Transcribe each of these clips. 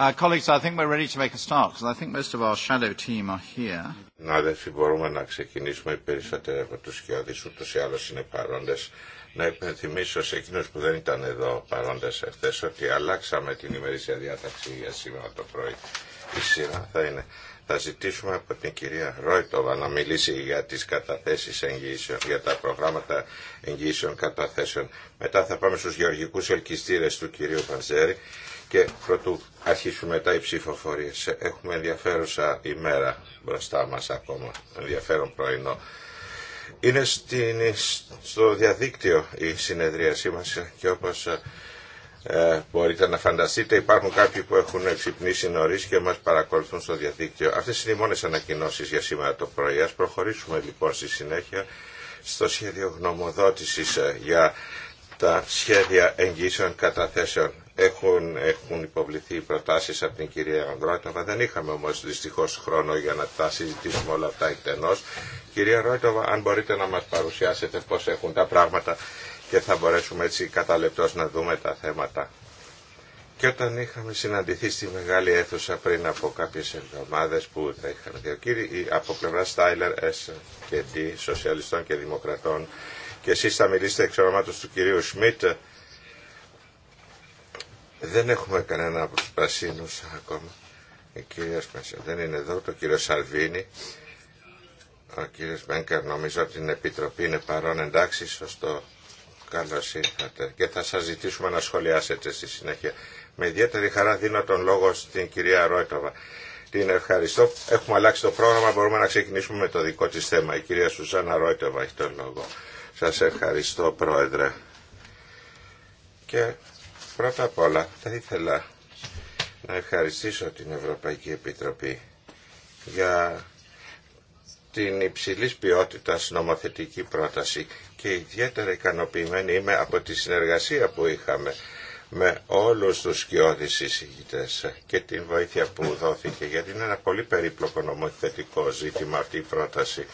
Uh, colleagues, I think we're ready to make a start, because I think most of our shadow team are here. Να, δεν μπορούμε να ξεκινήσουμε περισσότερο από τους σκιώδεις, ούτως ή άλλως είναι παρόντες. Να υπενθυμίσω σε εκείνους που δεν ήταν εδώ παρόντες εχθές ότι αλλάξαμε την ημερήσια διάταξη για σήμερα το πρωί. Η σειρά θα είναι. Θα ζητήσουμε από την κυρία Ρόιτοβα να μιλήσει για τις καταθέσεις εγγύησεων, για τα προγράμματα εγγύησεων καταθέσεων. Μετά θα πάμε στους γεωργικούς ελκυστήρες του κυρίου Πανζέρη και πρωτού αρχίσουμε τα οι ε, Έχουμε ενδιαφέρουσα ημέρα μπροστά μας ακόμα, ενδιαφέρον πρωινό. Είναι στην, στο διαδίκτυο η συνεδρίασή μας και όπως ε, ε, μπορείτε να φανταστείτε υπάρχουν κάποιοι που έχουν ξυπνήσει νωρίς και μας παρακολουθούν στο διαδίκτυο. Αυτές είναι οι μόνες ανακοινώσεις για σήμερα το πρωί. προχωρήσουμε λοιπόν στη συνέχεια στο σχέδιο γνωμοδότησης για τα σχέδια εγγύσεων καταθέσεων έχουν, έχουν υποβληθεί οι προτάσεις από την κυρία Ρόιτοβα. Δεν είχαμε όμως δυστυχώς χρόνο για να τα συζητήσουμε όλα αυτά εκτενώς. Κυρία Ρόιτοβα, αν μπορείτε να μας παρουσιάσετε πώς έχουν τα πράγματα και θα μπορέσουμε έτσι κατά να δούμε τα θέματα. Και όταν είχαμε συναντηθεί στη μεγάλη αίθουσα πριν από κάποιες εβδομάδες που θα είχαν δύο κύριοι από πλευρά Στάιλερ, S και D, Σοσιαλιστών και Δημοκρατών και εσείς θα μιλήσετε εξ του κυρίου Σμιτ δεν έχουμε κανένα από τους πρασίνους ακόμα. Η κυρία δεν είναι εδώ, το κύριο Σαλβίνη. Ο κύριο Μπέγκερ νομίζω ότι την Επιτροπή είναι παρόν εντάξει, σωστό. Καλώ ήρθατε. Και θα σα ζητήσουμε να σχολιάσετε στη συνέχεια. Με ιδιαίτερη χαρά δίνω τον λόγο στην κυρία Ρόιτοβα. Την ευχαριστώ. Έχουμε αλλάξει το πρόγραμμα, μπορούμε να ξεκινήσουμε με το δικό τη θέμα. Η κυρία Σουζάνα Ρόιτοβα έχει τον λόγο. Σα ευχαριστώ πρόεδρε. Και Πρώτα απ' όλα θα ήθελα να ευχαριστήσω την Ευρωπαϊκή Επιτροπή για την υψηλής ποιότητας νομοθετική πρόταση και ιδιαίτερα ικανοποιημένη είμαι από τη συνεργασία που είχαμε με όλους τους σκιώδεις εισηγητές και την βοήθεια που δόθηκε γιατί είναι ένα πολύ περίπλοκο νομοθετικό ζήτημα αυτή η πρόταση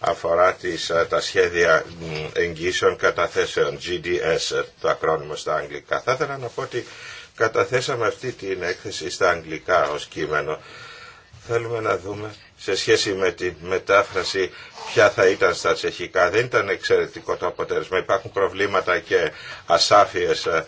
αφορά ε, τα σχέδια εγγύσεων καταθέσεων, GDS, ε, το ακρόνιμο στα αγγλικά. Θα ήθελα να πω ότι καταθέσαμε αυτή την έκθεση στα αγγλικά ως κείμενο. Θέλουμε να δούμε σε σχέση με τη μετάφραση ποια θα ήταν στα τσεχικά. Δεν ήταν εξαιρετικό το αποτέλεσμα. Υπάρχουν προβλήματα και ασάφειες. Ε,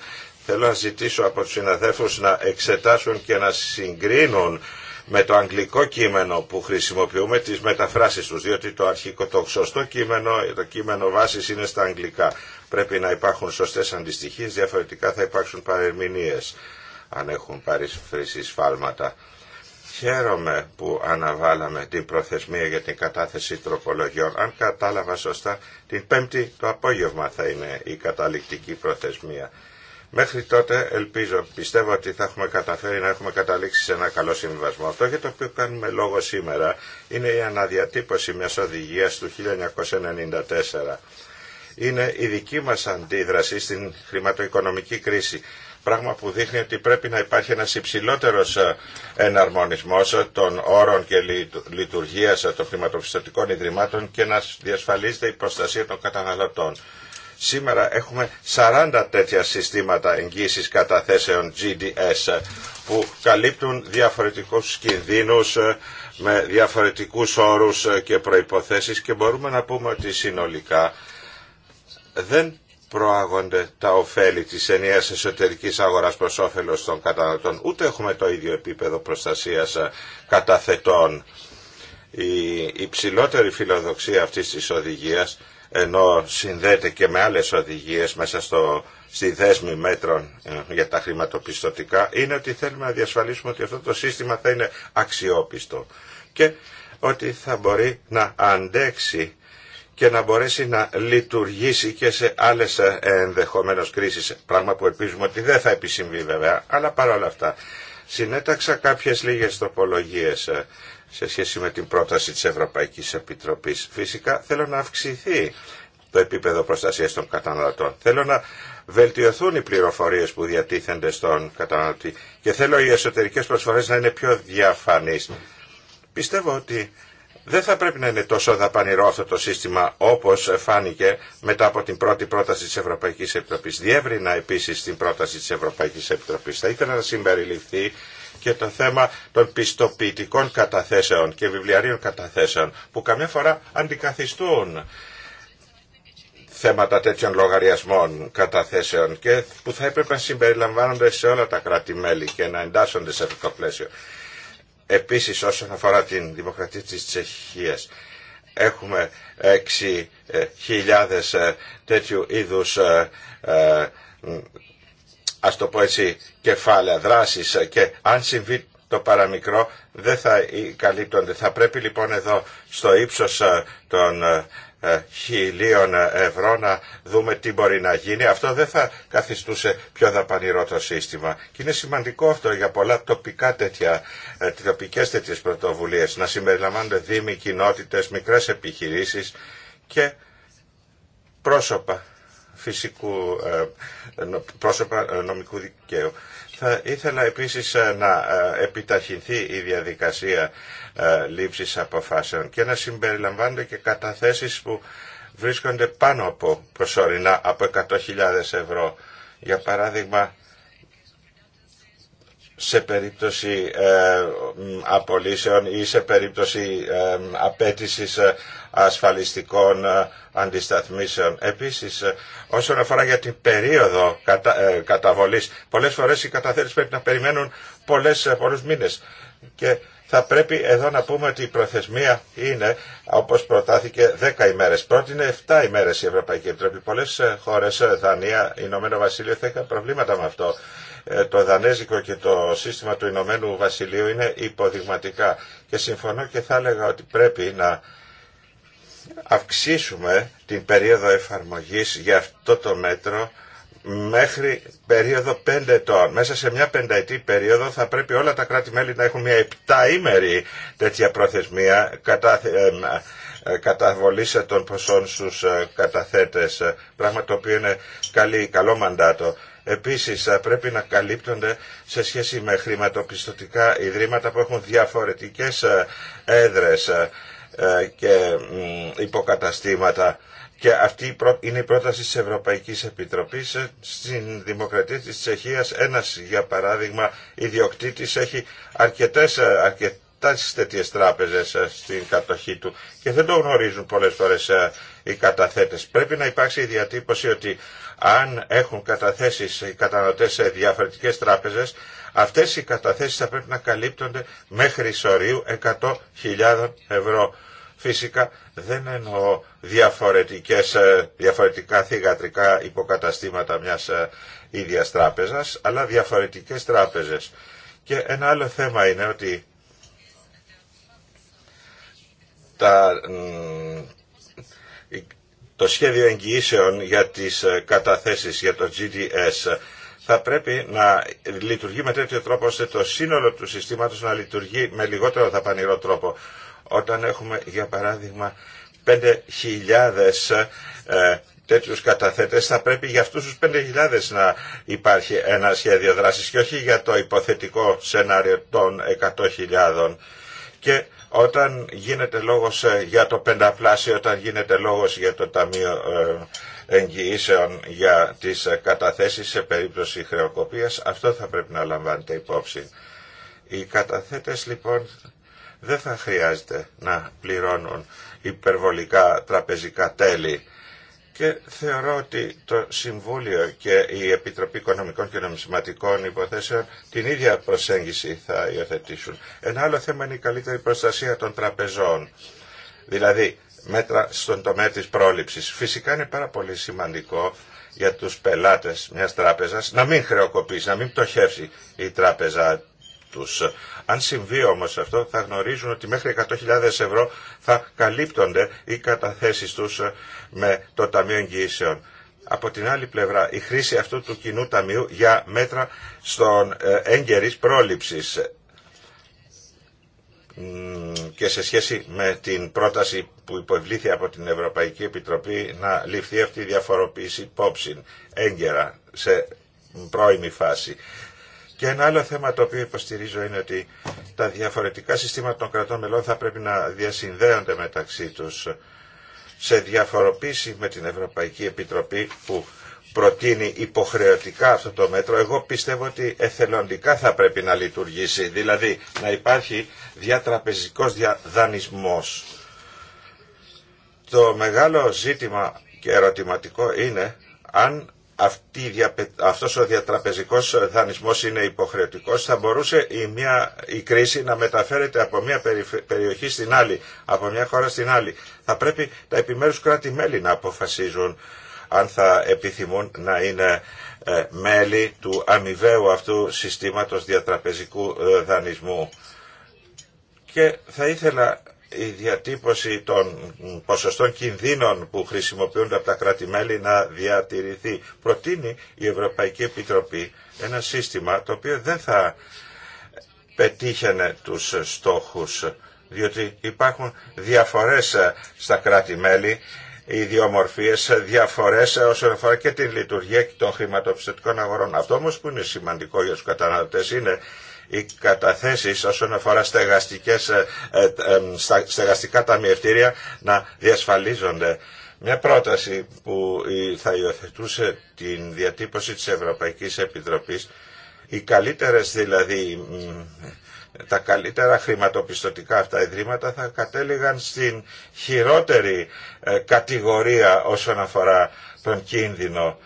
θέλω να ζητήσω από τους συναδέλφους να εξετάσουν και να συγκρίνουν με το αγγλικό κείμενο που χρησιμοποιούμε τις μεταφράσεις τους, διότι το αρχικό, το σωστό κείμενο, το κείμενο βάσης είναι στα αγγλικά. Πρέπει να υπάρχουν σωστές αντιστοιχίε, διαφορετικά θα υπάρξουν παρερμηνίες αν έχουν πάρει σφάλματα. Χαίρομαι που αναβάλαμε την προθεσμία για την κατάθεση τροπολογιών. Αν κατάλαβα σωστά, την πέμπτη το απόγευμα θα είναι η καταληκτική προθεσμία Μέχρι τότε ελπίζω, πιστεύω ότι θα έχουμε καταφέρει να έχουμε καταλήξει σε ένα καλό συμβιβασμό. Αυτό για το οποίο κάνουμε λόγο σήμερα είναι η αναδιατύπωση μιας οδηγίας του 1994. Είναι η δική μας αντίδραση στην χρηματοοικονομική κρίση πράγμα που δείχνει ότι πρέπει να υπάρχει ένας υψηλότερος ε, εναρμονισμός των όρων και λειτουργίας των χρηματοπιστωτικών ιδρυμάτων και να διασφαλίζεται η προστασία των καταναλωτών. Σήμερα έχουμε 40 τέτοια συστήματα εγγύησης καταθέσεων GDS που καλύπτουν διαφορετικούς κινδύνους ε, με διαφορετικούς όρους ε, και προϋποθέσεις και μπορούμε να πούμε ότι συνολικά δεν προάγονται τα ωφέλη της ενιαίας εσωτερικής αγοράς προς όφελος των καταναλωτών. Ούτε έχουμε το ίδιο επίπεδο προστασίας ε, καταθετών. Η υψηλότερη φιλοδοξία αυτής της οδηγίας ενώ συνδέεται και με άλλες οδηγίες μέσα στο, στη δέσμη μέτρων ε, για τα χρηματοπιστωτικά, είναι ότι θέλουμε να διασφαλίσουμε ότι αυτό το σύστημα θα είναι αξιόπιστο και ότι θα μπορεί να αντέξει και να μπορέσει να λειτουργήσει και σε άλλες ε, ενδεχομένως κρίσεις, πράγμα που ελπίζουμε ότι δεν θα επισυμβεί βέβαια, αλλά παρόλα αυτά. Συνέταξα κάποιες λίγες τροπολογίες ε, σε σχέση με την πρόταση της Ευρωπαϊκής Επιτροπής. Φυσικά θέλω να αυξηθεί το επίπεδο προστασίας των καταναλωτών. Θέλω να βελτιωθούν οι πληροφορίες που διατίθενται στον καταναλωτή και θέλω οι εσωτερικές προσφορές να είναι πιο διαφανείς. Πιστεύω ότι δεν θα πρέπει να είναι τόσο δαπανηρό αυτό το σύστημα όπως φάνηκε μετά από την πρώτη πρόταση της Ευρωπαϊκής Επιτροπής. Διεύρυνα επίσης την πρόταση της Ευρωπαϊκής Επιτροπής. Θα ήθελα να συμπεριληφθεί και το θέμα των πιστοποιητικών καταθέσεων και βιβλιαρίων καταθέσεων που καμιά φορά αντικαθιστούν θέματα τέτοιων λογαριασμών καταθέσεων και που θα έπρεπε να συμπεριλαμβάνονται σε όλα τα κράτη-μέλη και να εντάσσονται σε αυτό το πλαίσιο. Επίσης όσον αφορά την δημοκρατία της Τσεχίας έχουμε 6.000 ε, ε, τέτοιου είδους ε, ας το πω έτσι, κεφάλαια δράσης και αν συμβεί το παραμικρό δεν θα καλύπτονται. Θα πρέπει λοιπόν εδώ στο ύψος ε, των ε, ε, χιλίων ευρώ να δούμε τι μπορεί να γίνει. Αυτό δεν θα καθιστούσε πιο δαπανηρό το σύστημα. Και είναι σημαντικό αυτό για πολλά τοπικά τέτοια, τοπικές τέτοιες πρωτοβουλίες, να συμπεριλαμβάνονται δήμοι, κοινότητες, μικρές επιχειρήσεις και πρόσωπα φυσικού ε, πρόσωπα ε, νομικού δικαίου. Θα ήθελα επίσης ε, να επιταχυνθεί η διαδικασία λήψης αποφάσεων και να συμπεριλαμβάνονται και καταθέσεις που βρίσκονται πάνω από προσωρινά από 100.000 ευρώ. Για παράδειγμα σε περίπτωση ε, απολύσεων ή σε περίπτωση ε, απέτησης ε, ασφαλιστικών αντισταθμίσεων. Επίσης, όσον αφορά για την περίοδο καταβολής, πολλές φορές οι καταθέτες πρέπει να περιμένουν πολλές, πολλούς μήνες. Και θα πρέπει εδώ να πούμε ότι η προθεσμία είναι, όπως προτάθηκε, 10 ημέρες. Πρώτη είναι 7 ημέρες η Ευρωπαϊκή Επιτροπή. Πολλές χώρες, Δανία, Ηνωμένο Βασίλειο, θα είχαν προβλήματα με αυτό. Ε, το δανέζικο και το σύστημα του Ηνωμένου Βασιλείου είναι υποδειγματικά. Και συμφωνώ και θα έλεγα ότι πρέπει να αυξήσουμε την περίοδο εφαρμογής για αυτό το μέτρο μέχρι περίοδο 5 ετών. Μέσα σε μια πενταετή περίοδο θα πρέπει όλα τα κράτη-μέλη να έχουν μια επτάήμερη τέτοια προθεσμία κατά ε, ε, καταβολής των ποσών στους ε, καταθέτες, ε, πράγμα το οποίο είναι καλή, καλό μαντάτο. Επίσης πρέπει να καλύπτονται σε σχέση με χρηματοπιστωτικά ιδρύματα που έχουν διαφορετικές έδρες και υποκαταστήματα. Και αυτή είναι η πρόταση της Ευρωπαϊκής Επιτροπής. Στην Δημοκρατία της Τσεχίας ένας, για παράδειγμα, ιδιοκτήτης έχει αρκετές, αρκετές τις τέτοιες τράπεζες ε, στην κατοχή του και δεν το γνωρίζουν πολλές φορές ε, οι καταθέτες. Πρέπει να υπάρξει η διατύπωση ότι αν έχουν καταθέσεις οι καταναλωτές σε διαφορετικές τράπεζες, αυτές οι καταθέσεις θα πρέπει να καλύπτονται μέχρι ισορίου 100.000 ευρώ. Φυσικά δεν εννοώ διαφορετικές, ε, διαφορετικά θηγατρικά υποκαταστήματα μιας ίδιας τράπεζας, αλλά διαφορετικές τράπεζες. Και ένα άλλο θέμα είναι ότι τα, το σχέδιο εγγυήσεων για τις ε, καταθέσεις για το GDS ε, θα πρέπει να λειτουργεί με τέτοιο τρόπο ώστε το σύνολο του συστήματος να λειτουργεί με λιγότερο δαπανηρό τρόπο. Όταν έχουμε για παράδειγμα 5.000 ε, τέτοιου καταθέτε, θα πρέπει για αυτού του 5.000 να υπάρχει ένα σχέδιο δράση και όχι για το υποθετικό σενάριο των 100.000. Και όταν γίνεται λόγος ε, για το πενταπλάσιο, όταν γίνεται λόγος για το Ταμείο ε, Εγγυήσεων για τις ε, καταθέσεις σε περίπτωση χρεοκοπίας, αυτό θα πρέπει να λαμβάνετε υπόψη. Οι καταθέτες λοιπόν δεν θα χρειάζεται να πληρώνουν υπερβολικά τραπεζικά τέλη και θεωρώ ότι το Συμβούλιο και η Επιτροπή Οικονομικών και Νομισματικών Υποθέσεων την ίδια προσέγγιση θα υιοθετήσουν. Ένα άλλο θέμα είναι η καλύτερη προστασία των τραπεζών. Δηλαδή, μέτρα στον τομέα της πρόληψης. Φυσικά είναι πάρα πολύ σημαντικό για τους πελάτες μιας τράπεζας να μην χρεοκοπήσει, να μην πτωχεύσει η τράπεζα αν συμβεί όμω αυτό θα γνωρίζουν ότι μέχρι 100.000 ευρώ θα καλύπτονται οι καταθέσει του ε, με το Ταμείο Εγγυήσεων. Από την άλλη πλευρά, η χρήση αυτού του κοινού ταμείου για μέτρα στον ε, έγκαιρη πρόληψη και σε σχέση με την πρόταση που υποβλήθη από την Ευρωπαϊκή Επιτροπή να ληφθεί αυτή η διαφοροποίηση υπόψη έγκαιρα σε πρώιμη φάση. Και ένα άλλο θέμα το οποίο υποστηρίζω είναι ότι τα διαφορετικά συστήματα των κρατών μελών θα πρέπει να διασυνδέονται μεταξύ τους σε διαφοροποίηση με την Ευρωπαϊκή Επιτροπή που προτείνει υποχρεωτικά αυτό το μέτρο, εγώ πιστεύω ότι εθελοντικά θα πρέπει να λειτουργήσει, δηλαδή να υπάρχει διατραπεζικός δανεισμός. Το μεγάλο ζήτημα και ερωτηματικό είναι αν αυτή, αυτός ο διατραπεζικός δανεισμός είναι υποχρεωτικός, θα μπορούσε η, μια, η κρίση να μεταφέρεται από μια περιοχή στην άλλη, από μια χώρα στην άλλη. Θα πρέπει τα επιμέρους κράτη-μέλη να αποφασίζουν αν θα επιθυμούν να είναι ε, μέλη του αμοιβαίου αυτού συστήματος διατραπεζικού ε, δανεισμού. Και θα ήθελα η διατύπωση των ποσοστών κινδύνων που χρησιμοποιούνται από τα κράτη-μέλη να διατηρηθεί. Προτείνει η Ευρωπαϊκή Επιτροπή ένα σύστημα το οποίο δεν θα πετύχαινε τους στόχους, διότι υπάρχουν διαφορές στα κράτη-μέλη, ιδιομορφίες, διαφορές όσον αφορά και την λειτουργία των χρηματοπιστωτικών αγορών. Αυτό όμως που είναι σημαντικό για τους καταναλωτές είναι οι καταθέσεις όσον αφορά στεγαστικές, ε, ε, ε, στεγαστικά ταμιευτήρια να διασφαλίζονται. Μια πρόταση που θα υιοθετούσε την διατύπωση της Ευρωπαϊκής Επιτροπής, οι καλύτερες δηλαδή τα καλύτερα χρηματοπιστωτικά αυτά ιδρύματα θα κατέληγαν στην χειρότερη κατηγορία όσον αφορά τον κίνδυνο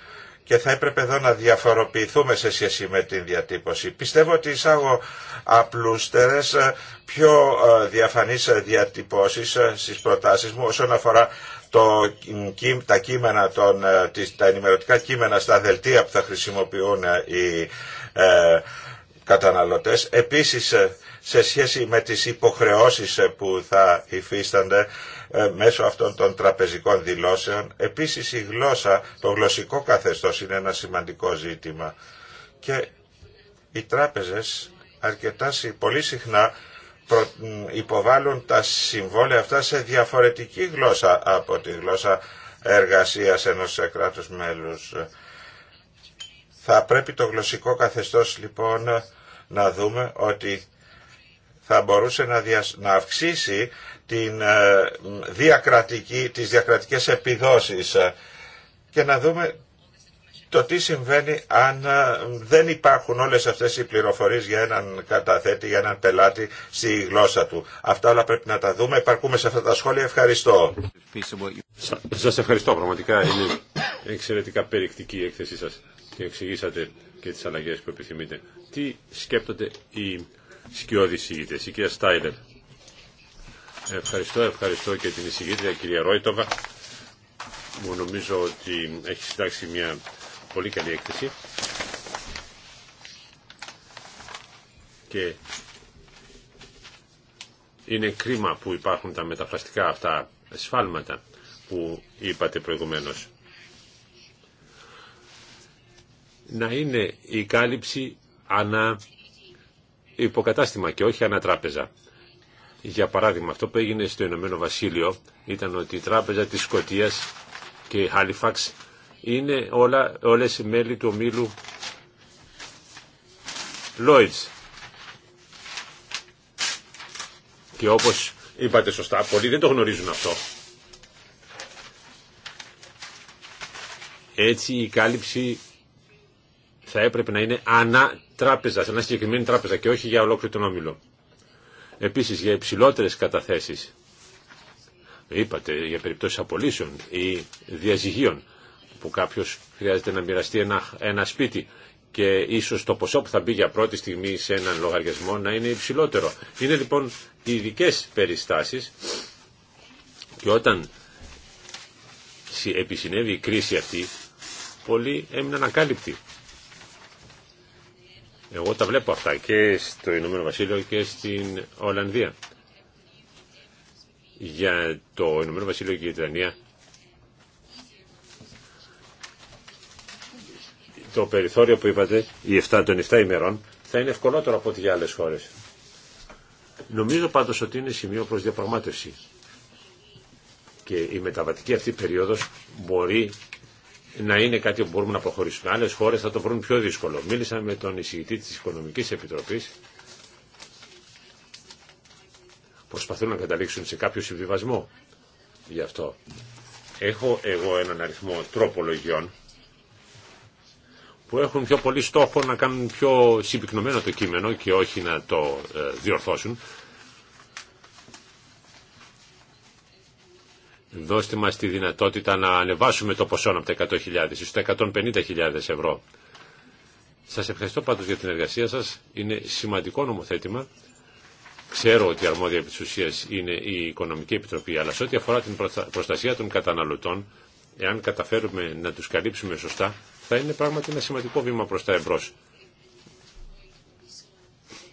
και θα έπρεπε εδώ να διαφοροποιηθούμε σε σχέση με την διατύπωση. Πιστεύω ότι εισάγω απλούστερες, πιο ε, διαφανείς διατυπώσεις ε, στις προτάσεις μου όσον αφορά το, τα, κείμενα των, ε, τα ενημερωτικά κείμενα στα δελτία που θα χρησιμοποιούν οι καταναλωτές. Επίσης, σε σχέση με τις υποχρεώσεις που θα υφίστανται ε, μέσω αυτών των τραπεζικών δηλώσεων. Επίσης η γλώσσα, το γλωσσικό καθεστώς είναι ένα σημαντικό ζήτημα. Και οι τράπεζες αρκετά, πολύ συχνά υποβάλλουν τα συμβόλαια αυτά σε διαφορετική γλώσσα από τη γλώσσα εργασίας ενός κράτους μέλους. Θα πρέπει το γλωσσικό καθεστώς λοιπόν να δούμε ότι θα μπορούσε να, αυξήσει την ε, διακρατική, τις διακρατικές επιδόσεις ε, και να δούμε το τι συμβαίνει αν ε, δεν υπάρχουν όλες αυτές οι πληροφορίες για έναν καταθέτη, για έναν πελάτη στη γλώσσα του. Αυτά όλα πρέπει να τα δούμε. Επαρκούμε σε αυτά τα σχόλια. Ευχαριστώ. Σας ευχαριστώ πραγματικά. Είναι εξαιρετικά περιεκτική η έκθεσή σας και εξηγήσατε και τις αλλαγές που επιθυμείτε. Τι σκέπτονται οι σκιώδεις ηγητές, η κυρία Στάιλερ. Ευχαριστώ, ευχαριστώ και την εισηγήτρια κυρία Ρόιτοβα Μου νομίζω ότι έχει συντάξει μια πολύ καλή έκθεση και είναι κρίμα που υπάρχουν τα μεταφραστικά αυτά σφάλματα που είπατε προηγουμένως. Να είναι η κάλυψη ανά υποκατάστημα και όχι ανά τράπεζα. Για παράδειγμα, αυτό που έγινε στο Ηνωμένο Βασίλειο ήταν ότι η Τράπεζα της Σκοτίας και η Halifax είναι όλα, όλες οι μέλη του ομίλου Lloyds. Και όπως είπατε σωστά, πολλοί δεν το γνωρίζουν αυτό. Έτσι η κάλυψη θα έπρεπε να είναι ανά τράπεζα, σε μια συγκεκριμένη τράπεζα και όχι για ολόκληρο τον όμιλο. Επίσης για υψηλότερες καταθέσεις, είπατε για περιπτώσεις απολύσεων ή διαζυγίων που κάποιος χρειάζεται να μοιραστεί ένα, ένα σπίτι και ίσως το ποσό που θα μπει για πρώτη στιγμή σε έναν λογαριασμό να είναι υψηλότερο. Είναι λοιπόν οι ειδικέ περιστάσεις και όταν επισυνέβη η κρίση αυτή πολλοί έμειναν ακάλυπτοι. Εγώ τα βλέπω αυτά και στο Ηνωμένο Βασίλειο και στην Ολλανδία. Για το Ηνωμένο Βασίλειο και η Ιταλία το περιθώριο που είπατε, οι 7 των 7 ημερών, θα είναι ευκολότερο από ό,τι για άλλες χώρες. Νομίζω πάντως ότι είναι σημείο προς διαπραγμάτευση. Και η μεταβατική αυτή περίοδος μπορεί να είναι κάτι που μπορούμε να προχωρήσουμε. Άλλες χώρες θα το βρουν πιο δύσκολο. Μίλησα με τον εισηγητή της Οικονομικής Επιτροπής. Προσπαθούν να καταλήξουν σε κάποιο συμβιβασμό γι' αυτό. Έχω εγώ έναν αριθμό τροπολογιών που έχουν πιο πολύ στόχο να κάνουν πιο συμπυκνωμένο το κείμενο και όχι να το ε, διορθώσουν. δώστε μας τη δυνατότητα να ανεβάσουμε το ποσό από τα 100.000 ή στα 150.000 ευρώ. Σας ευχαριστώ πάντως για την εργασία σας. Είναι σημαντικό νομοθέτημα. Ξέρω ότι η αρμόδια επί της είναι η Οικονομική Επιτροπή, αλλά σε ό,τι αφορά την προστασία των καταναλωτών, εάν καταφέρουμε να τους καλύψουμε σωστά, θα είναι πράγματι ένα σημαντικό βήμα προς τα εμπρός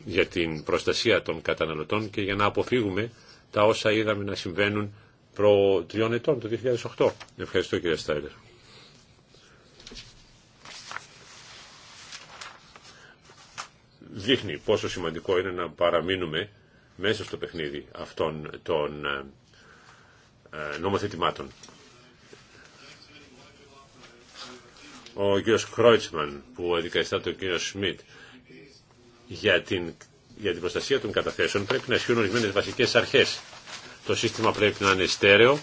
για την προστασία των καταναλωτών και για να αποφύγουμε τα όσα είδαμε να συμβαίνουν προ τριών ετών, το 2008. Ευχαριστώ κύριε Στάιλερ. Δείχνει πόσο σημαντικό είναι να παραμείνουμε μέσα στο παιχνίδι αυτών των ε, ε, νομοθετημάτων. Ο κύριος Κρόιτσμαν που αντικαθιστά τον κύριο Σμιτ για την, για την προστασία των καταθέσεων πρέπει να ισχύουν ορισμένε βασικές αρχές το σύστημα πρέπει να είναι στέρεο,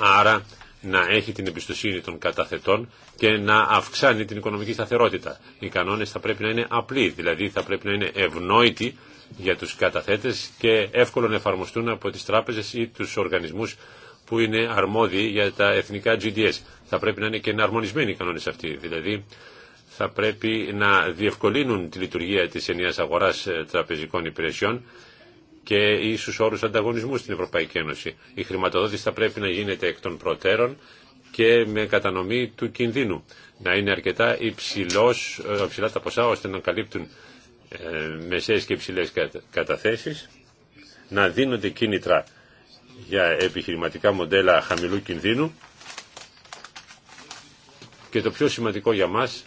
άρα να έχει την εμπιστοσύνη των καταθετών και να αυξάνει την οικονομική σταθερότητα. Οι κανόνες θα πρέπει να είναι απλοί, δηλαδή θα πρέπει να είναι ευνόητοι για τους καταθέτες και εύκολο να εφαρμοστούν από τις τράπεζες ή τους οργανισμούς που είναι αρμόδιοι για τα εθνικά GDS. Θα πρέπει να είναι και εναρμονισμένοι οι κανόνες αυτοί, δηλαδή θα πρέπει να διευκολύνουν τη λειτουργία της ενιαίας αγοράς ε, τραπεζικών υπηρεσιών και ίσους όρους ανταγωνισμού στην Ευρωπαϊκή Ένωση. Η χρηματοδότηση θα πρέπει να γίνεται εκ των προτέρων και με κατανομή του κινδύνου. Να είναι αρκετά υψηλός, ε, υψηλά τα ποσά ώστε να καλύπτουν ε, μεσαίες και υψηλές καταθέσεις, να δίνονται κίνητρα για επιχειρηματικά μοντέλα χαμηλού κινδύνου και το πιο σημαντικό για μας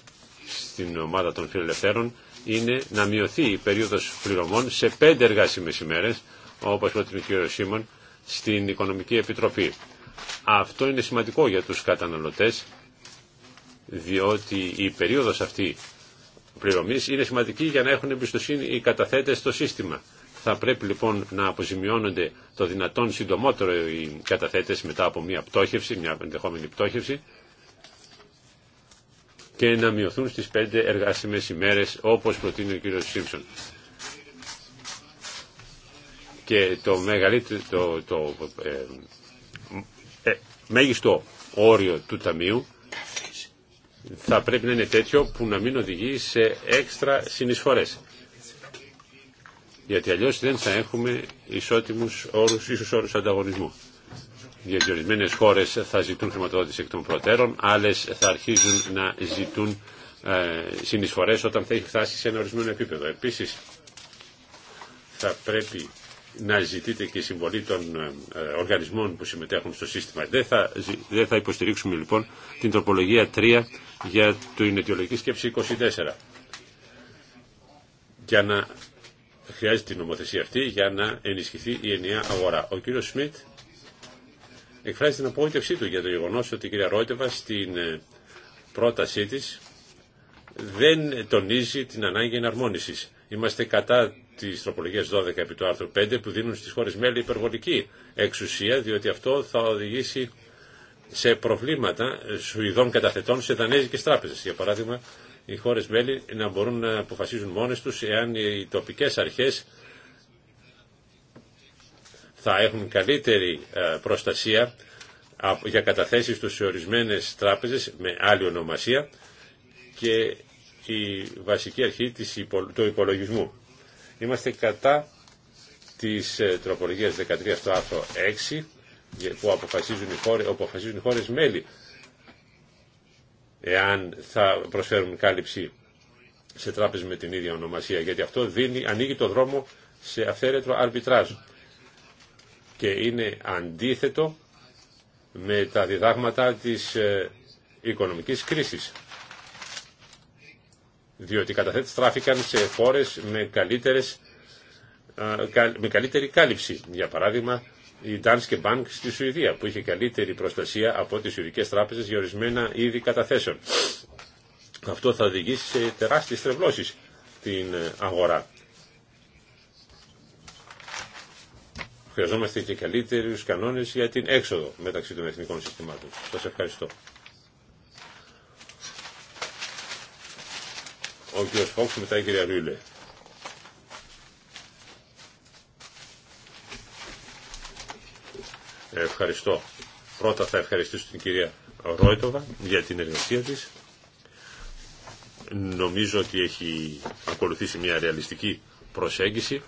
στην ομάδα των φιλελευθέρων είναι να μειωθεί η περίοδος πληρωμών σε πέντε εργάσιμες ημέρες, όπως πρότεινε ο κ. Σίμων, στην Οικονομική Επιτροπή. Αυτό είναι σημαντικό για τους καταναλωτές, διότι η περίοδος αυτή πληρωμής είναι σημαντική για να έχουν εμπιστοσύνη οι καταθέτες στο σύστημα. Θα πρέπει λοιπόν να αποζημιώνονται το δυνατόν συντομότερο οι καταθέτες μετά από μια πτώχευση, μια ενδεχόμενη πτώχευση και να μειωθούν στις πέντε εργάσιμες ημέρες όπως προτείνει ο κύριος Σίμψον. Και το, μεγαλύτερο, το, το ε, ε, μέγιστο όριο του Ταμείου θα πρέπει να είναι τέτοιο που να μην οδηγεί σε έξτρα συνεισφορές. Γιατί αλλιώς δεν θα έχουμε ισότιμους όρους, ίσως όρους ανταγωνισμού γιατί ορισμένε χώρε θα ζητούν χρηματοδότηση εκ των προτέρων, άλλε θα αρχίζουν να ζητούν ε, συνεισφορέ όταν θα έχει φτάσει σε ένα ορισμένο επίπεδο. Επίση, θα πρέπει να ζητείτε και συμβολή των ε, ε, οργανισμών που συμμετέχουν στο σύστημα. Δεν θα, θα υποστηρίξουμε λοιπόν την τροπολογία 3 για την αιτιολογική σκέψη 24. Για να χρειάζεται η νομοθεσία αυτή για να ενισχυθεί η ενιαία αγορά. Ο κύριος Σμιτ εκφράζει την απογοήτευσή του για το γεγονό ότι η κυρία Ρότεβα στην ε, πρότασή τη δεν τονίζει την ανάγκη εναρμόνιση. Είμαστε κατά τι τροπολογία 12 επί του άρθρου 5 που δίνουν στι χώρε μέλη υπερβολική εξουσία, διότι αυτό θα οδηγήσει σε προβλήματα Σουηδών καταθετών σε δανέζικε τράπεζε. Για παράδειγμα, οι χώρε μέλη να μπορούν να αποφασίζουν μόνε του εάν οι τοπικέ αρχέ θα έχουν καλύτερη ε, προστασία για καταθέσεις τους σε ορισμένες τράπεζες με άλλη ονομασία και η βασική αρχή του υπολογισμού. Είμαστε κατά της ε, τροπολογίας 13 στο άρθρο 6 που αποφασίζουν οι χώρες, αποφασίζουν οι μέλη εάν θα προσφέρουν κάλυψη σε τράπεζες με την ίδια ονομασία γιατί αυτό δίνει, ανοίγει το δρόμο σε αυθαίρετο αρμπιτράζ και είναι αντίθετο με τα διδάγματα της ε, οικονομικής κρίσης. Διότι καταθέτες τράφηκαν σε χώρες με, καλύτερες, με καλύτερη κάλυψη. Για παράδειγμα, η Danske Bank στη Σουηδία, που είχε καλύτερη προστασία από τις Σουηδικές τράπεζες για ορισμένα είδη καταθέσεων. Αυτό θα οδηγήσει σε τεράστιες τρευλώσεις την ε, αγορά. Χρειαζόμαστε και καλύτερου κανόνε για την έξοδο μεταξύ των εθνικών συστημάτων. Σα ευχαριστώ. Ο κ. Φόξ, μετά η κυρία Ρούλε. Ευχαριστώ. Πρώτα θα ευχαριστήσω την κυρία Ρόιτοβα για την εργασία της. Νομίζω ότι έχει ακολουθήσει μια ρεαλιστική προσέγγιση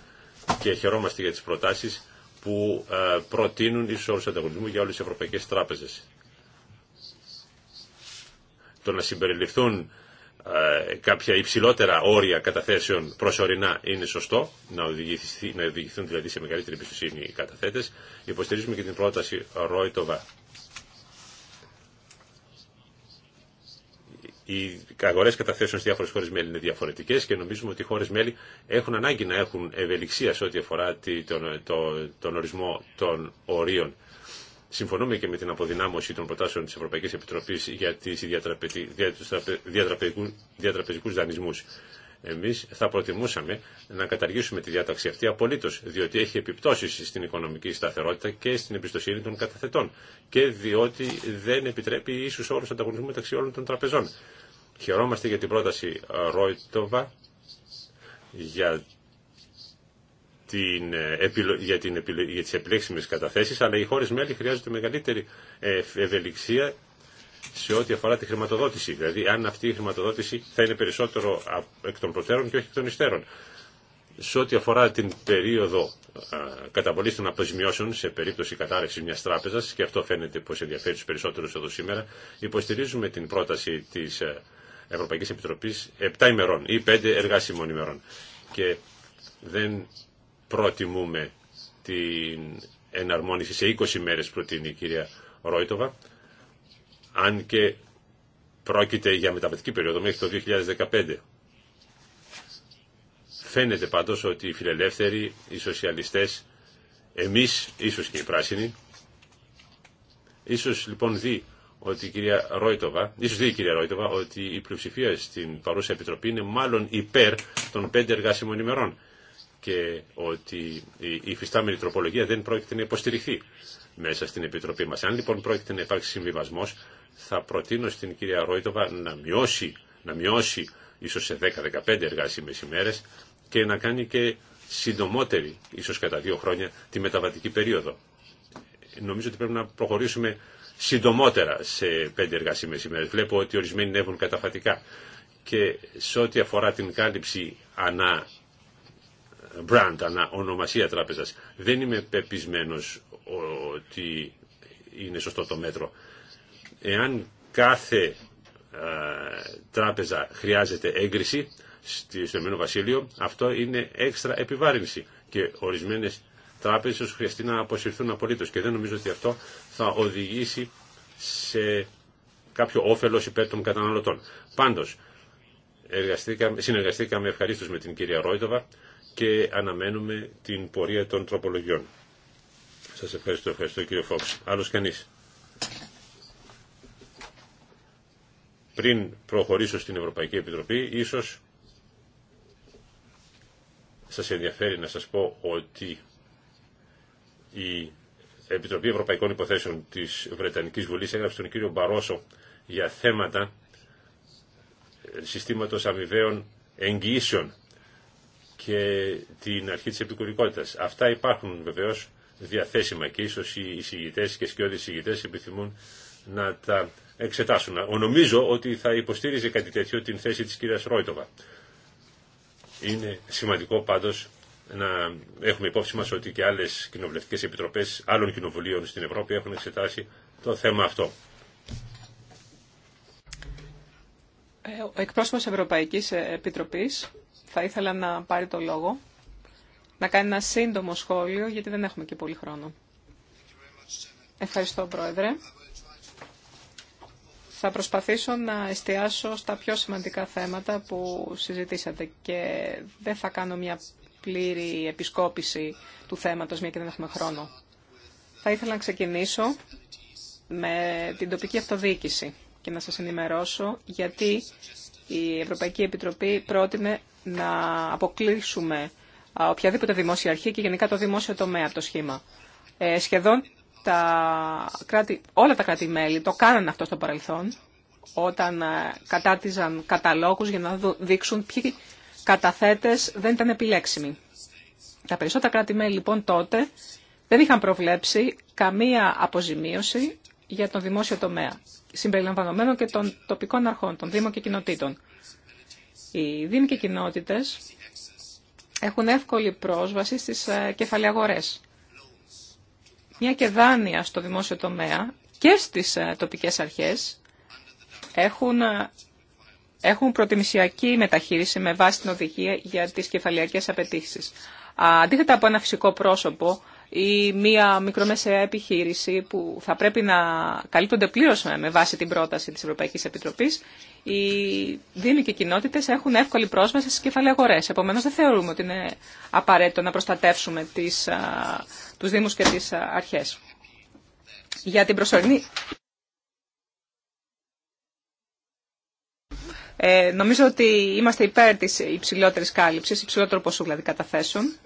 και χαιρόμαστε για τις προτάσεις που ε, προτείνουν ίσως όρους ανταγωνισμού για όλες τις ευρωπαϊκές τράπεζες. Το να συμπεριληφθούν ε, κάποια υψηλότερα όρια καταθέσεων προσωρινά είναι σωστό, να, οδηγηθούν δηλαδή σε μεγαλύτερη εμπιστοσύνη οι καταθέτες. Υποστηρίζουμε και την πρόταση Ρόιτοβα οι αγορέ καταθέσεων στι διάφορε χώρε μέλη είναι διαφορετικέ και νομίζουμε ότι οι χώρε μέλη έχουν ανάγκη να έχουν ευελιξία σε ό,τι αφορά τον, τον ορισμό των ορίων. Συμφωνούμε και με την αποδυνάμωση των προτάσεων τη Ευρωπαϊκή Επιτροπή για του διατραπεζικού δανεισμού. Εμεί θα προτιμούσαμε να καταργήσουμε τη διάταξη αυτή απολύτω, διότι έχει επιπτώσει στην οικονομική σταθερότητα και στην εμπιστοσύνη των καταθετών και διότι δεν επιτρέπει ίσου όρου ανταγωνισμού μεταξύ όλων των τραπεζών. Χαιρόμαστε για την πρόταση Ρόιτοβα για, την, ε, για, την, για τις επιλέξιμες καταθέσεις, αλλά οι χώρες μέλη χρειάζονται μεγαλύτερη ε, ευελιξία σε ό,τι αφορά τη χρηματοδότηση. Δηλαδή, αν αυτή η χρηματοδότηση θα είναι περισσότερο εκ των προτέρων και όχι εκ των υστέρων. Σε ό,τι αφορά την περίοδο ε, καταβολή των αποζημιώσεων σε περίπτωση κατάρρευση μια τράπεζα, και αυτό φαίνεται πω ενδιαφέρει του περισσότερου εδώ σήμερα, υποστηρίζουμε την πρόταση τη Ευρωπαϊκής Επιτροπής 7 ημερών ή 5 εργάσιμων ημερών. Και δεν προτιμούμε την εναρμόνιση σε 20 μέρες προτείνει η κυρία Ρόιτοβα, αν και πρόκειται για μεταβατική περίοδο μέχρι το 2015. Φαίνεται πάντως ότι οι φιλελεύθεροι, οι σοσιαλιστές, εμείς, ίσως και οι πράσινοι, ίσως λοιπόν δει ότι η κυρία Ρόιτοβα, η κυρία Ρόιτοβα, ότι η πλειοψηφία στην παρούσα επιτροπή είναι μάλλον υπέρ των πέντε εργάσιμων ημερών και ότι η υφιστάμενη τροπολογία δεν πρόκειται να υποστηριχθεί μέσα στην Επιτροπή μας. Αν λοιπόν πρόκειται να υπάρξει συμβιβασμό, θα προτείνω στην κυρία Ρόιτοβα να μειώσει, να μειώσει ίσως σε 10-15 εργάσιμες ημέρες και να κάνει και συντομότερη, ίσως κατά δύο χρόνια, τη μεταβατική περίοδο. Νομίζω ότι πρέπει να προχωρήσουμε συντομότερα σε πέντε εργασίμες ημέρες. Βλέπω ότι ορισμένοι νεύουν καταφατικά. Και σε ό,τι αφορά την κάλυψη ανά brand, ανά ονομασία τράπεζας, δεν είμαι πεπισμένος ότι είναι σωστό το μέτρο. Εάν κάθε τράπεζα χρειάζεται έγκριση στο Εμένο Βασίλειο, αυτό είναι έξτρα επιβάρυνση και ορισμένες τράπεζες χρειαστεί να αποσυρθούν απολύτως και δεν νομίζω ότι αυτό θα οδηγήσει σε κάποιο όφελος υπέρ των καταναλωτών. Πάντως, εργαστήκαμε, συνεργαστήκαμε ευχαρίστως με την κυρία Ρόιτοβα και αναμένουμε την πορεία των τροπολογιών. Σας ευχαριστώ, ευχαριστώ κύριε Φόξ. Άλλος κανείς. Πριν προχωρήσω στην Ευρωπαϊκή Επιτροπή, ίσως σας ενδιαφέρει να σας πω ότι η Επιτροπή Ευρωπαϊκών Υποθέσεων της Βρετανικής Βουλής έγραψε τον κύριο Μπαρόσο για θέματα ε, συστήματος αμοιβαίων εγγυήσεων και την αρχή της επικουρικότητα. Αυτά υπάρχουν βεβαίω διαθέσιμα και ίσως οι εισηγητές και σκιώδει εισηγητές επιθυμούν να τα εξετάσουν. Νομίζω ότι θα υποστήριζε κάτι τέτοιο την θέση τη κύρια Ρόιτοβα. Είναι σημαντικό πάντως να έχουμε υπόψη μας ότι και άλλες κοινοβουλευτικές επιτροπές άλλων κοινοβουλίων στην Ευρώπη έχουν εξετάσει το θέμα αυτό. Ε, ο εκπρόσωπος Ευρωπαϊκής Επιτροπής θα ήθελα να πάρει το λόγο, να κάνει ένα σύντομο σχόλιο, γιατί δεν έχουμε και πολύ χρόνο. Ευχαριστώ, Πρόεδρε. Θα προσπαθήσω να εστιάσω στα πιο σημαντικά θέματα που συζητήσατε και δεν θα κάνω μια πλήρη επισκόπηση του θέματος, μια και δεν έχουμε χρόνο. Θα ήθελα να ξεκινήσω με την τοπική αυτοδιοίκηση και να σας ενημερώσω γιατί η Ευρωπαϊκή Επιτροπή πρότεινε να αποκλείσουμε οποιαδήποτε δημόσια αρχή και γενικά το δημόσιο τομέα από το σχήμα. Ε, σχεδόν τα όλα τα κράτη-μέλη το κάνανε αυτό στο παρελθόν, όταν ε, κατάτιζαν καταλόγους για να δείξουν ποιοι καταθέτες δεν ήταν επιλέξιμοι. Τα περισσότερα κράτη-μέλη λοιπόν τότε δεν είχαν προβλέψει καμία αποζημίωση για τον δημόσιο τομέα, συμπεριλαμβανομένων και των τοπικών αρχών, των Δήμων και Κοινοτήτων. Οι Δήμοι και Κοινότητες έχουν εύκολη πρόσβαση στις ε, κεφαλαιαγορές. Μια και δάνεια στο δημόσιο τομέα και στις ε, τοπικές αρχές έχουν ε, έχουν προτιμησιακή μεταχείριση με βάση την οδηγία για τις κεφαλιακές απαιτήσει. Αντίθετα από ένα φυσικό πρόσωπο ή μία μικρομεσαία επιχείρηση που θα πρέπει να καλύπτονται πλήρω με βάση την πρόταση της Ευρωπαϊκής Επιτροπής, οι δήμοι και κοινότητε έχουν εύκολη πρόσβαση στις κεφαλαιαγορές. Επομένως δεν θεωρούμε ότι είναι απαραίτητο να προστατεύσουμε τις, τους δήμους και τις αρχές. Για την προσωρινή Ε, νομίζω ότι είμαστε υπέρ τη υψηλότερη κάλυψη, υψηλότερο ποσού δηλαδή καταθέσεων.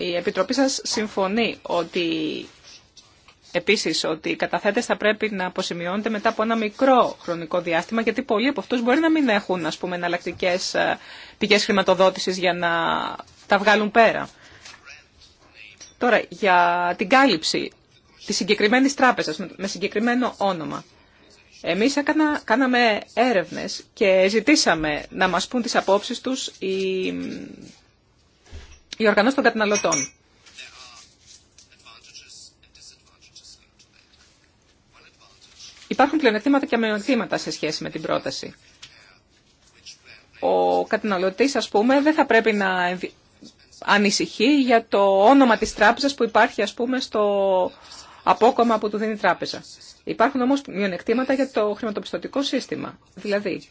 Η Επιτροπή σας συμφωνεί ότι επίσης ότι οι καταθέτες θα πρέπει να αποσημειώνονται μετά από ένα μικρό χρονικό διάστημα γιατί πολλοί από αυτούς μπορεί να μην έχουν ας πούμε εναλλακτικέ ε, πηγές χρηματοδότησης για να τα βγάλουν πέρα. Τώρα, για την κάλυψη της συγκεκριμένης τράπεζας με συγκεκριμένο όνομα. Εμείς έκανα, κάναμε έρευνες και ζητήσαμε να μας πούν τις απόψεις τους οι, οι οργανώσεις των καταναλωτών. Υπάρχουν πλεονεκτήματα και αμειονεκτήματα σε σχέση με την πρόταση. Ο καταναλωτής, ας πούμε, δεν θα πρέπει να ανησυχεί για το όνομα της τράπεζας που υπάρχει, ας πούμε, στο απόκομα που του δίνει η τράπεζα. Υπάρχουν όμως μειονεκτήματα για το χρηματοπιστωτικό σύστημα. Δηλαδή,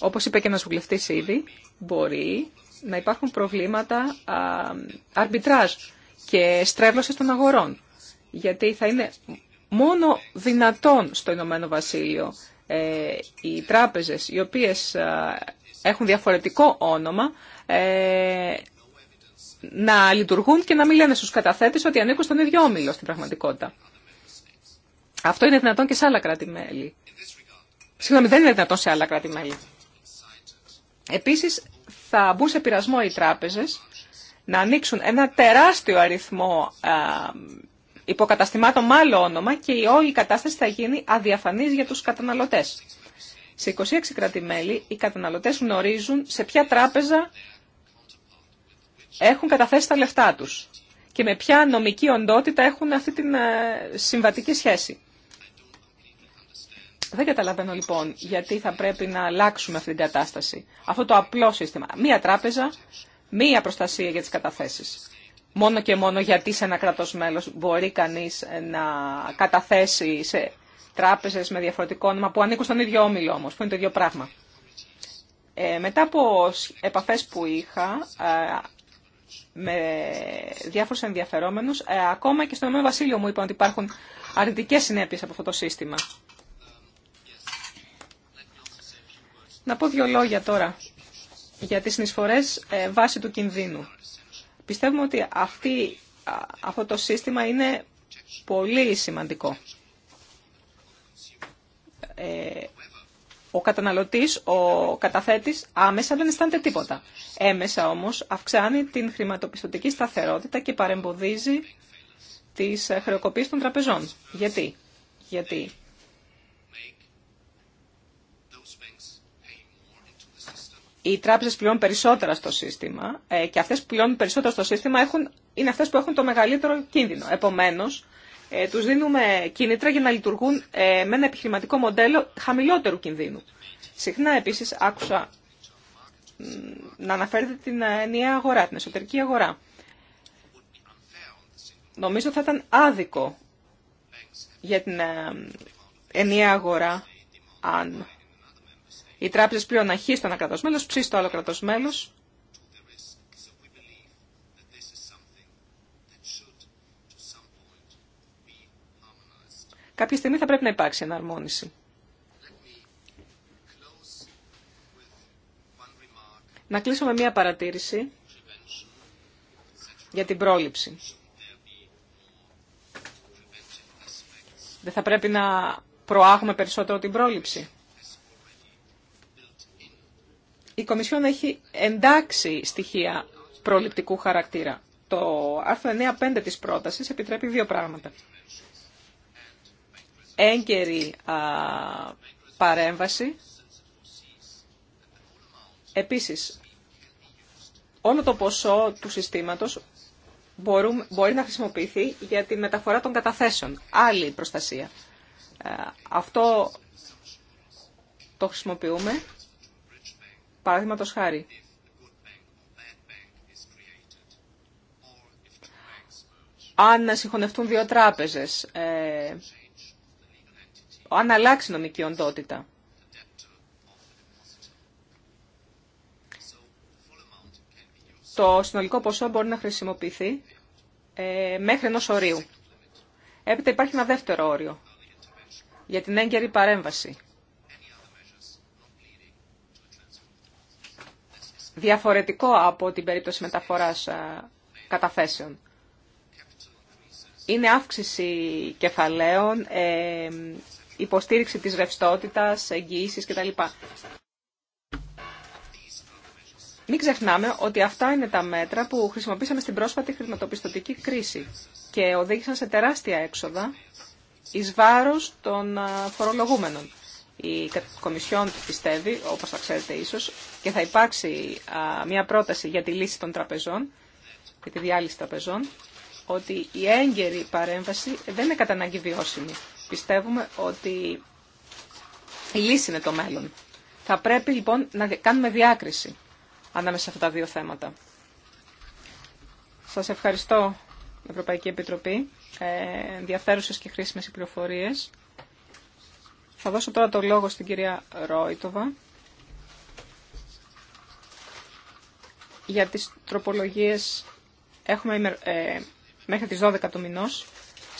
όπως είπε και ένα βουλευτή ήδη, μπορεί να υπάρχουν προβλήματα αρμπιτράζ και στρέβλωση των αγορών. Γιατί θα είναι μόνο δυνατόν στο Ηνωμένο Βασίλειο ε, οι τράπεζες οι οποίες έχουν διαφορετικό όνομα ε, να λειτουργούν και να μην λένε στου καταθέτε ότι ανήκουν στον ίδιο όμιλο στην πραγματικότητα. Αυτό είναι δυνατόν και σε άλλα κράτη-μέλη. Συγγνώμη, δεν είναι δυνατόν σε άλλα κράτη-μέλη. Επίσης, θα μπουν σε πειρασμό οι τράπεζε, να ανοίξουν ένα τεράστιο αριθμό υποκαταστημάτων με άλλο όνομα και η όλη κατάσταση θα γίνει αδιαφανής για του καταναλωτέ. Σε 26 κράτη-μέλη, οι καταναλωτέ γνωρίζουν σε ποια τράπεζα έχουν καταθέσει τα λεφτά τους και με ποια νομική οντότητα έχουν αυτή την ε, συμβατική σχέση. Δεν καταλαβαίνω λοιπόν γιατί θα πρέπει να αλλάξουμε αυτή την κατάσταση. Αυτό το απλό σύστημα. Μία τράπεζα, μία προστασία για τις καταθέσεις. Μόνο και μόνο γιατί σε ένα κράτος μέλος μπορεί κανείς ε, να καταθέσει σε τράπεζες με διαφορετικό όνομα που ανήκουν στον ίδιο όμιλο όμως, που είναι το ίδιο πράγμα. Ε, μετά από επαφές που είχα, ε, με διάφορου ενδιαφερόμενους. Ε, ακόμα και στον Ηνωμένο Βασίλειο μου είπαν ότι υπάρχουν αρνητικέ συνέπειες από αυτό το σύστημα. Να πω δύο λόγια τώρα για τις συνεισφορές ε, βάση του κινδύνου. Πιστεύουμε ότι αυτή, αυτό το σύστημα είναι πολύ σημαντικό. Ε, ο καταναλωτής, ο καταθέτης άμεσα δεν αισθάνεται τίποτα. Έμεσα όμως αυξάνει την χρηματοπιστωτική σταθερότητα και παρεμποδίζει τις χρεοκοπίες των τραπεζών. Γιατί? Γιατί οι τράπεζες πληρώνουν περισσότερα στο σύστημα ε, και αυτές που πληρώνουν περισσότερα στο σύστημα έχουν, είναι αυτές που έχουν το μεγαλύτερο κίνδυνο. Επομένως, ε, τους δίνουμε κίνητρα για να λειτουργούν ε, με ένα επιχειρηματικό μοντέλο χαμηλότερου κινδύνου. Συχνά επίσης άκουσα να αναφέρετε την ε, ενιαία αγορά, την εσωτερική αγορά. Νομίζω θα ήταν άδικο για την ενιαία αγορά αν οι τράπεζες πλέον αρχίσουν ένα κρατός μέλος, ψήσει το άλλο κρατός μέλος Κάποια στιγμή θα πρέπει να υπάρξει εναρμόνιση. Να κλείσω με μία παρατήρηση για την πρόληψη. Δεν θα πρέπει να προάγουμε περισσότερο την πρόληψη. Η Κομισιόν έχει εντάξει στοιχεία προληπτικού χαρακτήρα. Το άρθρο 9.5 της πρότασης επιτρέπει δύο πράγματα έγκαιρη παρέμβαση. Επίσης, όλο το ποσό του συστήματος μπορούμε, μπορεί να χρησιμοποιηθεί για τη μεταφορά των καταθέσεων. Άλλη προστασία. Ε, αυτό το χρησιμοποιούμε, παραδείγματος χάρη. Αν συγχωνευτούν δύο τράπεζες, ε, αν αλλάξει νομική οντότητα. Το συνολικό ποσό μπορεί να χρησιμοποιηθεί ε, μέχρι ενός ορίου. Έπειτα υπάρχει ένα δεύτερο όριο για την έγκαιρη παρέμβαση. Διαφορετικό από την περίπτωση μεταφοράς καταθέσεων. Είναι αύξηση κεφαλαίων, ε, υποστήριξη της ρευστότητας, εγγύησης κτλ. Μην ξεχνάμε ότι αυτά είναι τα μέτρα που χρησιμοποίησαμε στην πρόσφατη χρηματοπιστωτική κρίση και οδήγησαν σε τεράστια έξοδα εις βάρος των φορολογούμενων. Η Κομισιόν πιστεύει, όπως θα ξέρετε ίσως, και θα υπάρξει μια πρόταση για τη λύση των τραπεζών, για τη διάλυση τραπεζών, ότι η έγκαιρη παρέμβαση δεν είναι κατά βιώσιμη πιστεύουμε ότι η λύση είναι το μέλλον. Θα πρέπει λοιπόν να κάνουμε διάκριση ανάμεσα σε αυτά τα δύο θέματα. Σας ευχαριστώ, Ευρωπαϊκή Επιτροπή, ε, ενδιαφέρουσες και χρήσιμες οι πληροφορίες. Θα δώσω τώρα το λόγο στην κυρία Ρόιτοβα για τις τροπολογίες έχουμε ε, μέχρι τις 12 του μηνός.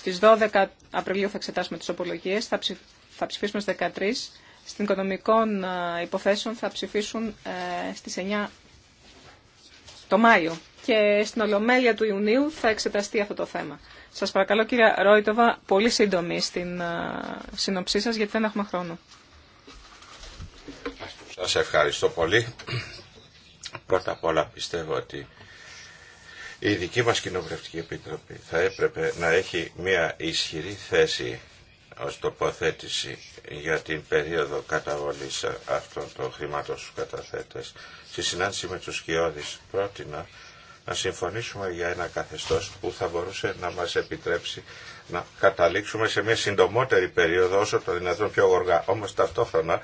Στις 12 Απριλίου θα εξετάσουμε τις οπολογίες, θα, θα ψηφίσουμε στις 13. Στην οικονομικών ε, υποθέσεων θα ψηφίσουν ε, στις 9 το Μάιο. Και στην Ολομέλεια του Ιουνίου θα εξεταστεί αυτό το θέμα. Σας παρακαλώ κύριε Ρόιτοβα, πολύ σύντομη στην ε, συνοψή σας γιατί δεν έχουμε χρόνο. Σας ευχαριστώ πολύ. Πρώτα απ' όλα πιστεύω ότι η δική μας Κοινοβουλευτική Επιτροπή θα έπρεπε να έχει μια ισχυρή θέση ως τοποθέτηση για την περίοδο καταβολής αυτών των χρημάτων στους καταθέτες. Στη συνάντηση με τους Κιώδης πρότεινα να συμφωνήσουμε για ένα καθεστώς που θα μπορούσε να μας επιτρέψει να καταλήξουμε σε μια συντομότερη περίοδο όσο το δυνατόν πιο γοργά. Όμως ταυτόχρονα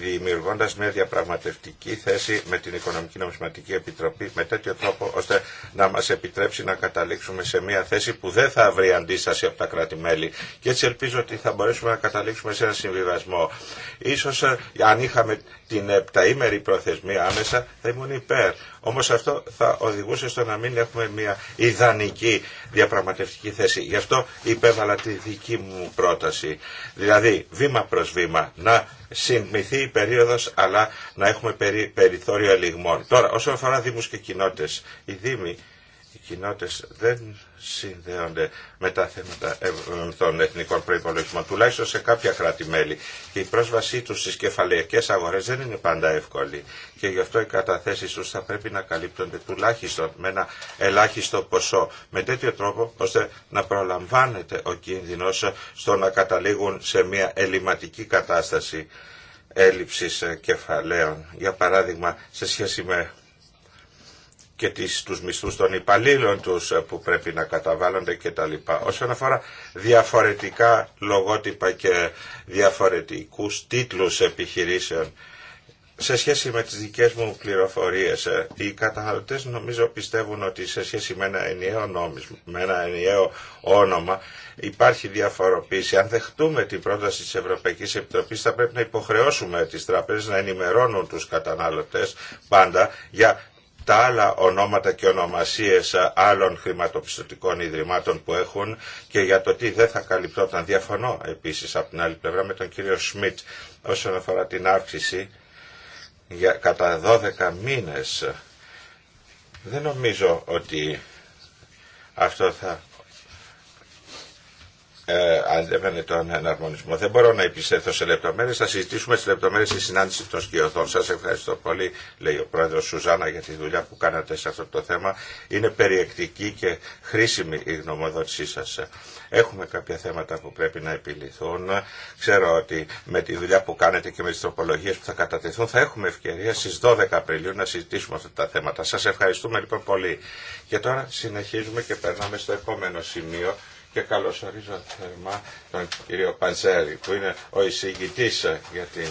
δημιουργώντας μια διαπραγματευτική θέση με την Οικονομική Νομισματική Επιτροπή με τέτοιο τρόπο ώστε να μας επιτρέψει να καταλήξουμε σε μια θέση που δεν θα βρει αντίσταση από τα κράτη-μέλη. Και έτσι ελπίζω ότι θα μπορέσουμε να καταλήξουμε σε ένα συμβιβασμό. Ίσως ε, αν είχαμε την επταήμερη προθεσμία άμεσα θα ήμουν υπέρ. Όμω αυτό θα οδηγούσε στο να μην έχουμε μια ιδανική διαπραγματευτική θέση. Γι' αυτό υπέβαλα τη δική μου πρόταση. Δηλαδή βήμα προς βήμα να συντμηθεί η περίοδος αλλά να έχουμε περιθώριο ελιγμών. Τώρα όσον αφορά Δήμου και κοινότητε, οι δήμοι οι κοινότητες δεν συνδέονται με τα θέματα των εθνικών προϋπολογισμών, τουλάχιστον σε κάποια κράτη-μέλη. Και η πρόσβασή τους στις κεφαλαϊκές αγορές δεν είναι πάντα εύκολη και γι' αυτό οι καταθέσεις τους θα πρέπει να καλύπτονται τουλάχιστον με ένα ελάχιστο ποσό, με τέτοιο τρόπο ώστε να προλαμβάνεται ο κίνδυνος στο να καταλήγουν σε μια ελληματική κατάσταση έλλειψης κεφαλαίων. Για παράδειγμα, σε σχέση με και τις, τους μισθούς των υπαλλήλων τους ε, που πρέπει να καταβάλλονται κτλ. Όσον αφορά διαφορετικά λογότυπα και διαφορετικούς τίτλους επιχειρήσεων, σε σχέση με τις δικές μου πληροφορίες, ε, οι καταναλωτές νομίζω πιστεύουν ότι σε σχέση με ένα ενιαίο νόμισμα, με ένα ενιαίο όνομα, υπάρχει διαφοροποίηση. Αν δεχτούμε την πρόταση της Ευρωπαϊκής Επιτροπής, θα πρέπει να υποχρεώσουμε τις τραπέζες να ενημερώνουν τους καταναλωτές πάντα για τα άλλα ονόματα και ονομασίες άλλων χρηματοπιστωτικών ιδρυμάτων που έχουν και για το τι δεν θα καλυπτόταν. Διαφωνώ επίσης από την άλλη πλευρά με τον κύριο Σμιτ όσον αφορά την αύξηση για κατά 12 μήνες. Δεν νομίζω ότι αυτό θα ε, αντέβαινε τον εναρμονισμό. Δεν μπορώ να επισέλθω σε λεπτομέρειε. Θα συζητήσουμε τι λεπτομέρειε στη συνάντηση των σκιωθών. Σα ευχαριστώ πολύ, λέει ο πρόεδρο Σουζάνα, για τη δουλειά που κάνατε σε αυτό το θέμα. Είναι περιεκτική και χρήσιμη η γνωμοδότησή σα. Έχουμε κάποια θέματα που πρέπει να επιληθούν. Ξέρω ότι με τη δουλειά που κάνετε και με τι τροπολογίε που θα κατατεθούν θα έχουμε ευκαιρία στι 12 Απριλίου να συζητήσουμε αυτά τα θέματα. Σα ευχαριστούμε λοιπόν πολύ. Και τώρα συνεχίζουμε και περνάμε στο επόμενο σημείο και ορίζω θερμά τον κύριο Παντζέρη που είναι ο εισηγητής ε, για την,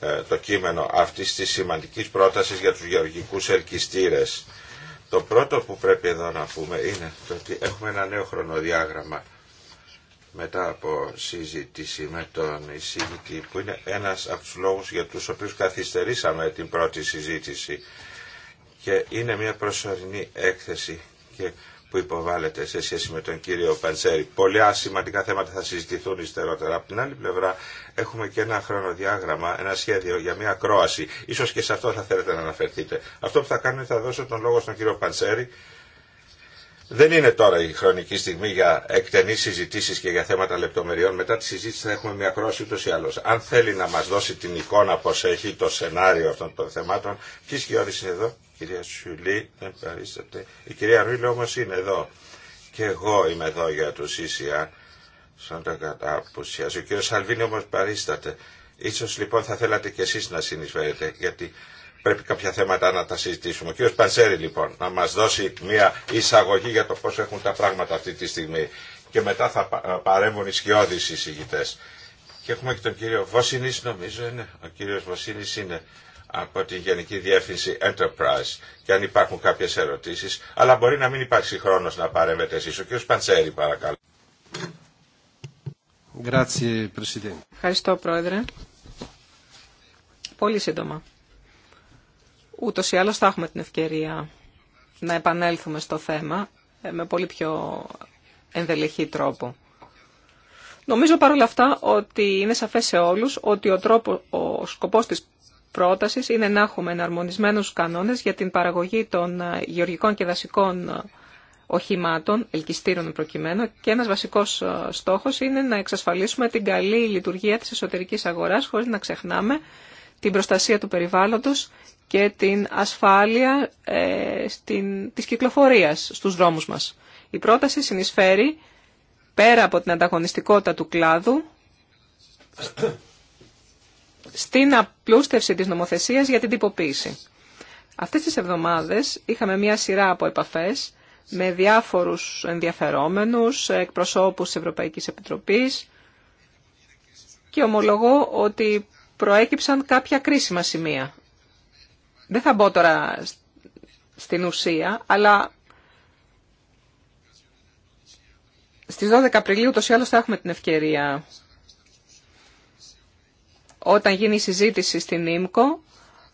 ε, το κείμενο αυτής της σημαντικής πρότασης για τους γεωργικούς ελκυστήρες. Το πρώτο που πρέπει εδώ να πούμε είναι το ότι έχουμε ένα νέο χρονοδιάγραμμα μετά από συζήτηση με τον εισηγητή που είναι ένας από τους λόγους για τους οποίους καθυστερήσαμε την πρώτη συζήτηση και είναι μια προσωρινή έκθεση και που υποβάλλεται σε σχέση με τον κύριο Παντσέρη. Πολλά σημαντικά θέματα θα συζητηθούν υστερότερα. Από την άλλη πλευρά έχουμε και ένα χρονοδιάγραμμα, ένα σχέδιο για μια κρόαση. Ίσως και σε αυτό θα θέλετε να αναφερθείτε. Αυτό που θα κάνω είναι θα δώσω τον λόγο στον κύριο Παντσέρη δεν είναι τώρα η χρονική στιγμή για εκτενεί συζητήσει και για θέματα λεπτομεριών. Μετά τη συζήτηση θα έχουμε μια κρόση ούτω ή άλλω. Αν θέλει να μα δώσει την εικόνα πώ έχει το σενάριο αυτών των θεμάτων, ποιο σκιώδει είναι εδώ, η κυρία Σουλή, δεν παρίσταται. Η κυρία Ρούιλε όμω είναι εδώ. Και εγώ είμαι εδώ για του ίσια, σαν τα καταπουσιάζει. Ο κύριο Σαλβίνη όμω παρίσταται. σω λοιπόν θα θέλατε κι εσεί να συνεισφέρετε, γιατί πρέπει κάποια θέματα να τα συζητήσουμε. Ο κ. Πανσέρη λοιπόν να μας δώσει μια εισαγωγή για το πώς έχουν τα πράγματα αυτή τη στιγμή και μετά θα ε, παρέμβουν οι σκιώδεις εισηγητές. Και έχουμε και τον κύριο Βόσινης νομίζω είναι, ο κύριος Βόσινης είναι από την Γενική Διεύθυνση Enterprise και αν υπάρχουν κάποιες ερωτήσεις, αλλά μπορεί να μην υπάρξει χρόνος να παρέμβετε εσείς. Ο κύριος Παντσέρη παρακαλώ. Ευχαριστώ Πρόεδρε. Πολύ σύντομα. Ούτως ή άλλως θα έχουμε την ευκαιρία να επανέλθουμε στο θέμα ε, με πολύ πιο ενδελεχή τρόπο. Νομίζω παρόλα αυτά ότι είναι σαφές σε όλους ότι ο, τρόπο, ο σκοπός της πρότασης είναι να έχουμε εναρμονισμένους κανόνες για την παραγωγή των ε, γεωργικών και δασικών ε, οχημάτων, ελκυστήρων προκειμένου και ένας βασικός στόχος είναι να εξασφαλίσουμε την καλή λειτουργία της εσωτερικής αγοράς χωρίς να ξεχνάμε την προστασία του περιβάλλοντος και την ασφάλεια ε, στην, της κυκλοφορίας στους δρόμους μας. Η πρόταση συνεισφέρει πέρα από την ανταγωνιστικότητα του κλάδου στην απλούστευση της νομοθεσίας για την τυποποίηση. Αυτές τις εβδομάδες είχαμε μία σειρά από επαφές με διάφορους ενδιαφερόμενους, εκπροσώπους της Ευρωπαϊκής Επιτροπής και ομολογώ ότι προέκυψαν κάποια κρίσιμα σημεία. Δεν θα μπω τώρα στην ουσία, αλλά στις 12 Απριλίου τόσο ή άλλως θα έχουμε την ευκαιρία όταν γίνει συζήτηση στην ΙΜΚΟ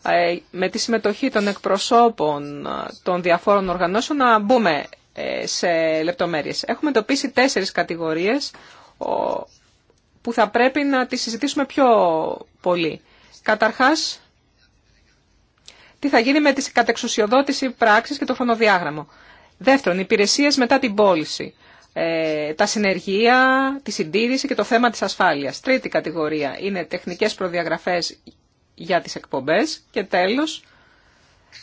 ε, με τη συμμετοχή των εκπροσώπων ε, των διαφόρων οργανώσεων να μπούμε ε, σε λεπτομέρειες. Έχουμε εντοπίσει τέσσερις κατηγορίες που θα πρέπει να τις συζητήσουμε πιο πολύ. Καταρχάς, τι θα γίνει με τη κατεξουσιοδότηση πράξης και το χρονοδιάγραμμα. Δεύτερον, υπηρεσίες μετά την πώληση. Ε, τα συνεργεία, τη συντήρηση και το θέμα της ασφάλειας. Τρίτη κατηγορία είναι τεχνικές προδιαγραφές για τις εκπομπές. Και τέλος,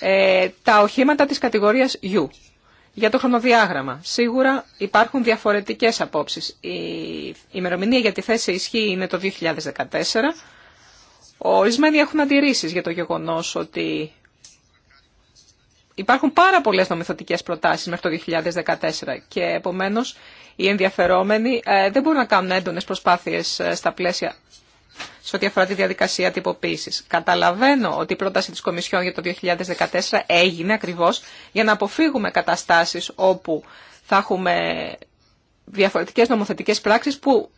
ε, τα οχήματα της κατηγορίας U. Για το χρονοδιάγραμμα, σίγουρα υπάρχουν διαφορετικές απόψεις. Η ημερομηνία για τη θέση ισχύει είναι το 2014. Ορισμένοι έχουν αντιρρήσεις για το γεγονός ότι υπάρχουν πάρα πολλές νομιθωτικές προτάσεις μέχρι το 2014 και επομένως οι ενδιαφερόμενοι ε, δεν μπορούν να κάνουν έντονες προσπάθειες ε, στα πλαίσια σε ό,τι αφορά τη διαδικασία τυποποίηση. Καταλαβαίνω ότι η πρόταση τη Κομισιόν για το 2014 έγινε ακριβώ για να αποφύγουμε καταστάσει όπου θα έχουμε διαφορετικέ νομοθετικέ πράξει που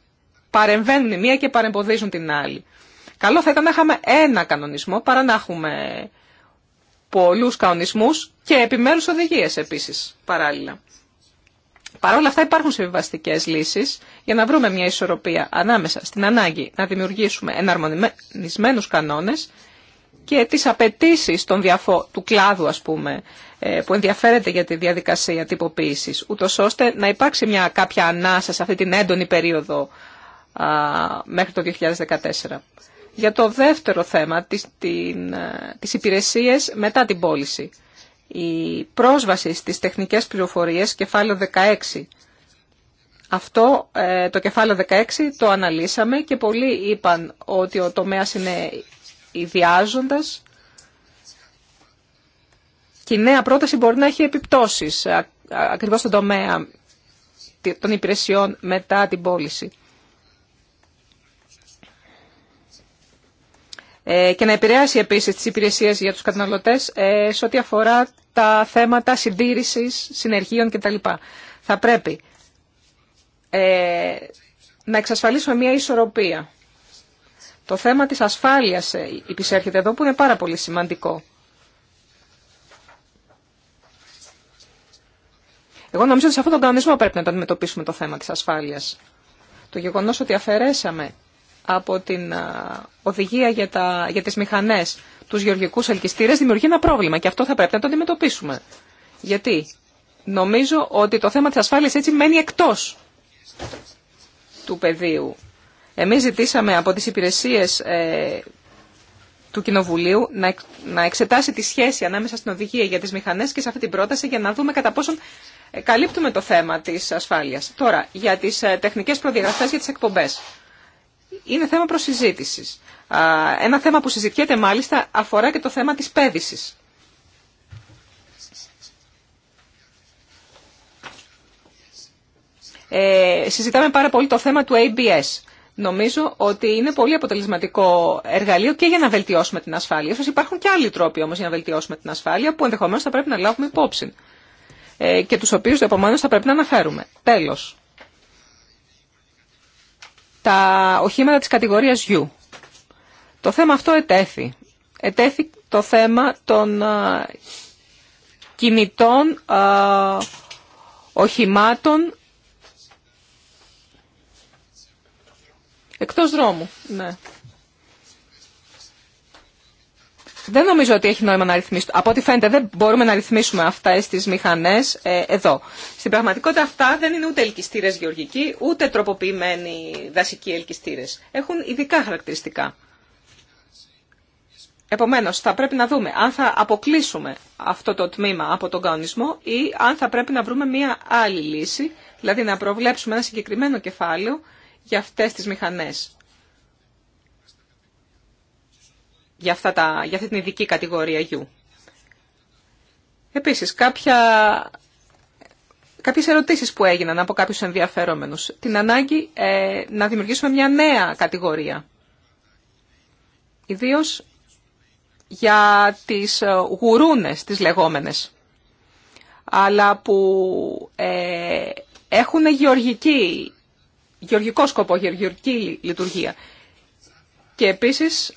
παρεμβαίνουν η μία και παρεμποδίζουν την άλλη. Καλό θα ήταν να είχαμε ένα κανονισμό παρά να έχουμε πολλούς κανονισμού και επιμέρου οδηγίε επίσης παράλληλα. Παρ' όλα αυτά υπάρχουν συμβιβαστικέ λύσεις για να βρούμε μια ισορροπία ανάμεσα στην ανάγκη να δημιουργήσουμε εναρμονισμένους κανόνες και τι απαιτήσει διαφο... του κλάδου ας πούμε, ε, που ενδιαφέρεται για τη διαδικασία τυποποίηση, ούτω ώστε να υπάρξει μια κάποια ανάσα σε αυτή την έντονη περίοδο μέχρι το 2014. Για το δεύτερο θέμα, τι τις ε, μετά την πώληση η πρόσβαση στις τεχνικές πληροφορίες, κεφάλαιο 16. Αυτό ε, το κεφάλαιο 16 το αναλύσαμε και πολλοί είπαν ότι ο τομέας είναι ιδιάζοντας και η νέα πρόταση μπορεί να έχει επιπτώσεις ακριβώς στον τομέα των υπηρεσιών μετά την πώληση. Ε, και να επηρεάσει επίσης τις υπηρεσίες για τους καταναλωτές ε, σε ό,τι αφορά τα θέματα συντήρησης, συνεργείων κτλ. Θα πρέπει ε, να εξασφαλίσουμε μια ισορροπία. Το θέμα της ασφάλειας υπησέρχεται εδώ που είναι πάρα πολύ σημαντικό. Εγώ νομίζω ότι σε αυτόν τον κανονισμό πρέπει να το αντιμετωπίσουμε το θέμα της ασφάλειας. Το γεγονός ότι αφαιρέσαμε από την οδηγία για, τα, για τις μηχανές, τους γεωργικούς ελκυστήρες, δημιουργεί ένα πρόβλημα και αυτό θα πρέπει να το αντιμετωπίσουμε. Γιατί νομίζω ότι το θέμα της ασφάλειας έτσι μένει εκτός του πεδίου. Εμείς ζητήσαμε από τις υπηρεσίες ε, του Κοινοβουλίου να, να εξετάσει τη σχέση ανάμεσα στην οδηγία για τις μηχανές και σε αυτή την πρόταση για να δούμε κατά πόσον ε, καλύπτουμε το θέμα της ασφάλειας. Τώρα, για τις ε, τεχνικές προδιαγραφές για τις εκπομπές είναι θέμα προσυζήτησης. Ένα θέμα που συζητιέται μάλιστα αφορά και το θέμα της πέδησης. Ε, συζητάμε πάρα πολύ το θέμα του ABS. Νομίζω ότι είναι πολύ αποτελεσματικό εργαλείο και για να βελτιώσουμε την ασφάλεια. Ίσως υπάρχουν και άλλοι τρόποι όμως για να βελτιώσουμε την ασφάλεια που ενδεχομένως θα πρέπει να λάβουμε υπόψη ε, και τους οποίους επομένως θα πρέπει να αναφέρουμε. Τέλος τα οχήματα της κατηγορίας U. Το θέμα αυτό ετέθη. Ετέθη το θέμα των ε, κινητών ε, οχημάτων εκτός δρόμου. Ναι. Δεν νομίζω ότι έχει νόημα να ρυθμίσουμε. Από ό,τι φαίνεται δεν μπορούμε να ρυθμίσουμε αυτέ τι μηχανέ ε, εδώ. Στην πραγματικότητα αυτά δεν είναι ούτε ελκυστήρε γεωργικοί, ούτε τροποποιημένοι δασικοί ελκυστήρε. Έχουν ειδικά χαρακτηριστικά. Επομένω, θα πρέπει να δούμε αν θα αποκλείσουμε αυτό το τμήμα από τον κανονισμό ή αν θα πρέπει να βρούμε μία άλλη λύση, δηλαδή να προβλέψουμε ένα συγκεκριμένο κεφάλαιο για αυτέ τι μηχανές. για, αυτά τα, για αυτή την ειδική κατηγορία γιου. Επίσης, κάποια, κάποιες ερωτήσεις που έγιναν από κάποιους ενδιαφερόμενους. Την ανάγκη ε, να δημιουργήσουμε μια νέα κατηγορία. Ιδίως για τις ε, γουρούνες, τις λεγόμενες. Αλλά που ε, έχουν γεωργική, γεωργικό σκοπό, γεωργική λειτουργία. Και επίσης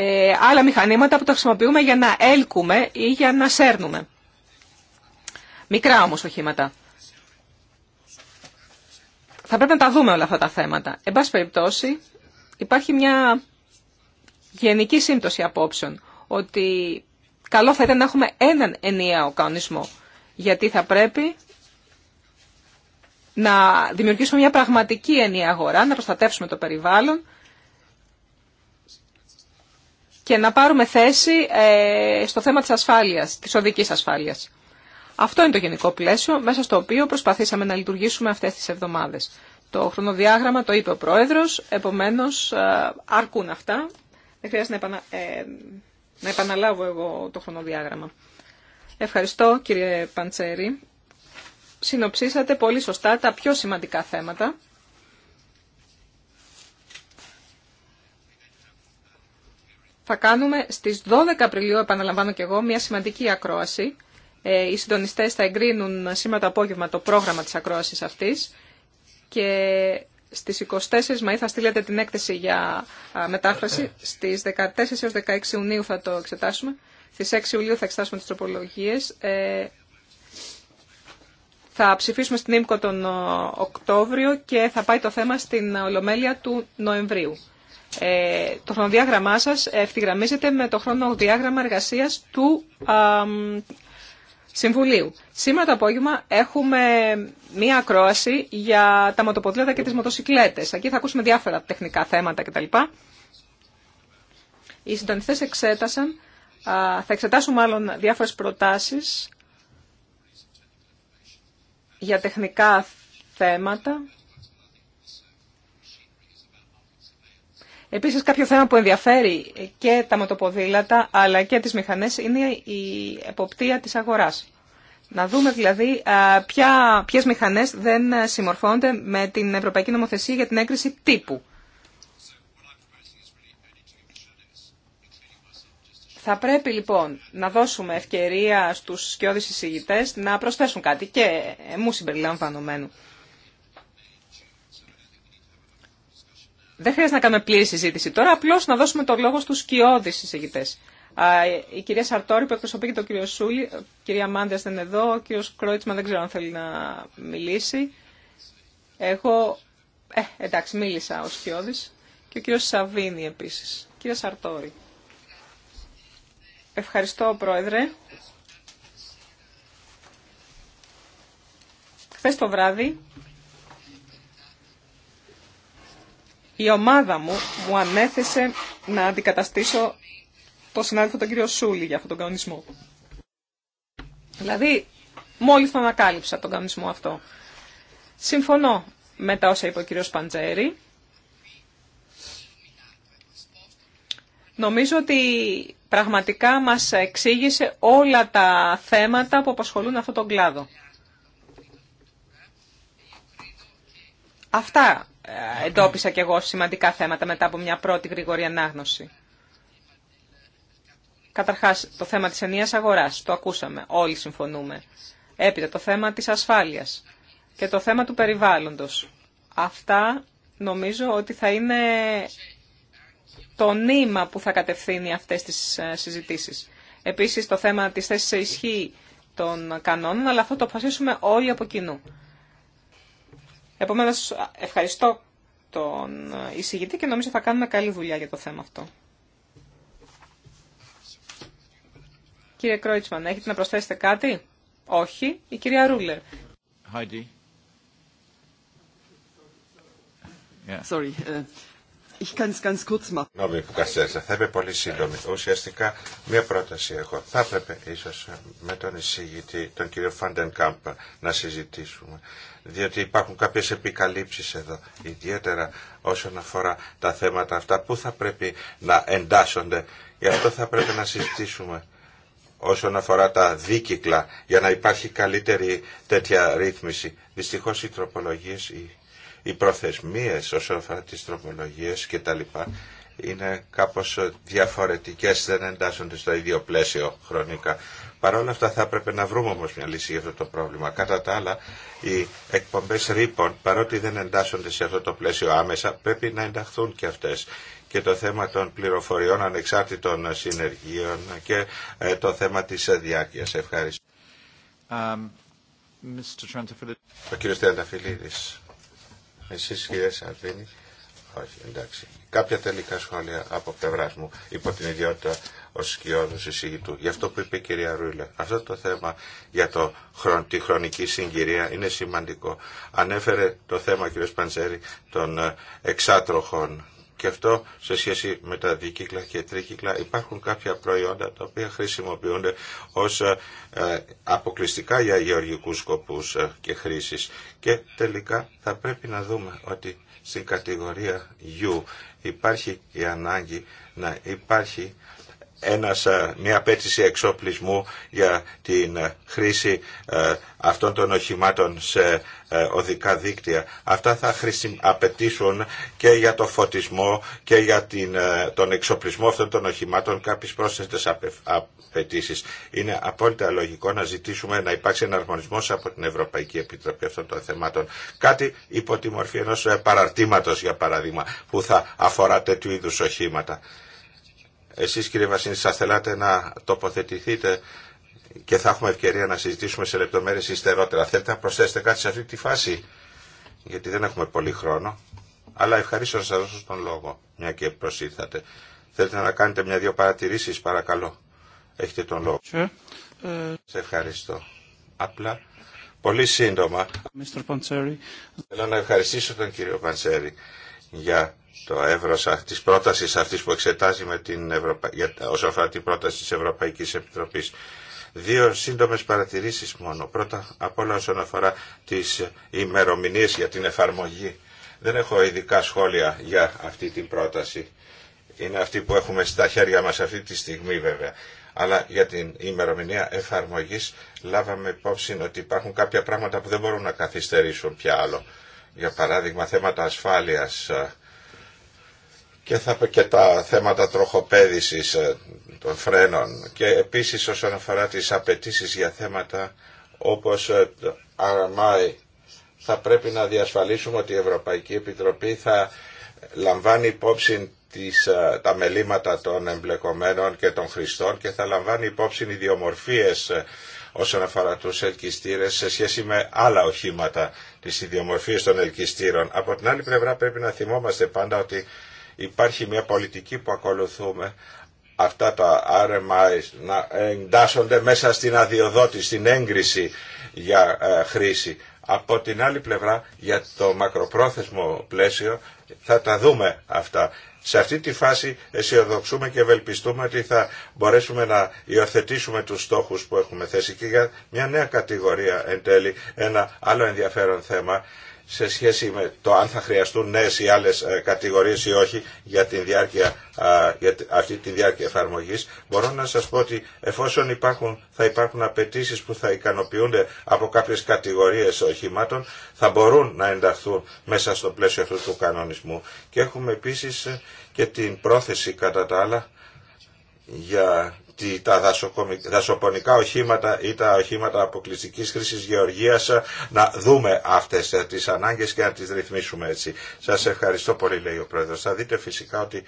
ε, άλλα μηχανήματα που τα χρησιμοποιούμε για να έλκουμε ή για να σέρνουμε. Μικρά όμως οχήματα. Θα πρέπει να τα δούμε όλα αυτά τα θέματα. Εν πάση περιπτώσει υπάρχει μια γενική σύμπτωση απόψεων ότι καλό θα ήταν να έχουμε έναν ενιαίο κανονισμό γιατί θα πρέπει να δημιουργήσουμε μια πραγματική ενιαία αγορά, να προστατεύσουμε το περιβάλλον και να πάρουμε θέση ε, στο θέμα της ασφάλειας, της οδικής ασφάλειας. Αυτό είναι το γενικό πλαίσιο μέσα στο οποίο προσπαθήσαμε να λειτουργήσουμε αυτές τις εβδομάδες. Το χρονοδιάγραμμα το είπε ο Πρόεδρος, επομένως ε, αρκούν αυτά. Δεν χρειάζεται να, ε, να επαναλάβω εγώ το χρονοδιάγραμμα. Ευχαριστώ κύριε Παντσέρη. Συνοψίσατε πολύ σωστά τα πιο σημαντικά θέματα. θα κάνουμε στις 12 Απριλίου, επαναλαμβάνω και εγώ, μια σημαντική ακρόαση. Ε, οι συντονιστές θα εγκρίνουν σήμερα το απόγευμα το πρόγραμμα της ακρόασης αυτής και στις 24 Μαΐ θα στείλετε την έκθεση για μετάφραση. Στις 14 έως 16 Ιουνίου θα το εξετάσουμε. Στις 6 Ιουλίου θα εξετάσουμε τις τροπολογίες. Ε, θα ψηφίσουμε στην ΙΜΚΟ τον Οκτώβριο και θα πάει το θέμα στην Ολομέλεια του Νοεμβρίου. Ε, το χρονοδιάγραμμά σας ευθυγραμμίζεται με το χρονοδιάγραμμα εργασίας του Συμβουλίου. Σήμερα το απόγευμα έχουμε μία ακρόαση για τα μοτοποδήλατα και τις μοτοσυκλέτες. Εκεί θα ακούσουμε διάφορα τεχνικά θέματα κτλ. Οι συντονιστές εξέτασαν, θα εξετάσουν μάλλον διάφορες προτάσεις για τεχνικά θέματα Επίσης κάποιο θέμα που ενδιαφέρει και τα μοτοποδήλατα αλλά και τις μηχανές είναι η εποπτεία της αγοράς. Να δούμε δηλαδή ποια, ποιες μηχανές δεν συμμορφώνονται με την Ευρωπαϊκή Νομοθεσία για την έγκριση τύπου. Θα πρέπει λοιπόν να δώσουμε ευκαιρία στους σκιώδεις εισηγητές να προσθέσουν κάτι και ε, μου συμπεριλαμβανομένου. Δεν χρειάζεται να κάνουμε πλήρη συζήτηση τώρα, απλώ να δώσουμε το λόγο στου σκιώδει συζητητέ. Η κυρία Σαρτόρη που εκπροσωπεί και τον κύριο Σούλη, η κυρία Μάντια δεν είναι εδώ, ο κύριο Κρόιτσμα δεν ξέρω αν θέλει να μιλήσει. Εγώ, ε, εντάξει, μίλησα ω σκιώδη. Και ο κύριο Σαβίνη επίση. Κύριε Σαρτόρη. Ευχαριστώ, Πρόεδρε. Χθε το βράδυ Η ομάδα μου μου ανέθεσε να αντικαταστήσω τον συνάδελφο τον κύριο Σούλη για αυτόν τον κανονισμό. Δηλαδή, μόλις τον ανακάλυψα τον κανονισμό αυτό. Συμφωνώ με τα όσα είπε ο κύριος Παντζέρη. Νομίζω ότι πραγματικά μας εξήγησε όλα τα θέματα που απασχολούν αυτόν τον κλάδο. Αυτά ε, εντόπισα κι εγώ σημαντικά θέματα μετά από μια πρώτη γρήγορη ανάγνωση. Καταρχάς, το θέμα της ενίας αγοράς, το ακούσαμε, όλοι συμφωνούμε. Έπειτα το θέμα της ασφάλειας και το θέμα του περιβάλλοντος. Αυτά νομίζω ότι θα είναι το νήμα που θα κατευθύνει αυτές τις ε, συζητήσεις. Επίσης το θέμα της θέσης σε ισχύ των κανόνων, αλλά αυτό το αποφασίσουμε όλοι από κοινού. Επομένω ευχαριστώ τον εισηγητή και νομίζω θα κάνουμε καλή δουλειά για το θέμα αυτό. Κύριε Κρόιτσμαν, έχετε να προσθέσετε κάτι? Όχι. Η κυρία Ρούλερ. Sorry. Uh, Ich ganz kurz machen. Θα είμαι πολύ σύντομη. Ουσιαστικά μία πρόταση έχω. Θα έπρεπε ίσως με τον εισηγητή, τον κύριο Φάντεν να συζητήσουμε. Διότι υπάρχουν κάποιες επικαλύψεις εδώ, ιδιαίτερα όσον αφορά τα θέματα αυτά που θα πρέπει να εντάσσονται. Γι' αυτό θα πρέπει να συζητήσουμε όσον αφορά τα δίκυκλα για να υπάρχει καλύτερη τέτοια ρύθμιση. Δυστυχώς οι τροπολογίες, οι προθεσμίες όσο αφορά τις τροπολογίες και τα λοιπά είναι κάπως διαφορετικές, δεν εντάσσονται στο ίδιο πλαίσιο χρονικά. Παρ' όλα αυτά θα έπρεπε να βρούμε όμως μια λύση για αυτό το πρόβλημα. Κατά τα άλλα, οι εκπομπές ρήπων, παρότι δεν εντάσσονται σε αυτό το πλαίσιο άμεσα, πρέπει να ενταχθούν και αυτές και το θέμα των πληροφοριών ανεξάρτητων συνεργείων και ε, το θέμα της ε, διάρκειας. Ευχαριστώ. Um, Mr. Ο κύριος εσείς κύριε Σαντρίνη. Όχι, εντάξει. Κάποια τελικά σχόλια από πλευρά μου υπό την ιδιότητα ω σκιώδου εισηγητού. Γι' αυτό που είπε η κυρία Ρούιλε. Αυτό το θέμα για το, τη χρονική συγκυρία είναι σημαντικό. Ανέφερε το θέμα, κύριο Σπαντζέρη, των ε, εξάτροχων και αυτό σε σχέση με τα δίκυκλα και τρίκυκλα υπάρχουν κάποια προϊόντα τα οποία χρησιμοποιούνται ως ε, αποκλειστικά για γεωργικούς σκοπούς ε, και χρήσεις και τελικά θα πρέπει να δούμε ότι στην κατηγορία U υπάρχει η ανάγκη να υπάρχει ένας, μια απέτηση εξοπλισμού για την χρήση αυτών των οχημάτων σε οδικά δίκτυα. Αυτά θα απαιτήσουν και για το φωτισμό και για την, τον εξοπλισμό αυτών των οχημάτων κάποιες πρόσθετες απαιτήσει. Είναι απόλυτα λογικό να ζητήσουμε να υπάρξει εναρμονισμός από την Ευρωπαϊκή Επιτροπή αυτών των θεμάτων. Κάτι υπό τη μορφή ενός παραρτήματος για παράδειγμα που θα αφορά τέτοιου είδους οχήματα. Εσείς κύριε Βασίνη σας θέλατε να τοποθετηθείτε και θα έχουμε ευκαιρία να συζητήσουμε σε λεπτομέρειες υστερότερα. Θέλετε να προσθέσετε κάτι σε αυτή τη φάση, γιατί δεν έχουμε πολύ χρόνο. Αλλά ευχαρίστω να σας δώσω τον λόγο, μια και προσήλθατε. Θέλετε να κάνετε μια-δυο παρατηρήσεις, παρακαλώ. Έχετε τον λόγο. Σε ευχαριστώ. Απλά, πολύ σύντομα, Θέλω να ευχαριστήσω τον κύριο Παντσέρη για το εύρος της πρότασης αυτής που εξετάζει με την για... όσον αφορά την πρόταση της Ευρωπαϊκής Επιτροπής. Δύο σύντομες παρατηρήσεις μόνο. Πρώτα απ' όλα όσον αφορά τις ημερομηνίες για την εφαρμογή. Δεν έχω ειδικά σχόλια για αυτή την πρόταση. Είναι αυτή που έχουμε στα χέρια μας αυτή τη στιγμή βέβαια. Αλλά για την ημερομηνία εφαρμογής λάβαμε υπόψη ότι υπάρχουν κάποια πράγματα που δεν μπορούν να καθυστερήσουν πια άλλο. Για παράδειγμα θέματα ασφάλειας και, θα, και τα θέματα τροχοπέδησης ε, των φρένων και επίσης όσον αφορά τις απαιτήσει για θέματα όπως ε, το RMI θα πρέπει να διασφαλίσουμε ότι η Ευρωπαϊκή Επιτροπή θα λαμβάνει υπόψη τις, ε, τα μελήματα των εμπλεκομένων και των χρηστών και θα λαμβάνει υπόψη οι διομορφίες όσον αφορά τους ελκυστήρες σε σχέση με άλλα οχήματα, τις ιδιομορφίες των ελκυστήρων. Από την άλλη πλευρά πρέπει να θυμόμαστε πάντα ότι υπάρχει μια πολιτική που ακολουθούμε αυτά τα RMI να εντάσσονται μέσα στην αδειοδότηση, στην έγκριση για ε, χρήση. Από την άλλη πλευρά για το μακροπρόθεσμο πλαίσιο θα τα δούμε αυτά. Σε αυτή τη φάση αισιοδοξούμε και ευελπιστούμε ότι θα μπορέσουμε να υιοθετήσουμε τους στόχους που έχουμε θέσει και για μια νέα κατηγορία εν τέλει, ένα άλλο ενδιαφέρον θέμα σε σχέση με το αν θα χρειαστούν νέες ή άλλες ε, κατηγορίες ή όχι για, την διάρκεια, για αυτή τη διάρκεια εφαρμογής. μπορώ να σας πω ότι εφόσον υπάρχουν, θα υπάρχουν απαιτήσει που θα ικανοποιούνται από κάποιες κατηγορίες οχημάτων, θα μπορούν να ενταχθούν μέσα στο πλαίσιο αυτού του κανονισμού. Και έχουμε επίσης και την πρόθεση κατά τα άλλα για ότι τα δασοπονικά οχήματα ή τα οχήματα αποκλειστική χρήση γεωργία ε, να δούμε αυτέ ε, τι ανάγκε και να τι ρυθμίσουμε έτσι. Σα ευχαριστώ πολύ, λέει ο Πρόεδρο. Θα δείτε φυσικά ότι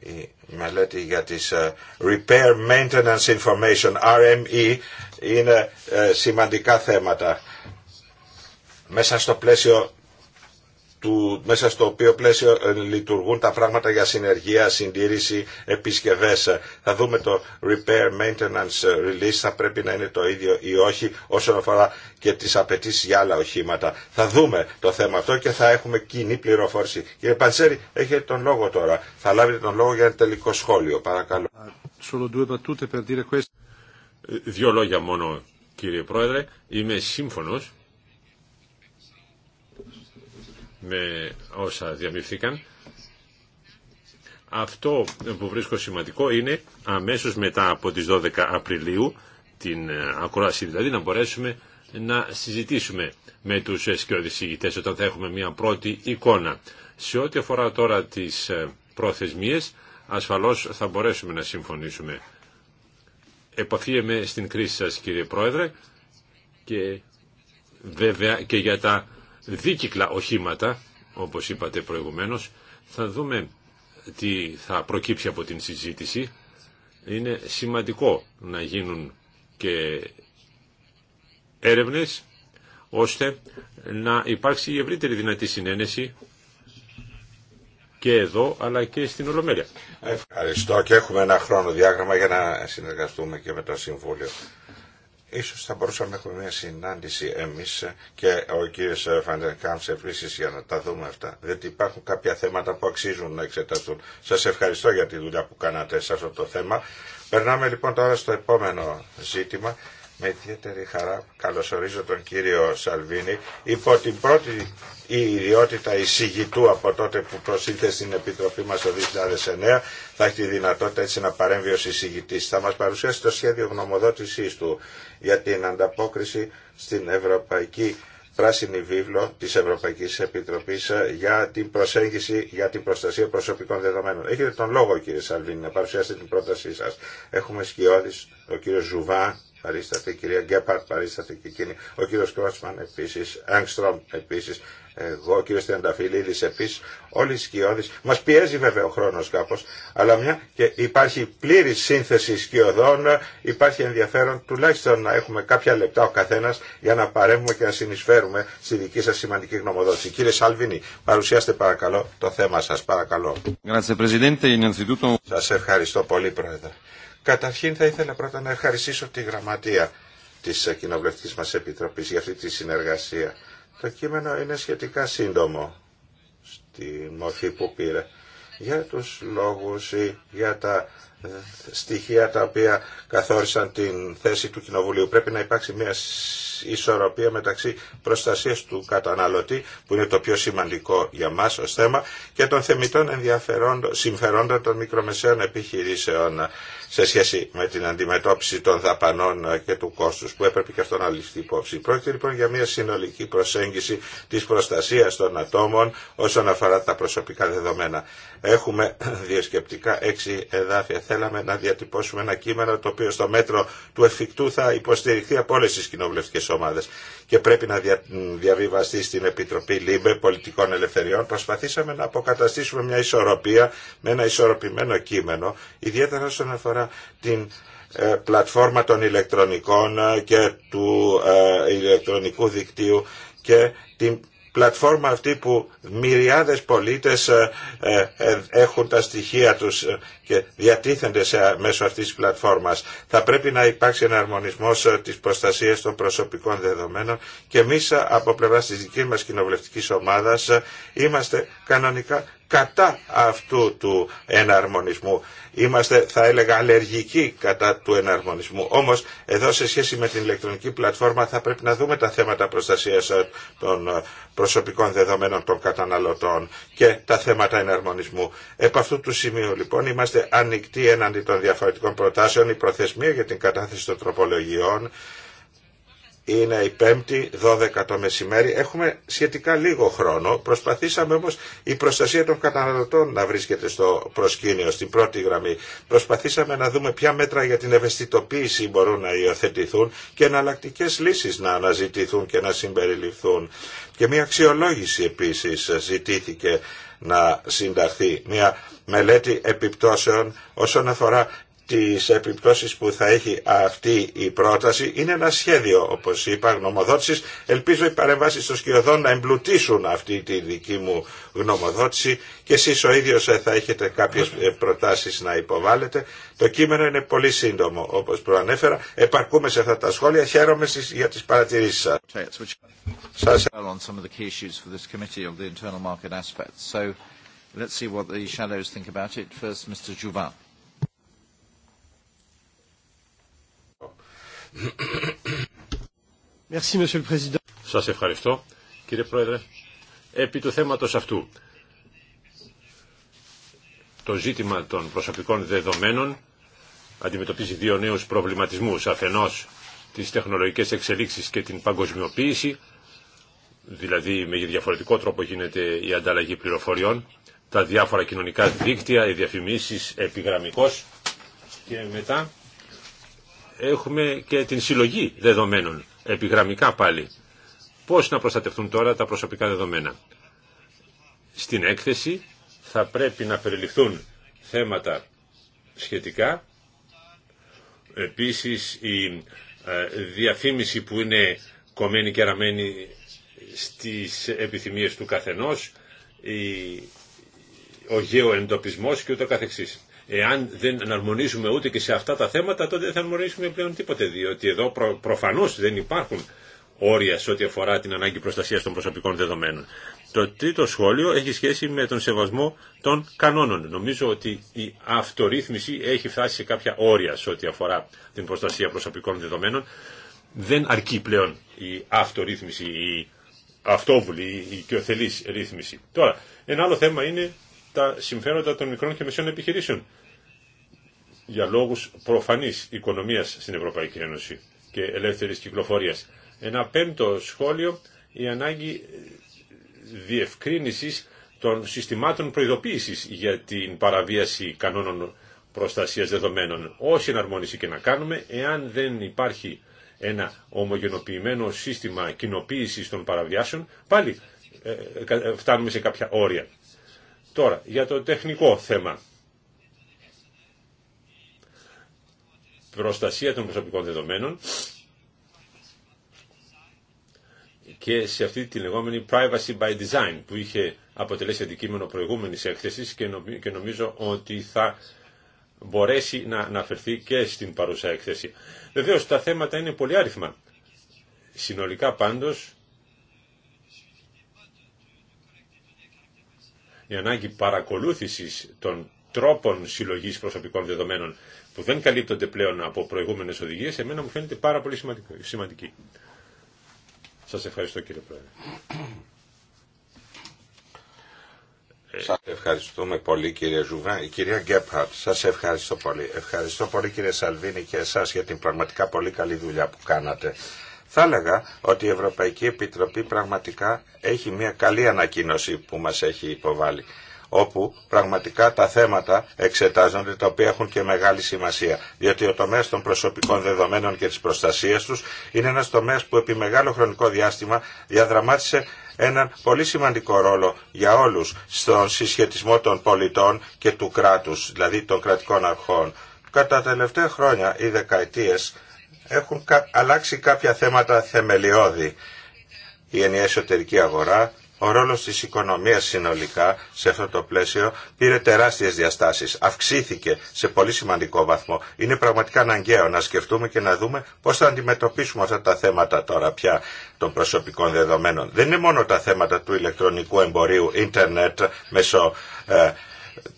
η μελέτη για τις ε, Repair Maintenance Information, RME, είναι σημαντικά θέματα μέσα στο πλαίσιο του, μέσα στο οποίο πλαίσιο ε, λειτουργούν τα πράγματα για συνεργεία, συντήρηση, επισκευές. Θα δούμε το repair, maintenance, ε, release θα πρέπει να είναι το ίδιο ή όχι όσον αφορά και τις απαιτήσει για άλλα οχήματα. Θα δούμε το θέμα αυτό και θα έχουμε κοινή πληροφόρηση. Κύριε Παντσέρη, έχετε τον λόγο τώρα. Θα λάβετε τον λόγο για ένα τελικό σχόλιο. Παρακαλώ. Ε, Δύο λόγια μόνο κύριε Πρόεδρε. Είμαι σύμφωνος με όσα διαμειφθήκαν. Αυτό που βρίσκω σημαντικό είναι αμέσως μετά από τις 12 Απριλίου, την ε, ακρόαση δηλαδή, να μπορέσουμε να συζητήσουμε με τους σκιωδησηγητές όταν θα έχουμε μια πρώτη εικόνα. Σε ό,τι αφορά τώρα τις ε, προθεσμίες, ασφαλώς θα μπορέσουμε να συμφωνήσουμε. Επαφίεμαι στην κρίση σας κύριε Πρόεδρε και βέβαια και για τα δίκυκλα οχήματα, όπως είπατε προηγουμένως, θα δούμε τι θα προκύψει από την συζήτηση. Είναι σημαντικό να γίνουν και έρευνες ώστε να υπάρξει η ευρύτερη δυνατή συνένεση και εδώ αλλά και στην Ολομέλεια. Ευχαριστώ και έχουμε ένα χρόνο διάγραμμα για να συνεργαστούμε και με το Συμβούλιο. Ίσως θα μπορούσαμε να έχουμε μια συνάντηση εμείς και ο κύριος Φαντεκάμς επίσης για να τα δούμε αυτά. Διότι υπάρχουν κάποια θέματα που αξίζουν να εξεταστούν. Σας ευχαριστώ για τη δουλειά που κάνατε σε αυτό το θέμα. Περνάμε λοιπόν τώρα στο επόμενο ζήτημα με ιδιαίτερη χαρά καλωσορίζω τον κύριο Σαλβίνη υπό την πρώτη η ιδιότητα εισηγητού από τότε που προσήλθε στην Επιτροπή μας το 2009 θα έχει τη δυνατότητα έτσι να παρέμβει ως εισηγητής. Θα μας παρουσιάσει το σχέδιο γνωμοδότησής του για την ανταπόκριση στην Ευρωπαϊκή πράσινη βίβλο της Ευρωπαϊκής Επιτροπής ε, για την προσέγγιση για την προστασία προσωπικών δεδομένων. Έχετε τον λόγο κύριε Σαλβίνη να παρουσιάσετε την πρότασή σας. Έχουμε σκιώδης ο κύριος Ζουβά παρίσταται, η κυρία Γκέπαρτ παρίσταται και εκείνη, ο κύριος Κρότσμαν επίσης, Άγκστρομ επίση, εγώ, ο κύριο Τενταφυλλίδης επίσης, όλοι οι σκιώδει. Μα πιέζει βέβαια ο χρόνο κάπω, αλλά μια και υπάρχει πλήρη σύνθεση σκιωδών, υπάρχει ενδιαφέρον τουλάχιστον να έχουμε κάποια λεπτά ο καθένα για να παρέμβουμε και να συνεισφέρουμε στη δική σα σημαντική γνωμοδότηση. Κύριε Σαλβίνη, παρουσιάστε παρακαλώ το θέμα σα παρακαλώ. Σα ευχαριστώ πολύ, Πρόεδρε. Καταρχήν θα ήθελα πρώτα να ευχαριστήσω τη γραμματεία της κοινοβουλευτική μας επιτροπής για αυτή τη συνεργασία. Το κείμενο είναι σχετικά σύντομο στη μορφή που πήρε για τους λόγους ή για τα στοιχεία τα οποία καθόρισαν την θέση του Κοινοβουλίου. Πρέπει να υπάρξει μια ισορροπία μεταξύ προστασίας του καταναλωτή, που είναι το πιο σημαντικό για μας ως θέμα, και των θεμητών συμφερόντων των μικρομεσαίων επιχειρήσεων σε σχέση με την αντιμετώπιση των δαπανών ε, και του κόστους που έπρεπε και αυτό να ληφθεί υπόψη. Πρόκειται λοιπόν για μια συνολική προσέγγιση της προστασίας των ατόμων όσον αφορά τα προσωπικά δεδομένα. Έχουμε διασκεπτικά έξι εδάφια. Θέλαμε να διατυπώσουμε ένα κείμενο το οποίο στο μέτρο του εφικτού θα υποστηριχθεί από όλες τις κοινοβουλευτικές ομάδες και πρέπει να διαβιβαστεί στην Επιτροπή ΛΥΜΠΕ Πολιτικών Ελευθεριών. Προσπαθήσαμε να αποκαταστήσουμε μια ισορροπία με ένα ισορροπημένο κείμενο, ιδιαίτερα όσον αφορά την ε, πλατφόρμα των ηλεκτρονικών ε, και του ε, ηλεκτρονικού δικτύου και την πλατφόρμα αυτή που μυριάδες πολίτες έχουν τα στοιχεία τους και διατίθενται σε, μέσω αυτής της πλατφόρμας. Θα πρέπει να υπάρξει ένα αρμονισμός της προστασίας των προσωπικών δεδομένων και εμεί από πλευράς της δικής μας κοινοβουλευτικής ομάδας είμαστε κανονικά κατά αυτού του εναρμονισμού. Είμαστε θα έλεγα αλλεργικοί κατά του εναρμονισμού. Όμως εδώ σε σχέση με την ηλεκτρονική πλατφόρμα θα πρέπει να δούμε τα θέματα προστασίας ε, των ε, προσωπικών δεδομένων των καταναλωτών και τα θέματα εναρμονισμού. Επ' αυτού του σημείου λοιπόν είμαστε ανοιχτοί έναντι των διαφορετικών προτάσεων. Η προθεσμία για την κατάθεση των τροπολογιών είναι η Πέμπτη, 12 το μεσημέρι. Έχουμε σχετικά λίγο χρόνο. Προσπαθήσαμε όμως η προστασία των καταναλωτών να βρίσκεται στο προσκήνιο, στην πρώτη γραμμή. Προσπαθήσαμε να δούμε ποια μέτρα για την ευαισθητοποίηση μπορούν να υιοθετηθούν και εναλλακτικέ λύσεις να αναζητηθούν και να συμπεριληφθούν. Και μια αξιολόγηση επίσης ζητήθηκε να συνταχθεί. Μια μελέτη επιπτώσεων όσον αφορά τις επιπτώσεις που θα έχει αυτή η πρόταση είναι ένα σχέδιο όπως είπα γνωμοδότησης ελπίζω οι παρεμβάσεις των σκιωδών να εμπλουτίσουν αυτή τη δική μου γνωμοδότηση και εσείς ο ίδιος ε, θα έχετε κάποιες ε, προτάσεις να υποβάλλετε το κείμενο είναι πολύ σύντομο όπως προανέφερα επαρκούμε σε αυτά τα σχόλια χαίρομαι για τις παρατηρήσεις σας Σας Let's Σας ευχαριστώ κύριε Πρόεδρε. Επί του θέματος αυτού, το ζήτημα των προσωπικών δεδομένων αντιμετωπίζει δύο νέους προβληματισμούς. Αφενός τις τεχνολογικές εξελίξεις και την παγκοσμιοποίηση, δηλαδή με διαφορετικό τρόπο γίνεται η ανταλλαγή πληροφοριών, τα διάφορα κοινωνικά δίκτυα, οι διαφημίσεις επιγραμμικώς και μετά έχουμε και την συλλογή δεδομένων, επιγραμμικά πάλι. Πώς να προστατευτούν τώρα τα προσωπικά δεδομένα. Στην έκθεση θα πρέπει να περιληφθούν θέματα σχετικά. Επίσης η ε, διαφήμιση που είναι κομμένη και ραμμένη στις επιθυμίες του καθενός, ο γεωεντοπισμός και ούτω καθεξής. Εάν δεν αναρμονίζουμε ούτε και σε αυτά τα θέματα, τότε δεν θα αναρμονίσουμε πλέον τίποτε, διότι εδώ προ, προφανώς δεν υπάρχουν όρια σε ό,τι αφορά την ανάγκη προστασίας των προσωπικών δεδομένων. Το τρίτο σχόλιο έχει σχέση με τον σεβασμό των κανόνων. Νομίζω ότι η αυτορύθμιση έχει φτάσει σε κάποια όρια σε ό,τι αφορά την προστασία προσωπικών δεδομένων. Δεν αρκεί πλέον η αυτορύθμιση, η αυτόβουλη, η οικειοθελής ρύθμιση. Τώρα, ένα άλλο θέμα είναι τα συμφέροντα των μικρών και μεσαίων επιχειρήσεων για λόγους προφανής οικονομίας στην Ευρωπαϊκή Ένωση και ελεύθερης κυκλοφορίας. Ένα πέμπτο σχόλιο, η ανάγκη διευκρίνησης των συστημάτων προειδοποίησης για την παραβίαση κανόνων προστασίας δεδομένων. Όση εναρμόνιση και να κάνουμε, εάν δεν υπάρχει ένα ομογενοποιημένο σύστημα κοινοποίησης των παραβιάσεων, πάλι ε, ε, ε, φτάνουμε σε κάποια όρια. Τώρα, για το τεχνικό θέμα. προστασία των προσωπικών δεδομένων και σε αυτή τη λεγόμενη privacy by design που είχε αποτελέσει αντικείμενο προηγούμενης έκθεσης και νομίζω ότι θα μπορέσει να αναφερθεί και στην παρούσα έκθεση. Βεβαίως τα θέματα είναι πολύ άριθμα. Συνολικά πάντως η ανάγκη παρακολούθησης των τρόπων συλλογής προσωπικών δεδομένων που δεν καλύπτονται πλέον από προηγούμενες οδηγίες, εμένα μου φαίνεται πάρα πολύ σημαντική. Σας ευχαριστώ κύριε Πρόεδρε. Σας ευχαριστούμε πολύ κύριε Ζουβά. Η κυρία Γκέπχαρτ, σας ευχαριστώ πολύ. Ευχαριστώ πολύ κύριε Σαλβίνη και εσάς για την πραγματικά πολύ καλή δουλειά που κάνατε. Θα έλεγα ότι η Ευρωπαϊκή Επιτροπή πραγματικά έχει μια καλή ανακοίνωση που μας έχει υποβάλει όπου πραγματικά τα θέματα εξετάζονται τα οποία έχουν και μεγάλη σημασία. Διότι ο τομέα των προσωπικών δεδομένων και τη προστασία του είναι ένα τομέα που επί μεγάλο χρονικό διάστημα διαδραμάτισε έναν πολύ σημαντικό ρόλο για όλους στον συσχετισμό των πολιτών και του κράτους, δηλαδή των κρατικών αρχών. Κατά τα τελευταία χρόνια ή δεκαετίες έχουν αλλάξει κάποια θέματα θεμελιώδη. Η ενιαία εσωτερική αγορά, ο ρόλος της οικονομίας συνολικά σε αυτό το πλαίσιο πήρε τεράστιες διαστάσεις. Αυξήθηκε σε πολύ σημαντικό βαθμό. Είναι πραγματικά αναγκαίο να σκεφτούμε και να δούμε πώς θα αντιμετωπίσουμε αυτά τα θέματα τώρα πια των προσωπικών δεδομένων. Δεν είναι μόνο τα θέματα του ηλεκτρονικού εμπορίου, ίντερνετ, μέσω ε,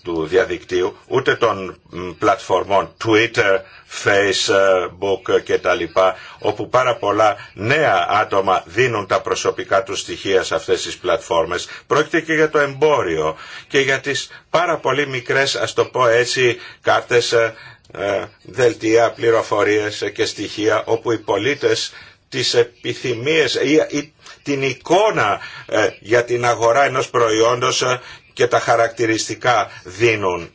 του διαδικτύου, ούτε των πλατφορμών Twitter, Facebook και τα λοιπά, όπου πάρα πολλά νέα άτομα δίνουν τα προσωπικά τους στοιχεία σε αυτές τις πλατφόρμες. Πρόκειται και για το εμπόριο και για τις πάρα πολύ μικρές, ας το πω έτσι, κάρτες, ε, ε, δελτία, πληροφορίες και στοιχεία, όπου οι πολίτες τις επιθυμίες ή την εικόνα ε, για την αγορά ενός προϊόντος και τα χαρακτηριστικά δίνουν.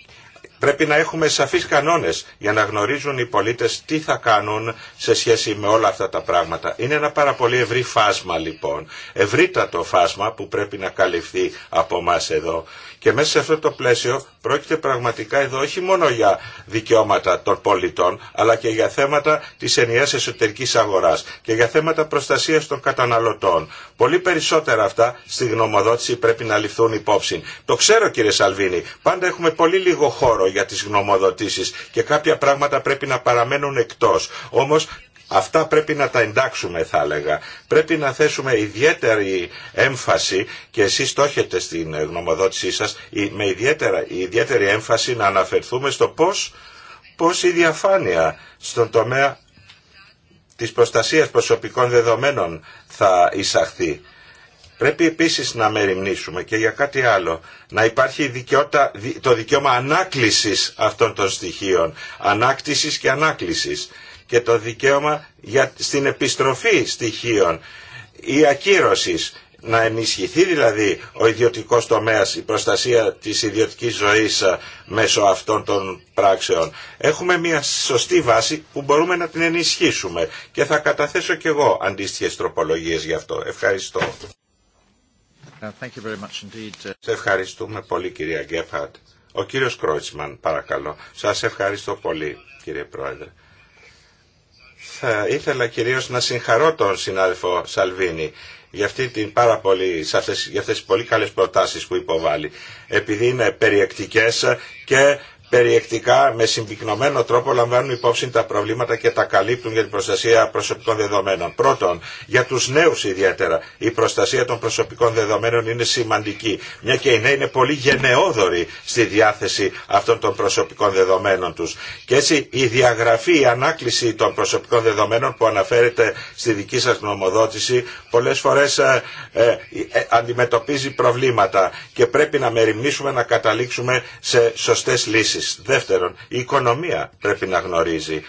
Πρέπει να έχουμε σαφείς κανόνες για να γνωρίζουν οι πολίτες τι θα κάνουν σε σχέση με όλα αυτά τα πράγματα. Είναι ένα πάρα πολύ ευρύ φάσμα λοιπόν, ευρύτατο φάσμα που πρέπει να καλυφθεί από εμά εδώ. Και μέσα σε αυτό το πλαίσιο πρόκειται πραγματικά εδώ όχι μόνο για δικαιώματα των πολιτών, αλλά και για θέματα της ενιαίας εσωτερικής αγοράς και για θέματα προστασίας των καταναλωτών. Πολύ περισσότερα αυτά στη γνωμοδότηση πρέπει να ληφθούν υπόψη. Το ξέρω κύριε Σαλβίνη, πάντα έχουμε πολύ λίγο χώρο για τις γνωμοδοτήσεις και κάποια πράγματα πρέπει να παραμένουν εκτός. Όμως Αυτά πρέπει να τα εντάξουμε θα έλεγα. Πρέπει να θέσουμε ιδιαίτερη έμφαση και εσείς το έχετε στην γνωμοδότησή σας με ιδιαίτερη έμφαση να αναφερθούμε στο πώς, πώς η διαφάνεια στον τομέα της προστασίας προσωπικών δεδομένων θα εισαχθεί. Πρέπει επίσης να μεριμνήσουμε και για κάτι άλλο, να υπάρχει το δικαίωμα ανάκλησης αυτών των στοιχείων, ανάκτησης και ανάκλησης και το δικαίωμα για, στην επιστροφή στοιχείων ή ακύρωσης να ενισχυθεί δηλαδή ο ιδιωτικός τομέας, η προστασία της ιδιωτικής ζωής ε, μέσω αυτών των πράξεων. Έχουμε μια σωστή βάση που μπορούμε να την ενισχύσουμε και θα καταθέσω κι εγώ αντίστοιχες τροπολογίες γι' αυτό. Ευχαριστώ. Uh, ευχαριστούμε πολύ κυρία Γκέφαρτ. Ο κύριος Κρόιτσμαν, παρακαλώ. Σας ευχαριστώ πολύ κύριε Πρόεδρε. Θα ήθελα κυρίως να συγχαρώ τον συνάδελφο Σαλβίνη για, αυτή την πάρα πολύ, για αυτές τις πολύ καλές προτάσεις που υποβάλλει. Επειδή είναι περιεκτικές και περιεκτικά με συμπυκνωμένο τρόπο λαμβάνουν υπόψη τα προβλήματα και τα καλύπτουν για την προστασία προσωπικών δεδομένων. Πρώτον, για τους νέους ιδιαίτερα η προστασία των προσωπικών δεδομένων είναι σημαντική, μια και οι νέοι είναι πολύ γενναιόδοροι στη διάθεση αυτών των προσωπικών δεδομένων τους. Και έτσι η διαγραφή, η ανάκληση των προσωπικών δεδομένων που αναφέρεται στη δική σας νομοδότηση πολλές φορές ε, ε, ε, αντιμετωπίζει προβλήματα και πρέπει να μεριμνήσουμε να καταλήξουμε σε σωστές λύσεις. Δεύτερον, η οικονομία πρέπει να γνωρίζει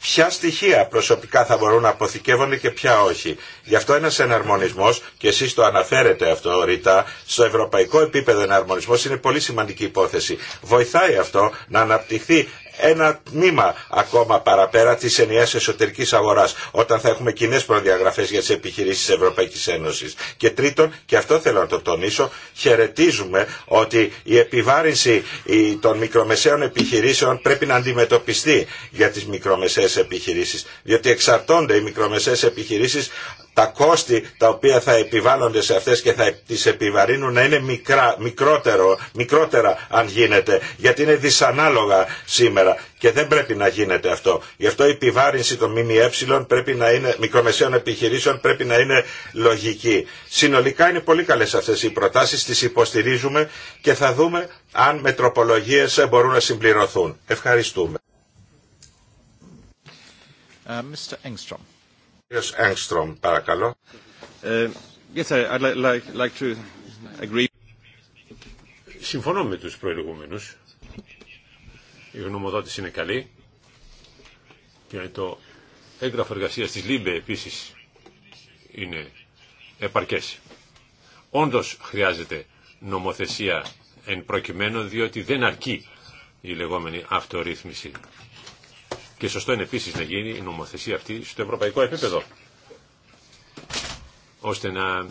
ποια στοιχεία προσωπικά θα μπορούν να αποθηκεύονται και ποια όχι. Γι' αυτό ένας εναρμονισμός, και εσείς το αναφέρετε αυτό ρητά, στο ευρωπαϊκό επίπεδο εναρμονισμός είναι πολύ σημαντική υπόθεση. Βοηθάει αυτό να αναπτυχθεί ένα τμήμα ακόμα παραπέρα τη ενιαία εσωτερική αγορά. όταν θα έχουμε κοινέ προδιαγραφέ για τι επιχειρήσει τη Ευρωπαϊκής Ένωση. Και τρίτον, και αυτό θέλω να το τονίσω, χαιρετίζουμε ότι η επιβάρυνση των μικρομεσαίων επιχειρήσεων πρέπει να αντιμετωπιστεί για τι μικρομεσαίε επιχειρήσει, Διότι εξαρτώνται οι μικρομεσαίες επιχειρήσει τα κόστη τα οποία θα επιβάλλονται σε αυτές και θα τις επιβαρύνουν να είναι μικρά, μικρότερο, μικρότερα αν γίνεται γιατί είναι δυσανάλογα σήμερα και δεν πρέπει να γίνεται αυτό. Γι' αυτό η επιβάρυνση των ΜΜΕ πρέπει να είναι, μικρομεσαίων επιχειρήσεων πρέπει να είναι λογική. Συνολικά είναι πολύ καλές αυτές οι προτάσεις, τις υποστηρίζουμε και θα δούμε αν με τροπολογίες μπορούν να συμπληρωθούν. Ευχαριστούμε. Ε, Mr. Engstrom. Συμφωνώ με τους προηγούμενους. Η γνωμοδότηση είναι καλή. Και το έγγραφο εργασίας της ΛΥΜΠΕ επίσης είναι επαρκές. Όντως χρειάζεται νομοθεσία εν προκειμένου διότι δεν αρκεί η λεγόμενη αυτορύθμιση. Και σωστό είναι επίσης να γίνει η νομοθεσία αυτή στο ευρωπαϊκό επίπεδο, ώστε να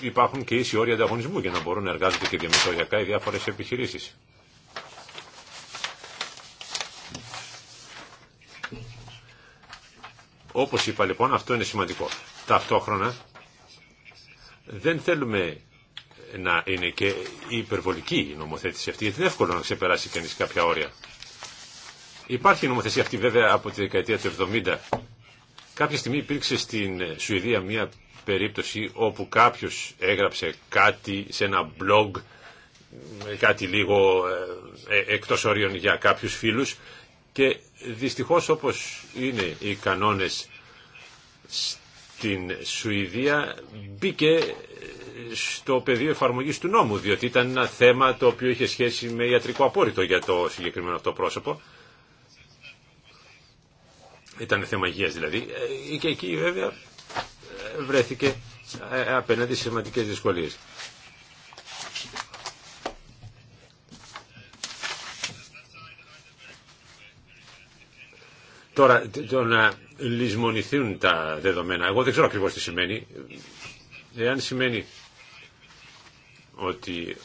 υπάρχουν και ίσοι όροι ανταγωνισμού για να μπορούν να εργάζονται και διαμεθοριακά οι διάφορες επιχειρήσεις. Όπως είπα λοιπόν, αυτό είναι σημαντικό. Ταυτόχρονα δεν θέλουμε να είναι και υπερβολική η νομοθέτηση αυτή, γιατί είναι εύκολο να ξεπεράσει κανείς κάποια όρια. Υπάρχει νομοθεσία αυτή βέβαια από τη δεκαετία του 70. Κάποια στιγμή υπήρξε στην Σουηδία μια περίπτωση όπου κάποιος έγραψε κάτι σε ένα blog, κάτι λίγο ε, ε, εκτός όριων για κάποιους φίλους και δυστυχώς όπως είναι οι κανόνες στην Σουηδία μπήκε στο πεδίο εφαρμογής του νόμου διότι ήταν ένα θέμα το οποίο είχε σχέση με ιατρικό απόρριτο για το συγκεκριμένο αυτό πρόσωπο ήταν θέμα υγείας δηλαδή, ε, και εκεί βέβαια βρέθηκε ε, απέναντι σε σημαντικέ δυσκολίε. Τώρα, το να λησμονηθούν τα δεδομένα, εγώ δεν ξέρω ακριβώ τι σημαίνει. Εάν σημαίνει ότι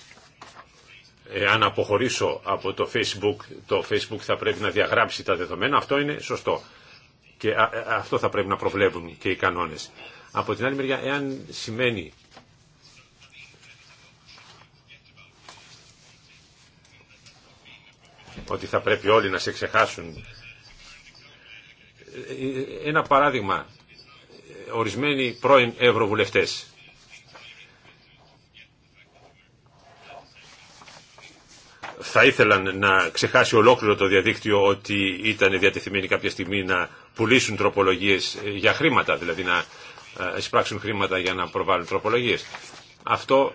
εάν αποχωρήσω από το Facebook, το Facebook θα πρέπει να διαγράψει τα δεδομένα, αυτό είναι σωστό. Και ε, αυτό θα πρέπει να προβλέπουν και οι κανόνες. Από την άλλη μεριά, εάν σημαίνει ότι θα πρέπει όλοι να σε ξεχάσουν. Ε, ε, ένα παράδειγμα, ορισμένοι πρώην ευρωβουλευτές θα ήθελαν να ξεχάσει ολόκληρο το διαδίκτυο ότι ήταν διατεθειμένοι κάποια στιγμή να πουλήσουν τροπολογίες για χρήματα, δηλαδή να ε, εισπράξουν χρήματα για να προβάλλουν τροπολογίες. Αυτό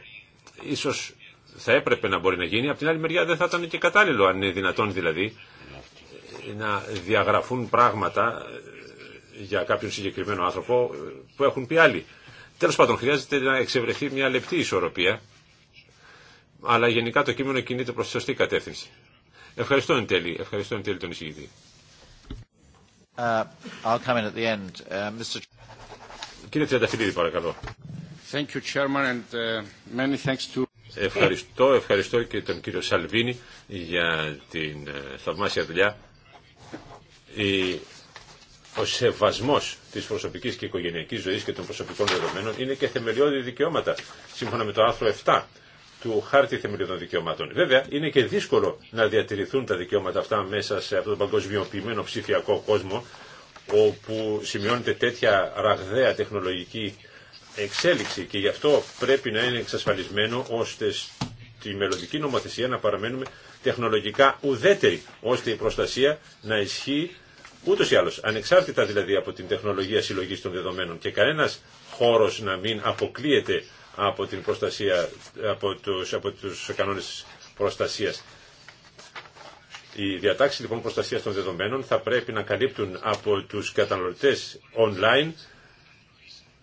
ίσως θα έπρεπε να μπορεί να γίνει, από την άλλη μεριά δεν θα ήταν και κατάλληλο, αν είναι δυνατόν δηλαδή, να διαγραφούν πράγματα ε, για κάποιον συγκεκριμένο άνθρωπο ε, που έχουν πει άλλοι. Τέλος πάντων, χρειάζεται να εξευρεθεί μια λεπτή ισορροπία αλλά γενικά το κείμενο κινείται προς τη σωστή κατεύθυνση. Ευχαριστώ εν τέλει, ευχαριστώ εν τέλει τον εισηγητή. Uh, uh Mr. Κύριε Τριανταφυλλίδη, παρακαλώ. Thank you, Chairman, and uh, many thanks to... Ευχαριστώ, ευχαριστώ και τον κύριο Σαλβίνη για την ε, θαυμάσια δουλειά. Η... Ο σεβασμός της προσωπικής και οικογενειακής ζωής και των προσωπικών δεδομένων είναι και θεμελιώδη δικαιώματα, σύμφωνα με το άρθρο 7 του χάρτη θεμελιωδών δικαιωμάτων. Βέβαια, είναι και δύσκολο να διατηρηθούν τα δικαιώματα αυτά μέσα σε αυτόν τον παγκοσμιοποιημένο ψηφιακό κόσμο, όπου σημειώνεται τέτοια ραγδαία τεχνολογική εξέλιξη και γι' αυτό πρέπει να είναι εξασφαλισμένο ώστε στη μελλοντική νομοθεσία να παραμένουμε τεχνολογικά ουδέτεροι, ώστε η προστασία να ισχύει ούτω ή άλλω, ανεξάρτητα δηλαδή από την τεχνολογία συλλογή των δεδομένων και κανένα χώρο να μην αποκλείεται από την προστασία, από τους, από τους κανόνες προστασίας. Οι διατάξει λοιπόν προστασίας των δεδομένων θα πρέπει να καλύπτουν από τους καταναλωτές online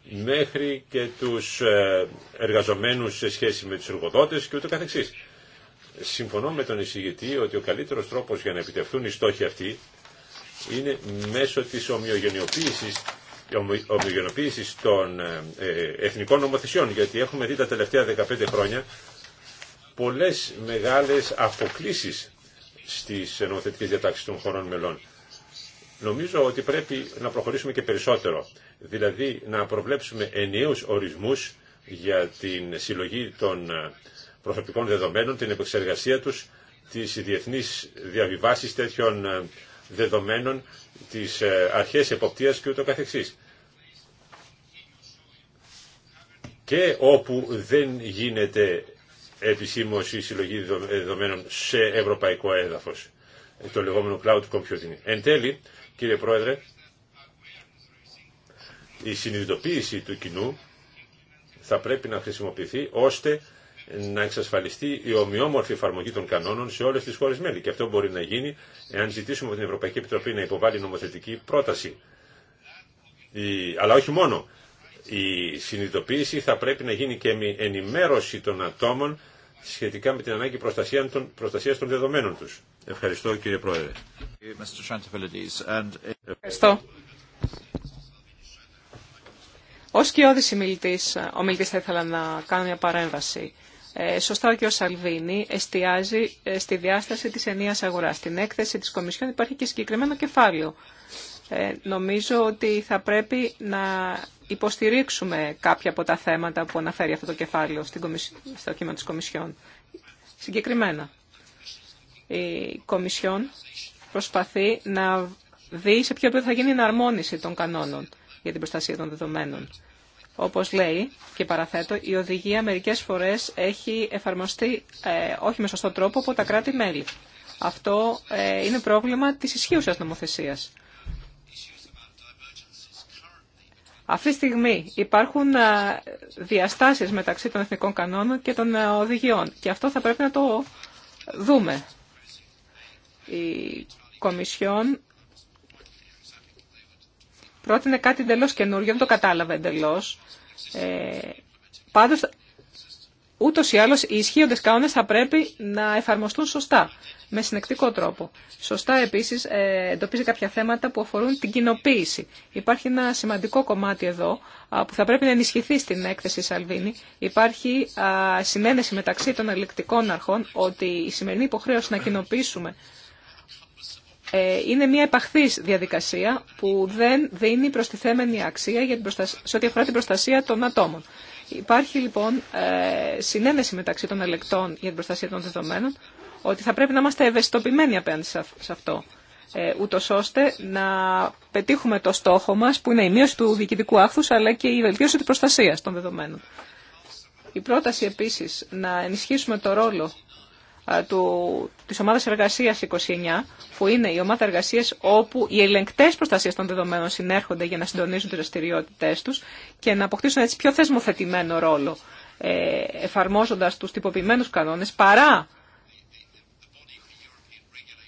μέχρι και τους ε, εργαζομένους σε σχέση με τους εργοδότες και ούτω καθεξής. Συμφωνώ με τον εισηγητή ότι ο καλύτερος τρόπος για να επιτευχθούν οι στόχοι αυτοί είναι μέσω της ομοιογενειοποίησης ομογενοποίησης των ε, ε, εθνικών νομοθεσιών, γιατί έχουμε δει τα τελευταία 15 χρόνια πολλές μεγάλες αποκλίσεις στις νομοθετικές διατάξεις των χωρών μελών. Νομίζω ότι πρέπει να προχωρήσουμε και περισσότερο, δηλαδή να προβλέψουμε ενιαίους ορισμούς για την συλλογή των ε, προσωπικών δεδομένων, την επεξεργασία τους, τις διεθνείς διαβιβάσεις τέτοιων δεδομένων τις ε, αρχές εποπτείας και ούτω καθεξής. Και όπου δεν γίνεται επισήμως η συλλογή δεδομένων σε ευρωπαϊκό έδαφος, το λεγόμενο cloud computing. Εν τέλει, κύριε Πρόεδρε, η συνειδητοποίηση του κοινού θα πρέπει να χρησιμοποιηθεί ώστε να εξασφαλιστεί η ομοιόμορφη εφαρμογή των κανόνων σε όλες τις χώρες μέλη. Και αυτό μπορεί να γίνει εάν ζητήσουμε από την Ευρωπαϊκή Επιτροπή να υποβάλει νομοθετική πρόταση. Αλλά όχι μόνο. Η συνειδητοποίηση θα πρέπει να γίνει και με ενημέρωση των ατόμων σχετικά με την ανάγκη προστασία των, προστασίας των δεδομένων τους. Ευχαριστώ κύριε Πρόεδρε. Ευχαριστώ. Ως κοιόδηση ο θα ήθελα να κάνω μια παρέμβαση ε, σωστά ο κ. Σαλβίνη εστιάζει ε, στη διάσταση της ενίας αγοράς. Στην έκθεση της Κομισιόν υπάρχει και συγκεκριμένο κεφάλαιο. Ε, νομίζω ότι θα πρέπει να υποστηρίξουμε κάποια από τα θέματα που αναφέρει αυτό το κεφάλαιο στην στο κείμενο της Κομισιόν. Συγκεκριμένα, η Κομισιόν προσπαθεί να δει σε ποιο επίπεδο θα γίνει η εναρμόνιση των κανόνων για την προστασία των δεδομένων. Όπως λέει και παραθέτω, η οδηγία μερικές φορές έχει εφαρμοστεί ε, όχι με σωστό τρόπο από τα κράτη-μέλη. Αυτό ε, είναι πρόβλημα της ισχύουσας νομοθεσίας. Αυτή τη στιγμή υπάρχουν ε, διαστάσεις μεταξύ των εθνικών κανόνων και των οδηγιών και αυτό θα πρέπει να το δούμε. Η Κομισιόν πρότεινε κάτι εντελώ καινούριο, δεν το κατάλαβε εντελώ. Ε, Πάντω, ούτω ή άλλω, οι ισχύοντε κανόνε θα πρέπει να εφαρμοστούν σωστά, με συνεκτικό τρόπο. Σωστά, επίση, ε, εντοπίζει κάποια θέματα που αφορούν την κοινοποίηση. Υπάρχει ένα σημαντικό κομμάτι εδώ που θα πρέπει να ενισχυθεί στην έκθεση Σαλβίνη. Υπάρχει συνένεση μεταξύ των ελεκτικών αρχών ότι η σημερινή υποχρέωση να κοινοποιήσουμε ε, είναι μια επαχθής διαδικασία που δεν δίνει προστιθέμενη αξία για την προστασία, σε ό,τι αφορά την προστασία των ατόμων. Υπάρχει λοιπόν ε, συνένεση μεταξύ των ελεκτών για την προστασία των δεδομένων ότι θα πρέπει να είμαστε ευαισθητοποιημένοι απέναντι σε αυτό, ε, ούτω ώστε να πετύχουμε το στόχο μας που είναι η μείωση του διοικητικού άχθους αλλά και η βελτίωση της προστασίας των δεδομένων. Η πρόταση επίσης να ενισχύσουμε το ρόλο του, της ομάδας εργασίας 29, που είναι η ομάδα εργασίας όπου οι ελεγκτές προστασίας των δεδομένων συνέρχονται για να συντονίζουν τις δραστηριότητε τους και να αποκτήσουν έτσι πιο θεσμοθετημένο ρόλο, ε, εφαρμόζοντας τους τυποποιημένους κανόνες, παρά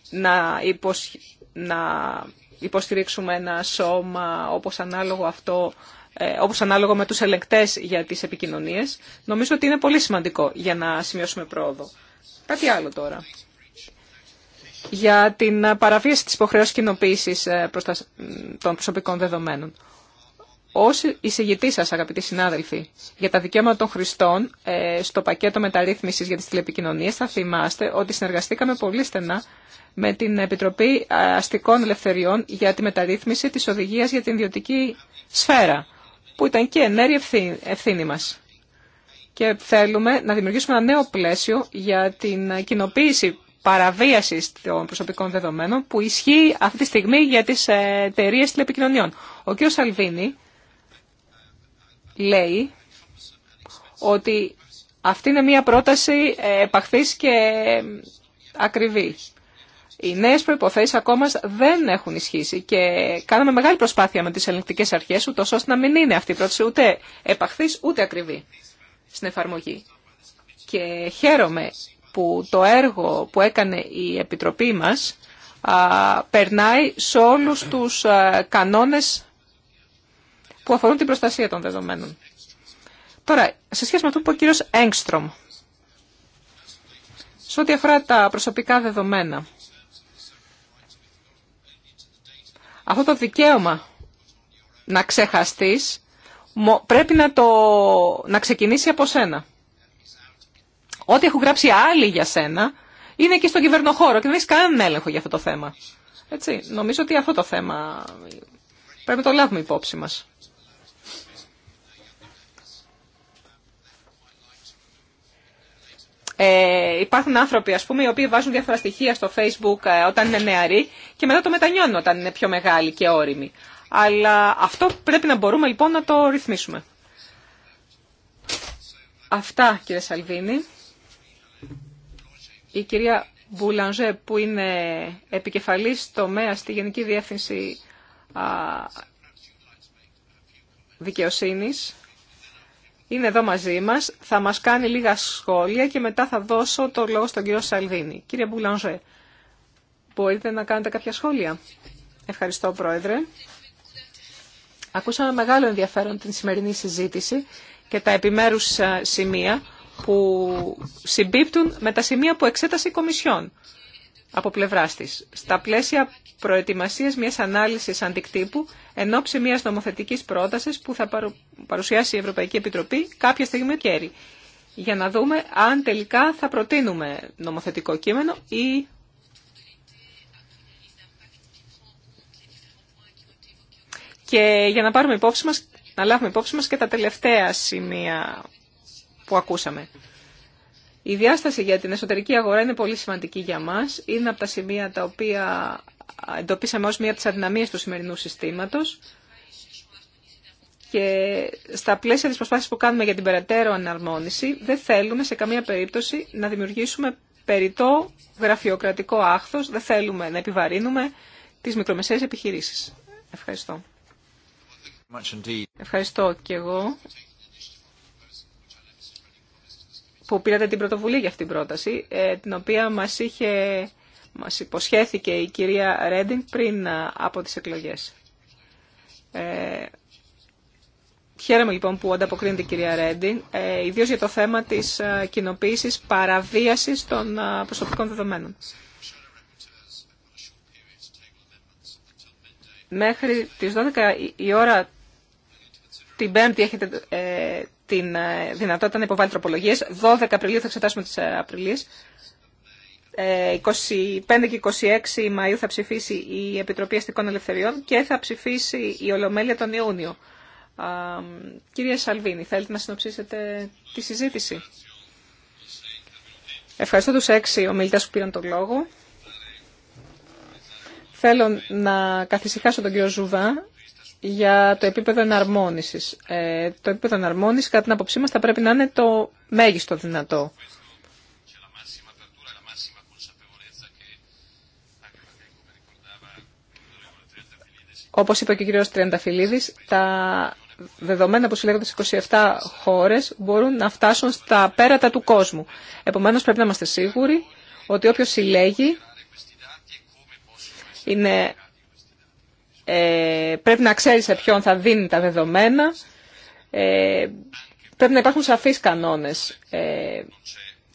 να, να υποστηρίξουμε ένα σώμα όπως ανάλογο αυτό ε, όπως ανάλογο με τους ελεγκτές για τις επικοινωνίες, νομίζω ότι είναι πολύ σημαντικό για να σημειώσουμε πρόοδο. Κάτι άλλο τώρα. Για την ε, παραβίαση της υποχρέωσης κοινοποίησης ε, των προσωπικών δεδομένων. Ως εισηγητή σας, αγαπητοί συνάδελφοι, για τα δικαιώματα των χρηστών ε, στο πακέτο μεταρρύθμισης για τις τηλεπικοινωνίες, θα θυμάστε ότι συνεργαστήκαμε πολύ στενά με την Επιτροπή Αστικών Ελευθεριών για τη μεταρρύθμιση της οδηγίας για την ιδιωτική σφαίρα, που ήταν και ενέρη ευθύνη μας και θέλουμε να δημιουργήσουμε ένα νέο πλαίσιο για την κοινοποίηση παραβίαση των προσωπικών δεδομένων που ισχύει αυτή τη στιγμή για τις ε, εταιρείε τηλεπικοινωνιών. Ο κ. Σαλβίνη λέει ότι αυτή είναι μια πρόταση ε, επαχθής και ε, ακριβή. Οι νέε προποθέσει ακόμα δεν έχουν ισχύσει και κάναμε μεγάλη προσπάθεια με τι ελληνικέ αρχέ, ούτω ώστε να μην είναι αυτή η πρόταση ούτε επαχθή ούτε ακριβή στην εφαρμογή. Και χαίρομαι που το έργο που έκανε η Επιτροπή μας περνάει σε όλους τους κανόνες που αφορούν την προστασία των δεδομένων. Τώρα, σε σχέση με αυτό που είπε ο κύριος Έγκστρομ, σε ό,τι αφορά τα προσωπικά δεδομένα, αυτό το δικαίωμα να ξεχαστείς πρέπει να, το, να ξεκινήσει από σένα. Ό,τι έχουν γράψει άλλοι για σένα είναι και στον κυβερνοχώρο και δεν έχει κανέναν έλεγχο για αυτό το θέμα. Έτσι, νομίζω ότι αυτό το θέμα πρέπει να το λάβουμε υπόψη μας. Ε, υπάρχουν άνθρωποι, ας πούμε, οι οποίοι βάζουν διάφορα στοιχεία στο facebook ε, όταν είναι νεαροί και μετά το μετανιώνουν όταν είναι πιο μεγάλοι και όριμοι. Αλλά αυτό πρέπει να μπορούμε λοιπόν να το ρυθμίσουμε. Αυτά κύριε Σαλβίνη. Η κυρία Μπουλανζέ που είναι επικεφαλής τομέα στη Γενική Διεύθυνση Δικαιοσύνης είναι εδώ μαζί μας, θα μας κάνει λίγα σχόλια και μετά θα δώσω το λόγο στον κύριο Σαλβίνη. Κύριε Μπουλανζέ, μπορείτε να κάνετε κάποια σχόλια. Ευχαριστώ Πρόεδρε. Ακούσαμε μεγάλο ενδιαφέρον την σημερινή συζήτηση και τα επιμέρους ε, σημεία που συμπίπτουν με τα σημεία που εξέτασε η Κομισιόν από πλευρά τη, στα πλαίσια προετοιμασίας μιας ανάλυσης αντικτύπου εν ώψη μια νομοθετική που θα παρουσιάσει η Ευρωπαϊκή Επιτροπή κάποια στιγμή κέρι. Για να δούμε αν τελικά θα προτείνουμε νομοθετικό κείμενο ή και για να, πάρουμε υπόψη μας, να λάβουμε υπόψη μας και τα τελευταία σημεία που ακούσαμε. Η διάσταση για την εσωτερική αγορά είναι πολύ σημαντική για μας. Είναι από τα σημεία τα οποία εντοπίσαμε ως μία από τις αδυναμίες του σημερινού συστήματος και στα πλαίσια της προσπάθειας που κάνουμε για την περαιτέρω αναρμόνιση δεν θέλουμε σε καμία περίπτωση να δημιουργήσουμε περιττό γραφειοκρατικό άχθος, δεν θέλουμε να επιβαρύνουμε τις μικρομεσαίες επιχειρήσεις. Ευχαριστώ. Ευχαριστώ και εγώ που πήρατε την πρωτοβουλία για αυτήν την πρόταση, ε, την οποία μας, είχε, μας υποσχέθηκε η κυρία Ρέντιν πριν ε, από τις εκλογές. Ε, χαίρομαι λοιπόν που ανταποκρίνεται η κυρία Ρέντινγκ, ε, ιδίως για το θέμα της ε, κοινοποίησης παραβίασης των προσωπικών δεδομένων. Μέχρι τις 12 η ώρα την Πέμπτη έχετε ε, την ε, δυνατότητα να υποβάλει τροπολογίε. 12 Απριλίου θα εξετάσουμε τι Απριλίε. 25 και 26 Μαΐου θα ψηφίσει η Επιτροπή Αστικών Ελευθεριών και θα ψηφίσει η Ολομέλεια τον Ιούνιο. Κυρία Σαλβίνη, θέλετε να συνοψίσετε τη συζήτηση. Ευχαριστώ τους έξι ομιλητές που πήραν τον λόγο. Θέλω να καθησυχάσω τον κύριο Ζουβά για το επίπεδο εναρμόνισης. Ε, το επίπεδο εναρμόνισης, κατά την αποψή μας, θα πρέπει να είναι το μέγιστο δυνατό. Όπως είπε και ο κ. Τριανταφυλλίδη, τα δεδομένα που συλλέγονται στις 27 χώρες μπορούν να φτάσουν στα πέρατα του κόσμου. Επομένως, πρέπει να είμαστε σίγουροι ότι όποιος συλλέγει είναι ε, πρέπει να ξέρει σε ποιον θα δίνει τα δεδομένα, ε, πρέπει να υπάρχουν σαφείς κανόνες ε,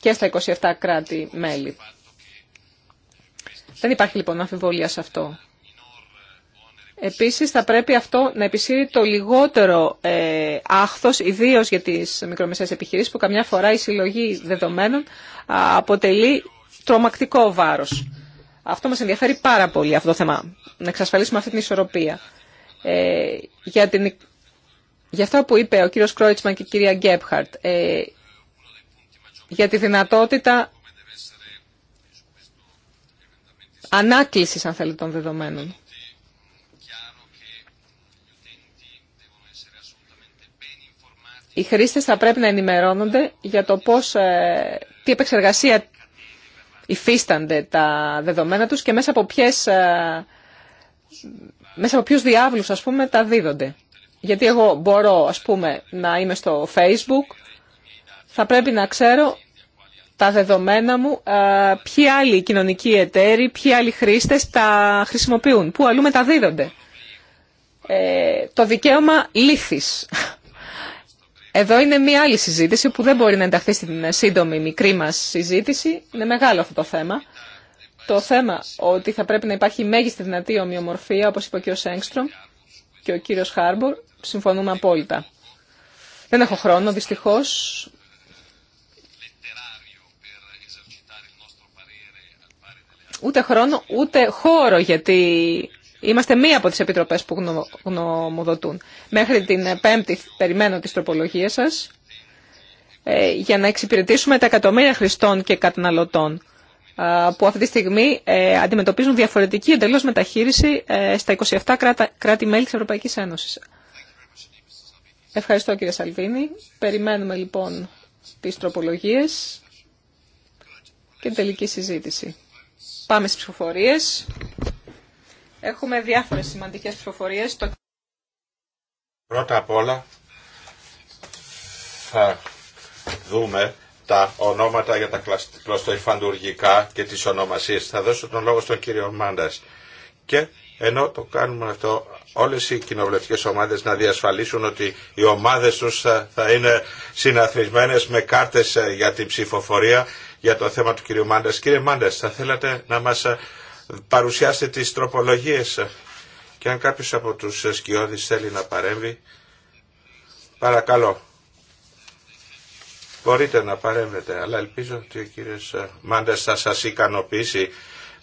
και στα 27 κράτη-μέλη. Δεν υπάρχει λοιπόν αμφιβολία σε αυτό. Επίσης θα πρέπει αυτό να επισύρει το λιγότερο ε, άχθος, ιδίως για τις μικρομεσαίες επιχειρήσεις, που καμιά φορά η συλλογή δεδομένων αποτελεί τρομακτικό βάρος. Αυτό μας ενδιαφέρει πάρα πολύ αυτό το θέμα, να εξασφαλίσουμε αυτή την ισορροπία. Ε, για, την, για που είπε ο κύριος Κρόιτσμαν και η κυρία Γκέπχαρτ, ε, για τη δυνατότητα ανάκλησης, αν θέλετε, των δεδομένων. Οι χρήστες θα πρέπει να ενημερώνονται για το πώς, ε, τι επεξεργασία υφίστανται τα δεδομένα τους και μέσα από, ποιες, ε, μέσα από ποιους διάβλους ας πούμε τα δίδονται. Γιατί εγώ μπορώ ας να είμαι στο facebook, θα πρέπει να ξέρω τα δεδομένα μου, ε, ποιοι άλλοι κοινωνικοί εταίροι, ποιοι άλλοι χρήστες τα χρησιμοποιούν, πού αλλού μεταδίδονται. Ε, το δικαίωμα λήφθης. Εδώ είναι μία άλλη συζήτηση που δεν μπορεί να ενταχθεί στην σύντομη μικρή μας συζήτηση. Είναι μεγάλο αυτό το θέμα. Το θέμα ότι θα πρέπει να υπάρχει μέγιστη δυνατή ομοιομορφία, όπως είπε ο κ. και ο κύριος Χάρμπορ, συμφωνούμε απόλυτα. Δεν έχω χρόνο, δυστυχώς. Ούτε χρόνο, ούτε χώρο, γιατί Είμαστε μία από τις επιτροπές που γνωμοδοτούν. Μέχρι την Πέμπτη περιμένω τις τροπολογίες σας ε, για να εξυπηρετήσουμε τα εκατομμύρια χρηστών και καταναλωτών που αυτή τη στιγμή ε, αντιμετωπίζουν διαφορετική εντελώς μεταχείριση ε, στα 27 κράτη-μέλη της Ευρωπαϊκής Ένωσης. Ευχαριστώ κύριε Σαλβίνη. Περιμένουμε λοιπόν τις τροπολογίες και την τελική συζήτηση. Πάμε στις ψηφοφορίες. Έχουμε διάφορες σημαντικές προφορίες. Πρώτα απ' όλα θα δούμε τα ονόματα για τα κλωστοϊφαντουργικά και τις ονομασίες. Θα δώσω τον λόγο στον κύριο Μάντας. Και ενώ το κάνουμε αυτό, όλες οι κοινοβουλευτικές ομάδες να διασφαλίσουν ότι οι ομάδες τους θα, είναι συναθρισμένες με κάρτες ε, για την ψηφοφορία για το θέμα του κύριου Μάντας. Κύριε Μάντας, θα θέλατε να μας ε, παρουσιάστε τις τροπολογίες και αν κάποιος από τους σκιώδεις θέλει να παρέμβει, παρακαλώ. Μπορείτε να παρέμβετε, αλλά ελπίζω ότι ο κύριος Μάντας θα σας ικανοποιήσει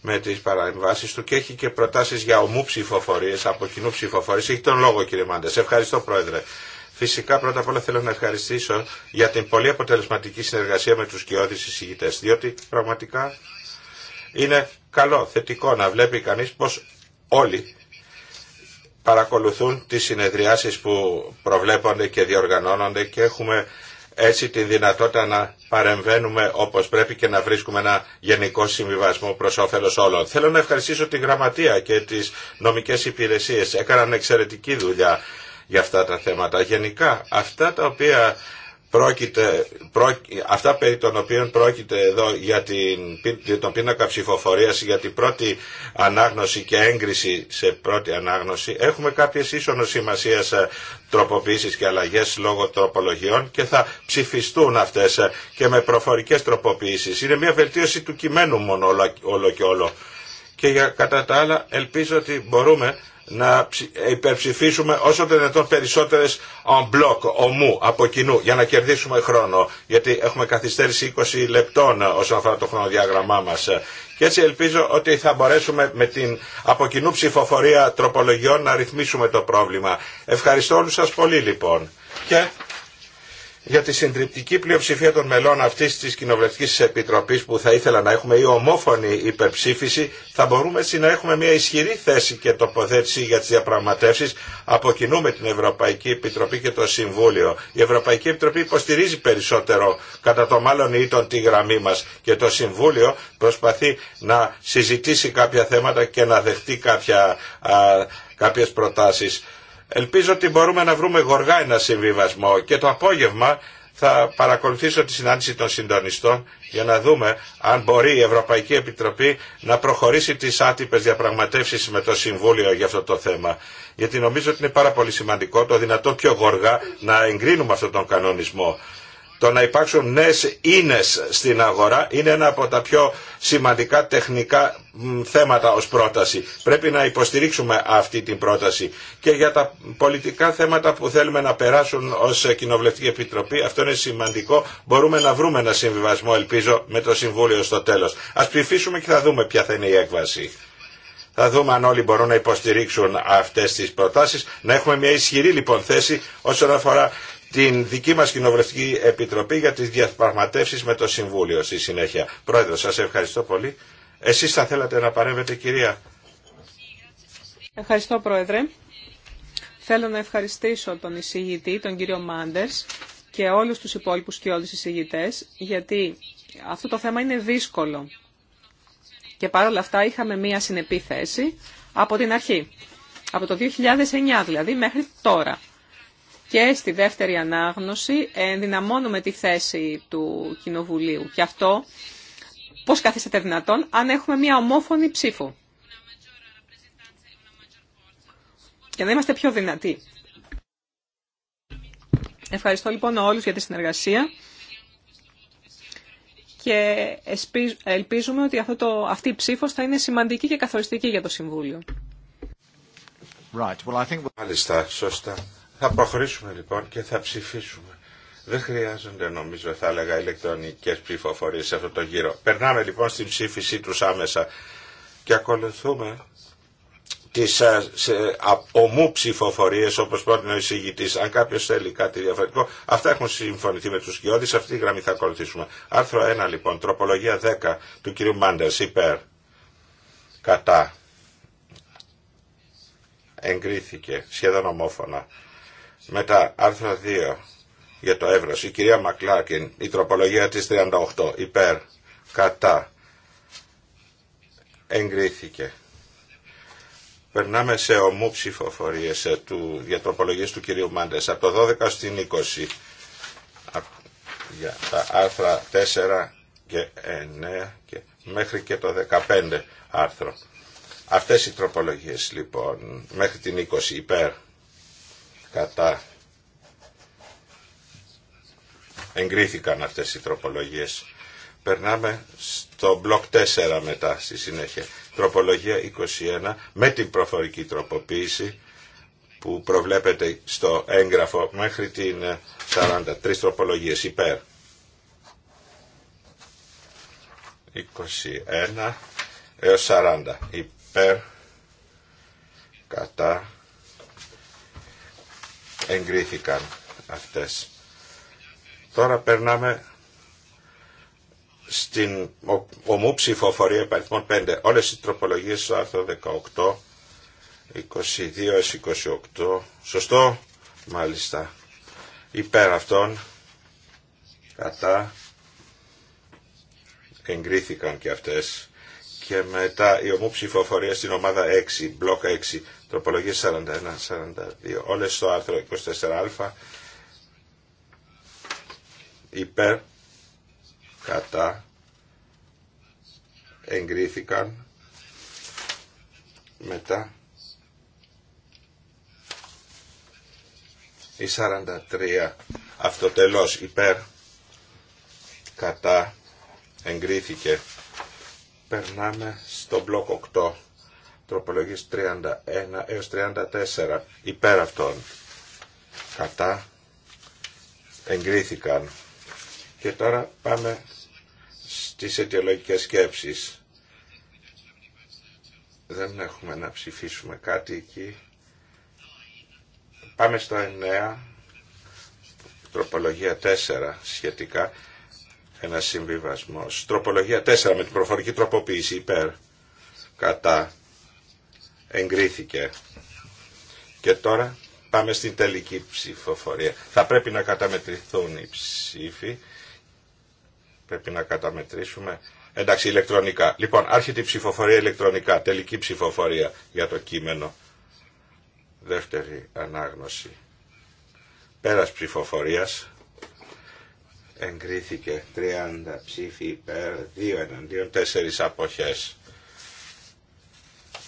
με τις παρεμβάσεις του και έχει και προτάσεις για ομού ψηφοφορίες, από κοινού ψηφοφορίες. Έχει τον λόγο κύριε Μάντας. Ευχαριστώ πρόεδρε. Φυσικά πρώτα απ' όλα θέλω να ευχαριστήσω για την πολύ αποτελεσματική συνεργασία με τους κοιόδης εισηγητές, διότι πραγματικά είναι καλό, θετικό να βλέπει κανείς πως όλοι παρακολουθούν τις συνεδριάσεις που προβλέπονται και διοργανώνονται και έχουμε έτσι τη δυνατότητα να παρεμβαίνουμε όπως πρέπει και να βρίσκουμε ένα γενικό συμβιβασμό προς όφελος όλων. Θέλω να ευχαριστήσω τη Γραμματεία και τις νομικές υπηρεσίες. Έκαναν εξαιρετική δουλειά για αυτά τα θέματα. Γενικά αυτά τα οποία πρόκειται, αυτά περί των οποίων πρόκειται εδώ για την, για τον πίνακα ψηφοφορίας για την πρώτη ανάγνωση και έγκριση σε πρώτη ανάγνωση έχουμε κάποιες ίσονο σημασία ε, τροποποιήσεις και αλλαγές λόγω τροπολογιών και θα ψηφιστούν αυτές ε, και με προφορικές τροποποιήσεις. Είναι μια βελτίωση του κειμένου μόνο όλο και όλο. Και για, κατά τα άλλα ελπίζω ότι μπορούμε να υπερψηφίσουμε όσο το δυνατόν περισσότερες en bloc, ομού, από κοινού, για να κερδίσουμε χρόνο. Γιατί έχουμε καθυστέρηση 20 λεπτών όσον αφορά το χρονοδιάγραμμά μας. Και έτσι ελπίζω ότι θα μπορέσουμε με την από κοινού ψηφοφορία τροπολογιών να ρυθμίσουμε το πρόβλημα. Ευχαριστώ όλους σα πολύ λοιπόν. Και για τη συντριπτική πλειοψηφία των μελών αυτή τη κοινοβουλευτική επιτροπή που θα ήθελα να έχουμε ή ομόφωνη υπερψήφιση, θα μπορούμε έτσι να έχουμε μια ισχυρή θέση και τοποθέτηση για τι διαπραγματεύσει από κοινού με την Ευρωπαϊκή Επιτροπή και το Συμβούλιο. Η Ευρωπαϊκή Επιτροπή υποστηρίζει περισσότερο, κατά το μάλλον ή τον τη γραμμή μα, και το Συμβούλιο προσπαθεί να συζητήσει κάποια θέματα και να δεχτεί κάποια, προτάσει. κάποιες προτάσεις. Ελπίζω ότι μπορούμε να βρούμε γοργά ένα συμβιβασμό και το απόγευμα θα παρακολουθήσω τη συνάντηση των συντονιστών για να δούμε αν μπορεί η Ευρωπαϊκή Επιτροπή να προχωρήσει τις άτυπες διαπραγματεύσεις με το Συμβούλιο για αυτό το θέμα. Γιατί νομίζω ότι είναι πάρα πολύ σημαντικό το δυνατό πιο γοργά να εγκρίνουμε αυτόν τον κανονισμό. Το να υπάρξουν νέες ίνες στην αγορά είναι ένα από τα πιο σημαντικά τεχνικά θέματα ως πρόταση. Πρέπει να υποστηρίξουμε αυτή την πρόταση. Και για τα πολιτικά θέματα που θέλουμε να περάσουν ως Κοινοβουλευτική Επιτροπή, αυτό είναι σημαντικό, μπορούμε να βρούμε ένα συμβιβασμό, ελπίζω, με το Συμβούλιο στο τέλος. Ας ψηφίσουμε και θα δούμε ποια θα είναι η έκβαση. Θα δούμε αν όλοι μπορούν να υποστηρίξουν αυτές τις προτάσεις. Να έχουμε μια ισχυρή λοιπόν θέση όσον αφορά την δική μας Κοινοβουλευτική Επιτροπή για τις διαπραγματεύσεις με το Συμβούλιο στη συνέχεια. Πρόεδρο, σας ευχαριστώ πολύ. Εσείς θα θέλατε να παρέμβετε, κυρία. Ευχαριστώ, Πρόεδρε. Θέλω να ευχαριστήσω τον εισηγητή, τον κύριο Μάντερς και όλους τους υπόλοιπους και όλους τους εισηγητές, γιατί αυτό το θέμα είναι δύσκολο. Και όλα αυτά είχαμε μία συνεπή θέση από την αρχή. Από το 2009 δηλαδή μέχρι τώρα και στη δεύτερη ανάγνωση ενδυναμώνουμε τη θέση του Κοινοβουλίου. Και αυτό πώς καθίσατε δυνατόν αν έχουμε μια ομόφωνη ψήφο. και να είμαστε πιο δυνατοί. Ευχαριστώ λοιπόν όλους για τη συνεργασία και ελπίζουμε ότι αυτό αυτή η ψήφος θα είναι σημαντική και καθοριστική για το Συμβούλιο. σωστά. Θα προχωρήσουμε λοιπόν και θα ψηφίσουμε. Δεν χρειάζονται νομίζω θα έλεγα ηλεκτρονικές ψηφοφορίες σε αυτό το γύρο. Περνάμε λοιπόν στην ψήφισή τους άμεσα και ακολουθούμε τις ομού ψηφοφορίες όπως πρότεινε ο εισηγητής. Αν κάποιος θέλει κάτι διαφορετικό, αυτά έχουν συμφωνηθεί με τους κοιόδης, αυτή τη γραμμή θα ακολουθήσουμε. Άρθρο 1 λοιπόν, τροπολογία 10 του κυρίου Μάντερς, υπέρ, κατά, εγκρίθηκε σχεδόν ομόφωνα. Μετά, άρθρο 2 για το εύρος. Η κυρία Μακλάκιν, η τροπολογία της 38, υπέρ, κατά, εγκρίθηκε. Περνάμε σε ομού ψηφοφορίες ε, του, για τροπολογίες του κυρίου Μάντες. Από το 12 στην 20, για τα άρθρα 4 και 9 και μέχρι και το 15 άρθρο. Αυτές οι τροπολογίες λοιπόν, μέχρι την 20 υπέρ, κατά εγκρίθηκαν αυτές οι τροπολογίες. Περνάμε στο μπλοκ 4 μετά στη συνέχεια. Τροπολογία 21 με την προφορική τροποποίηση που προβλέπεται στο έγγραφο μέχρι την 43 ε, τροπολογίες υπέρ. 21 έως 40 υπέρ κατά εγκρίθηκαν αυτές. Τώρα περνάμε στην ομού ψηφοφορία υπαριθμών 5. Όλες οι τροπολογίες στο άρθρο 18, 22 28, σωστό, μάλιστα, υπέρ αυτών, κατά, εγκρίθηκαν και αυτές και μετά η ομού ψηφοφορία στην ομάδα 6, μπλοκ 6, τροπολογία 41-42, όλες στο άρθρο 24α, υπέρ, κατά, εγκρίθηκαν, μετά η 43 αυτοτελώς υπέρ κατά εγκρίθηκε Περνάμε στο μπλοκ 8, τροπολογίες 31 έως 34, υπέρ αυτών. Κατά εγκρίθηκαν. Και τώρα πάμε στις αιτιολογικές σκέψεις. Δεν έχουμε να ψηφίσουμε κάτι εκεί. Πάμε στο 9, τροπολογία 4 σχετικά, ένα συμβιβασμό. Τροπολογία 4 με την προφορική τροποποίηση υπέρ. Κατά. Εγκρίθηκε. Και τώρα πάμε στην τελική ψηφοφορία. Θα πρέπει να καταμετρηθούν οι ψήφοι. Πρέπει να καταμετρήσουμε. Εντάξει, ηλεκτρονικά. Λοιπόν, άρχεται η ψηφοφορία ηλεκτρονικά. Τελική ψηφοφορία για το κείμενο. Δεύτερη ανάγνωση. Πέρας ψηφοφορίας εγκρίθηκε 30 ψήφοι υπέρ 2 εναντίον 4 αποχές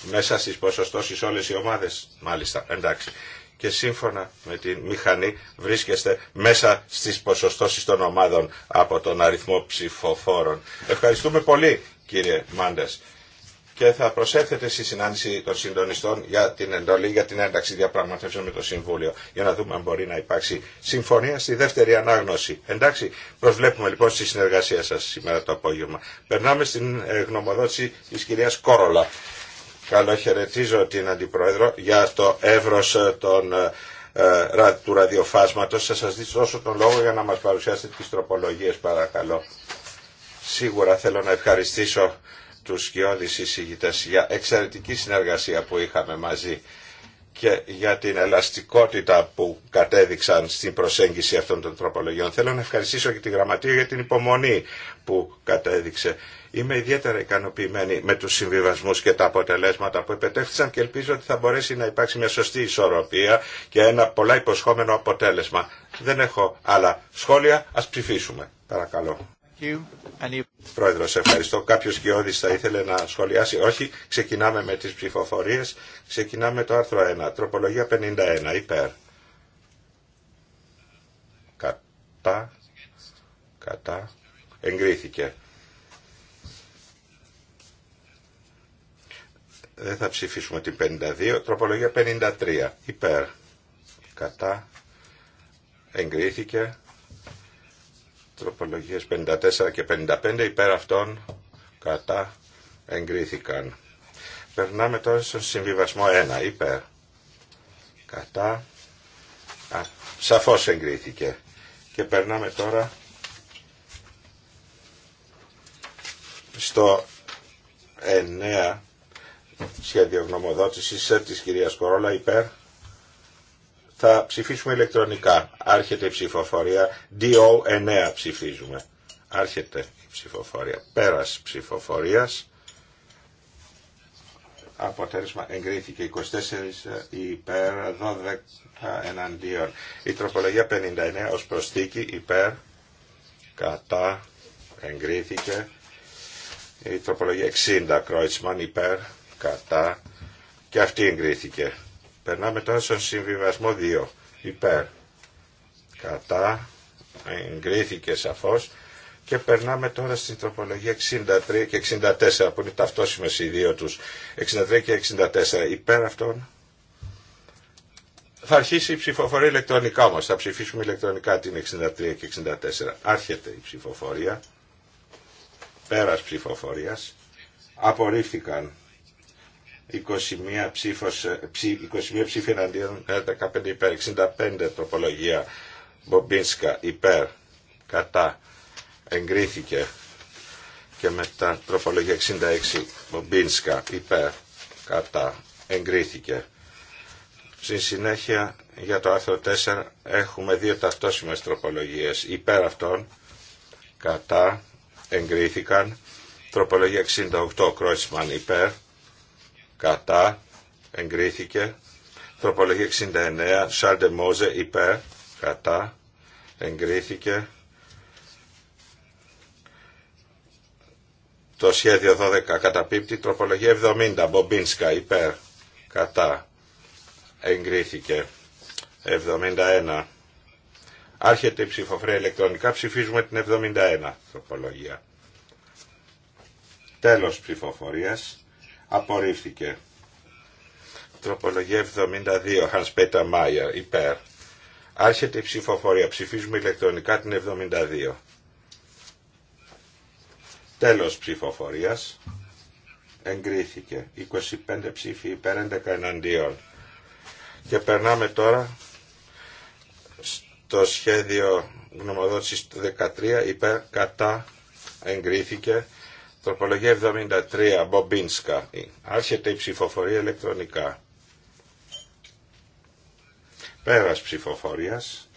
μέσα στις ποσοστώσεις όλες οι ομάδες μάλιστα εντάξει και σύμφωνα με τη μηχανή βρίσκεστε μέσα στις ποσοστώσεις των ομάδων από τον αριθμό ψηφοφόρων. Ευχαριστούμε πολύ κύριε Μάντες και θα προσέθετε στη συνάντηση των συντονιστών για την εντολή, για την ένταξη διαπραγματεύσεων με το Συμβούλιο, για να δούμε αν μπορεί να υπάρξει συμφωνία στη δεύτερη ανάγνωση. Εντάξει, προσβλέπουμε λοιπόν στη συνεργασία σας σήμερα το απόγευμα. Περνάμε στην ε, γνωμοδότηση της κυρίας Κόρολα. χαιρετίζω την Αντιπρόεδρο για το εύρος ε, των ε, του ραδιοφάσματος. Θα σας δώσω τον λόγο για να μας παρουσιάσετε τις τροπολογίες παρακαλώ. Σίγουρα θέλω να ευχαριστήσω τους σκιώδεις εισηγητές για εξαιρετική συνεργασία που είχαμε μαζί και για την ελαστικότητα που κατέδειξαν στην προσέγγιση αυτών των τροπολογιών. Θέλω να ευχαριστήσω και τη Γραμματεία για την υπομονή που κατέδειξε. Είμαι ιδιαίτερα ικανοποιημένη με τους συμβιβασμούς και τα αποτελέσματα που επετέφθησαν και ελπίζω ότι θα μπορέσει να υπάρξει μια σωστή ισορροπία και ένα πολλά υποσχόμενο αποτέλεσμα. Δεν έχω άλλα σχόλια, ας ψηφίσουμε. Παρακαλώ. Πρόεδρος, ευχαριστώ. Κάποιος Γιώδης θα ήθελε να σχολιάσει. Όχι, ξεκινάμε με τις ψηφοφορίες. Ξεκινάμε το άρθρο 1. Τροπολογία 51. Υπέρ. Κατά. Κατά. Εγκρίθηκε. Δεν θα ψηφίσουμε την 52. Τροπολογία 53. Υπέρ. Κατά. Εγκρίθηκε. Τροπολογίες 54 και 55 υπέρ αυτών κατά εγκρίθηκαν. Περνάμε τώρα στον συμβιβασμό 1 υπέρ κατά Α, σαφώς εγκρίθηκε. Και περνάμε τώρα στο 9 σχέδιο γνωμοδότησης της κυρίας Κορόλα υπέρ θα ψηφίσουμε ηλεκτρονικά. Άρχεται η ψηφοφορία. DO9 ψηφίζουμε. Άρχεται η ψηφοφορία. Πέρας ψηφοφορίας. Αποτέλεσμα εγκρίθηκε 24 υπέρ 12 εναντίον. Η τροπολογία 59 ως προσθήκη υπέρ κατά εγκρίθηκε. Η τροπολογία 60 Κρόιτσμαν υπέρ κατά και αυτή εγκρίθηκε. Περνάμε τώρα στον συμβιβασμό 2. Υπέρ. Κατά. Εγκρίθηκε σαφω. Και περνάμε τώρα στην τροπολογία 63 και 64 που είναι ταυτόσιμε οι δύο του. 63 και 64. Υπέρ αυτών. Θα αρχίσει η ψηφοφορία ηλεκτρονικά όμω. Θα ψηφίσουμε ηλεκτρονικά την 63 και 64. Άρχεται η ψηφοφορία. πέρα ψηφοφορία. Απορρίφθηκαν. 21 ψήφος, 21 ε, ψήφοι εναντίον, 15 ε, υπέρ, 65 τροπολογία, Μπομπίνσκα υπέρ, κατά, εγκρίθηκε και μετά τροπολογία 66, Μπομπίνσκα υπέρ, κατά, εγκρίθηκε. Στη συνέχεια για το άρθρο 4 έχουμε δύο ταυτόσιμες τροπολογίες υπέρ αυτών, κατά, εγκρίθηκαν, τροπολογία 68, Κρόισμαν υπέρ, κατά, εγκρίθηκε. Τροπολογία 69, de Μόζε, υπέρ, κατά, εγκρίθηκε. Το σχέδιο 12 καταπίπτει, τροπολογία 70, Μπομπίνσκα, υπέρ, κατά, εγκρίθηκε. 71. Άρχεται η ψηφοφορία ηλεκτρονικά, ψηφίζουμε την 71 τροπολογία. Τέλος ψηφοφορίας. Απορρίφθηκε. Τροπολογία 72, Hans Peter Mayer, υπέρ. Άρχεται η ψηφοφορία. Ψηφίζουμε ηλεκτρονικά την 72. Τέλος ψηφοφορίας. Εγκρίθηκε. 25 ψήφοι υπέρ 11 εναντίον. Και περνάμε τώρα στο σχέδιο γνωμοδότησης 13 υπέρ κατά εγκρίθηκε. Τροπολογία 73, Μπομπίνσκα. Άρχεται η ψηφοφορία ηλεκτρονικά. Πέρας ψηφοφορίας.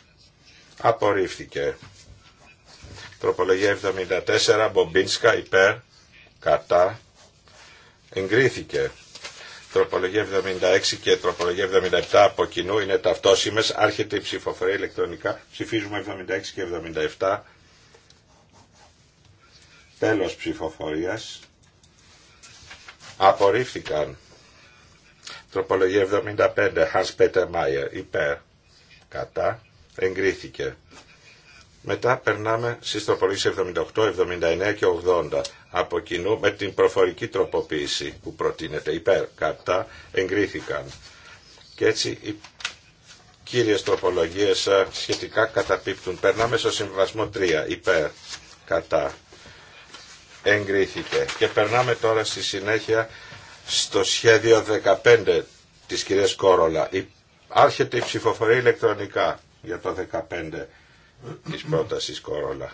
Απορρίφθηκε. Τροπολογία 74, Μπομπίνσκα, υπέρ, κατά. Εγκρίθηκε. Τροπολογία 76 και τροπολογία 77 από κοινού είναι ταυτόσιμες. Άρχεται η ψηφοφορία ηλεκτρονικά. Ψηφίζουμε 76 και 77. Τέλος ψηφοφορίας. Απορρίφθηκαν. Τροπολογία 75, Hans Peter Mayer, υπέρ, κατά, εγκρίθηκε. Μετά περνάμε στις τροπολογίες 78, 79 και 80. Από κοινού με την προφορική τροποποίηση που προτείνεται υπέρ, κατά, εγκρίθηκαν. Και έτσι οι κύριες τροπολογίες ε, σχετικά καταπίπτουν. Περνάμε στο συμβασμό 3, υπέρ, κατά, εγκρίθηκε. Και περνάμε τώρα στη συνέχεια στο σχέδιο 15 της κυρίας Κόρολα. Άρχεται η ψηφοφορία ηλεκτρονικά για το 15 της πρότασης Κόρολα.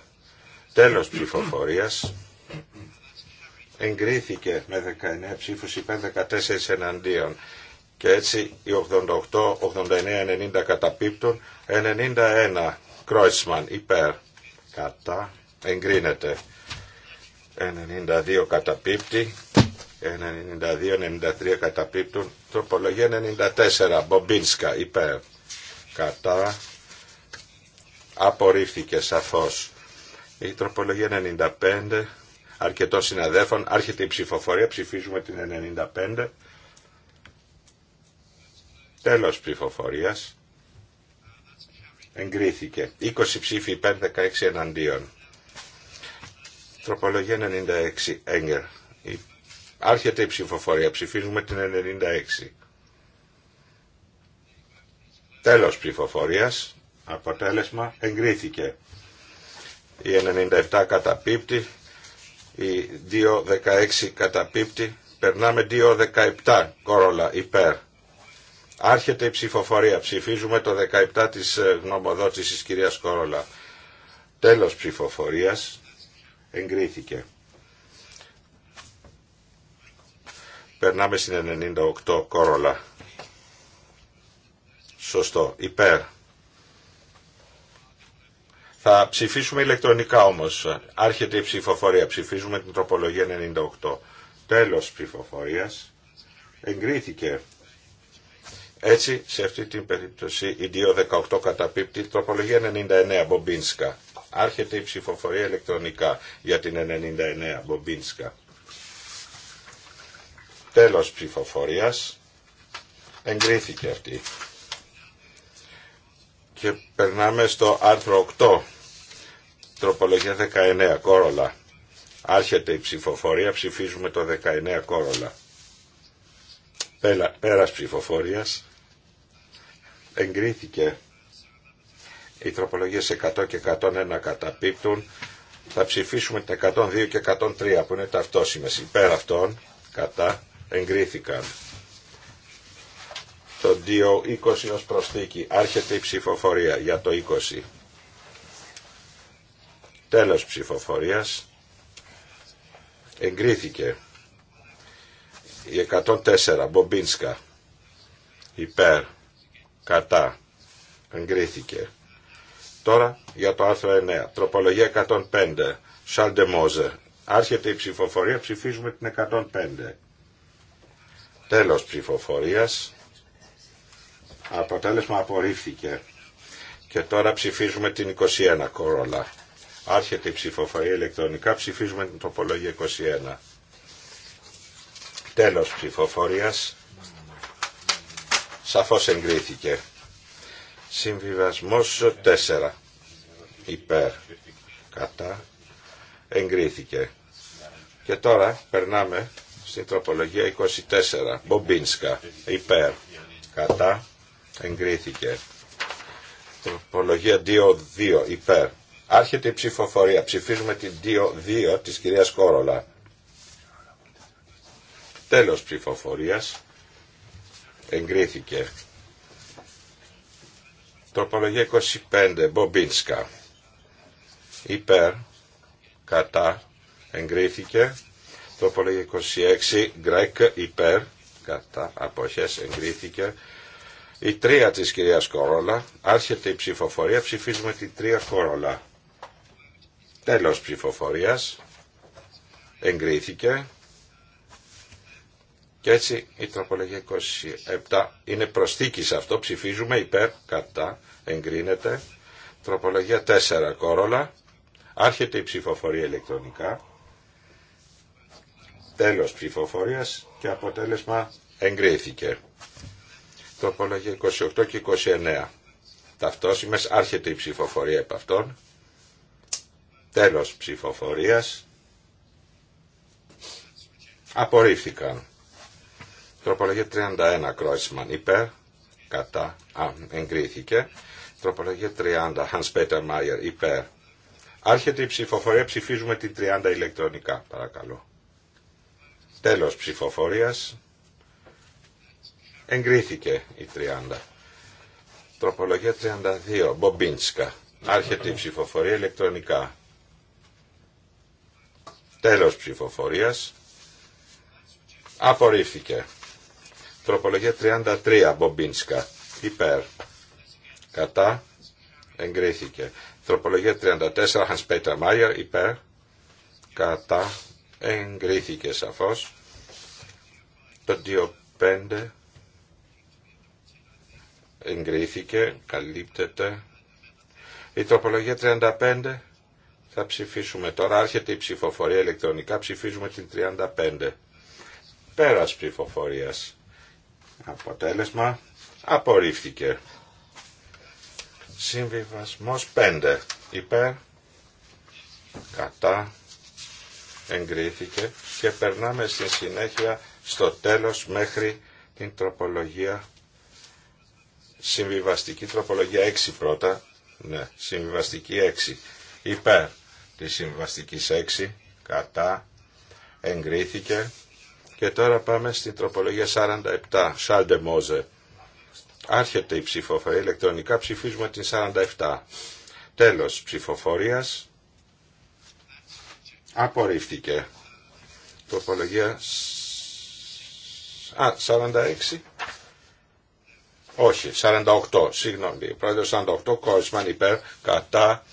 Τέλος ψηφοφορίας εγκρίθηκε με 19 ψήφους υπέρ 14 εναντίον και έτσι οι 88, 89, 90 καταπίπτουν, 91 Κρόισμαν υπέρ κατά εγκρίνεται. 92 καταπίπτει. 92-93 καταπίπτουν. Τροπολογία 94. Μπομπίνσκα υπέρ. Κατά. Απορρίφθηκε σαφώς. Η τροπολογία 95 αρκετό συναδέφων. Άρχεται η ψηφοφορία. Ψηφίζουμε την 95. Τέλος ψηφοφορίας. Εγκρίθηκε. 20 ψήφοι υπέρ 16 εναντίον. Τροπολογία 96. Έγκερ. Άρχεται η ψηφοφορία. Ψηφίζουμε την 96. Τέλος ψηφοφορίας. Αποτέλεσμα εγκρίθηκε. Η 97 καταπίπτει. Η 216 καταπίπτει. Περνάμε 217 κόρολα υπέρ. Άρχεται η ψηφοφορία. Ψηφίζουμε το 17 της ε, γνωμοδότησης κυρίας Κόρολα. Τέλος ψηφοφορίας εγκρίθηκε. Περνάμε στην 98 κόρολα. Σωστό. Υπέρ. Θα ψηφίσουμε ηλεκτρονικά όμως. Άρχεται η ψηφοφορία. Ψηφίζουμε την τροπολογία 98. Τέλος ψηφοφορίας. Εγκρίθηκε. Έτσι, σε αυτή την περίπτωση, η 2.18 καταπίπτει τροπολογία 99, Μπομπίνσκα. Άρχεται η ψηφοφορία ηλεκτρονικά για την 99 Μπομπίνσκα. Τέλος ψηφοφορίας. Εγκρίθηκε αυτή. Και περνάμε στο άρθρο 8. Τροπολογία 19 Κόρολα. Άρχεται η ψηφοφορία. Ψηφίζουμε το 19 Κόρολα. Πέρα, πέρας ψηφοφορίας. Εγκρίθηκε. Οι τροπολογίες 100 και 101 καταπίπτουν. Θα ψηφίσουμε τα 102 και 103 που είναι ταυτόσιμες. Υπέρ αυτών, κατά, εγκρίθηκαν. Το 220 20 ως προσθήκη. Άρχεται η ψηφοφορία για το 20. Τέλος ψηφοφορίας. Εγκρίθηκε. Η 104, Μπομπίνσκα. Υπέρ. Κατά. Εγκρίθηκε. Τώρα για το άρθρο 9. Τροπολογία 105. Σαν Μόζερ. Άρχεται η ψηφοφορία. Ψηφίζουμε την 105. Τέλος ψηφοφορίας. Αποτέλεσμα απορρίφθηκε. Και τώρα ψηφίζουμε την 21 κόρολα. Άρχεται η ψηφοφορία ηλεκτρονικά. Ψηφίζουμε την τροπολογία 21. Τέλος ψηφοφορίας. Σαφώς εγκρίθηκε. Συμβιβασμός 4. Υπέρ. Κατά. Εγκρίθηκε. Και τώρα περνάμε στην τροπολογία 24. Μπομπίνσκα. Υπέρ. Κατά. Εγκρίθηκε. Τροπολογία 2-2. Υπέρ. Άρχεται η ψηφοφορία. Ψηφίζουμε την 2-2 της κυρίας Κόρολα. Τέλος ψηφοφορίας. Εγκρίθηκε. Τροπολογία 25, Μπομπίνσκα. Υπέρ, κατά, εγκρίθηκε. Τροπολογία 26, Γκρέκ, υπέρ, κατά, αποχές, εγκρίθηκε. Η τρία της κυρίας Κορόλα, άρχεται η ψηφοφορία, ψηφίζουμε τη τρία Κορόλα. Τέλος ψηφοφορίας, εγκρίθηκε. Και έτσι η τροπολογία 27 είναι προσθήκη σε αυτό. Ψηφίζουμε υπέρ, κατά, εγκρίνεται. Τροπολογία 4 κόρολα. Άρχεται η ψηφοφορία ηλεκτρονικά. Τέλος ψηφοφορίας και αποτέλεσμα εγκρίθηκε. Τροπολογία 28 και 29. Ταυτόσημες άρχεται η ψηφοφορία επ' αυτών. Τέλος ψηφοφορίας. Απορρίφθηκαν. Τροπολογία 31 Κρόισμαν υπέρ, κατά, α, εγκρίθηκε. Τροπολογία 30 Hans Peter Mayer υπέρ. Άρχεται η ψηφοφορία, ψηφίζουμε την 30 ηλεκτρονικά, παρακαλώ. Τέλος ψηφοφορίας, εγκρίθηκε η 30. Τροπολογία 32, Μπομπίντσκα. Άρχεται η ψηφοφορία ηλεκτρονικά. Τέλος ψηφοφορίας. Απορρίφθηκε. Τροπολογία 33 Μπομπίνσκα. Υπέρ. Κατά. Εγκρίθηκε. Τροπολογία 34 Hans Peter Mayer. Υπέρ. Κατά. Εγκρίθηκε σαφώς. Το 25 εγκρίθηκε, καλύπτεται. Η τροπολογία 35 θα ψηφίσουμε τώρα. Άρχεται η ψηφοφορία ηλεκτρονικά. Ψηφίζουμε την 35. Πέρας ψηφοφορίας. Αποτέλεσμα απορρίφθηκε. Συμβιβασμός 5 υπέρ κατά εγκρίθηκε και περνάμε στη συνέχεια στο τέλος μέχρι την τροπολογία συμβιβαστική τροπολογία 6 πρώτα ναι, συμβιβαστική 6 υπέρ της συμβιβαστικής 6 κατά εγκρίθηκε και τώρα πάμε στην τροπολογία 47, Σάλντε Mose. Άρχεται η ψηφοφορία, ηλεκτρονικά ψηφίζουμε την 47. Τέλος ψηφοφορίας. Απορρίφθηκε. Τροπολογία... Α, 46. Όχι, 48, συγγνώμη. Πρόεδρος 48, Κόρισμαν υπέρ, κατά,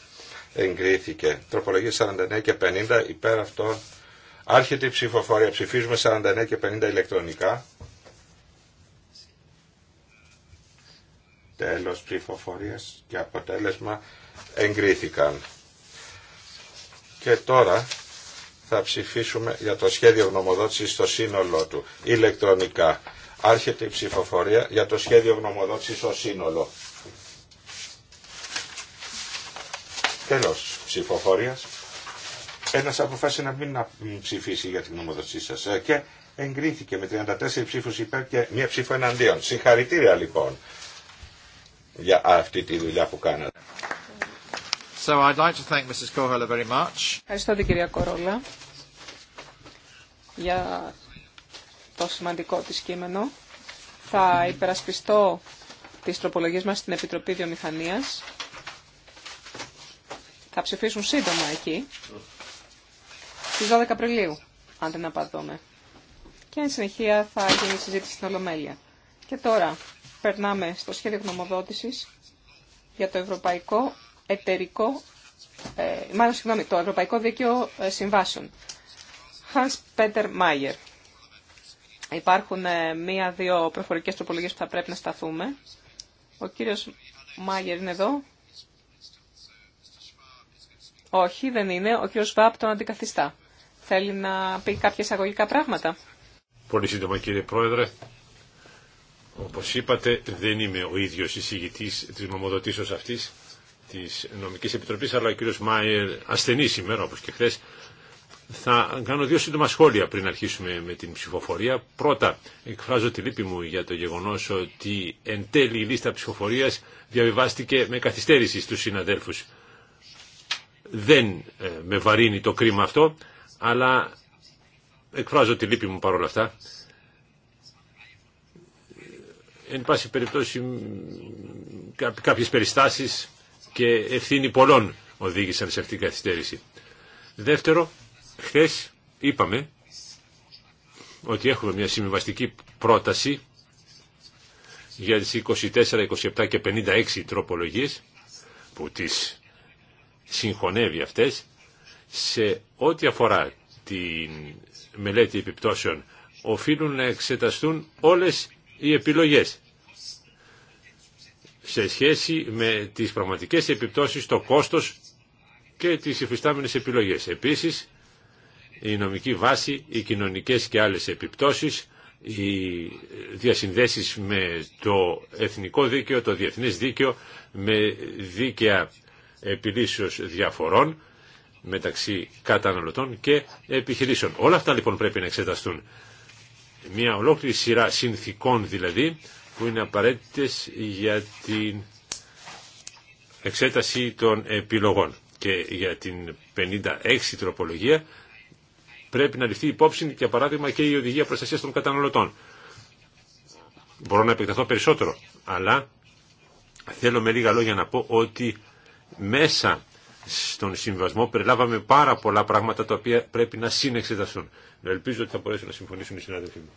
εγκρίθηκε. Τροπολογία 49 και 50, υπέρ αυτό Άρχεται η ψηφοφορία. Ψηφίζουμε 49 και 50 ηλεκτρονικά. Τέλος ψηφοφορίας και αποτέλεσμα εγκρίθηκαν. Και τώρα θα ψηφίσουμε για το σχέδιο γνωμοδότησης στο σύνολό του, ηλεκτρονικά. Άρχεται η ψηφοφορία για το σχέδιο γνωμοδότησης στο σύνολο. Τέλος ψηφοφορίας ένας αποφάσισε να μην ψηφίσει για την νομοδοσία σας ε, και εγκρίθηκε με 34 ψήφους υπέρ και μία ψήφο εναντίον. Συγχαρητήρια λοιπόν για αυτή τη δουλειά που κάνατε. So I'd like to thank Mrs. very much. Ευχαριστώ την κυρία Κορόλα για το σημαντικό της κείμενο. Θα υπερασπιστώ τις τροπολογίες μας στην Επιτροπή Βιομηχανίας. Θα ψηφίσουν σύντομα εκεί στις 12 Απριλίου, αν δεν απαντώμε. Και εν συνεχεία θα γίνει συζήτηση στην Ολομέλεια. Και τώρα περνάμε στο σχέδιο γνωμοδότησης για το Ευρωπαϊκό Εταιρικό, ε, μάλλον συγγνώμη, το Ευρωπαϊκό Δίκαιο ε, Συμβάσεων. Hans Peter Mayer. Υπάρχουν ε, μία-δύο προφορικές τροπολογίες που θα πρέπει να σταθούμε. Ο κύριος Μάγερ είναι εδώ. Όχι, δεν είναι. Ο κύριος Βάπ τον αντικαθιστά. Θέλει να πει κάποια εισαγωγικά πράγματα. Πολύ σύντομα κύριε Πρόεδρε. Όπως είπατε δεν είμαι ο ίδιος εισηγητής της νομοδοτήσεως αυτής της Νομικής Επιτροπής αλλά ο κύριος Μάιερ ασθενής σήμερα όπως και χθε. Θα κάνω δύο σύντομα σχόλια πριν αρχίσουμε με την ψηφοφορία. Πρώτα, εκφράζω τη λύπη μου για το γεγονός ότι εν τέλει η λίστα ψηφοφορίας διαβιβάστηκε με καθυστέρηση στους συναδέλφους. Δεν ε, με βαρύνει το κρίμα αυτό, αλλά εκφράζω τη λύπη μου παρόλα αυτά. Εν πάση περιπτώσει κάποιες περιστάσεις και ευθύνη πολλών οδήγησαν σε αυτή την καθυστέρηση. Δεύτερο, χθε είπαμε ότι έχουμε μια συμβιβαστική πρόταση για τις 24, 27 και 56 τροπολογίες που τις συγχωνεύει αυτές σε ό,τι αφορά τη μελέτη επιπτώσεων οφείλουν να εξεταστούν όλες οι επιλογές σε σχέση με τις πραγματικές επιπτώσεις, το κόστος και τις υφιστάμενες επιλογές. Επίσης, η νομική βάση, οι κοινωνικές και άλλες επιπτώσεις, οι διασυνδέσεις με το εθνικό δίκαιο, το διεθνές δίκαιο, με δίκαια επιλύσεως διαφορών, μεταξύ καταναλωτών και επιχειρήσεων. Όλα αυτά λοιπόν πρέπει να εξεταστούν. Μια ολόκληρη σειρά συνθήκων δηλαδή που είναι απαραίτητες για την εξέταση των επιλογών και για την 56 τροπολογία πρέπει να ληφθεί υπόψη για παράδειγμα και η οδηγία προστασίας των καταναλωτών. Μπορώ να επεκταθώ περισσότερο, αλλά θέλω με λίγα λόγια να πω ότι μέσα στον συμβασμό περιλάβαμε πάρα πολλά πράγματα τα οποία πρέπει να συνεξεταστούν. Ελπίζω ότι θα μπορέσουν να συμφωνήσουν οι συνάδελφοί μου.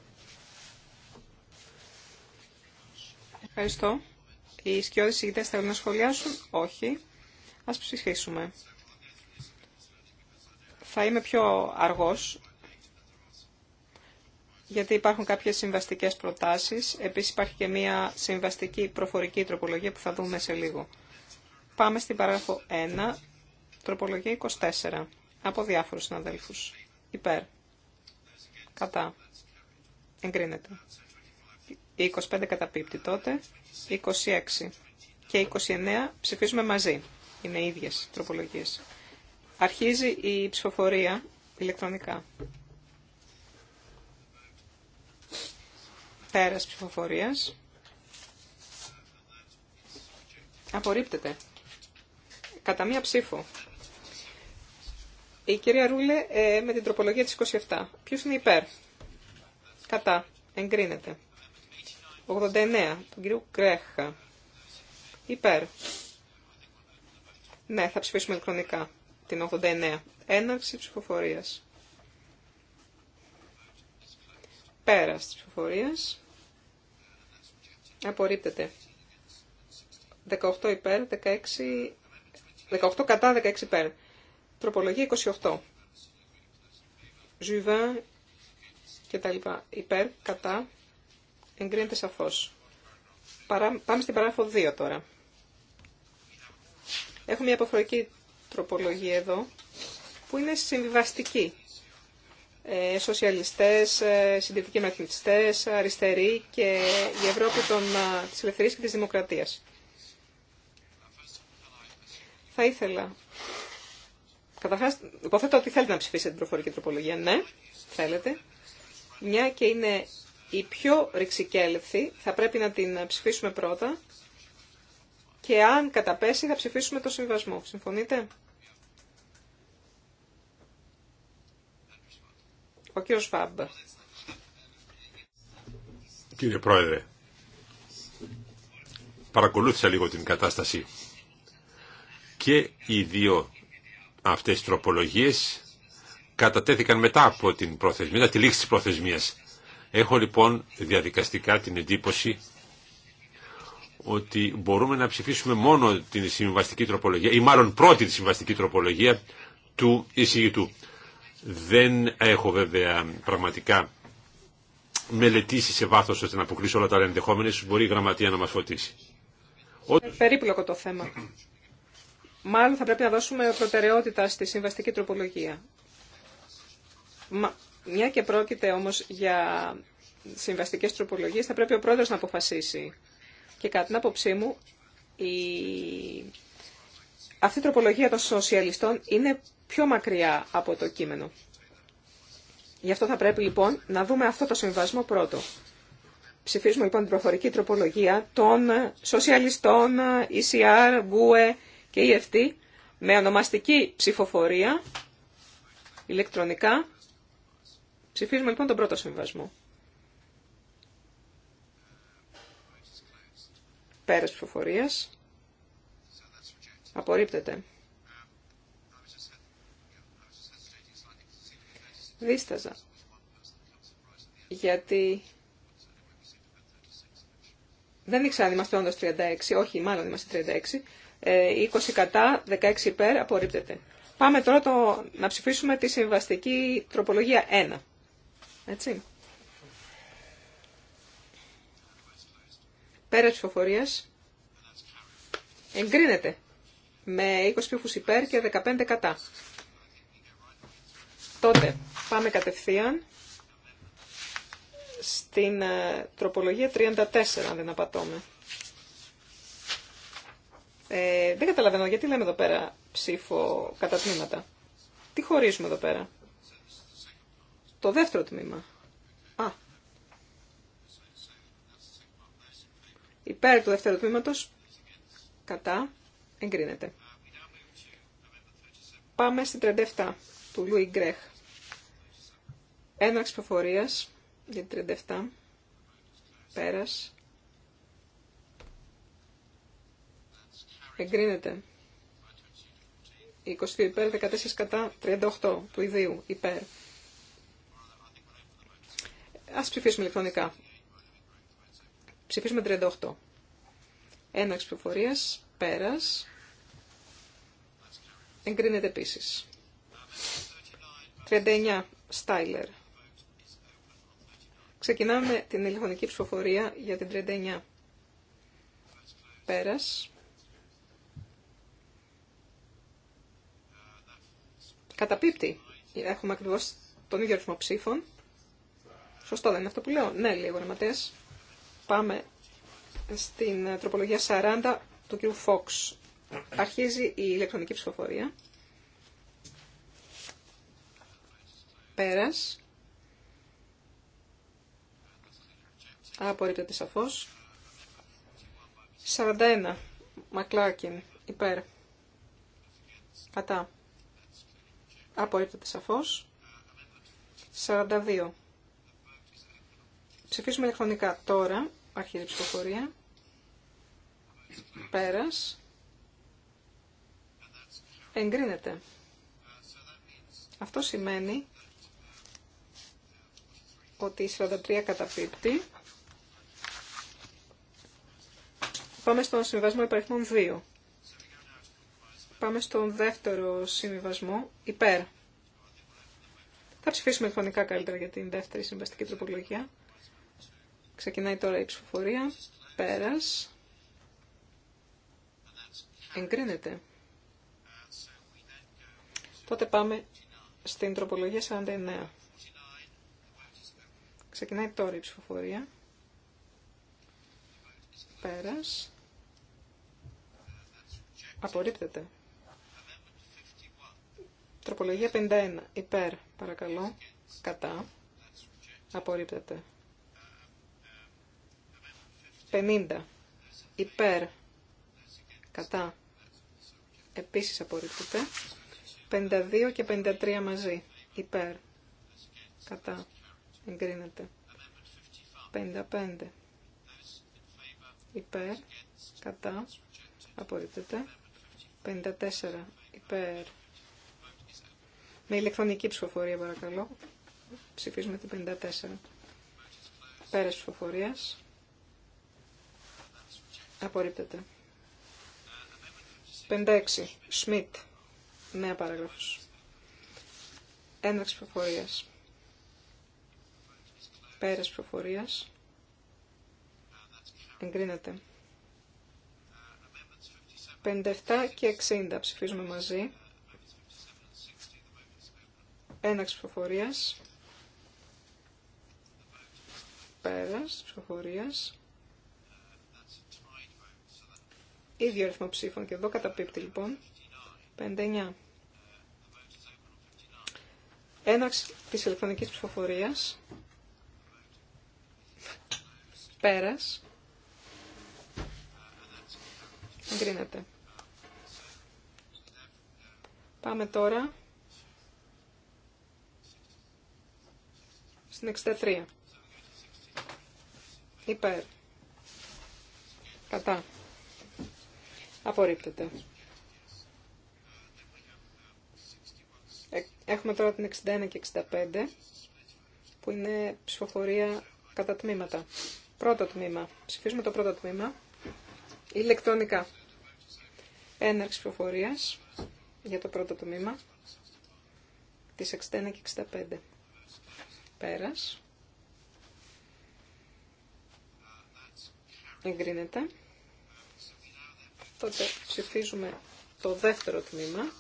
Ευχαριστώ. Οι σκιώδεις ηγητές θέλουν να σχολιάσουν. Όχι. Ας ψηφίσουμε. Θα είμαι πιο αργός, γιατί υπάρχουν κάποιες συμβαστικές προτάσεις. Επίσης υπάρχει και μία συμβαστική προφορική τροπολογία που θα δούμε σε λίγο. Πάμε στην παράγραφο 1 Τροπολογία 24. Από διάφορους συναδέλφους. Υπέρ. Κατά. Εγκρίνεται. 25 καταπίπτει τότε. 26 και 29 ψηφίζουμε μαζί. Είναι ίδιες τροπολογίες. Αρχίζει η ψηφοφορία ηλεκτρονικά. Πέρας ψηφοφορίας. Απορρίπτεται. Κατά μία ψήφο. Η κυρία Ρούλε ε, με την τροπολογία της 27. Ποιος είναι υπέρ. Κατά. Εγκρίνεται. 89. Τον κύριο Κρέχα. Υπέρ. Ναι, θα ψηφίσουμε ηλεκτρονικά την 89. Έναρξη ψηφοφορίας. Πέρας της ψηφοφορίας. Απορρίπτεται. 18 υπέρ, 16... 18 κατά, 16 υπέρ. Τροπολογία 28. Ζουβέν και τα λοιπά. Υπέρ, κατά, εγκρίνεται σαφώ. πάμε στην παράγραφο 2 τώρα. Έχουμε μια αποφορική τροπολογία εδώ, που είναι συμβιβαστική. Ε, σοσιαλιστές, ε, συντηρητικοί μαθητιστές, αριστεροί και η Ευρώπη των, ε, της ελευθερίας και της δημοκρατίας. Θα ήθελα Καταρχά, υποθέτω ότι θέλετε να ψηφίσετε την προφορική τροπολογία. Ναι, θέλετε. Μια και είναι η πιο ρηξικέλευθη, θα πρέπει να την ψηφίσουμε πρώτα. Και αν καταπέσει, θα ψηφίσουμε το συμβασμό. Συμφωνείτε. Ο κύριος Φάμπ. Κύριε Πρόεδρε, παρακολούθησα λίγο την κατάσταση και οι δύο Αυτές οι τροπολογίες κατατέθηκαν μετά από την προθεσμία, τη λήξη της προθεσμίας. Έχω λοιπόν διαδικαστικά την εντύπωση ότι μπορούμε να ψηφίσουμε μόνο την συμβαστική τροπολογία, ή μάλλον πρώτη τη συμβαστική τροπολογία του εισηγητού. Δεν έχω βέβαια πραγματικά μελετήσει σε βάθος ώστε να αποκλείσω όλα τα ενδεχόμενα, ίσως μπορεί η μαλλον πρωτη τη συμβαστικη τροπολογια του εισηγητου δεν εχω βεβαια πραγματικα μελετησει σε βαθος ωστε να αποκλεισω ολα τα ενδεχομενα μπορει η γραμματεια να μας φωτίσει. Είναι περίπλοκο το θέμα. Μάλλον θα πρέπει να δώσουμε προτεραιότητα στη συμβαστική τροπολογία. Μια και πρόκειται όμως για συμβαστικές τροπολογίες, θα πρέπει ο πρόεδρος να αποφασίσει. Και κατά την άποψή μου, η... αυτή η τροπολογία των σοσιαλιστών είναι πιο μακριά από το κείμενο. Γι' αυτό θα πρέπει λοιπόν να δούμε αυτό το συμβασμό πρώτο. Ψηφίζουμε λοιπόν την προφορική τροπολογία των σοσιαλιστών, ECR, GUE, και η με ονομαστική ψηφοφορία ηλεκτρονικά. Ψηφίζουμε λοιπόν τον πρώτο συμβασμό. Πέρας ψηφοφορίας. Απορρίπτεται. Δίσταζα. Γιατί δεν ήξερα αν είμαστε όντως 36, όχι μάλλον είμαστε 36, 20 ε, κατά, 16 υπέρ, απορρίπτεται. Πάμε τώρα το, να ψηφίσουμε τη συμβαστική τροπολογία 1. Έτσι. Πέρα ψηφοφορία. Εγκρίνεται. Με 20 ψήφους υπέρ και 15 κατά. Τότε πάμε κατευθείαν στην ε, τροπολογία 34, αν δεν απατώμε. Ε, δεν καταλαβαίνω γιατί λέμε εδώ πέρα ψήφο κατά τμήματα. Τι χωρίζουμε εδώ πέρα. Το δεύτερο τμήμα. Α. Υπέρ του δεύτερου τμήματος κατά εγκρίνεται. Πάμε στην 37 του Λουί Γκρέχ. Ένα προφορίας για την 37. Πέρας. εγκρίνεται. 22 υπέρ, 14 κατά, 38 του ιδίου υπέρ. Ας ψηφίσουμε ηλεκτρονικά. Ψηφίσουμε 38. Ένα ψηφοφορίας, πέρας. Εγκρίνεται επίσης. 39. Στάιλερ. Ξεκινάμε την ηλεκτρονική ψηφοφορία για την 39. Πέρας. Καταπίπτει. Έχουμε ακριβώ τον ίδιο αριθμό ψήφων. Σωστό δεν είναι αυτό που λέω. Ναι, λίγο γραμματέ. Πάμε στην ε, τροπολογία 40 του κ. Φόξ. Αρχίζει η ηλεκτρονική ψηφοφορία. Πέρας. Απορρίπτεται σαφώς. 41. Μακλάκιν. Υπέρ. Κατά. Απορρίπτεται σαφώς. 42. Ψηφίσουμε ηλεκτρονικά τώρα. Αρχίζει η ψηφοφορία. Πέρας. Εγκρίνεται. Αυτό σημαίνει ότι η 43 καταπίπτει. Πάμε στον συμβασμό υπαριθμών 2. Πάμε στον δεύτερο συμβιβασμό, υπέρ. Θα ψηφίσουμε φωνικά καλύτερα για την δεύτερη συμβαστική τροπολογία. Ξεκινάει τώρα η ψηφοφορία. Πέρας. Εγκρίνεται. Τότε πάμε στην τροπολογία 49. Ξεκινάει τώρα η ψηφοφορία. Πέρας. Απορρίπτεται. Τροπολογία 51. Υπέρ, παρακαλώ. Κατά. Απορρίπτεται. 50. Υπέρ. Κατά. Επίσης απορρίπτεται. 52 και 53 μαζί. Υπέρ. Κατά. Εγκρίνεται. 55. Υπέρ. Κατά. Απορρίπτεται. 54. Υπέρ με ηλεκτρονική ψηφοφορία παρακαλώ. Ψηφίζουμε την 54. Πέρας ψηφοφορίας. Απορρίπτεται. 56. Σμιτ. Νέα παράγραφος. Έναρξη ψηφοφορίας. Πέρας ψηφοφορίας. Εγκρίνεται. 57 και 60 ψηφίζουμε μαζί. Έναξη ψηφοφορίας. Πέρας ψηφοφορίας. Ίδιο αριθμό ψήφων και εδώ καταπίπτει λοιπόν. 59. Έναξη της ηλεκτρονικής ψηφοφορίας. Πέρας. Εγκρίνεται. Πάμε τώρα στην 63. Υπέρ. Κατά. Απορρίπτεται. Ε, έχουμε τώρα την 61 και 65, που είναι ψηφοφορία κατά τμήματα. Πρώτο τμήμα. Ψηφίζουμε το πρώτο τμήμα. Ηλεκτρονικά. Έναρξη ψηφοφορίας για το πρώτο τμήμα της 61 και 65. Πέρας. Εγκρίνεται. Τότε ψηφίζουμε το δεύτερο τμήμα.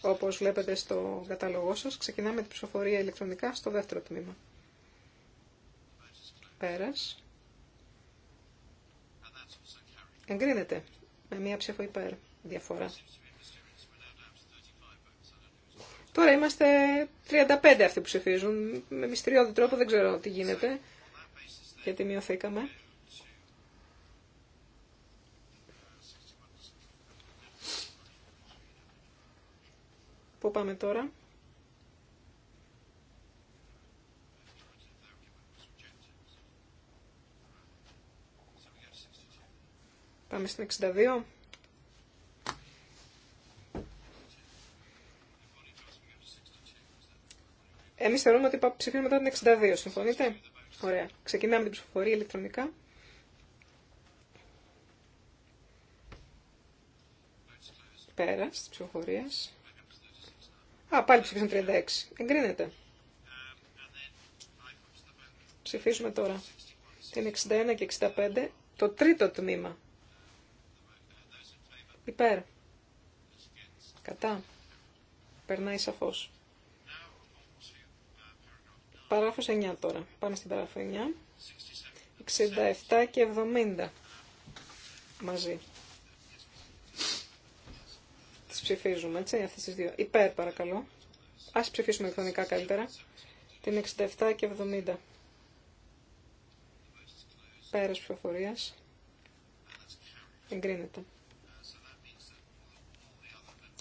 Όπως βλέπετε στο κατάλογό σας, ξεκινάμε την ψηφοφορία ηλεκτρονικά στο δεύτερο τμήμα. Πέρας. Εγκρίνεται με μία ψήφο υπέρ διαφορά. Τώρα είμαστε 35 αυτοί που ψηφίζουν. Με μυστηριώδη τρόπο δεν ξέρω τι γίνεται. Γιατί μειωθήκαμε. Πού πάμε τώρα. Πάμε στην 62. Εμεί θεωρούμε ότι ψηφίζουμε τώρα την 62. Συμφωνείτε? Ωραία. Ξεκινάμε την ψηφοφορία ηλεκτρονικά. Πέρα τη ψηφοφορία. Α, πάλι ψηφίσαν 36. Εγκρίνεται. Ψηφίζουμε τώρα την 61 και 65, το τρίτο τμήμα. Υπέρ. Κατά. Περνάει σαφώς. Παράγραφος 9 τώρα. Πάμε στην παράγραφο 9. 67 και 70 μαζί. Τις ψηφίζουμε, έτσι, αυτές τις δύο. Υπέρ, παρακαλώ. Ας ψηφίσουμε ηλεκτρονικά καλύτερα. Την 67 και 70. Πέρας ψηφοφορίας. Εγκρίνεται.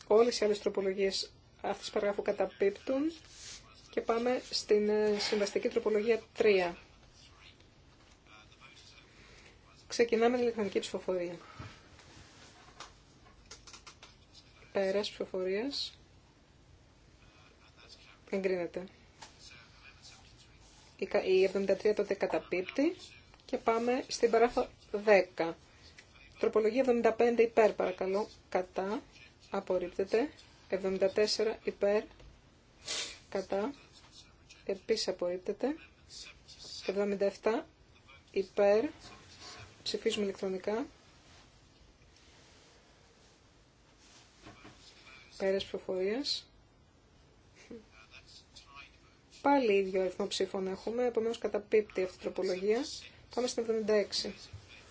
Όλες οι άλλες τροπολογίες αυτής παραγράφου καταπίπτουν και πάμε στην ε, συμβαστική τροπολογία 3. Ξεκινάμε την ηλεκτρονική ψηφοφορία. Πέρας ψηφοφορίας. Εγκρίνεται. Η 73 τότε καταπίπτει και πάμε στην παράφα 10. Τροπολογία 75 υπέρ παρακαλώ. Κατά. Απορρίπτεται. 74 υπέρ. Κατά επίσης απορρίπτεται. 77 υπέρ, ψηφίζουμε ηλεκτρονικά. Πέρας προφορίας. Πάλι ίδιο αριθμό ψήφων έχουμε, επομένω καταπίπτει αυτή η τροπολογία. Πάμε στην 76.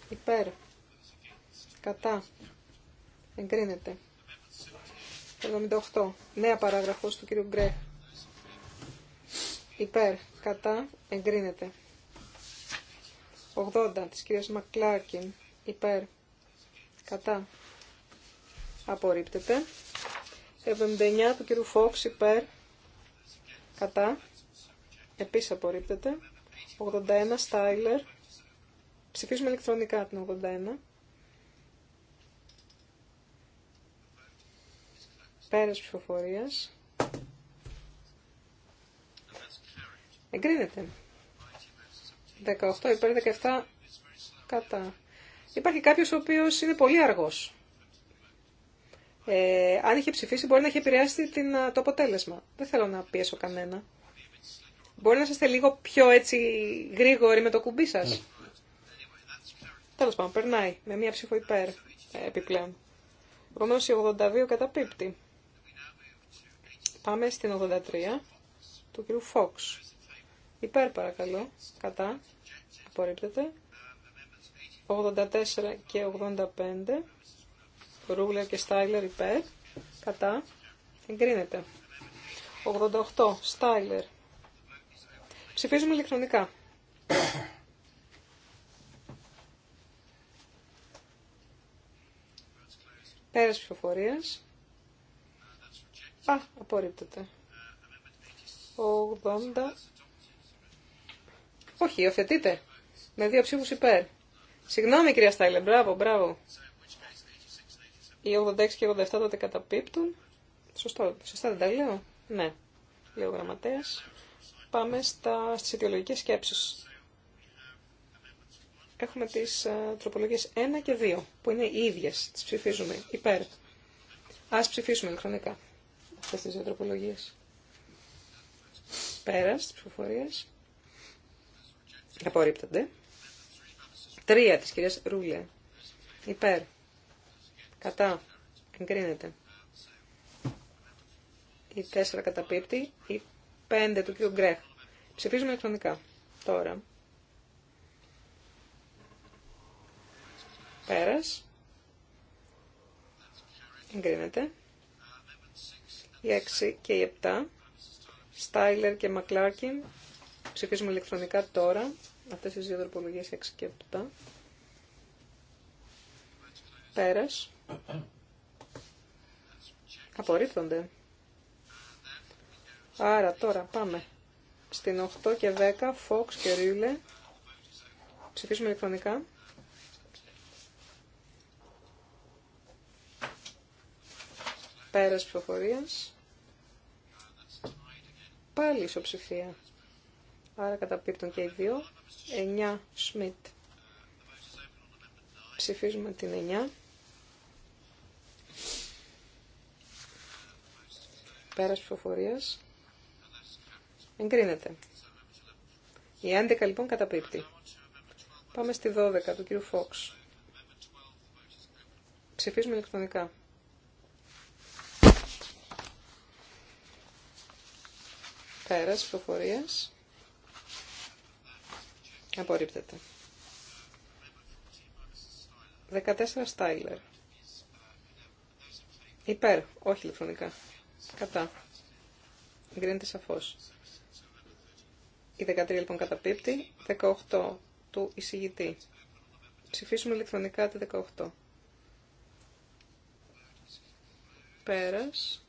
Υπέρ. Κατά. Εγκρίνεται. 78. Νέα παράγραφος του κύριου Γκρέχ υπέρ, κατά, εγκρίνεται. 80 της κυρίας Μακλάρκιν, υπέρ, κατά, απορρίπτεται. 79 του κυρίου Φόξ, υπέρ, κατά, επίσης απορρίπτεται. 81 Στάιλερ, ψηφίζουμε ηλεκτρονικά την 81. Πέρας ψηφοφορίας. Εγκρίνεται. 18 υπέρ 17 κατά. Υπάρχει κάποιος ο οποίος είναι πολύ αργός. Ε, αν είχε ψηφίσει μπορεί να είχε επηρεάσει την, το αποτέλεσμα. Δεν θέλω να πιέσω κανένα. Μπορεί να είστε λίγο πιο έτσι γρήγοροι με το κουμπί σας. Ναι. Τέλο πάντων, περνάει με μία ψήφο υπέρ ε, επιπλέον. Επομένω η 82 καταπίπτει. Πάμε στην 83 του κ. Φόξ. Υπέρ παρακαλώ. Κατά. Απορρίπτεται. 84 και 85. Ρούλερ και Στάιλερ υπέρ. Κατά. Εγκρίνεται. 88. Στάιλερ. Ψηφίζουμε ηλεκτρονικά. Πέρας ψηφοφορίας. Α, απορρίπτεται. 80. Όχι, υιοθετείτε. Με δύο ψήφου υπέρ. Συγγνώμη κυρία Στάιλε, μπράβο, μπράβο. Οι 86 και 87 τότε καταπίπτουν. Σωστό, σωστά δεν τα λέω. Ναι, λέω ο Πάμε στα, στις αιτιολογικές σκέψεις. Έχουμε τις uh, τροπολογίες 1 και 2, που είναι οι ίδιες. Τις ψηφίζουμε υπέρ. Ας ψηφίσουμε ηλεκτρονικά αυτές τις δύο τροπολογίες. Πέρας της ψηφοφορίας. Απορρίπτονται. Τρία της κυρίας Ρούλε. Υπέρ. Κατά. Εγκρίνεται. Η τέσσερα καταπίπτει. Η πέντε του κύριου Γκρέχ. Ψηφίζουμε ηλεκτρονικά. Τώρα. Πέρας. Εγκρίνεται. Η έξι και η επτά. Στάιλερ και Μακλάρκιν Ψηφίζουμε ηλεκτρονικά τώρα αυτές τις δύο τροπολογίες 6 και 7. Πέρας. Απορρίπτονται. Άρα τώρα πάμε στην 8 και 10, Fox και Ρίλε. Ψηφίζουμε ηλεκτρονικά. Πέρας ψηφοφορίας. Πάλι ισοψηφία. Άρα καταπίπτουν και οι δύο. 9 Σμιτ. Ψηφίζουμε την 9. Πέρας ψηφοφορίας. Εγκρίνεται. Η 11 λοιπόν καταπίπτει. Πάμε στη 12 του κύριου Φόξ. Ψηφίζουμε ηλεκτρονικά. Πέρας ψηφοφορίας. Απορρίπτεται. 14 Στάιλερ. Υπέρ, όχι ηλεκτρονικά. Κατά. Γκρίνεται σαφώ. Η 13 λοιπόν καταπίπτει. 18 του εισηγητή. Ψηφίσουμε ηλεκτρονικά τη 18. Πέρας.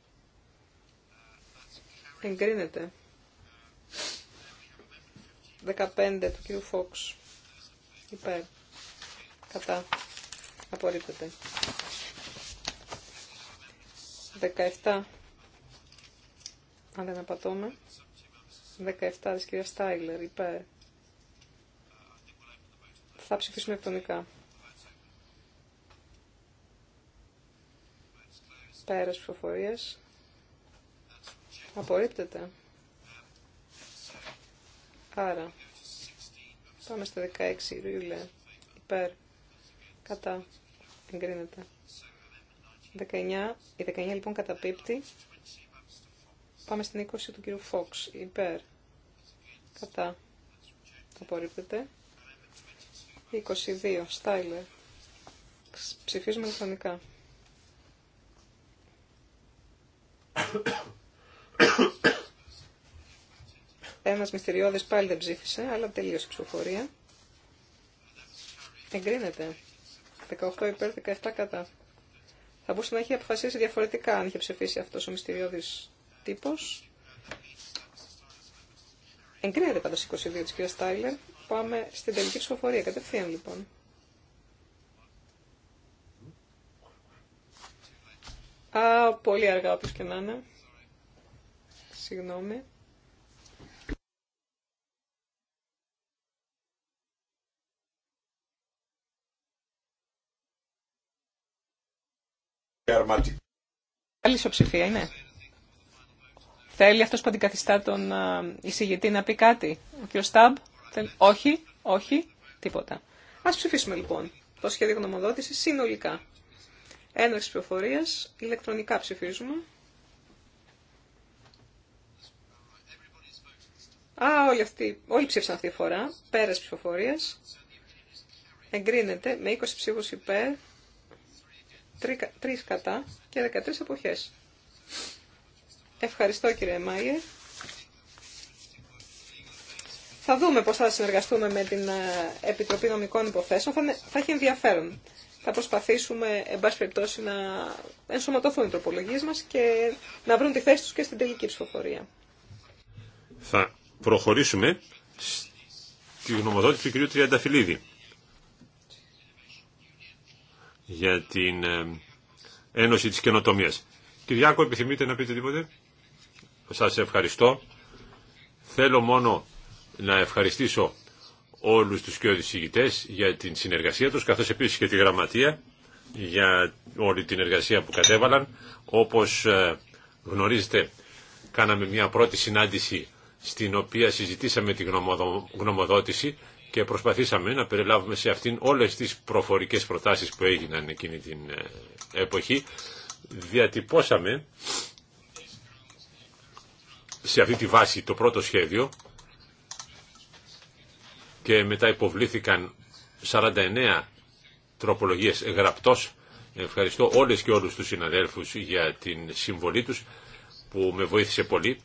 Εγκρίνεται. 15 του κύριου Φόξ. Υπέρ. Κατά. Απορρίπτεται. 17. Αν δεν απατώμε. 17 της κ. Στάιλερ. Υπέρ. Θα ψηφίσουμε εκτονικά. Πέρας ψηφοφορίες. Απορρίπτεται. Άρα, πάμε στο 16, Ρίλε. υπέρ, κατά, εγκρίνεται. 19, η 19 λοιπόν καταπίπτει. Πάμε στην 20 του κύριου Φόξ, υπέρ, κατά, απορρίπτεται. 22, Στάιλερ, ψηφίζουμε ηλεκτρονικά. Ένα μυστηριώδης πάλι δεν ψήφισε, αλλά τελείωσε η ψηφοφορία. Εγκρίνεται. 18 υπέρ, 17 κατά. Θα μπορούσε να έχει αποφασίσει διαφορετικά αν είχε ψηφίσει αυτός ο μυστηριώδης τύπο. Εγκρίνεται πάντως 22 τη κυρία Στάιλερ. Πάμε στην τελική ψηφοφορία κατευθείαν λοιπόν. Α, πολύ αργά όπως και να είναι. Συγγνώμη. Καλή ισοψηφία είναι. Θέλει αυτός που αντικαθιστά τον εισηγητή να πει κάτι. Ο κ. Σταμπ. Όχι, όχι, τίποτα. Ας ψηφίσουμε λοιπόν το σχέδιο γνωμοδότηση συνολικά. Έναρξη πληροφορία, ηλεκτρονικά ψηφίζουμε. Α, όλοι, αυτοί, όλοι ψήφισαν αυτή τη φορά. Πέρας ψηφοφορία. Εγκρίνεται με 20 ψήφου υπέρ, 3 κατά και 13 εποχές. Ευχαριστώ κύριε Μάιε. Θα δούμε πώς θα συνεργαστούμε με την ε, Επιτροπή Νομικών Υποθέσεων. Θα, θα έχει ενδιαφέρον. Θα προσπαθήσουμε, εν πάση περιπτώσει, να ενσωματωθούν οι τροπολογίες μας και να βρουν τη θέση τους και στην τελική ψηφοφορία. Θα προχωρήσουμε στη γνωμοδότηση του κ. Τριανταφυλλίδη για την ε, Ένωση της Καινοτομίας. Κυριάκο, επιθυμείτε να πείτε τίποτε. Σας ευχαριστώ. Θέλω μόνο να ευχαριστήσω όλους τους και ηγητές για την συνεργασία τους, καθώς επίσης και τη γραμματεία για όλη την εργασία που κατέβαλαν. Όπως ε, γνωρίζετε, κάναμε μια πρώτη συνάντηση στην οποία συζητήσαμε τη γνωμοδότηση και προσπαθήσαμε να περιλάβουμε σε αυτήν όλες τις προφορικές προτάσεις που έγιναν εκείνη την ε, εποχή. Διατυπώσαμε σε αυτή τη βάση το πρώτο σχέδιο και μετά υποβλήθηκαν 49 τροπολογίες γραπτός. Ευχαριστώ όλες και όλους τους συναδέλφους για την συμβολή τους που με βοήθησε πολύ.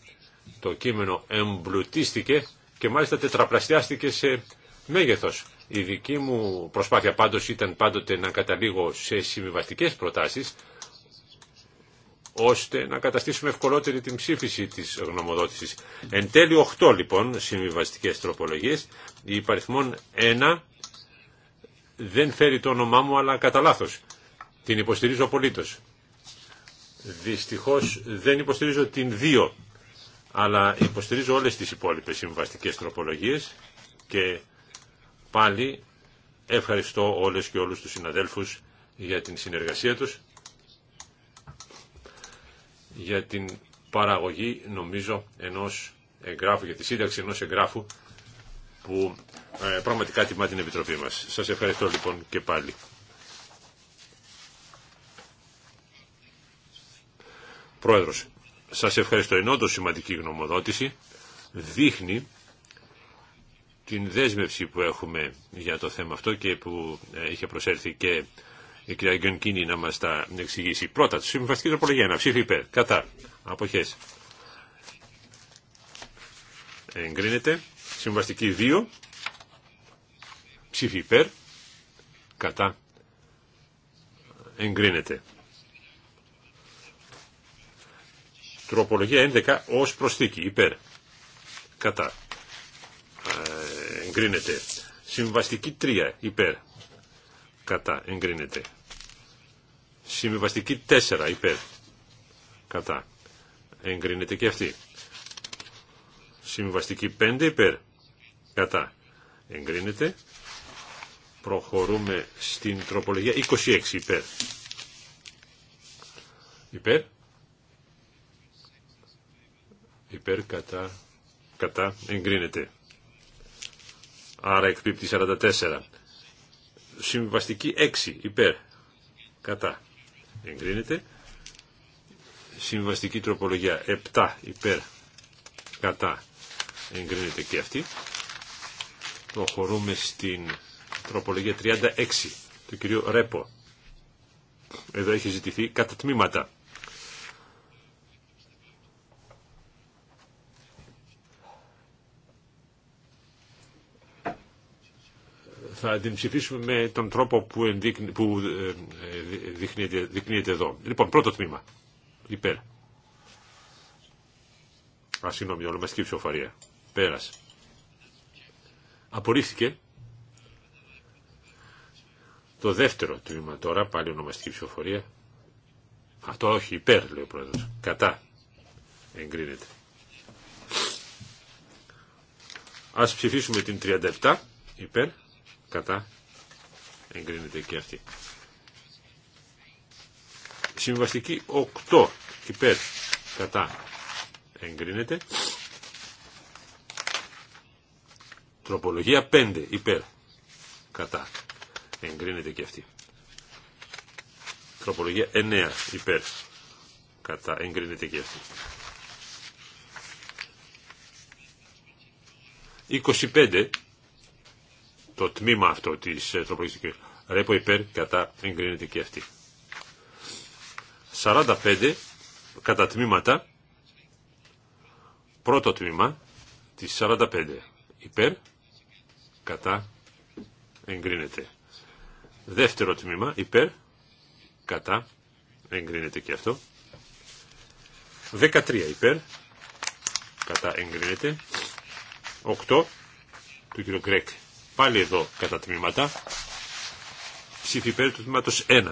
Το κείμενο εμπλουτίστηκε και μάλιστα τετραπλασιάστηκε σε μέγεθος. Η δική μου προσπάθεια πάντως ήταν πάντοτε να καταλήγω σε συμβιβαστικέ προτάσεις ώστε να καταστήσουμε ευκολότερη την ψήφιση της γνωμοδότησης. Εν τέλει 8 λοιπόν συμβιβαστικέ τροπολογίες. Η υπαριθμόν 1 δεν φέρει το όνομά μου αλλά κατά λάθο. Την υποστηρίζω απολύτως. Δυστυχώς δεν υποστηρίζω την 2 αλλά υποστηρίζω όλες τις υπόλοιπες συμβαστικές τροπολογίες και Πάλι ευχαριστώ όλες και όλους τους συναδέλφους για την συνεργασία τους, για την παραγωγή νομίζω ενός εγγράφου, για τη σύνταξη ενός εγγράφου που ε, πραγματικά τιμά την Επιτροπή μας. Σας ευχαριστώ λοιπόν και πάλι. Πρόεδρος, σας ευχαριστώ. ενώ το σημαντική γνωμοδότηση. Δείχνει την δέσμευση που έχουμε για το θέμα αυτό και που ε, είχε προσέλθει και η κυρία Γκιονκίνη να μας τα εξηγήσει. Πρώτα, τη συμβαστική τροπολογία, να ψήφι υπέρ, κατά, αποχές. Εγκρίνεται. Συμβαστική 2, ψήφι υπέρ, κατά, εγκρίνεται. Τροπολογία 11 ως προσθήκη, υπέρ, κατά ε, εγκρίνεται. Συμβαστική 3 υπέρ. Κατά εγκρίνεται. Συμβαστική 4 υπέρ. Κατά εγκρίνεται και αυτή. Συμβαστική 5 υπέρ. Κατά εγκρίνεται. Προχωρούμε στην τροπολογία 26 υπέρ. Υπέρ. Υπέρ κατά, κατά εγκρίνεται άρα εκπίπτει 44. Συμβαστική 6 υπέρ, κατά, εγκρίνεται. Συμβαστική τροπολογία 7 υπέρ, κατά, εγκρίνεται και αυτή. Προχωρούμε στην τροπολογία 36 του κυρίου Ρέπο. Εδώ έχει ζητηθεί κατά τμήματα. θα την ψηφίσουμε με τον τρόπο που, δείχνει που ε, ε, εδώ. Λοιπόν, πρώτο τμήμα. Υπέρ. Α, συγγνώμη, ονομαστική ψηφοφορία. Πέρασε. Απορρίφθηκε το δεύτερο τμήμα τώρα, πάλι ονομαστική ψηφοφορία. Αυτό όχι, υπέρ, λέει ο πρόεδρος. Κατά. Εγκρίνεται. Ας ψηφίσουμε την 37, υπέρ κατά εγκρίνεται και αυτή. Συμβαστική 8 υπέρ κατά εγκρίνεται. Τροπολογία 5 υπέρ κατά εγκρίνεται και αυτή. Τροπολογία 9 υπέρ κατά εγκρίνεται και αυτή το τμήμα αυτό της ε, τροπολογικής ρέπο υπέρ κατά εγκρίνεται και αυτή. 45 κατά τμήματα πρώτο τμήμα της 45 υπέρ κατά εγκρίνεται. Δεύτερο τμήμα υπέρ κατά εγκρίνεται και αυτό. 13 υπέρ κατά εγκρίνεται. 8 του κ. Γκρέκ Πάλι εδώ κατά τμήματα. Ψήφι υπέρ του τμήματος 1.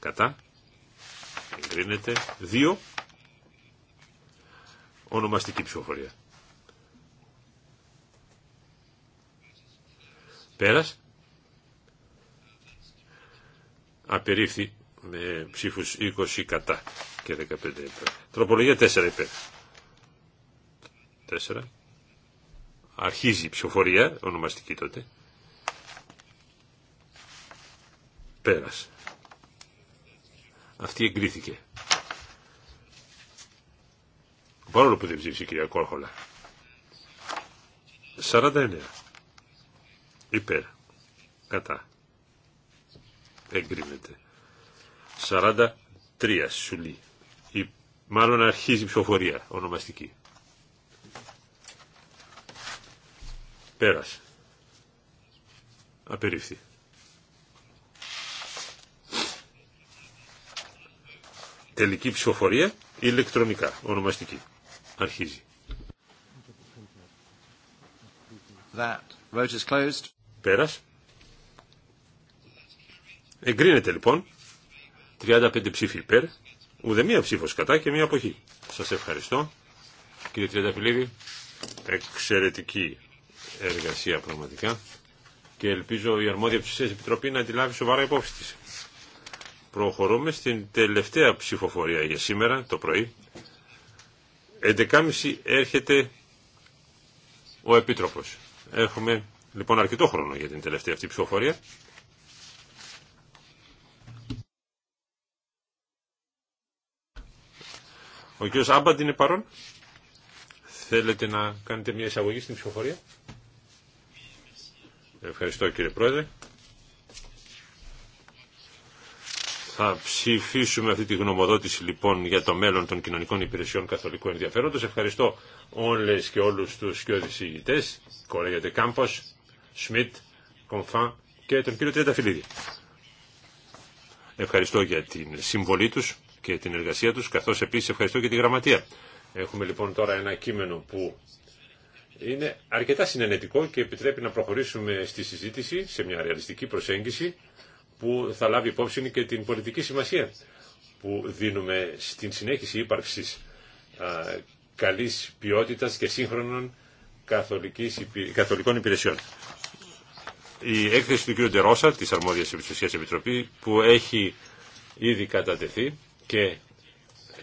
Κατά. Εγκρίνεται. 2. Ονομαστική ψηφοφορία. Πέρας. Απερίφθη με ψήφους 20 κατά και 15 υπέρ. Τροπολογία 4 υπέρ. 4 Αρχίζει η ψηφοφορία, ονομαστική τότε. Πέρας. Αυτή εγκρίθηκε. Παρόλο που δεν ψήφισε η κυρία Κόρχολα. 49. Υπέρ. Κατά. Εγκρίνεται. 43. Σουλή. Η... Μάλλον αρχίζει η ψηφοφορία ονομαστική. Πέρας. Απερίφθη. Τελική ψηφοφορία ηλεκτρονικά, ονομαστική. Αρχίζει. That vote is closed. Πέρας. Εγκρίνεται λοιπόν 35 ψήφοι υπέρ, ούτε μία ψήφος κατά και μία αποχή. Σας ευχαριστώ. Κύριε Τριανταφυλλίδη, εξαιρετική εργασία πραγματικά και ελπίζω η αρμόδια ψηφιακή επιτροπή να αντιλάβει λάβει σοβαρά υπόψη της. Προχωρούμε στην τελευταία ψηφοφορία για σήμερα το πρωί. 11.30 έρχεται ο Επίτροπος. Έχουμε λοιπόν αρκετό χρόνο για την τελευταία αυτή ψηφοφορία. Ο κ. Άμπαντ είναι παρόν. Θέλετε να κάνετε μια εισαγωγή στην ψηφοφορία. Ευχαριστώ κύριε Πρόεδρε. Θα ψηφίσουμε αυτή τη γνωμοδότηση λοιπόν για το μέλλον των κοινωνικών υπηρεσιών καθολικού ενδιαφέροντος. Ευχαριστώ όλες και όλους τους σκιώδης ηγητές, κολέγεται Κάμπος, Σμιτ, Κομφά και τον κύριο Τριανταφυλλίδη. Ευχαριστώ για την συμβολή τους και την εργασία τους, καθώς επίσης ευχαριστώ και τη γραμματεία. Έχουμε λοιπόν τώρα ένα κείμενο που είναι αρκετά συνενετικό και επιτρέπει να προχωρήσουμε στη συζήτηση σε μια ρεαλιστική προσέγγιση που θα λάβει υπόψη και την πολιτική σημασία που δίνουμε στην συνέχιση ύπαρξης α, καλής ποιότητας και σύγχρονων καθολικών υπηρεσιών. Η έκθεση του κ. Ντερόσα της Αρμόδιας Επιστοσίας Επιτροπή που έχει ήδη κατατεθεί και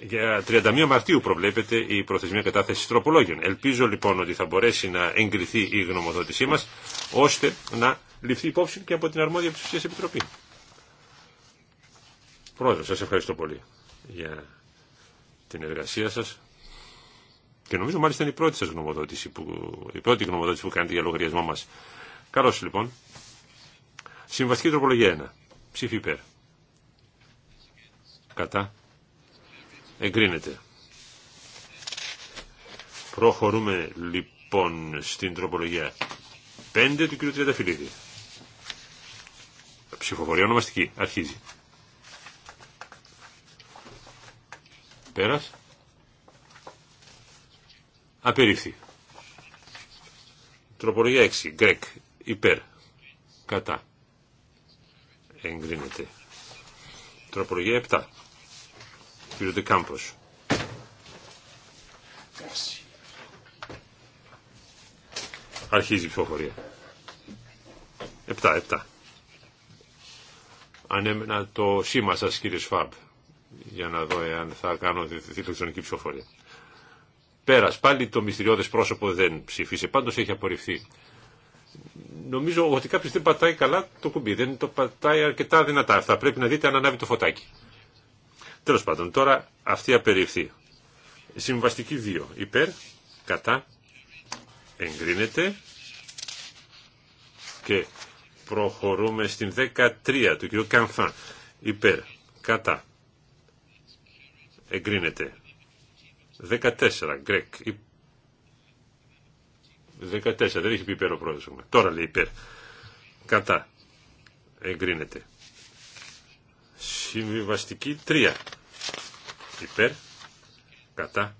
για 31 Μαρτίου προβλέπεται η προθεσμία κατάθεση τροπολόγιων. Ελπίζω λοιπόν ότι θα μπορέσει να εγκριθεί η γνωμοδότησή μας, ώστε να ληφθεί υπόψη και από την αρμόδια ψηφιακή επιτροπή. Πρόεδρο, σας ευχαριστώ πολύ για την εργασία σας. Και νομίζω μάλιστα είναι η πρώτη σας γνωμοδότηση, που, η πρώτη γνωμοδότηση που κάνετε για λογαριασμό μας. Καλώς λοιπόν. Συμβαστική τροπολογία 1. Ψήφι υπέρ. Κατά. Εγκρίνεται. Προχωρούμε λοιπόν στην τροπολογία 5 του κ. Τριανταφυλλίδη. Ψηφοφορία ονομαστική. Αρχίζει. Πέρας. Απερίφθη. Τροπολογία 6. Γκρέκ. Υπέρ. Κατά. Εγκρίνεται. Τροπολογία 7. Αρχίζει η ψηφοφορία. επτά. επτά. Ανέμενα το σήμα σας κύριε Σφάμπ για να δω εάν θα κάνω τη ηλεκτρονική ψηφοφορία. Πέρας, πάλι το μυστηριώδες πρόσωπο δεν ψηφίσε, πάντως έχει απορριφθεί. Νομίζω ότι κάποιο δεν πατάει καλά το κουμπί, δεν το πατάει αρκετά δυνατά. Θα πρέπει να δείτε αν ανάβει το φωτάκι. Τέλο πάντων, τώρα αυτή απεριφθεί. Συμβαστική 2. Υπέρ, κατά, εγκρίνεται και προχωρούμε στην 13 του κ. Καμφάν. Υπέρ, κατά, εγκρίνεται. 14, Γκρέκ. 14, δεν έχει πει υπέρ ο πρόεδρος. Τώρα λέει υπέρ. Κατά. Εγκρίνεται. Συμβιβαστική 3. Υπέρ, κατά,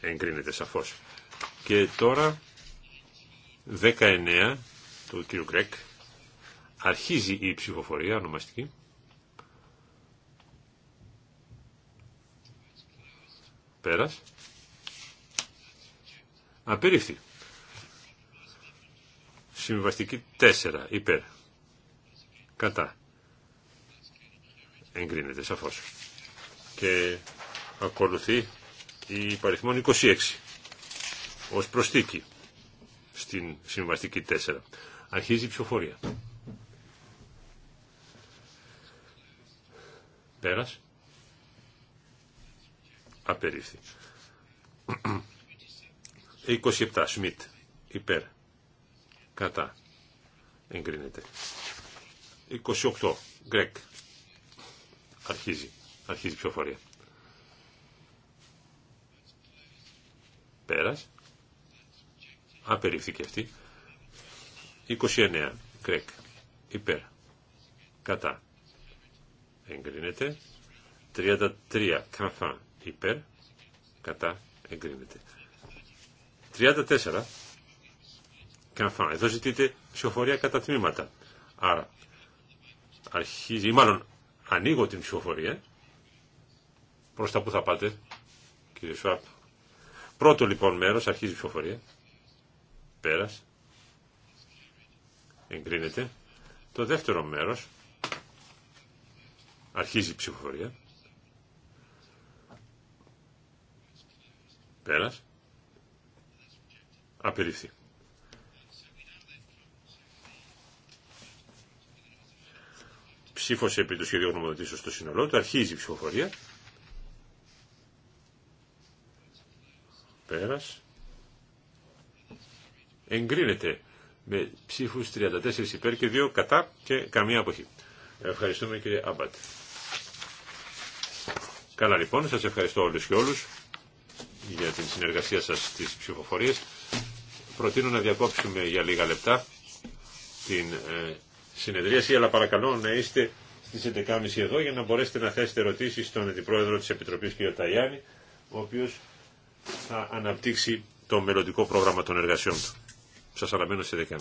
εγκρίνεται σαφώς. Και τώρα 19 του κ. Γκρέκ. Αρχίζει η ψηφοφορία ονομαστική. Πέρας. Απερίφθη. Συμβαστική 4. Υπέρ. Κατά. Εγκρίνεται σαφώς. Και ακολουθεί η παριθμόν 26 ως προστίκη στην συμβαστική 4. Αρχίζει η ψηφοφορία. Πέρας. Απερίφθη. 27. Σμιτ. Υπέρ. Κατά. Εγκρίνεται. 28. Γκρέκ. Αρχίζει. Αρχίζει η ψηφοφορία. Πέρας. Απερίφθηκε αυτή. 29. Κρέκ. Υπέρ. Κατά. Εγκρίνεται. 33. Καφά. Υπέρ. Κατά. Εγκρίνεται. 34. Καφά. Εδώ ζητείται ψηφοφορία κατά τμήματα. Άρα αρχίζει, ή μάλλον Ανοίγω την ψηφοφορία. Προς τα που θα πάτε, κύριε Σουάπ. Πρώτο λοιπόν μέρος, αρχίζει η ψηφοφορία. Πέρας. Εγκρίνεται. Το δεύτερο μέρος, αρχίζει η ψηφοφορία. Πέρας. Απεριφθεί. Ψήφωσε επί του σχεδίου στο σύνολό του. Αρχίζει η ψηφοφορία. Πέρας. Εγκρίνεται με ψήφους 34 υπέρ και 2 κατά και καμία αποχή. Ευχαριστούμε κύριε Άμπατ. Καλά λοιπόν, σας ευχαριστώ όλους και όλους για την συνεργασία σας στις ψηφοφορίες. Προτείνω να διακόψουμε για λίγα λεπτά την ε, συνεδρίαση, αλλά παρακαλώ να είστε στις 11.30 εδώ για να μπορέσετε να θέσετε ερωτήσεις στον Αντιπρόεδρο της Επιτροπής κ. Ταγιάννη, ο οποίος θα αναπτύξει το μελλοντικό πρόγραμμα των εργασιών του. Σας αναμένω στις 11.30.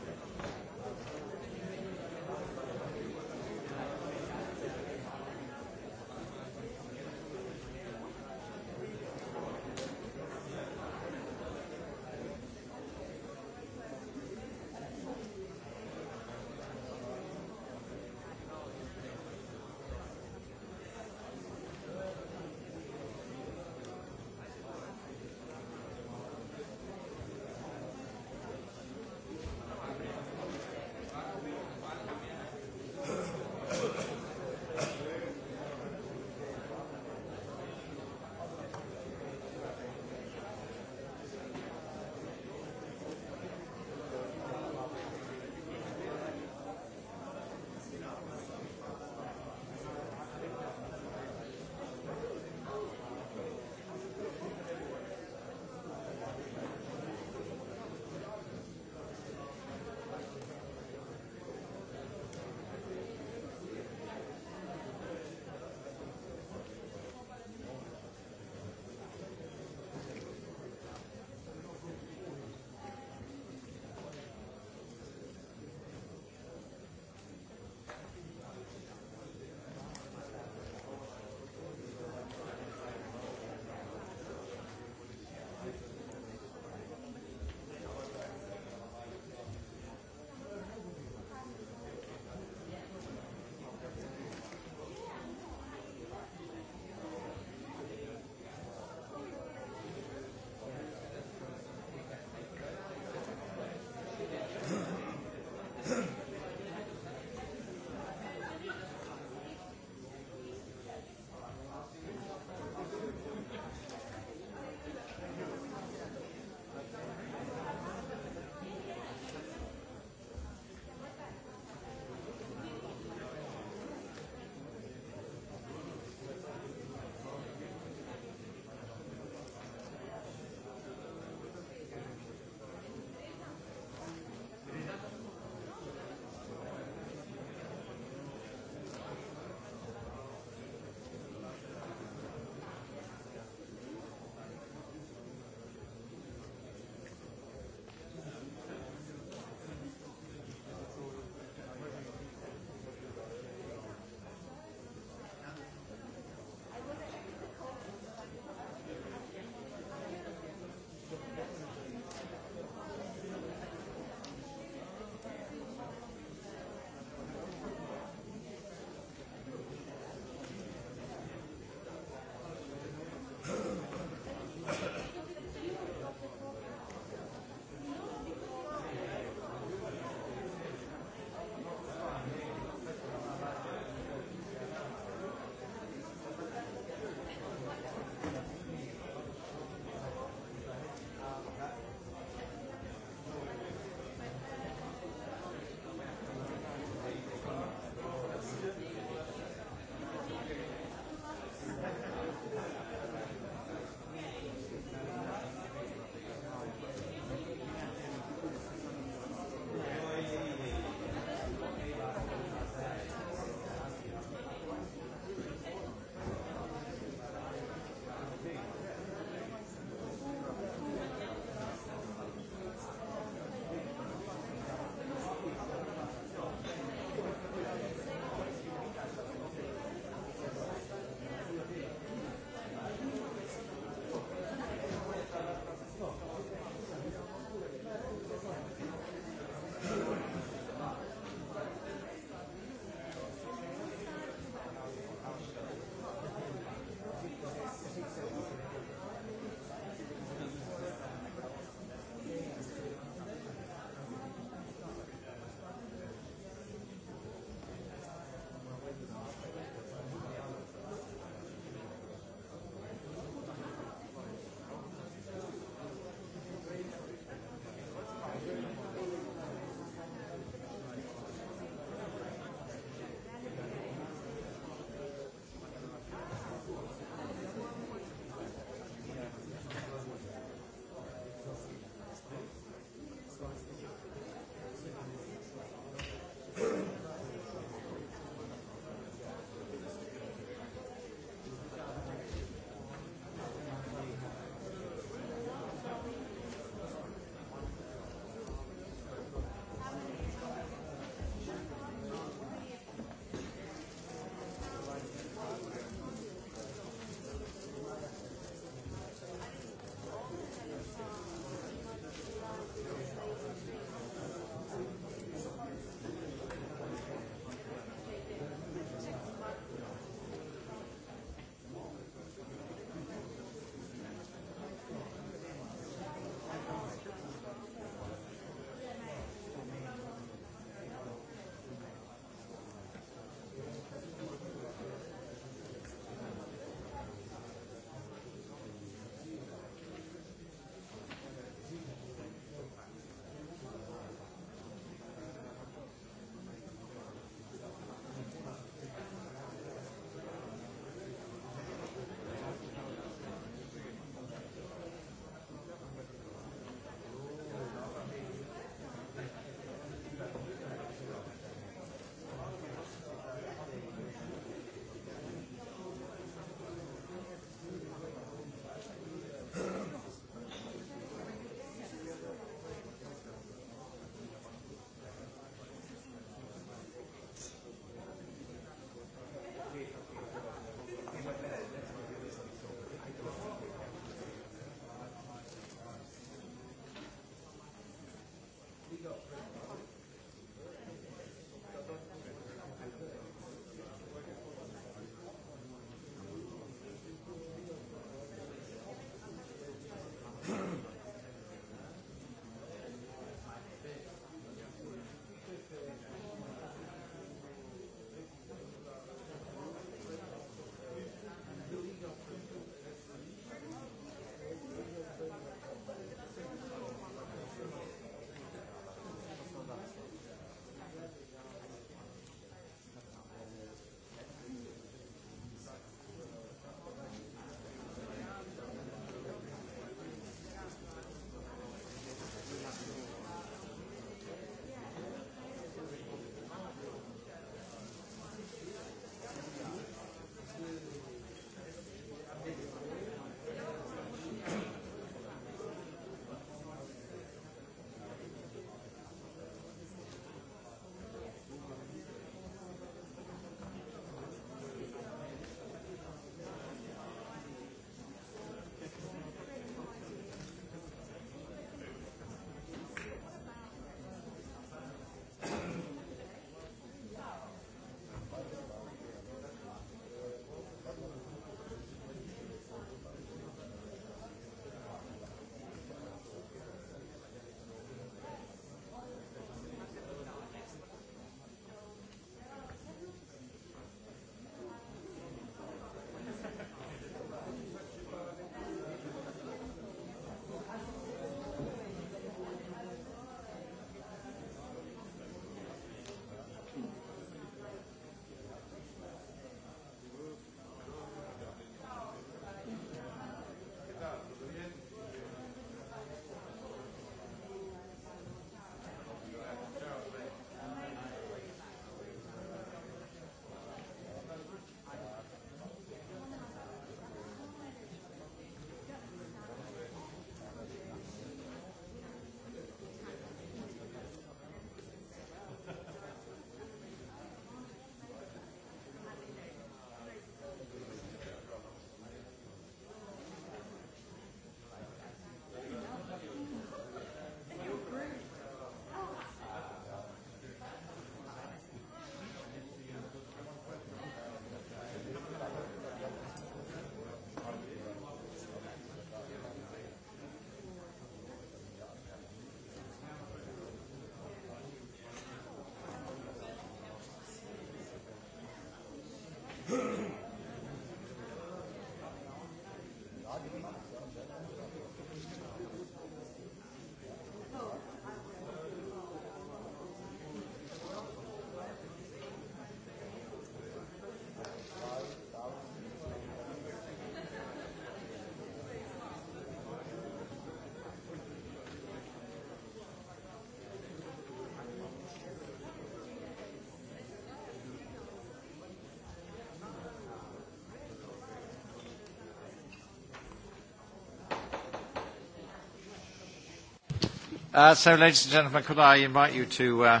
Uh, so, ladies and gentlemen, could I invite you to uh,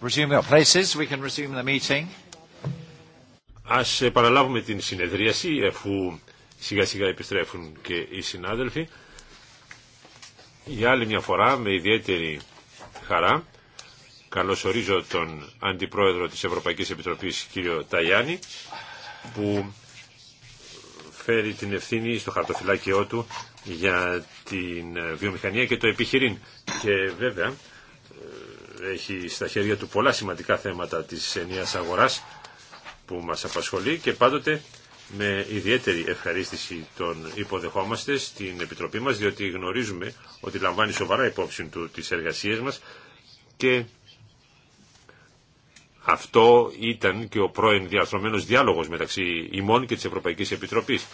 resume your places? We can resume the meeting. Ας επαναλάβουμε την συνεδρίαση, αφού σιγά-σιγά επιστρέφουν και οι συνάδελφοι. Για άλλη μια φορά, με ιδιαίτερη χαρά, καλωσορίζω τον Αντιπρόεδρο της Ευρωπαϊκής Επιτροπής, κύριο Ταγιάννη, που φέρει την ευθύνη στο χαρτοφυλάκιό του για την ε, βιομηχανία και το επιχειρήν. Και βέβαια ε, έχει στα χέρια του πολλά σημαντικά θέματα της ενίας αγοράς που μας απασχολεί και πάντοτε με ιδιαίτερη ευχαρίστηση τον υποδεχόμαστε στην Επιτροπή μας διότι γνωρίζουμε ότι λαμβάνει σοβαρά υπόψη του τις εργασίες μας και αυτό ήταν και ο πρώην διαθρωμένος διάλογος μεταξύ ημών και της Ευρωπαϊκής Επιτροπής.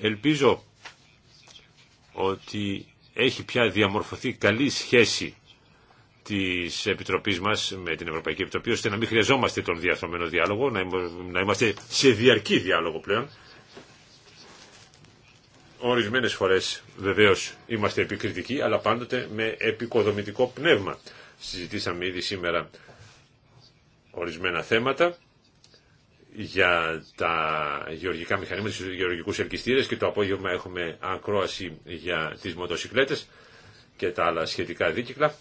Ελπίζω ότι έχει πια διαμορφωθεί καλή σχέση της Επιτροπής μας με την Ευρωπαϊκή Επιτροπή, ώστε να μην χρειαζόμαστε τον διαθρωμένο διάλογο, να είμαστε σε διαρκή διάλογο πλέον. Ορισμένες φορές βεβαίως είμαστε επικριτικοί, αλλά πάντοτε με επικοδομητικό πνεύμα. Συζητήσαμε ήδη σήμερα ορισμένα θέματα για τα γεωργικά μηχανήματα, τους γεωργικούς ελκυστήρες και το απόγευμα έχουμε ακρόαση για τις μοτοσυκλέτες και τα άλλα σχετικά δίκυκλα.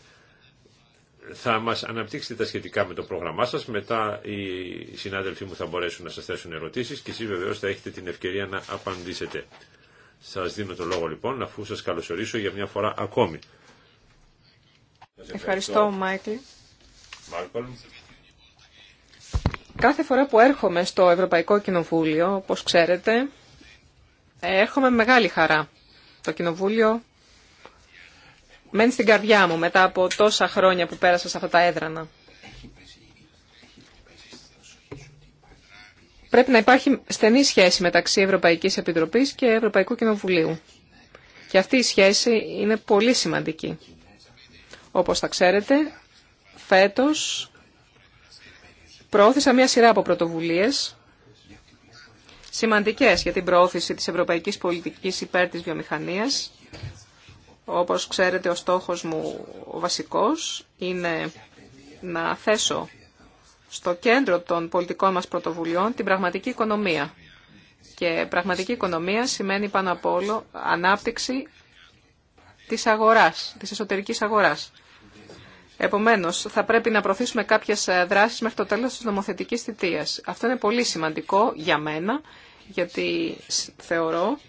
Θα μας αναπτύξετε τα σχετικά με το πρόγραμμά σας, μετά οι συνάδελφοί μου θα μπορέσουν να σας θέσουν ερωτήσεις και εσείς βεβαίως θα έχετε την ευκαιρία να απαντήσετε. Σας δίνω το λόγο λοιπόν, αφού σας καλωσορίσω για μια φορά ακόμη. Ευχαριστώ, Μάικλ. Κάθε φορά που έρχομαι στο Ευρωπαϊκό Κοινοβούλιο, όπως ξέρετε, έρχομαι με μεγάλη χαρά. Το Κοινοβούλιο μένει στην καρδιά μου μετά από τόσα χρόνια που πέρασα σε αυτά τα έδρανα. Πρέπει να υπάρχει στενή σχέση μεταξύ Ευρωπαϊκής Επιτροπής και Ευρωπαϊκού Κοινοβουλίου. Και αυτή η σχέση είναι πολύ σημαντική. Όπως θα ξέρετε, φέτος προώθησα μια σειρά από πρωτοβουλίε σημαντικές για την προώθηση της ευρωπαϊκής πολιτικής υπέρ τη βιομηχανία, Όπως ξέρετε, ο στόχος μου ο βασικός είναι να θέσω στο κέντρο των πολιτικών μας πρωτοβουλειών την πραγματική οικονομία. Και πραγματική οικονομία σημαίνει πάνω απ' όλο ανάπτυξη της αγοράς, της εσωτερικής αγοράς. Επομένω, θα πρέπει να προωθήσουμε κάποιε δράσει μέχρι το τέλο τη νομοθετική θητεία. Αυτό είναι πολύ σημαντικό για μένα, γιατί θεωρώ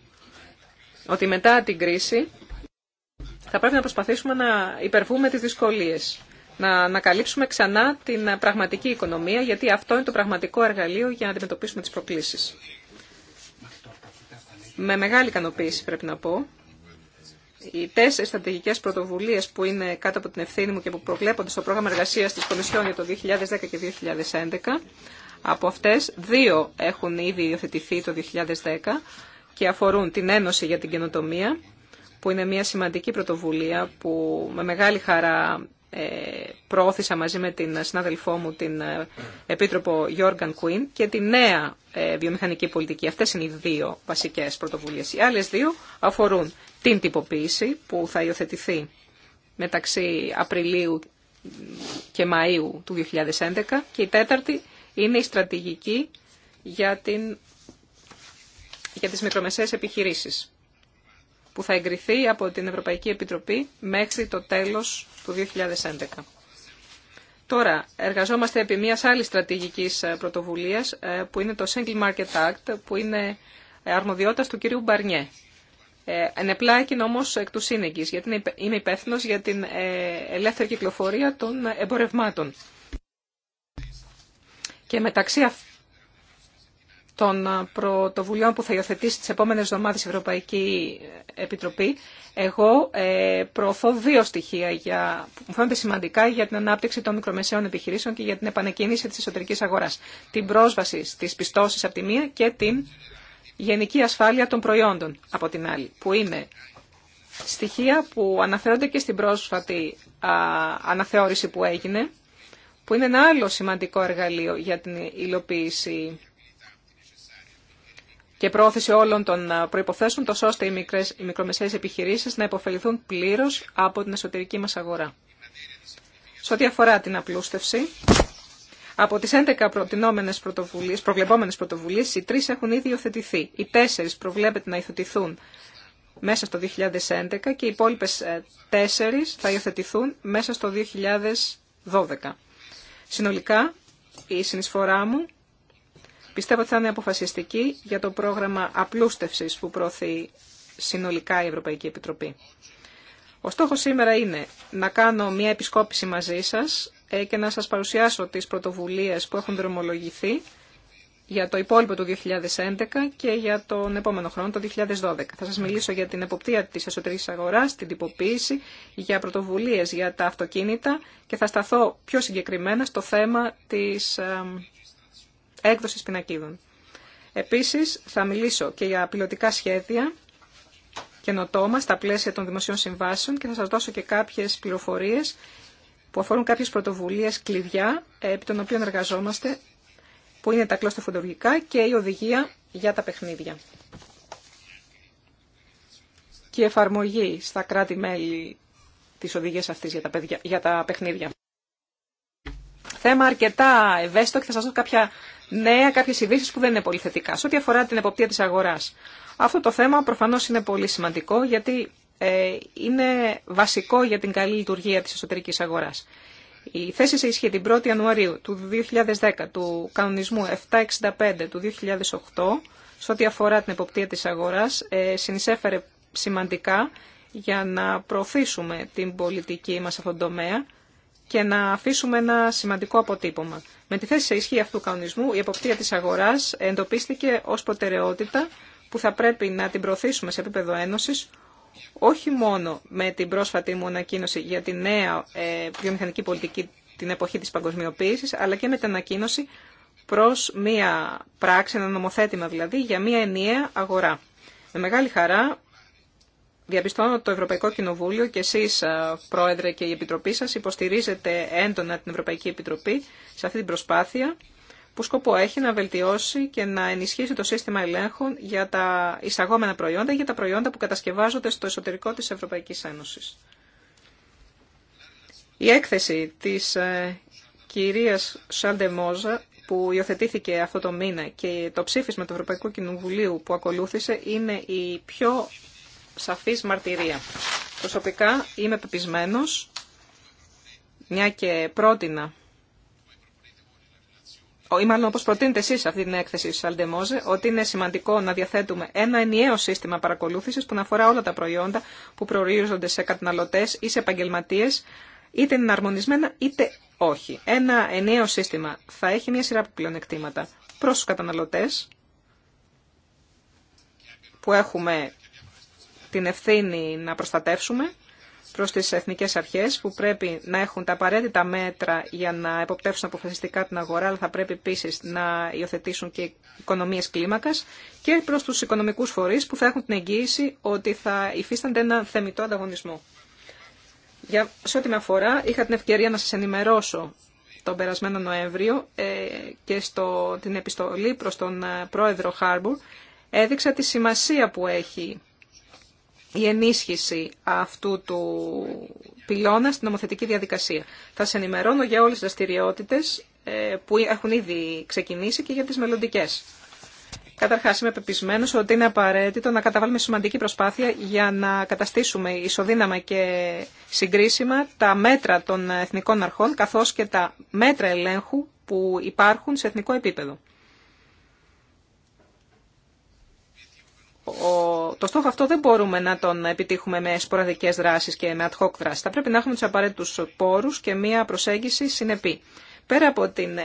ότι μετά την κρίση θα πρέπει να προσπαθήσουμε να υπερβούμε τις δυσκολίες, να ανακαλύψουμε ξανά την πραγματική οικονομία, γιατί αυτό είναι το πραγματικό εργαλείο για να αντιμετωπίσουμε τι προκλήσει. Με μεγάλη ικανοποίηση πρέπει να πω οι τέσσερι στρατηγικέ πρωτοβουλίε που είναι κάτω από την ευθύνη μου και που προβλέπονται στο πρόγραμμα εργασία τη Κομισιόν για το 2010 και 2011. Από αυτέ, δύο έχουν ήδη υιοθετηθεί το 2010 και αφορούν την Ένωση για την Καινοτομία, που είναι μια σημαντική πρωτοβουλία που με μεγάλη χαρά ε, προώθησα μαζί με την συνάδελφό μου, την ε, Επίτροπο Γιώργαν Κουίν, και τη νέα ε, βιομηχανική πολιτική. Αυτές είναι οι δύο βασικές πρωτοβουλίες. Οι άλλες δύο αφορούν την τυποποίηση που θα υιοθετηθεί μεταξύ Απριλίου και Μαΐου του 2011 και η τέταρτη είναι η στρατηγική για, την, για τις μικρομεσαίες επιχειρήσεις που θα εγκριθεί από την Ευρωπαϊκή Επιτροπή μέχρι το τέλος του 2011. Τώρα, εργαζόμαστε επί μιας άλλης στρατηγικής ε, πρωτοβουλίας ε, που είναι το Single Market Act που είναι αρμοδιότητας του κυρίου Μπαρνιέ ε, ενεπλάκην όμως εκ του σύνεγγυς, γιατί είναι υπεύθυνο για την ε, ελεύθερη κυκλοφορία των εμπορευμάτων. Και μεταξύ των ε, πρωτοβουλειών που θα υιοθετήσει τις επόμενες εβδομάδες η Ευρωπαϊκή ε, Επιτροπή, εγώ προωθώ δύο στοιχεία για, που μου φαίνονται σημαντικά για την ανάπτυξη των μικρομεσαίων επιχειρήσεων και για την επανεκκίνηση της εσωτερικής αγοράς. Την πρόσβαση στις πιστώσεις από τη μία και την γενική ασφάλεια των προϊόντων, από την άλλη, που είναι στοιχεία που αναφέρονται και στην πρόσφατη αναθεώρηση που έγινε, που είναι ένα άλλο σημαντικό εργαλείο για την υλοποίηση και πρόθεση όλων των προϋποθέσεων, τόσο ώστε οι, μικρές, οι μικρομεσαίες επιχειρήσεις να υποφεληθούν πλήρως από την εσωτερική μας αγορά. Σε ό,τι αφορά την απλούστευση, από τις 11 προβλεπόμενες πρωτοβουλίες, οι τρεις έχουν ήδη υιοθετηθεί. Οι τέσσερις προβλέπεται να υιοθετηθούν μέσα στο 2011 και οι υπόλοιπε ε, τέσσερις θα υιοθετηθούν μέσα στο 2012. Συνολικά, η συνεισφορά μου πιστεύω ότι θα είναι αποφασιστική για το πρόγραμμα απλούστευσης που προωθεί συνολικά η Ευρωπαϊκή Επιτροπή. Ο στόχος σήμερα είναι να κάνω μια επισκόπηση μαζί σας ε, και να σας παρουσιάσω τις πρωτοβουλίες που έχουν δρομολογηθεί για το υπόλοιπο του 2011 και για τον επόμενο χρόνο, το 2012. Θα σας μιλήσω για την εποπτεία της εσωτερικής αγοράς, την τυποποίηση, για πρωτοβουλίες για τα αυτοκίνητα και θα σταθώ πιο συγκεκριμένα στο θέμα της έκδοσης πινακίδων. Επίσης, θα μιλήσω και για πιλωτικά σχέδια καινοτόμα στα πλαίσια των δημοσίων συμβάσεων και θα σας δώσω και κάποιες πληροφορίες που αφορούν κάποιες πρωτοβουλίες κλειδιά επί των οποίων εργαζόμαστε, που είναι τα κλώστα φωτοβουλικά και η οδηγία για τα παιχνίδια. Και η εφαρμογή στα κράτη-μέλη της οδηγίας αυτής για τα, παιχνίδια. Θέμα αρκετά ευαίσθητο και θα σας δώσω κάποια νέα, κάποιες ειδήσει που δεν είναι πολύ θετικά. Σε ό,τι αφορά την εποπτεία της αγοράς. Αυτό το θέμα προφανώς είναι πολύ σημαντικό γιατί ε, είναι βασικό για την καλή λειτουργία της εσωτερικής αγοράς. Η θέση σε ισχύ την 1η Ιανουαρίου του 2010 του κανονισμού 765 του 2008 σε ό,τι αφορά την εποπτεία της αγοράς ε, συνεισέφερε σημαντικά για να προωθήσουμε την πολιτική μας σε αυτόν τον τομέα και να αφήσουμε ένα σημαντικό αποτύπωμα. Με τη θέση σε ισχύ αυτού του κανονισμού, η εποπτεία της αγοράς εντοπίστηκε ως προτεραιότητα που θα πρέπει να την προωθήσουμε σε επίπεδο ένωσης, όχι μόνο με την πρόσφατη μου ανακοίνωση για τη νέα ε, βιομηχανική πολιτική την εποχή της παγκοσμιοποίησης, αλλά και με την ανακοίνωση προς μία πράξη, ένα νομοθέτημα δηλαδή, για μία ενιαία αγορά. Με μεγάλη χαρά διαπιστώνω ότι το Ευρωπαϊκό Κοινοβούλιο και εσείς, ε, Πρόεδρε και η Επιτροπή σας, υποστηρίζετε έντονα την Ευρωπαϊκή Επιτροπή σε αυτή την προσπάθεια που σκοπό έχει να βελτιώσει και να ενισχύσει το σύστημα ελέγχων για τα εισαγόμενα προϊόντα ή για τα προϊόντα που κατασκευάζονται στο εσωτερικό της Ευρωπαϊκής Ένωσης. Η έκθεση της ε, κυρίας Σαντεμόζα που υιοθετήθηκε αυτό το μήνα και το ψήφισμα του Ευρωπαϊκού Κοινοβουλίου που ακολούθησε είναι η πιο σαφής μαρτυρία. Προσωπικά είμαι πεπισμένος, μια και πρότεινα ή μάλλον όπως προτείνετε εσείς σε αυτή την έκθεση Σαλντεμόζε, ότι είναι σημαντικό να διαθέτουμε ένα ενιαίο σύστημα παρακολούθησης που να αφορά όλα τα προϊόντα που προορίζονται σε καταναλωτές ή σε επαγγελματίε, είτε είναι αρμονισμένα είτε όχι. Ένα ενιαίο σύστημα θα έχει μια σειρά από πλεονεκτήματα προς τους καταναλωτές, που έχουμε την ευθύνη να προστατεύσουμε, προς τις εθνικές αρχές που πρέπει να έχουν τα απαραίτητα μέτρα για να εποπτεύσουν αποφασιστικά την αγορά, αλλά θα πρέπει επίση να υιοθετήσουν και οικονομίες κλίμακας και προς τους οικονομικούς φορείς που θα έχουν την εγγύηση ότι θα υφίστανται ένα θεμητό ανταγωνισμό. Για, σε ό,τι με αφορά, είχα την ευκαιρία να σας ενημερώσω τον περασμένο Νοέμβριο ε, και στο, την επιστολή προς τον ε, πρόεδρο Χάρμπουρ έδειξα τη σημασία που έχει η ενίσχυση αυτού του πυλώνα στην νομοθετική διαδικασία. Θα σε ενημερώνω για όλες τις δραστηριότητε ε, που έχουν ήδη ξεκινήσει και για τις μελλοντικέ. Καταρχά, είμαι πεπισμένο ότι είναι απαραίτητο να καταβάλουμε σημαντική προσπάθεια για να καταστήσουμε ισοδύναμα και συγκρίσιμα τα μέτρα των εθνικών αρχών καθώ και τα μέτρα ελέγχου που υπάρχουν σε εθνικό επίπεδο. το στόχο αυτό δεν μπορούμε να τον επιτύχουμε με σποραδικέ δράσει και με ad hoc δράσει. Θα πρέπει να έχουμε του απαραίτητου πόρου και μια προσέγγιση συνεπή. Πέρα από την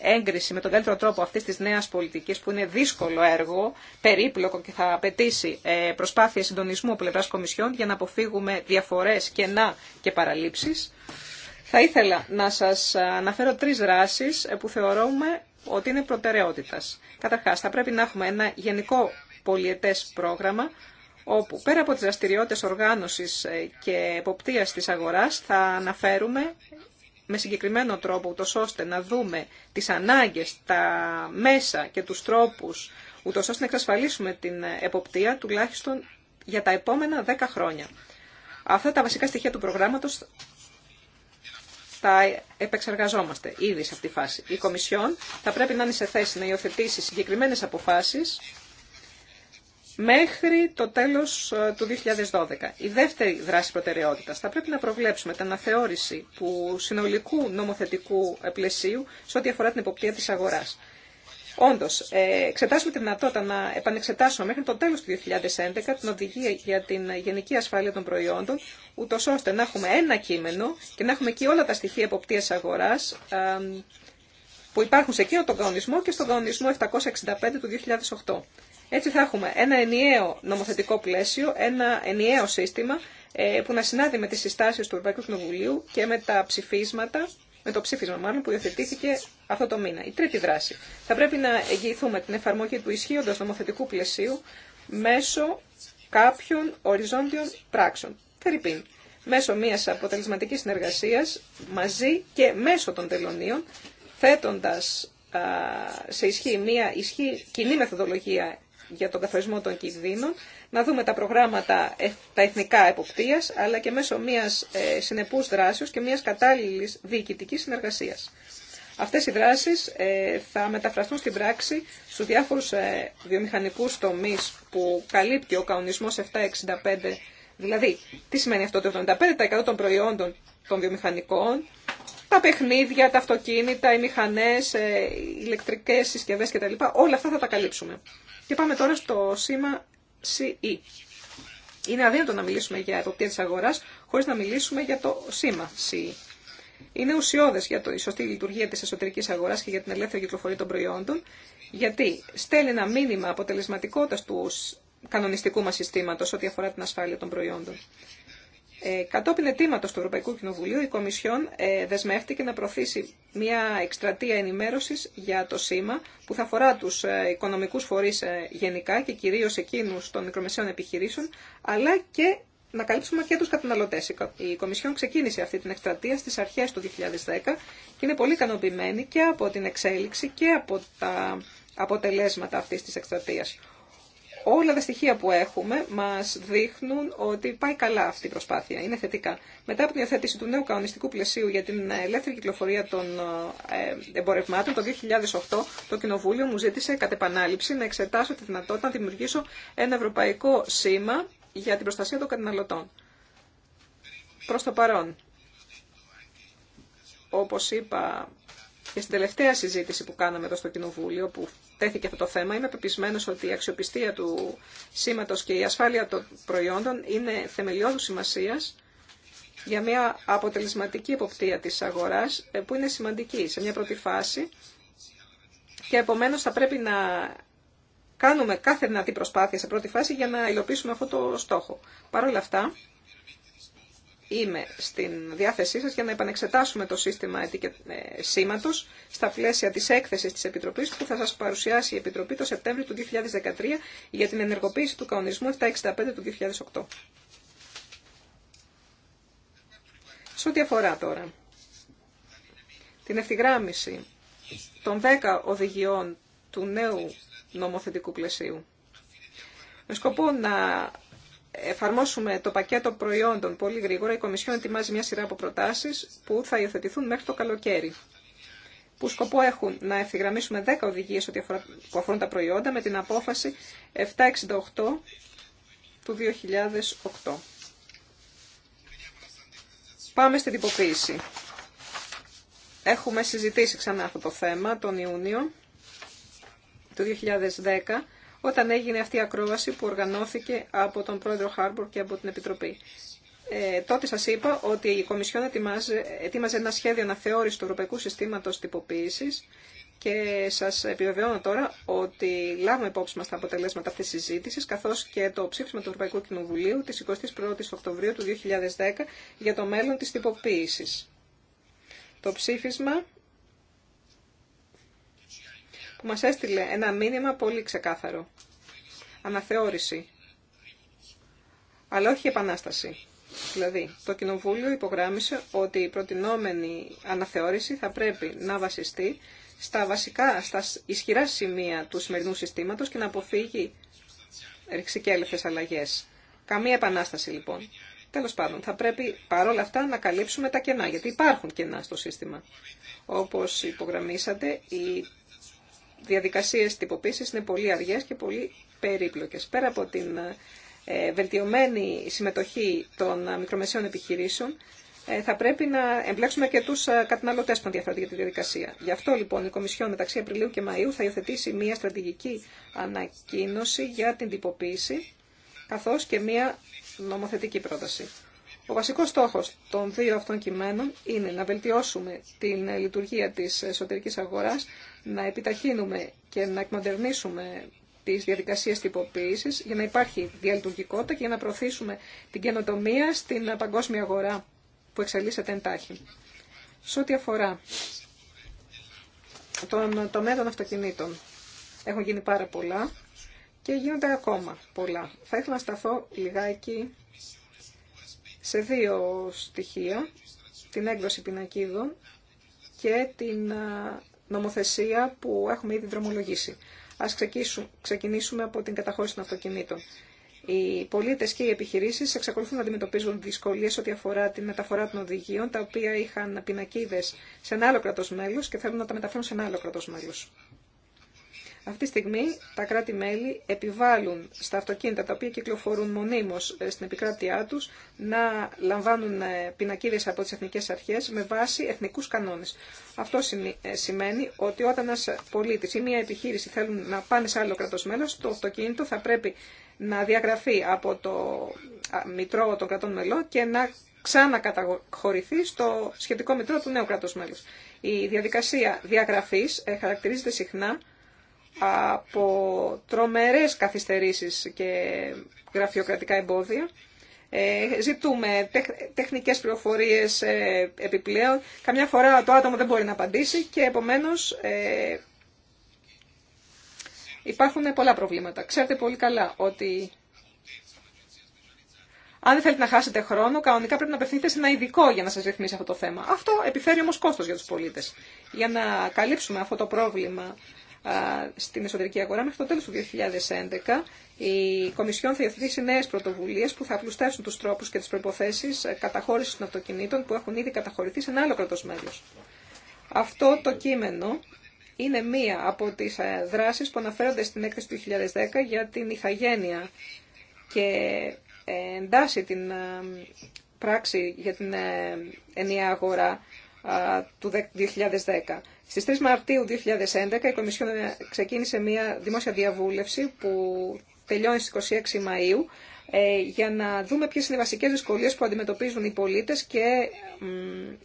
έγκριση με τον καλύτερο τρόπο αυτή τη νέα πολιτική που είναι δύσκολο έργο, περίπλοκο και θα απαιτήσει ε, προσπάθεια συντονισμού από πλευρά κομισιών για να αποφύγουμε διαφορέ κενά και παραλήψεις, θα ήθελα να σα αναφέρω τρει δράσει ε, που θεωρούμε ότι είναι προτεραιότητα. Καταρχά, θα πρέπει να έχουμε ένα γενικό πολιετές πρόγραμμα, όπου πέρα από τις δραστηριότητες οργάνωσης ε, και εποπτείας της αγοράς θα αναφέρουμε με συγκεκριμένο τρόπο, ούτως ώστε να δούμε τις ανάγκες, τα μέσα και τους τρόπους, ούτως ώστε να εξασφαλίσουμε την εποπτεία τουλάχιστον για τα επόμενα 10 χρόνια. Αυτά τα βασικά στοιχεία του προγράμματος τα επεξεργαζόμαστε ήδη σε αυτή τη φάση. Η Κομισιόν θα πρέπει να είναι σε θέση να υιοθετήσει συγκεκριμένες αποφάσεις μέχρι το τέλος ε, του 2012. Η δεύτερη δράση προτεραιότητας θα πρέπει να προβλέψουμε την αναθεώρηση του συνολικού νομοθετικού πλαισίου σε ό,τι αφορά την εποπτεία της αγοράς. Όντω, ε, εξετάσουμε τη δυνατότητα να επανεξετάσουμε μέχρι το τέλο του 2011 την οδηγία για την γενική ασφάλεια των προϊόντων, ούτω ώστε να έχουμε ένα κείμενο και να έχουμε εκεί όλα τα στοιχεία εποπτεία αγορά ε, που υπάρχουν σε εκείνο τον κανονισμό και στον κανονισμό 765 του 2008. Έτσι θα έχουμε ένα ενιαίο νομοθετικό πλαίσιο, ένα ενιαίο σύστημα ε, που να συνάδει με τις συστάσεις του Ευρωπαϊκού Κοινοβουλίου και με τα ψηφίσματα, με το ψήφισμα μάλλον που υιοθετήθηκε αυτό το μήνα. Η τρίτη δράση. Θα πρέπει να εγγυηθούμε την εφαρμογή του ισχύοντος νομοθετικού πλαισίου μέσω κάποιων οριζόντιων πράξεων. Φερρυπίν. Μέσω μιας αποτελεσματικής συνεργασίας μαζί και μέσω των τελωνίων, θέτοντας σε ισχύ μια ισχύ, κοινή μεθοδολογία για τον καθορισμό των κινδύνων, να δούμε τα προγράμματα ε, τα εθνικά εποπτείας, αλλά και μέσω μιας ε, συνεπούς δράσεως και μιας κατάλληλης διοικητικής συνεργασίας. Αυτές οι δράσεις ε, θα μεταφραστούν στην πράξη στους διάφορους βιομηχανικούς τομείς που καλύπτει ο καονισμός 765. Δηλαδή, τι σημαίνει αυτό το 75% των προϊόντων των βιομηχανικών, τα παιχνίδια, τα αυτοκίνητα, οι μηχανές, οι ηλεκτρικές συσκευές κτλ. Όλα αυτά θα τα καλύψουμε. Και πάμε τώρα στο σήμα CE. Είναι αδύνατο να μιλήσουμε για εποπτεία τη αγορά χωρίς να μιλήσουμε για το σήμα CE. Είναι ουσιώδες για τη σωστή λειτουργία τη εσωτερική αγορά και για την ελεύθερη κυκλοφορία των προϊόντων, γιατί στέλνει ένα μήνυμα αποτελεσματικότητα του κανονιστικού μας συστήματο ό,τι αφορά την ασφάλεια των προϊόντων. Ε, κατόπιν αιτήματο του Ευρωπαϊκού Κοινοβουλίου, η Κομισιόν ε, δεσμεύτηκε να προωθήσει μια εκστρατεία ενημέρωση για το σήμα που θα αφορά του ε, οικονομικού φορεί ε, γενικά και κυρίω εκείνου των μικρομεσαίων επιχειρήσεων, αλλά και να καλύψουμε και του καταναλωτέ. Η Κομισιόν ξεκίνησε αυτή την εκστρατεία στι αρχέ του 2010 και είναι πολύ ικανοποιημένη και από την εξέλιξη και από τα αποτελέσματα αυτή τη εκστρατεία. Όλα τα στοιχεία που έχουμε μας δείχνουν ότι πάει καλά αυτή η προσπάθεια, είναι θετικά. Μετά από την υιοθέτηση του νέου κανονιστικού πλαισίου για την ελεύθερη κυκλοφορία των ε, εμπορευμάτων το 2008, το Κοινοβούλιο μου ζήτησε κατ' επανάληψη να εξετάσω τη δυνατότητα να δημιουργήσω ένα ευρωπαϊκό σήμα για την προστασία των καταναλωτών. Προς το παρόν, όπως είπα και στην τελευταία συζήτηση που κάναμε εδώ στο Κοινοβούλιο, που τέθηκε αυτό το θέμα, είμαι πεπισμένο ότι η αξιοπιστία του σήματο και η ασφάλεια των προϊόντων είναι θεμελιώδου σημασία για μια αποτελεσματική εποπτεία τη αγορά ε, που είναι σημαντική σε μια πρώτη φάση και επομένω θα πρέπει να κάνουμε κάθε δυνατή προσπάθεια σε πρώτη φάση για να υλοποιήσουμε αυτό το στόχο. Παρ' όλα αυτά, είμαι στην διάθεσή σας για να επανεξετάσουμε το σύστημα ε, σήματος στα πλαίσια της έκθεσης της Επιτροπής που θα σας παρουσιάσει η Επιτροπή το Σεπτέμβριο του 2013 για την ενεργοποίηση του κανονισμού 765 του 2008. Σε ό,τι αφορά τώρα την ευθυγράμμιση των 10 οδηγιών του νέου νομοθετικού πλαισίου με σκοπό να εφαρμόσουμε το πακέτο προϊόντων πολύ γρήγορα, η Κομισιόν ετοιμάζει μια σειρά από προτάσεις που θα υιοθετηθούν μέχρι το καλοκαίρι που σκοπό έχουν να ευθυγραμμίσουμε 10 οδηγίες που αφορούν τα προϊόντα με την απόφαση 768 του 2008. Πάμε στην τυποποίηση. Έχουμε συζητήσει ξανά αυτό το θέμα τον Ιούνιο του 2010 όταν έγινε αυτή η ακρόαση που οργανώθηκε από τον πρόεδρο Χάρμπορ και από την Επιτροπή. Ε, τότε σας είπα ότι η Κομισιόν ετοίμαζε, ένα σχέδιο να αναθεώρηση του Ευρωπαϊκού Συστήματος Τυποποίησης και σας επιβεβαιώνω τώρα ότι λάβουμε υπόψη μας τα αποτελέσματα αυτής της συζήτησης καθώς και το ψήφισμα του Ευρωπαϊκού Κοινοβουλίου της 21ης Οκτωβρίου του 2010 για το μέλλον της τυποποίησης. Το ψήφισμα που μας έστειλε ένα μήνυμα πολύ ξεκάθαρο. Αναθεώρηση. Αλλά όχι επανάσταση. Δηλαδή, το Κοινοβούλιο υπογράμμισε ότι η προτινόμενη αναθεώρηση θα πρέπει να βασιστεί στα βασικά, στα ισχυρά σημεία του σημερινού συστήματος και να αποφύγει ρηξικέλευθες αλλαγές. Καμία επανάσταση λοιπόν. Τέλο πάντων, θα πρέπει παρόλα αυτά να καλύψουμε τα κενά, γιατί υπάρχουν κενά στο σύστημα. Όπω υπογραμμίσατε, διαδικασίες τυποποίησης είναι πολύ αργές και πολύ περίπλοκες. Πέρα από την ε, βελτιωμένη συμμετοχή των ε, μικρομεσαίων επιχειρήσεων, ε, θα πρέπει να εμπλέξουμε και του καταναλωτέ που ενδιαφέρονται για τη διαδικασία. Γι' αυτό λοιπόν η Κομισιόν μεταξύ Απριλίου και Μαΐου θα υιοθετήσει μια στρατηγική ανακοίνωση για την τυποποίηση, καθώ και μια νομοθετική πρόταση. Ο βασικός στόχος των δύο αυτών κειμένων είναι να βελτιώσουμε την λειτουργία τη εσωτερική αγορά να επιταχύνουμε και να εκμοντερνήσουμε τι διαδικασίε τυποποίηση για να υπάρχει διαλειτουργικότητα και για να προωθήσουμε την καινοτομία στην παγκόσμια αγορά που εξελίσσεται εντάχει. Σε ό,τι αφορά τον τομέα των αυτοκινήτων, έχουν γίνει πάρα πολλά και γίνονται ακόμα πολλά. Θα ήθελα να σταθώ λιγάκι σε δύο στοιχεία, την έκδοση πινακίδων και την νομοθεσία που έχουμε ήδη δρομολογήσει. Ας ξεκινήσουμε από την καταχώρηση των αυτοκινήτων. Οι πολίτε και οι επιχειρήσει εξακολουθούν να αντιμετωπίζουν δυσκολίε ό,τι αφορά τη μεταφορά των οδηγίων, τα οποία είχαν πινακίδε σε ένα άλλο κράτο μέλο και θέλουν να τα μεταφέρουν σε ένα άλλο κράτο μέλο. Αυτή τη στιγμή τα κράτη-μέλη επιβάλλουν στα αυτοκίνητα τα οποία κυκλοφορούν μονίμως ε, στην επικράτειά τους να λαμβάνουν ε, πινακίδες από τις εθνικές αρχές με βάση εθνικούς κανόνες. Αυτό ε, σημαίνει ότι όταν ένας πολίτης ή μια επιχείρηση θέλουν να πάνε σε άλλο κράτος μέλος, το αυτοκίνητο θα πρέπει να διαγραφεί από το Μητρό των κρατών μελών και να ξανακαταχωρηθεί στο σχετικό μητρό του νέου κράτος μέλους. Η διαδικασία διαγραφής χαρακτηρίζεται συχνά από τρομερές καθυστερήσεις και γραφειοκρατικά εμπόδια. Ε, ζητούμε τεχνικές πληροφορίες ε, επιπλέον. Καμιά φορά το άτομο δεν μπορεί να απαντήσει και επομένως ε, υπάρχουν πολλά προβλήματα. Ξέρετε πολύ καλά ότι αν δεν θέλετε να χάσετε χρόνο, κανονικά πρέπει να απευθυνθείτε σε ένα ειδικό για να σας ρυθμίσει αυτό το θέμα. Αυτό επιφέρει όμως κόστος για τους πολίτες. Για να καλύψουμε αυτό το πρόβλημα στην εσωτερική αγορά μέχρι το τέλος του 2011. Η Κομισιόν θα υιοθετήσει νέες πρωτοβουλίες που θα απλουστεύσουν τους τρόπους και τις προϋποθέσεις ε, καταχώρησης των αυτοκινήτων που έχουν ήδη καταχωρηθεί σε ένα άλλο κρατός μέλος. Αυτό το κείμενο είναι μία από τις ε, δράσεις που αναφέρονται στην έκθεση του 2010 για την ηθαγένεια και ε, εντάσσει την πράξη για την ενιαία αγορά του 2010. Στις 3 Μαρτίου 2011 η Κομισιόν ξεκίνησε μια δημόσια διαβούλευση που τελειώνει στις 26 Μαΐου ε, για να δούμε ποιες είναι οι βασικές δυσκολίες που αντιμετωπίζουν οι πολίτες και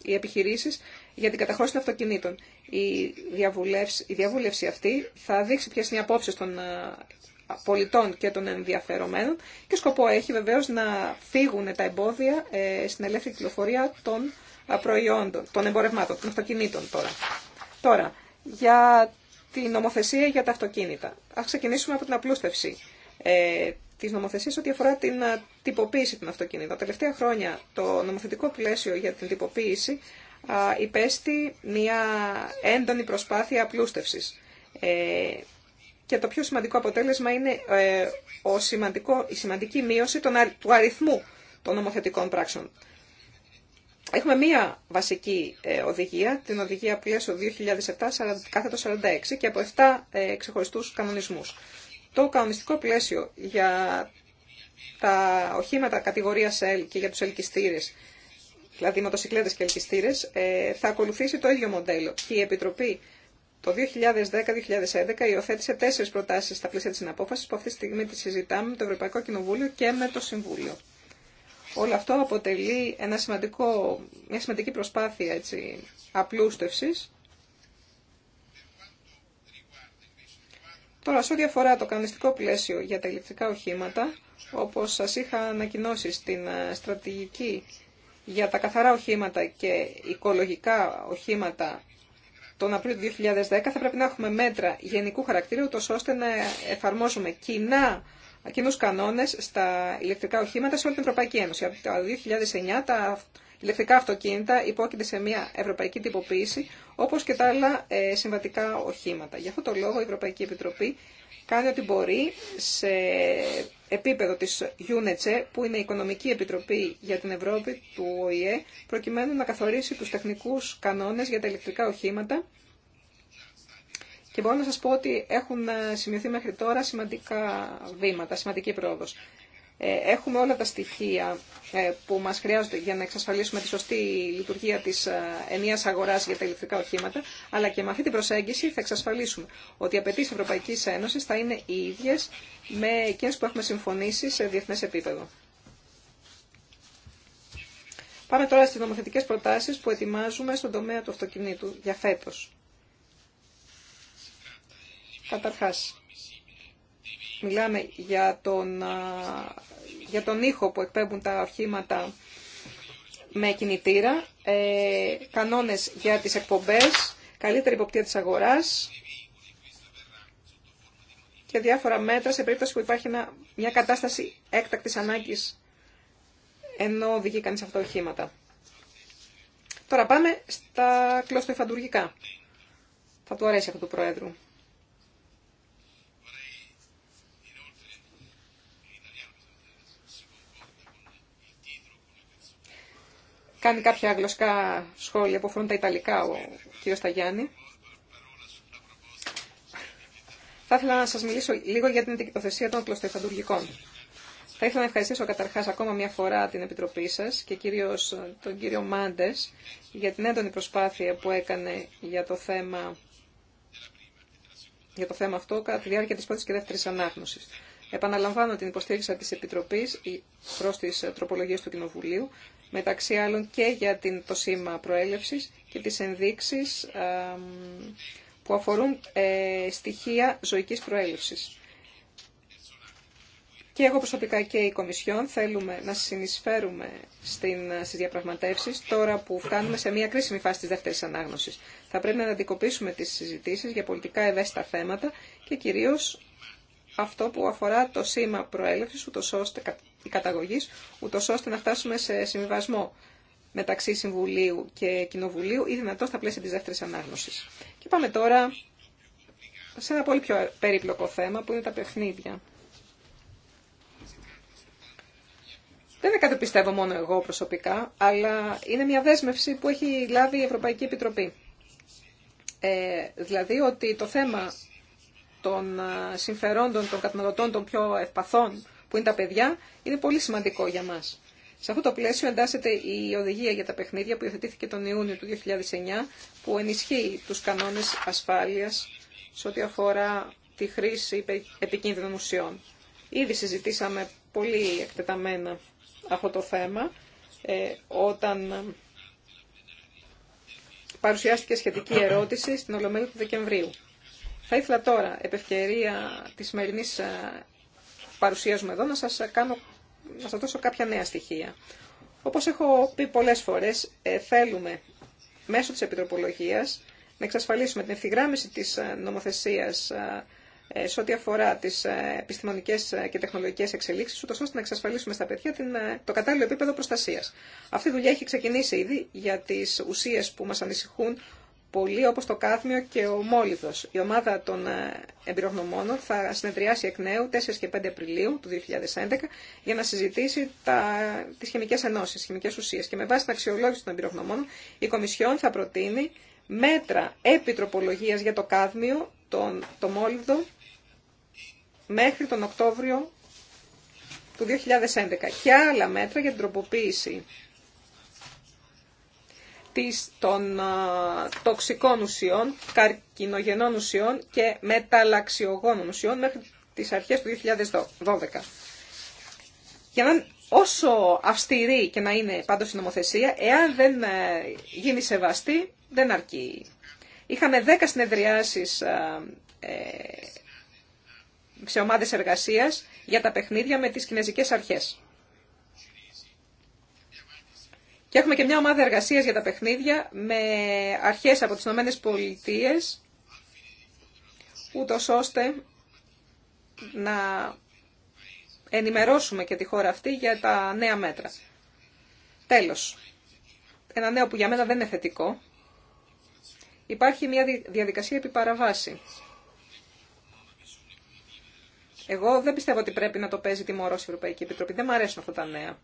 οι επιχειρήσεις για την καταχώρηση των αυτοκινήτων. Η διαβούλευση, αυτή θα δείξει ποιες είναι οι απόψεις των ε, πολιτών και των ενδιαφερομένων και σκοπό έχει βεβαίως να φύγουν τα εμπόδια ε, στην ελεύθερη κυκλοφορία των προϊόντων, των εμπορευμάτων, των αυτοκινήτων τώρα. Τώρα, για την νομοθεσία για τα αυτοκίνητα. Ας ξεκινήσουμε από την απλούστευση ε, της νομοθεσίας ό,τι αφορά την ε, τυποποίηση των αυτοκίνητων. Τα τελευταία χρόνια το νομοθετικό πλαίσιο για την τυποποίηση υπέστη μια έντονη προσπάθεια απλούστευσης. Ε, και το πιο σημαντικό αποτέλεσμα είναι ε, ο σημαντικό, η σημαντική μείωση του αριθμού των νομοθετικών πράξεων. Έχουμε μία βασική ε, οδηγία, την οδηγία πλαίσιο 2007-46 και από 7 ε, ξεχωριστούς κανονισμούς. Το κανονιστικό πλαίσιο για τα οχήματα κατηγορίας L και για τους ελκυστήρες, δηλαδή μοτοσυκλέτες και ελκυστήρες, ε, θα ακολουθήσει το ίδιο μοντέλο. Και η Επιτροπή το 2010-2011 υιοθέτησε τέσσερις προτάσεις στα πλαίσια της συναπόφασης που αυτή τη στιγμή τη συζητάμε με το Ευρωπαϊκό Κοινοβούλιο και με το Συμβούλιο. Όλο αυτό αποτελεί ένα σημαντικό, μια σημαντική προσπάθεια έτσι, απλούστευσης. Τώρα, σε ό,τι αφορά το κανονιστικό πλαίσιο για τα ηλεκτρικά οχήματα, όπως σας είχα ανακοινώσει στην ε, στρατηγική για τα καθαρά οχήματα και οικολογικά οχήματα τον Απρίλιο του 2010, θα πρέπει να έχουμε μέτρα γενικού χαρακτήρα, ώστε να εφαρμόσουμε κοινά κοινού κανόνε στα ηλεκτρικά οχήματα σε όλη την Ευρωπαϊκή Ένωση. Από το 2009 τα ηλεκτρικά αυτοκίνητα υπόκεινται σε μια ευρωπαϊκή τυποποίηση, όπω και τα άλλα ε, συμβατικά οχήματα. Γι' αυτό το λόγο η Ευρωπαϊκή Επιτροπή κάνει ό,τι μπορεί σε επίπεδο της UNECE, που είναι η Οικονομική Επιτροπή για την Ευρώπη του ΟΗΕ, προκειμένου να καθορίσει τους τεχνικούς κανόνες για τα ηλεκτρικά οχήματα και μπορώ να σας πω ότι έχουν ε, σημειωθεί μέχρι τώρα σημαντικά βήματα, σημαντική πρόοδος. Ε, έχουμε όλα τα στοιχεία ε, που μας χρειάζονται για να εξασφαλίσουμε τη σωστή λειτουργία της ενίας αγοράς για τα ηλεκτρικά οχήματα, αλλά και με αυτή την προσέγγιση θα εξασφαλίσουμε ότι οι απαιτήσει Ευρωπαϊκής Ένωσης θα είναι οι ίδιες με εκείνες που έχουμε συμφωνήσει σε διεθνές επίπεδο. Πάμε τώρα στις νομοθετικές προτάσεις που ετοιμάζουμε στον τομέα του αυτοκινήτου για φέτος. Καταρχάς, μιλάμε για τον, για τον ήχο που εκπέμπουν τα οχήματα με κινητήρα, ε, κανόνες για τις εκπομπές, καλύτερη υποπτία της αγοράς και διάφορα μέτρα σε περίπτωση που υπάρχει μια κατάσταση έκτακτης ανάγκης ενώ οδηγεί κανείς αυτά οχήματα. Τώρα πάμε στα κλωστοϊφαντουργικά. Θα του αρέσει αυτό του Προέδρου. κάνει κάποια γλωσσικά σχόλια που αφορούν τα Ιταλικά ο κ. Σταγιάννη. Θα ήθελα να σας μιλήσω λίγο για την αντικειτοθεσία των κλωστοϊφαντουργικών. Θα ήθελα να ευχαριστήσω καταρχάς ακόμα μια φορά την Επιτροπή σας και κυρίως τον κύριο Μάντες για την έντονη προσπάθεια που έκανε για το θέμα, για το θέμα αυτό κατά τη διάρκεια τη πρώτη και δεύτερη ανάγνωση. Επαναλαμβάνω την υποστήριξη της Επιτροπής προς τις ε, τροπολογίες του Κοινοβουλίου, μεταξύ άλλων και για την, το σήμα προέλευσης και τις ενδείξεις που αφορούν ε, στοιχεία ζωικής προέλευσης. Και εγώ προσωπικά και η Κομισιόν θέλουμε να συνεισφέρουμε στην, ε, στις διαπραγματεύσεις τώρα που φτάνουμε σε μια κρίσιμη φάση της δεύτερης ανάγνωσης. Θα πρέπει να αντικοπήσουμε τις συζητήσεις για πολιτικά ευαίσθητα θέματα και κυρίως αυτό που αφορά το σήμα προέλευσης, ούτως ώστε, η καταγωγής, ούτως ώστε να φτάσουμε σε συμβιβασμό μεταξύ Συμβουλίου και Κοινοβουλίου ή δυνατό στα πλαίσια της δεύτερης ανάγνωσης. Και πάμε τώρα σε ένα πολύ πιο περίπλοκο θέμα που είναι τα παιχνίδια. Δεν είναι κάτι που πιστεύω μόνο εγώ προσωπικά, αλλά είναι μια δέσμευση που έχει λάβει η δυνατο στα πλαισια τη δεύτερη ανάγνωση. και παμε τωρα σε ενα πολυ πιο περιπλοκο θεμα που ειναι τα παιχνιδια Επιτροπή. Ε, δηλαδή ότι το θέμα των ε, συμφερόντων των καταναλωτών των πιο ευπαθών, που είναι τα παιδιά, είναι πολύ σημαντικό για μας. Σε αυτό το πλαίσιο εντάσσεται η οδηγία για τα παιχνίδια που υιοθετήθηκε τον Ιούνιο του 2009, που ενισχύει τους κανόνες ασφάλειας σε ό,τι αφορά τη χρήση επικίνδυνων ουσιών. Ήδη συζητήσαμε πολύ εκτεταμένα αυτό το θέμα, ε, όταν ε, παρουσιάστηκε σχετική ερώτηση στην Ολομέλεια του Δεκεμβρίου. Θα ήθελα τώρα, επ' ευκαιρία της σημερινής ε, παρουσίας μου εδώ, να σας, κάνω, να σας δώσω κάποια νέα στοιχεία. Όπως έχω πει πολλές φορές, ε, θέλουμε μέσω της επιτροπολογίας να εξασφαλίσουμε την ευθυγράμμιση της ε, νομοθεσίας σε ό,τι αφορά τι επιστημονικέ και τεχνολογικέ εξελίξει, ούτω ώστε να εξασφαλίσουμε στα παιδιά την, το κατάλληλο επίπεδο προστασία. Αυτή η δουλειά έχει ξεκινήσει ήδη για τι ουσίε που μα ανησυχούν πολύ όπως το κάδμιο και ο μόλιδο, Η ομάδα των ε, εμπειρογνωμόνων θα συνεδριάσει εκ νέου 4 και 5 Απριλίου του 2011 για να συζητήσει τα, τις χημικές ενώσεις, χημικέ χημικές ουσίες. Και με βάση την αξιολόγηση των εμπειρογνωμόνων η Κομισιόν θα προτείνει μέτρα επιτροπολογίας για το κάδμιο, τον, το μόλιδο μέχρι τον Οκτώβριο του 2011 και άλλα μέτρα για την τροποποίηση της των τοξικών ουσιών, καρκινογενών ουσιών και μεταλλαξιογόνων ουσιών μέχρι τις αρχές του 2012. Για να όσο αυστηρή και να είναι πάντως η νομοθεσία, εάν δεν ε, γίνει σεβαστή, δεν αρκεί. Είχαμε 10 συνεδριάσεις ε, σε ομάδες εργασίας για τα παιχνίδια με τις κινέζικες αρχές. Και έχουμε και μια ομάδα εργασία για τα παιχνίδια με αρχέ από τι ΗΠΑ, ούτω ώστε να ενημερώσουμε και τη χώρα αυτή για τα νέα μέτρα. Τέλος, ένα νέο που για μένα δεν είναι θετικό, υπάρχει μια διαδικασία επιπαραβάση. Εγώ δεν πιστεύω ότι πρέπει να το παίζει τιμωρό η Ευρωπαϊκή Επιτροπή. Δεν μου αρέσουν αυτά τα νέα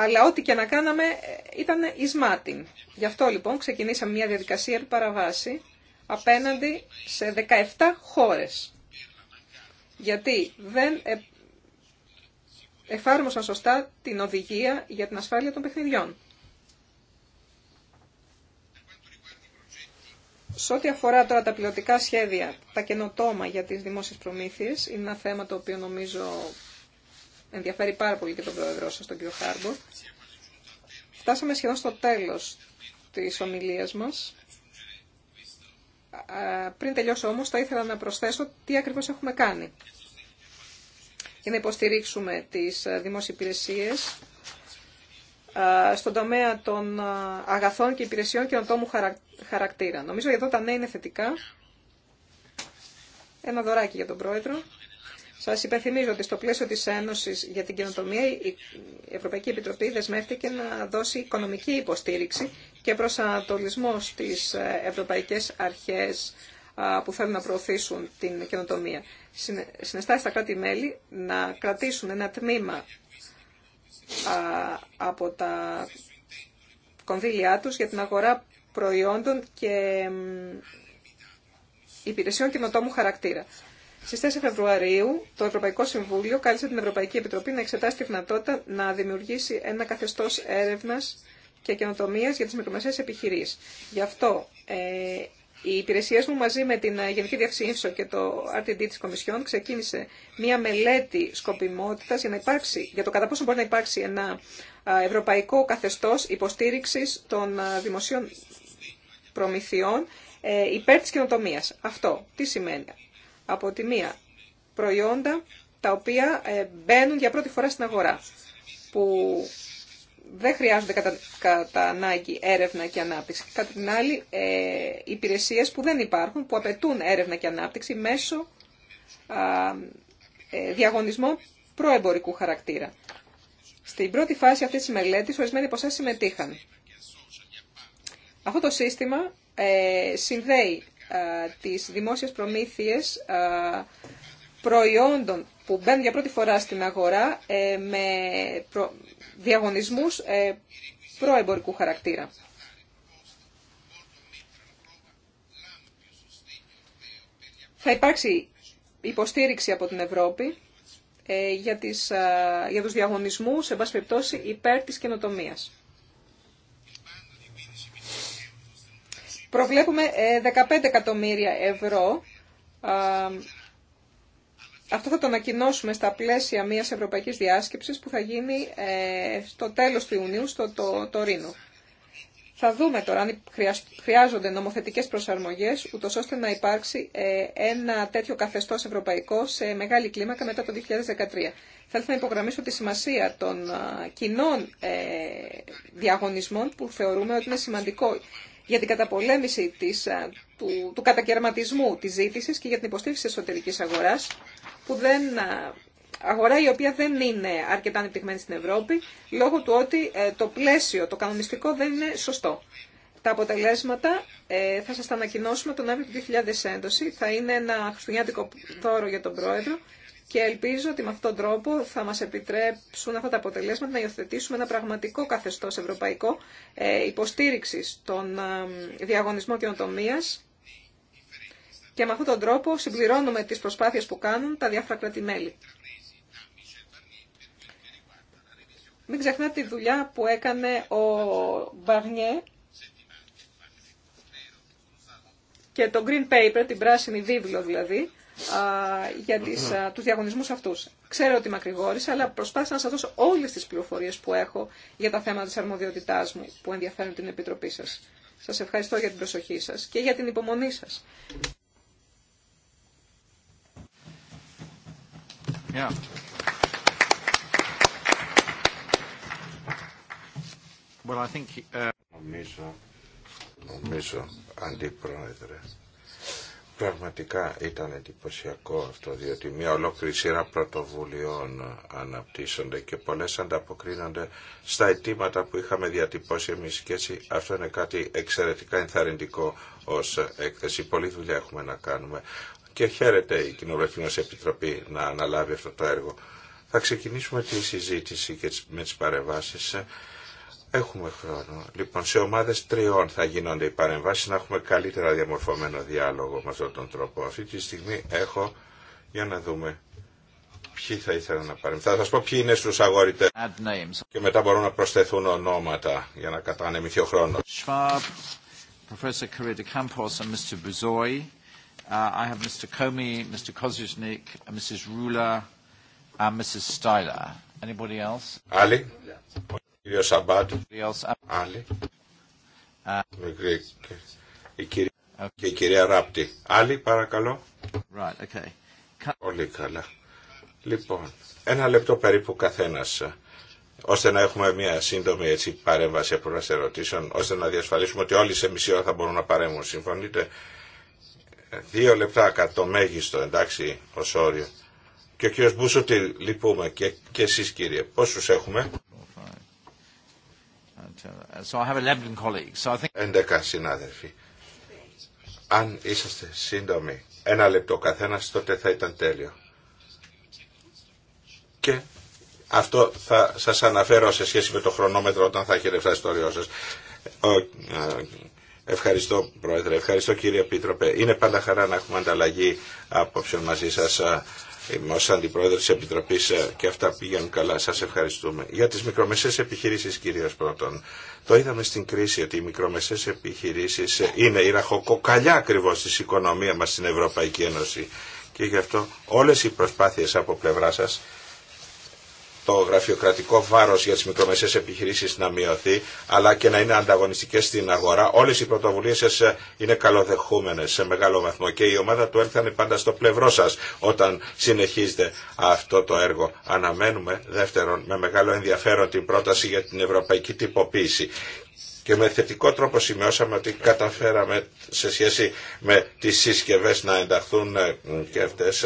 αλλά ό,τι και να κάναμε ε, ήταν μάτιν. Γι' αυτό λοιπόν ξεκινήσαμε μια διαδικασία επί παραβάση απέναντι σε 17 χώρες. Γιατί δεν ε... εφάρμοσαν σωστά την οδηγία για την ασφάλεια των παιχνιδιών. Σε ό,τι αφορά τώρα τα πιλωτικά σχέδια, τα καινοτόμα για τις δημόσιες προμήθειες, είναι ένα θέμα το οποίο νομίζω ενδιαφέρει πάρα πολύ και τον πρόεδρό σας, τον κύριο Χάρμπορ. Φτάσαμε σχεδόν στο τέλος της ομιλίας μας. Πριν τελειώσω όμως, θα ήθελα να προσθέσω τι ακριβώς έχουμε κάνει. Για να υποστηρίξουμε τις ε, δημόσιες υπηρεσίες ε, στον τομέα των ε, αγαθών και υπηρεσιών και τόμο χαρακτήρα. Νομίζω εδώ τα νέα είναι θετικά. Ένα δωράκι για τον πρόεδρο. Σας υπενθυμίζω ότι στο πλαίσιο της Ένωση για την Καινοτομία η Ευρωπαϊκή Επιτροπή δεσμεύτηκε να δώσει οικονομική υποστήριξη και προσανατολισμό στι ευρωπαϊκέ αρχές που θέλουν να προωθήσουν την καινοτομία. Συνεστάσει στα κράτη-μέλη να κρατήσουν ένα τμήμα από τα κονδύλια τους για την αγορά προϊόντων και υπηρεσιών καινοτόμου χαρακτήρα. Στι 4 Φεβρουαρίου, το Ευρωπαϊκό Συμβούλιο κάλεσε την Ευρωπαϊκή Επιτροπή να εξετάσει τη δυνατότητα να δημιουργήσει ένα καθεστώ έρευνα και καινοτομία για τι μικρομεσαίε επιχειρήσει. Γι' αυτό ε, οι υπηρεσίε μου μαζί με την ε, Γενική Διευθύνση και το RTD τη Κομισιόν ξεκίνησε μία μελέτη σκοπιμότητα για, για το κατά πόσο μπορεί να υπάρξει ένα ε, ευρωπαϊκό καθεστώ υποστήριξη των ε, δημοσίων προμηθειών υπέρ τη καινοτομία. Αυτό τι σημαίνει. Από τη μία, προϊόντα τα οποία ε, μπαίνουν για πρώτη φορά στην αγορά, που δεν χρειάζονται κατά, ανάγκη έρευνα και ανάπτυξη. Κατά την άλλη, ε, υπηρεσίες που δεν υπάρχουν, που απαιτούν έρευνα και ανάπτυξη μέσω α, ε, προεμπορικού χαρακτήρα. Στην πρώτη φάση αυτής της μελέτης, ορισμένοι από συμμετείχαν. Αυτό το σύστημα ε, συνδέει ε, τις δημόσιες προμήθειες ε, προϊόντων που μπαίνουν για πρώτη φορά στην αγορά ε, με διαγωνισμούς προεμπορικού χαρακτήρα. Θα υπάρξει υποστήριξη από την Ευρώπη για, τις, για τους διαγωνισμούς, σε πάση υπέρ της καινοτομίας. Προβλέπουμε 15 ε, εκατομμύρια ευρώ. Αυτό θα το ανακοινώσουμε στα πλαίσια μιας ευρωπαϊκής διάσκεψης που θα γίνει ε, στο τέλος του Ιουνίου στο Τωρίνο. Θα δούμε τώρα αν χρειάζονται νομοθετικές προσαρμογές, ούτως ώστε να υπάρξει ε, ένα τέτοιο καθεστώς ευρωπαϊκό σε μεγάλη κλίμακα μετά το 2013. Θα ήθελα να υπογραμμίσω τη σημασία των κοινών διαγωνισμών που θεωρούμε ότι είναι σημαντικό για την καταπολέμηση της, του, του κατακαιρματισμού της ζήτησης και για την υποστήριξη της εσωτερικής αγοράς, που δεν, αγορά η οποία δεν είναι αρκετά ανεπτυγμένη στην Ευρώπη, λόγω του ότι ε, το πλαίσιο, το κανονιστικό δεν είναι σωστό. Τα αποτελέσματα ε, θα σας τα ανακοινώσουμε τον Αύριο του 2011. Θα είναι ένα χριστουγεννιάτικο θόρο για τον Πρόεδρο και ελπίζω ότι με αυτόν τον τρόπο θα μας επιτρέψουν αυτά τα αποτελέσματα να υιοθετήσουμε ένα πραγματικό καθεστώς ευρωπαϊκό ε, υποστήριξης των ε, διαγωνισμών καινοτομία. Και με αυτόν τον τρόπο συμπληρώνουμε τις προσπάθειες που κάνουν τα διάφορα κράτη-μέλη. Μην ξεχνάτε τη δουλειά που έκανε ο Μπαγνιέ και το Green Paper, την πράσινη βίβλο δηλαδή, για τις, τους διαγωνισμούς αυτούς. Ξέρω ότι μακρηγόρησα, αλλά προσπάθησα να σας δώσω όλες τις πληροφορίες που έχω για τα θέματα της αρμοδιότητάς μου που ενδιαφέρουν την Επιτροπή σας. Σας ευχαριστώ για την προσοχή σας και για την υπομονή σας. Yeah. Well, I think, uh... νομίζω, νομίζω, αντιπρόεδρε, Πραγματικά ήταν εντυπωσιακό αυτό, διότι μια ολόκληρη σειρά πρωτοβουλειών αναπτύσσονται και πολλές ανταποκρίνονται στα αιτήματα που είχαμε διατυπώσει εμείς και έτσι αυτό είναι κάτι εξαιρετικά ενθαρρυντικό ως έκθεση. Πολλή δουλειά έχουμε να κάνουμε και χαίρεται η Κοινοβουλευτική μας Επιτροπή να αναλάβει αυτό το έργο. Θα ξεκινήσουμε τη συζήτηση και με τις παρεμβάσεις. Έχουμε χρόνο. Λοιπόν, σε ομάδε τριών θα γίνονται οι παρεμβάσει να έχουμε καλύτερα διαμορφωμένο διάλογο με αυτόν τον τρόπο. Αυτή τη στιγμή έχω, για να δούμε ποιοι θα ήθελαν να παρεμβάσουν. Θα σα πω ποιοι είναι στου αγορητέ. Και μετά μπορούν να προσθεθούν ονόματα για να κατανεμηθεί ο χρόνο. Professor Κύριο Σαμπάτ. Άλλη. Η Και η κυρία Ράπτη. Άλλη, παρακαλώ. Right, okay. Πολύ καλά. Λοιπόν, ένα λεπτό περίπου καθένας ε, ώστε να έχουμε μια σύντομη έτσι, παρέμβαση από τα ερωτήσεων, ώστε να διασφαλίσουμε ότι όλοι σε μισή ώρα θα μπορούν να παρέμβουν. Συμφωνείτε. Ε, δύο λεπτά κατά το μέγιστο, εντάξει, ω όριο. Και ο κύριος Μπούσουτη λυπούμε και, και εσείς κύριε. Πόσους έχουμε. Εντεκά uh, συνάδελφοι. Αν είσαστε σύντομοι, ένα λεπτό καθένα, τότε θα ήταν τέλειο. Και αυτό θα σα αναφέρω σε σχέση με το χρονόμετρο όταν θα έχετε φτάσει στο όριό σας. Ευχαριστώ Πρόεδρε, ευχαριστώ κύριε Επίτροπε. Είναι πάντα χαρά να έχουμε ανταλλαγή απόψεων μαζί σα. Είμαι ως αντιπρόεδρο της Επιτροπής ε, και αυτά πήγαν καλά. Σας ευχαριστούμε. Για τις μικρομεσαίες επιχειρήσεις κυρίως πρώτον. Το είδαμε στην κρίση ότι οι μικρομεσαίες επιχειρήσεις ε, είναι η ραχοκοκαλιά ακριβώς της οικονομίας μας στην Ευρωπαϊκή Ένωση. Και γι' αυτό όλες οι προσπάθειες από πλευρά σας το γραφειοκρατικό βάρος για τις μικρομεσαίες επιχειρήσεις να μειωθεί, αλλά και να είναι ανταγωνιστικές στην αγορά. Όλες οι πρωτοβουλίες σα ε, είναι καλοδεχούμενες σε μεγάλο βαθμό και η ομάδα του έλθανε πάντα στο πλευρό σας όταν συνεχίζετε αυτό το έργο. Αναμένουμε δεύτερον με μεγάλο ενδιαφέρον την πρόταση για την ευρωπαϊκή τυποποίηση και με θετικό τρόπο σημειώσαμε ότι καταφέραμε σε σχέση με τις συσκευές να ενταχθούν ε, και αυτές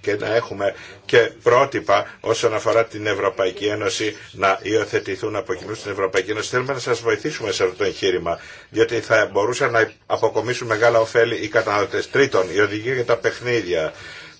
και να έχουμε και πρότυπα όσον αφορά την Ευρωπαϊκή Ένωση να υιοθετηθούν από κοινού στην Ευρωπαϊκή Ένωση. Θέλουμε να σας βοηθήσουμε σε αυτό το εγχείρημα, διότι θα μπορούσαν να αποκομίσουν μεγάλα ωφέλη οι καταναλωτές. Τρίτον, η οδηγία για τα παιχνίδια.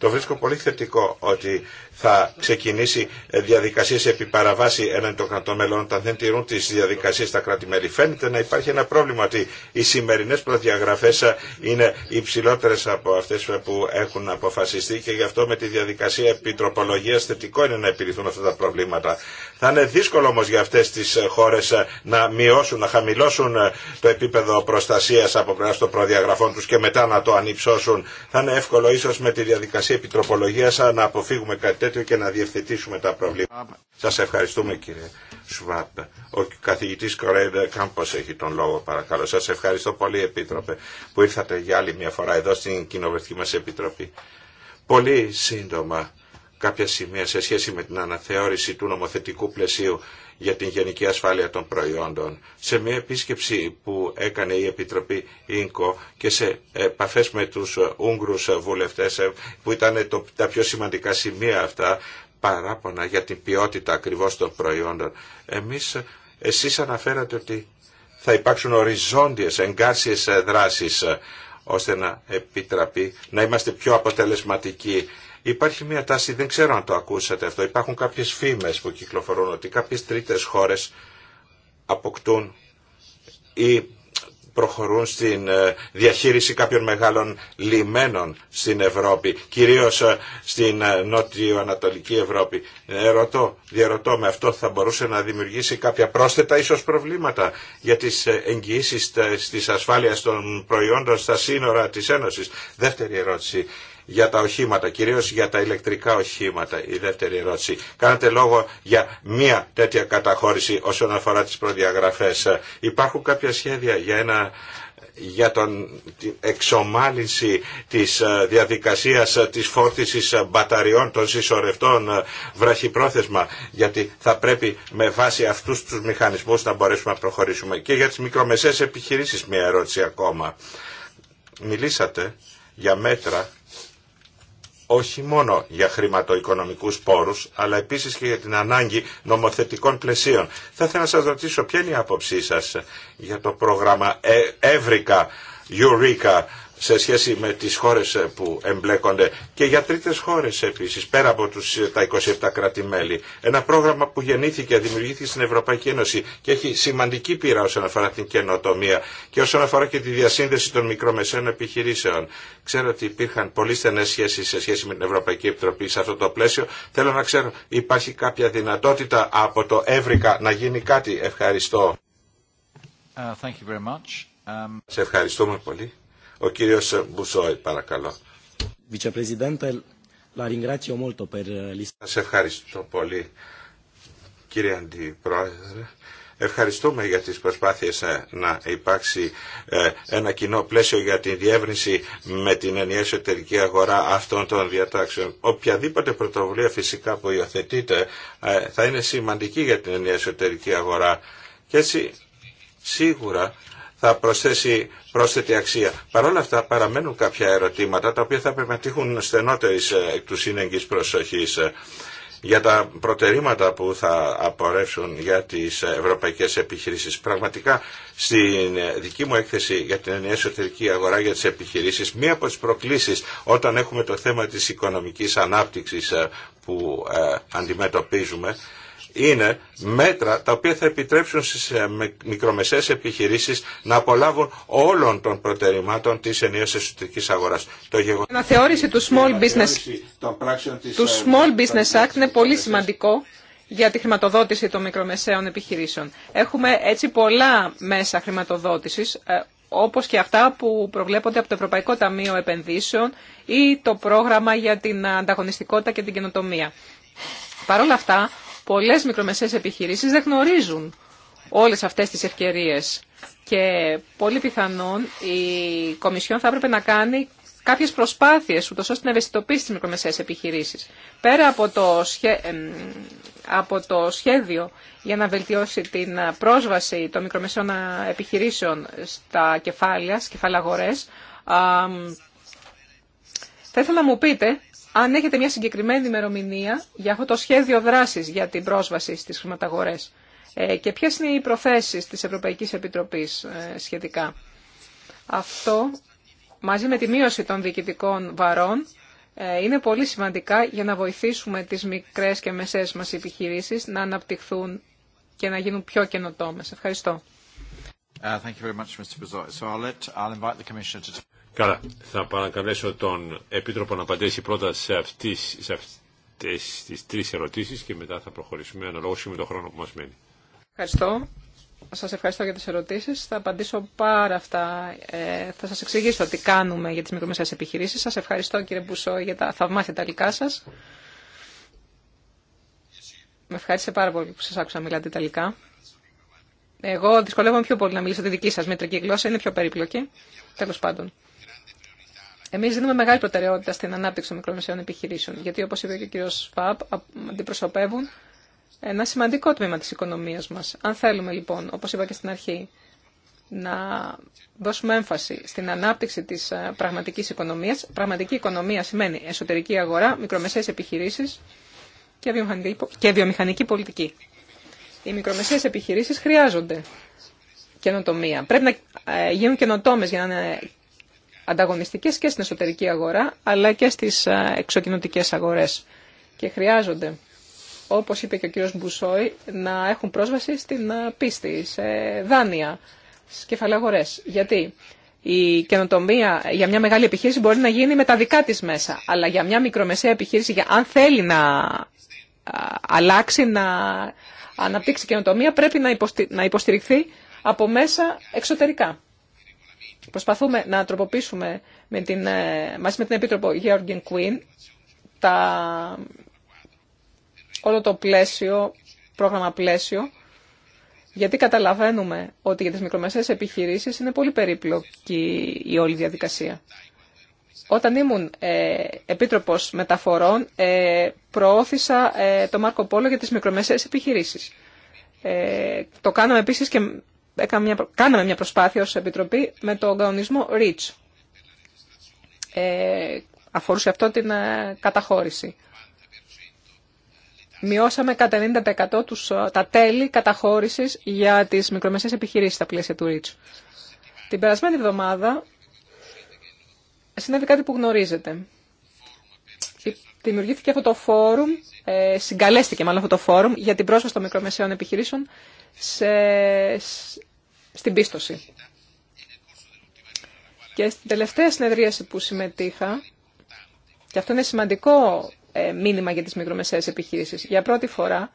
Το βρίσκω πολύ θετικό ότι θα ξεκινήσει διαδικασίε επί παραβάση έναντι των κρατών μελών όταν δεν τηρούν τι διαδικασίε στα κράτη-μέλη. Φαίνεται να υπάρχει ένα πρόβλημα ότι οι σημερινέ προδιαγραφέ είναι υψηλότερε από αυτέ που έχουν αποφασιστεί και γι' αυτό με τη διαδικασία επιτροπολογία θετικό είναι να επιληθούν αυτά τα προβλήματα. Θα είναι δύσκολο όμω για αυτέ τι χώρε να μειώσουν, να χαμηλώσουν το επίπεδο προστασία από πλευρά των προδιαγραφών του και μετά να το ανυψώσουν. Θα είναι εύκολο ίσω με τη διαδικασία επιτροπολογία, σα να αποφύγουμε κάτι τέτοιο και να διευθετήσουμε τα προβλήματα. Σας ευχαριστούμε κύριε Σουβάπ. Ο καθηγητής Κορέιντερ Κάμπο έχει τον λόγο παρακαλώ. Σας ευχαριστώ πολύ Επίτροπε που ήρθατε για άλλη μια φορά εδώ στην κοινοβουλευτική μα Επιτροπή. Πολύ σύντομα κάποια σημεία σε σχέση με την αναθεώρηση του νομοθετικού πλαισίου για την γενική ασφάλεια των προϊόντων. Σε μια επίσκεψη που έκανε η Επιτροπή ΙΝΚΟ και σε επαφές με τους Ούγγρους βουλευτές ε, που ήταν τα πιο σημαντικά σημεία αυτά παράπονα για την ποιότητα ακριβώς των προϊόντων. Εμείς, εσείς αναφέρατε ότι θα υπάρξουν οριζόντιες εγκάρσιες δράσεις ε, ώστε να επιτραπεί να είμαστε πιο αποτελεσματικοί Υπάρχει μια τάση, δεν ξέρω αν το ακούσατε αυτό, υπάρχουν κάποιες φήμες που κυκλοφορούν ότι κάποιες τρίτες χώρες αποκτούν ή προχωρούν στην ε, διαχείριση κάποιων μεγάλων λιμένων στην Ευρώπη, κυρίως ε, στην ε, νότιο-ανατολική Ευρώπη. Ερωτώ, διαρωτώ με αυτό θα μπορούσε να δημιουργήσει κάποια πρόσθετα ίσως προβλήματα για τις εγγυήσεις της ασφάλειας των προϊόντων στα σύνορα της Ένωσης. Δεύτερη ερώτηση, για τα οχήματα, κυρίως για τα ηλεκτρικά οχήματα, η δεύτερη ερώτηση. Κάνατε λόγο για μία τέτοια καταχώρηση όσον αφορά τις προδιαγραφές. Υπάρχουν κάποια σχέδια για ένα για τον, την εξομάλυνση της ε, διαδικασίας ε, της φόρτισης ε, μπαταριών των συσσωρευτών βραχυπρόθεσμα γιατί θα πρέπει με βάση αυτούς τους μηχανισμούς να μπορέσουμε να προχωρήσουμε και για τις μικρομεσαίες επιχειρήσεις μια ερώτηση ακόμα μιλήσατε για μέτρα όχι μόνο για χρηματοοικονομικούς πόρους, αλλά επίσης και για την ανάγκη νομοθετικών πλαισίων. Θα ήθελα να σας ρωτήσω ποια είναι η άποψή σας για το πρόγραμμα ε, Εύρικα, Eureka, σε σχέση με τις χώρες ε, που εμπλέκονται και για τρίτες χώρες επίσης, πέρα από τους, ε, τα 27 κράτη-μέλη. Ένα πρόγραμμα που γεννήθηκε, δημιουργήθηκε στην Ευρωπαϊκή Ένωση και έχει σημαντική πείρα όσον αφορά την καινοτομία και όσον αφορά και τη διασύνδεση των μικρομεσαίων επιχειρήσεων. Ξέρω ότι υπήρχαν πολύ στενές σχέσεις σε σχέση με την Ευρωπαϊκή Επιτροπή σε αυτό το πλαίσιο. Θέλω να ξέρω, υπάρχει κάποια δυνατότητα από το Εύρικα να γίνει κάτι. Ευχαριστώ. Uh, thank you very much. Um... Σε ευχαριστούμε πολύ. Ο κύριος Μπουσόη, παρακαλώ. Σα ευχαριστώ πολύ, κύριε Αντιπρόεδρε. Ευχαριστούμε για τις προσπάθειες ε, να υπάρξει ε, ένα κοινό πλαίσιο για την διεύρυνση με την ενιαία εσωτερική αγορά αυτών των διατάξεων. Οποιαδήποτε πρωτοβουλία φυσικά που υιοθετείται ε, θα είναι σημαντική για την ενιαία εσωτερική αγορά. Και έτσι σίγουρα θα προσθέσει πρόσθετη αξία. Παρ' όλα αυτά παραμένουν κάποια ερωτήματα τα οποία θα πρέπει να τύχουν στενότερης ε, εκ του σύνεγγης προσοχής ε, για τα προτερήματα που θα απορρεύσουν για τις ε, ευρωπαϊκές επιχειρήσεις. Πραγματικά στην δική μου έκθεση για την ενιαία εσωτερική αγορά για τις επιχειρήσεις, μία από τις προκλήσεις όταν έχουμε το θέμα της οικονομικής ανάπτυξης που αντιμετωπίζουμε, είναι μέτρα τα οποία θα επιτρέψουν στις ε, μικρομεσαίες επιχειρήσεις να απολάβουν όλων των προτεραιμάτων της ενιαίας εσωτερικής αγοράς. Το γεγονός... Αναθεώρηση του Small Business, του ε, Small Business Act είναι πολύ σημαντικό για τη χρηματοδότηση των μικρομεσαίων επιχειρήσεων. Έχουμε έτσι πολλά μέσα χρηματοδότησης, ε, όπως και αυτά που προβλέπονται από το Ευρωπαϊκό Ταμείο Επενδύσεων ή το πρόγραμμα για την ανταγωνιστικότητα και την καινοτομία. Παρ' όλα αυτά, πολλές μικρομεσαίες επιχειρήσεις δεν γνωρίζουν όλες αυτές τις ευκαιρίες και πολύ πιθανόν η Κομισιόν θα έπρεπε να κάνει κάποιες προσπάθειες ούτως ώστε να ευαισθητοποιήσει τις μικρομεσαίες επιχειρήσεις. Πέρα από το, σχέδιο για να βελτιώσει την πρόσβαση των μικρομεσαίων επιχειρήσεων στα κεφάλια στις κεφαλαγορές, θα ήθελα να μου πείτε αν έχετε μια συγκεκριμένη ημερομηνία για αυτό το σχέδιο δράσης για την πρόσβαση στις χρηματαγορές ε, και ποιε είναι οι προθέσεις της Ευρωπαϊκής Επιτροπής ε, σχετικά. Αυτό, μαζί με τη μείωση των διοικητικών βαρών, ε, είναι πολύ σημαντικά για να βοηθήσουμε τις μικρές και μεσαίες μας επιχειρήσεις να αναπτυχθούν και να γίνουν πιο καινοτόμε. Ευχαριστώ. Καλά, θα παρακαλέσω τον Επίτροπο να απαντήσει πρώτα σε, αυτής, σε αυτές τις τρεις ερωτήσεις και μετά θα προχωρήσουμε αναλόγως με τον χρόνο που μας μένει. Ευχαριστώ. Σας ευχαριστώ για τις ερωτήσεις. Θα απαντήσω πάρα αυτά. Ε, θα σας εξηγήσω τι κάνουμε για τις μικρομεσαίες επιχειρήσεις. Σας ευχαριστώ κύριε Μπουσό για τα θαυμάσια ιταλικά σας. Με ευχάρισε πάρα πολύ που σας άκουσα μιλάτε ιταλικά. Εγώ δυσκολεύομαι πιο πολύ να μιλήσω τη δική σας μετρική γλώσσα, είναι πιο περίπλοκη. Τέλος πάντων. Εμεί δίνουμε μεγάλη προτεραιότητα στην ανάπτυξη των μικρομεσαίων επιχειρήσεων, γιατί όπω είπε και ο κ. Σφαπ, αντιπροσωπεύουν ένα σημαντικό τμήμα τη οικονομία μα. Αν θέλουμε λοιπόν, όπω είπα και στην αρχή, να δώσουμε έμφαση στην ανάπτυξη τη ε, πραγματική οικονομία, πραγματική οικονομία σημαίνει εσωτερική αγορά, μικρομεσαίε επιχειρήσει και βιομηχανική πολιτική. Οι μικρομεσαίε επιχειρήσει χρειάζονται καινοτομία. Πρέπει να ε, γίνουν καινοτόμε για να ανταγωνιστικές και στην εσωτερική αγορά, αλλά και στις ε, εξοκοινωτικές αγορές. Και χρειάζονται, όπως είπε και ο κύριος Μπουσόη, να έχουν πρόσβαση στην ε, πίστη, σε δάνεια, στις κεφαλαγορές. Γιατί η καινοτομία για μια μεγάλη επιχείρηση μπορεί να γίνει με τα δικά της μέσα, αλλά για μια μικρομεσαία επιχείρηση, αν θέλει να αλλάξει, να αναπτύξει καινοτομία, πρέπει να υποστηριχθεί από μέσα εξωτερικά. Προσπαθούμε να τροποποιήσουμε με την, ε, μαζί με την Επίτροπο Γεώργιν Κουίν τα, όλο το πλαίσιο, πρόγραμμα πλαίσιο, γιατί καταλαβαίνουμε ότι για τις μικρομεσαίες επιχειρήσεις είναι πολύ περίπλοκη η όλη διαδικασία. Όταν ήμουν ε, Επίτροπος Μεταφορών, ε, προώθησα το Μάρκο Πόλο για τις μικρομεσαίες επιχειρήσεις. Το κάναμε επίσης και κάναμε μια προσπάθεια ως Επιτροπή με τον κανονισμό REACH. Ε, αφορούσε αυτό την ε, καταχώρηση. Μειώσαμε κατά 90% τους, ε, τα τέλη καταχώρησης για τις μικρομεσαίες επιχειρήσεις στα πλαίσια του REACH. Την περασμένη εβδομάδα συνέβη κάτι που γνωρίζετε δημιουργήθηκε αυτό το φόρουμ, ε, συγκαλέστηκε μάλλον αυτό το φόρουμ για την πρόσβαση των μικρομεσαίων επιχειρήσεων στην πίστοση. Και στην τελευταία συνεδρίαση που συμμετείχα, και αυτό είναι σημαντικό ε, μήνυμα για τις μικρομεσαίες επιχειρήσεις, για πρώτη φορά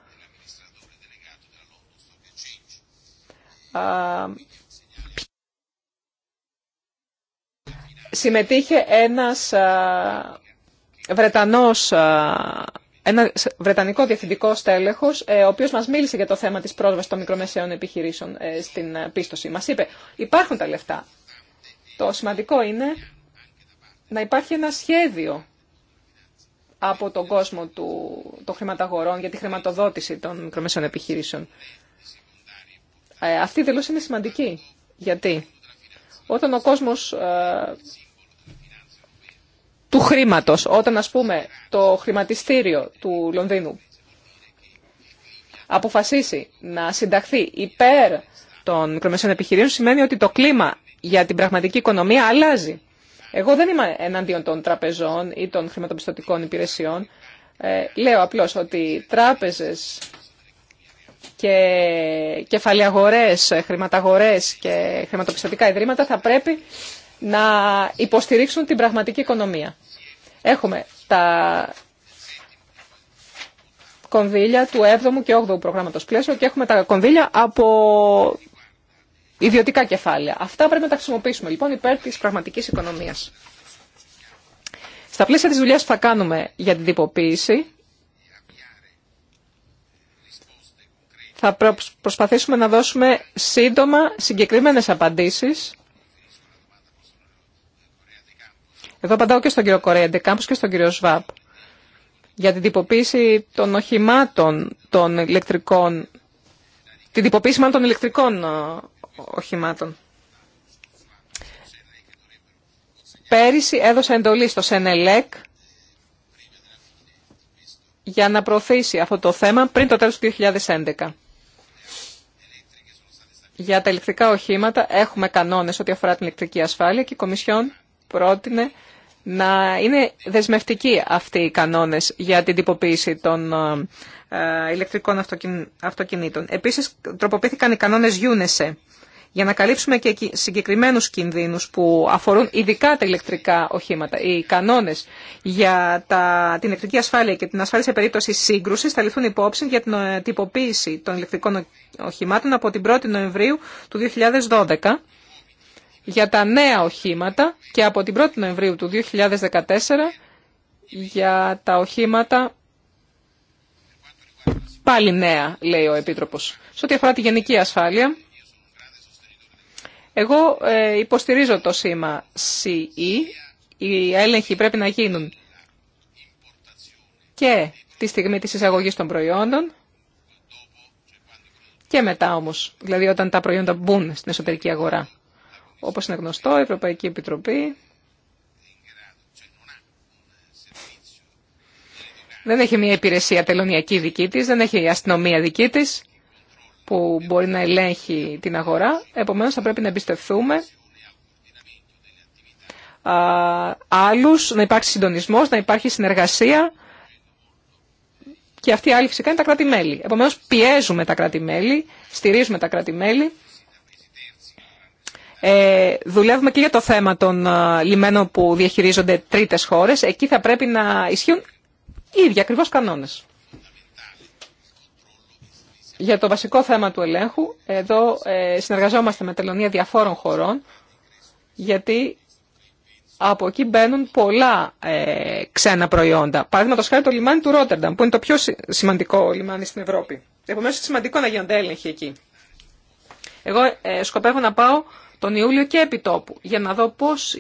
συμμετείχε ένας Βρετανός, ένα Βρετανικό διευθυντικό στέλεχος, ε, ο οποίος μας μίλησε για το θέμα της πρόσβασης των μικρομεσαίων επιχειρήσεων ε, στην ε, πίστοση. Μας είπε, υπάρχουν τα λεφτά. Το σημαντικό είναι να υπάρχει ένα σχέδιο από τον κόσμο του, των χρηματαγορών για τη χρηματοδότηση των μικρομεσαίων επιχειρήσεων. αυτή η δήλωση είναι σημαντική. Γιατί όταν ο κόσμος του χρήματος, όταν ας πούμε το χρηματιστήριο του Λονδίνου αποφασίσει να συνταχθεί υπέρ των μικρομεσαίων επιχειρήσεων, σημαίνει ότι το κλίμα για την πραγματική οικονομία αλλάζει. Εγώ δεν είμαι εναντίον των τραπεζών ή των χρηματοπιστωτικών υπηρεσιών. Ε, λέω απλώς ότι τράπεζες και κεφαλαιαγορές, χρηματαγορές και χρηματοπιστωτικά ιδρύματα θα πρέπει να υποστηρίξουν την πραγματική οικονομία. Έχουμε τα κονδύλια του 7ου και 8ου προγράμματος πλαίσιο και έχουμε τα κονδύλια από ιδιωτικά κεφάλαια. Αυτά πρέπει να τα χρησιμοποιήσουμε λοιπόν υπέρ της πραγματικής οικονομίας. Στα πλαίσια της δουλειάς που θα κάνουμε για την τυποποίηση, θα προσπαθήσουμε να δώσουμε σύντομα συγκεκριμένες απαντήσεις Εδώ απαντάω και στον κύριο Κορέντε κάπως και στον κύριο Σβάπ για την τυποποίηση των οχημάτων των ηλεκτρικών, την τυποποίηση μάλλον των ηλεκτρικών ε, οχημάτων. Πέρυσι έδωσα εντολή στο ΣΕΝΕΛΕΚ για να προωθήσει αυτό το θέμα πριν το τέλος του 2011. Για τα ηλεκτρικά οχήματα έχουμε κανόνες ό,τι αφορά την ηλεκτρική ασφάλεια και η Κομισιόν πρότεινε να είναι δεσμευτικοί αυτοί οι κανόνες για την τυποποίηση των ε, ηλεκτρικών αυτοκινήτων. Επίσης, τροποποιήθηκαν οι κανόνες UNESE για να καλύψουμε και συγκεκριμένους κινδύνους που αφορούν ειδικά τα ηλεκτρικά οχήματα. Οι κανόνες για τα, την ηλεκτρική ασφάλεια και την ασφάλεια σε περίπτωση σύγκρουσης θα ληφθούν υπόψη για την ε, τυποποίηση των ηλεκτρικών οχημάτων από την 1η Νοεμβρίου του 2012 για τα νέα οχήματα και από την 1η Νοεμβρίου του 2014 για τα οχήματα πάλι νέα, λέει ο Επίτροπος. Σε ό,τι αφορά τη γενική ασφάλεια, εγώ ε, υποστηρίζω το σήμα CE. Οι έλεγχοι πρέπει να γίνουν και τη στιγμή της εισαγωγής των προϊόντων και μετά όμως, δηλαδή όταν τα προϊόντα μπουν στην εσωτερική αγορά. Όπως είναι γνωστό, η Ευρωπαϊκή Επιτροπή δεν έχει μια υπηρεσία τελωνιακή δική της, δεν έχει αστυνομία δική της που μπορεί να ελέγχει την αγορά. Επομένως θα πρέπει να εμπιστευτούμε άλλους, να υπάρξει συντονισμός, να υπάρχει συνεργασία και αυτή η άλλη φυσικά είναι τα κράτη-μέλη. Επομένως πιέζουμε τα κράτη-μέλη, στηρίζουμε τα κράτη-μέλη ε, δουλεύουμε και για το θέμα των ε, λιμένων που διαχειρίζονται τρίτες χώρες. Εκεί θα πρέπει να ισχύουν οι ίδιοι ακριβώ κανόνες. Για το βασικό θέμα του ελέγχου, εδώ ε, συνεργαζόμαστε με τελωνία διαφόρων χωρών, γιατί από εκεί μπαίνουν πολλά ε, ξένα προϊόντα. Παραδείγματο χάρη το λιμάνι του Ρότερνταμ, που είναι το πιο σημαντικό λιμάνι στην Ευρώπη. Επομένω, είναι σημαντικό να γίνονται έλεγχοι εκεί. Εγώ σκοπεύω να πάω τον Ιούλιο και επιτόπου, για να δω πώς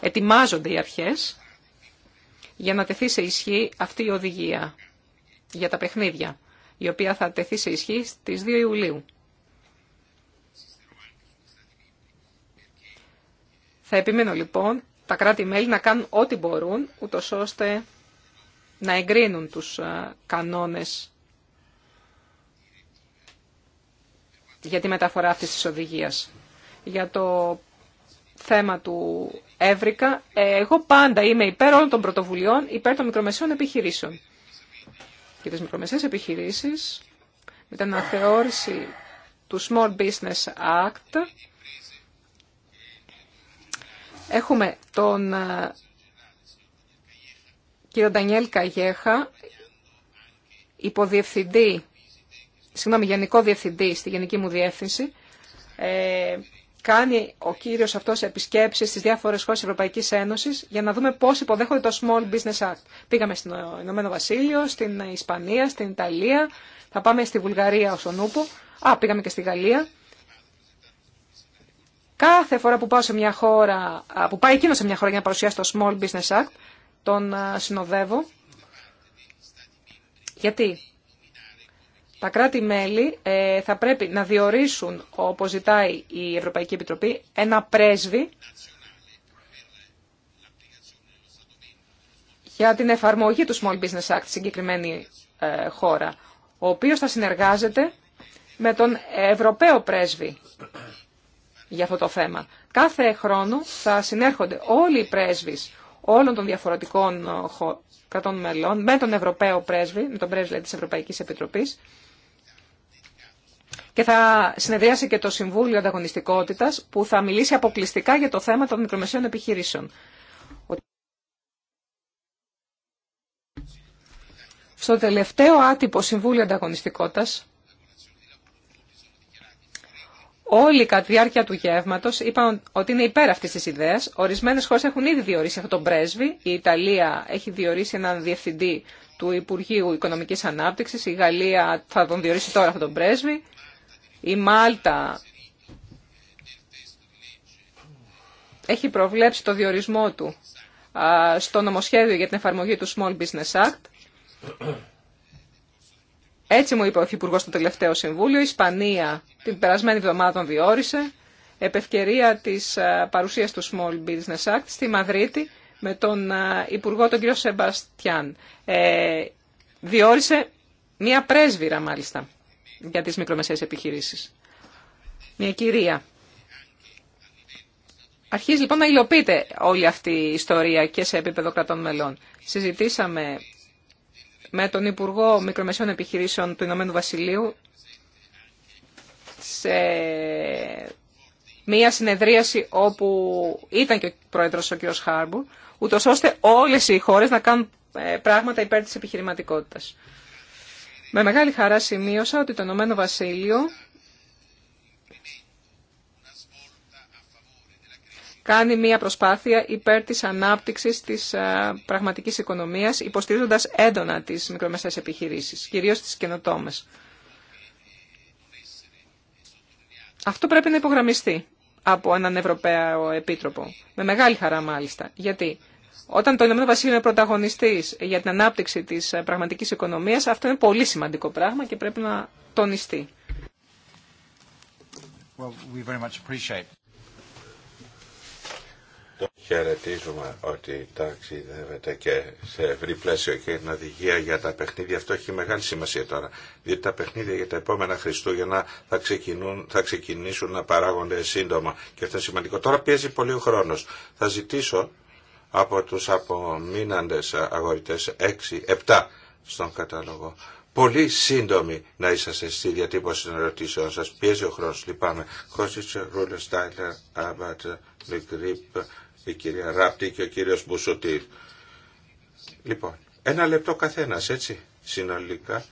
ετοιμάζονται οι αρχές για να τεθεί σε ισχύ αυτή η οδηγία για τα παιχνίδια, η οποία θα τεθεί σε ισχύ στις 2 Ιουλίου. Θα επιμείνω λοιπόν τα κράτη-μέλη να κάνουν ό,τι μπορούν, ούτω ώστε να εγκρίνουν τους ε, κανόνες για τη μεταφορά αυτής της οδηγίας για το θέμα του Εύρυκα. Ε, εγώ πάντα είμαι υπέρ όλων των πρωτοβουλειών, υπέρ των μικρομεσαίων επιχειρήσεων. Και τις μικρομεσαίες επιχειρήσεις, με την αναθεώρηση του Small Business Act, έχουμε τον ε, κύριο Ντανιέλ Καγέχα, υποδιευθυντή, συγγνώμη, γενικό διευθυντή στη Γενική μου Διεύθυνση, ε, κάνει ο κύριος αυτός επισκέψει στις διάφορες χώρες τη Ευρωπαϊκής Ένωση για να δούμε πώς υποδέχονται το Small Business Act. Πήγαμε στο Ηνωμένο Βασίλειο, στην Ισπανία, στην Ιταλία, θα πάμε στη Βουλγαρία ω τον Ούπο. α, πήγαμε και στη Γαλλία. Κάθε φορά που, πάω σε μια χώρα, που πάει εκείνο σε μια χώρα για να παρουσιάσει το Small Business Act, τον συνοδεύω. Γιατί τα κράτη-μέλη ε, θα πρέπει να διορίσουν, όπως ζητάει η Ευρωπαϊκή Επιτροπή, ένα πρέσβη για την εφαρμογή του Small Business Act στη συγκεκριμένη ε, χώρα, ο οποίος θα συνεργάζεται με τον Ευρωπαίο πρέσβη για αυτό το θέμα. Κάθε χρόνο θα συνέρχονται όλοι οι πρέσβεις όλων των διαφορετικών ε, κρατών μελών με τον Ευρωπαίο πρέσβη, με τον πρέσβη δηλαδή, της Ευρωπαϊκής Επιτροπής και θα συνεδριάσει και το Συμβούλιο Ανταγωνιστικότητα που θα μιλήσει αποκλειστικά για το θέμα των μικρομεσαίων επιχειρήσεων. Στο τελευταίο άτυπο Συμβούλιο Ανταγωνιστικότητα, όλοι κατά τη διάρκεια του γεύματο είπαν ότι είναι υπέρ αυτή τη ιδέα. Ορισμένε χώρε έχουν ήδη διορίσει αυτόν τον πρέσβη. Η Ιταλία έχει διορίσει έναν διευθυντή του Υπουργείου Οικονομική Ανάπτυξη. Η Γαλλία θα τον διορίσει τώρα αυτόν τον πρέσβη. Η Μάλτα έχει προβλέψει το διορισμό του στο νομοσχέδιο για την εφαρμογή του Small Business Act. Έτσι μου είπε ο υπουργό στο τελευταίο Συμβούλιο. Η Ισπανία την περασμένη εβδομάδα διόρισε επευκαιρία της παρουσίας του Small Business Act στη Μαδρίτη με τον Υπουργό τον κύριο Σεμπαστιάν. Ε, διόρισε μία πρέσβυρα μάλιστα για τις μικρομεσαίες επιχειρήσεις. Μια κυρία. Αρχίζει λοιπόν να υλοποιείται όλη αυτή η ιστορία και σε επίπεδο κρατών μελών. Συζητήσαμε με τον Υπουργό Μικρομεσαίων Επιχειρήσεων του Ηνωμένου Βασιλείου σε μία συνεδρίαση όπου ήταν και ο πρόεδρος ο κ. Χάρμπουρ, ούτως ώστε όλες οι χώρες να κάνουν ε, πράγματα υπέρ της επιχειρηματικότητας. Με μεγάλη χαρά σημείωσα ότι το Ηνωμένο Βασίλειο κάνει μία προσπάθεια υπέρ της ανάπτυξης της πραγματικής οικονομίας, υποστηρίζοντας έντονα τις μικρομεσαίες επιχειρήσεις, κυρίως τις καινοτόμες. Αυτό πρέπει να υπογραμμιστεί από έναν Ευρωπαίο Επίτροπο, με μεγάλη χαρά μάλιστα, γιατί όταν το Ηνωμένο Βασίλειο είναι πρωταγωνιστή για την ανάπτυξη τη ε, πραγματική οικονομία, αυτό είναι πολύ σημαντικό πράγμα και πρέπει να τονιστεί. Well, we very much χαιρετίζουμε ότι ταξιδεύεται και σε ευρύ πλαίσιο και την οδηγία για τα παιχνίδια. Αυτό έχει μεγάλη σημασία τώρα. Διότι τα παιχνίδια για τα επόμενα Χριστούγεννα θα, ξεκινούν, θα ξεκινήσουν να παράγονται σύντομα. Και αυτό είναι σημαντικό. Τώρα πιέζει πολύ ο χρόνο. Θα ζητήσω από τους απομείναντες αγορητές 6-7 στον κατάλογο. Πολύ σύντομη να είσαστε στη διατύπωση των ερωτήσεων σας. Πιέζει ο χρόνος, λυπάμαι. Χώσιτς, Ρούλε, Στάιλερ, Άμπατ, Μικρύπ, η κυρία Ράπτη και ο κύριος Μπουσουτήρ. Λοιπόν, ένα λεπτό καθένας, έτσι, συνολικά.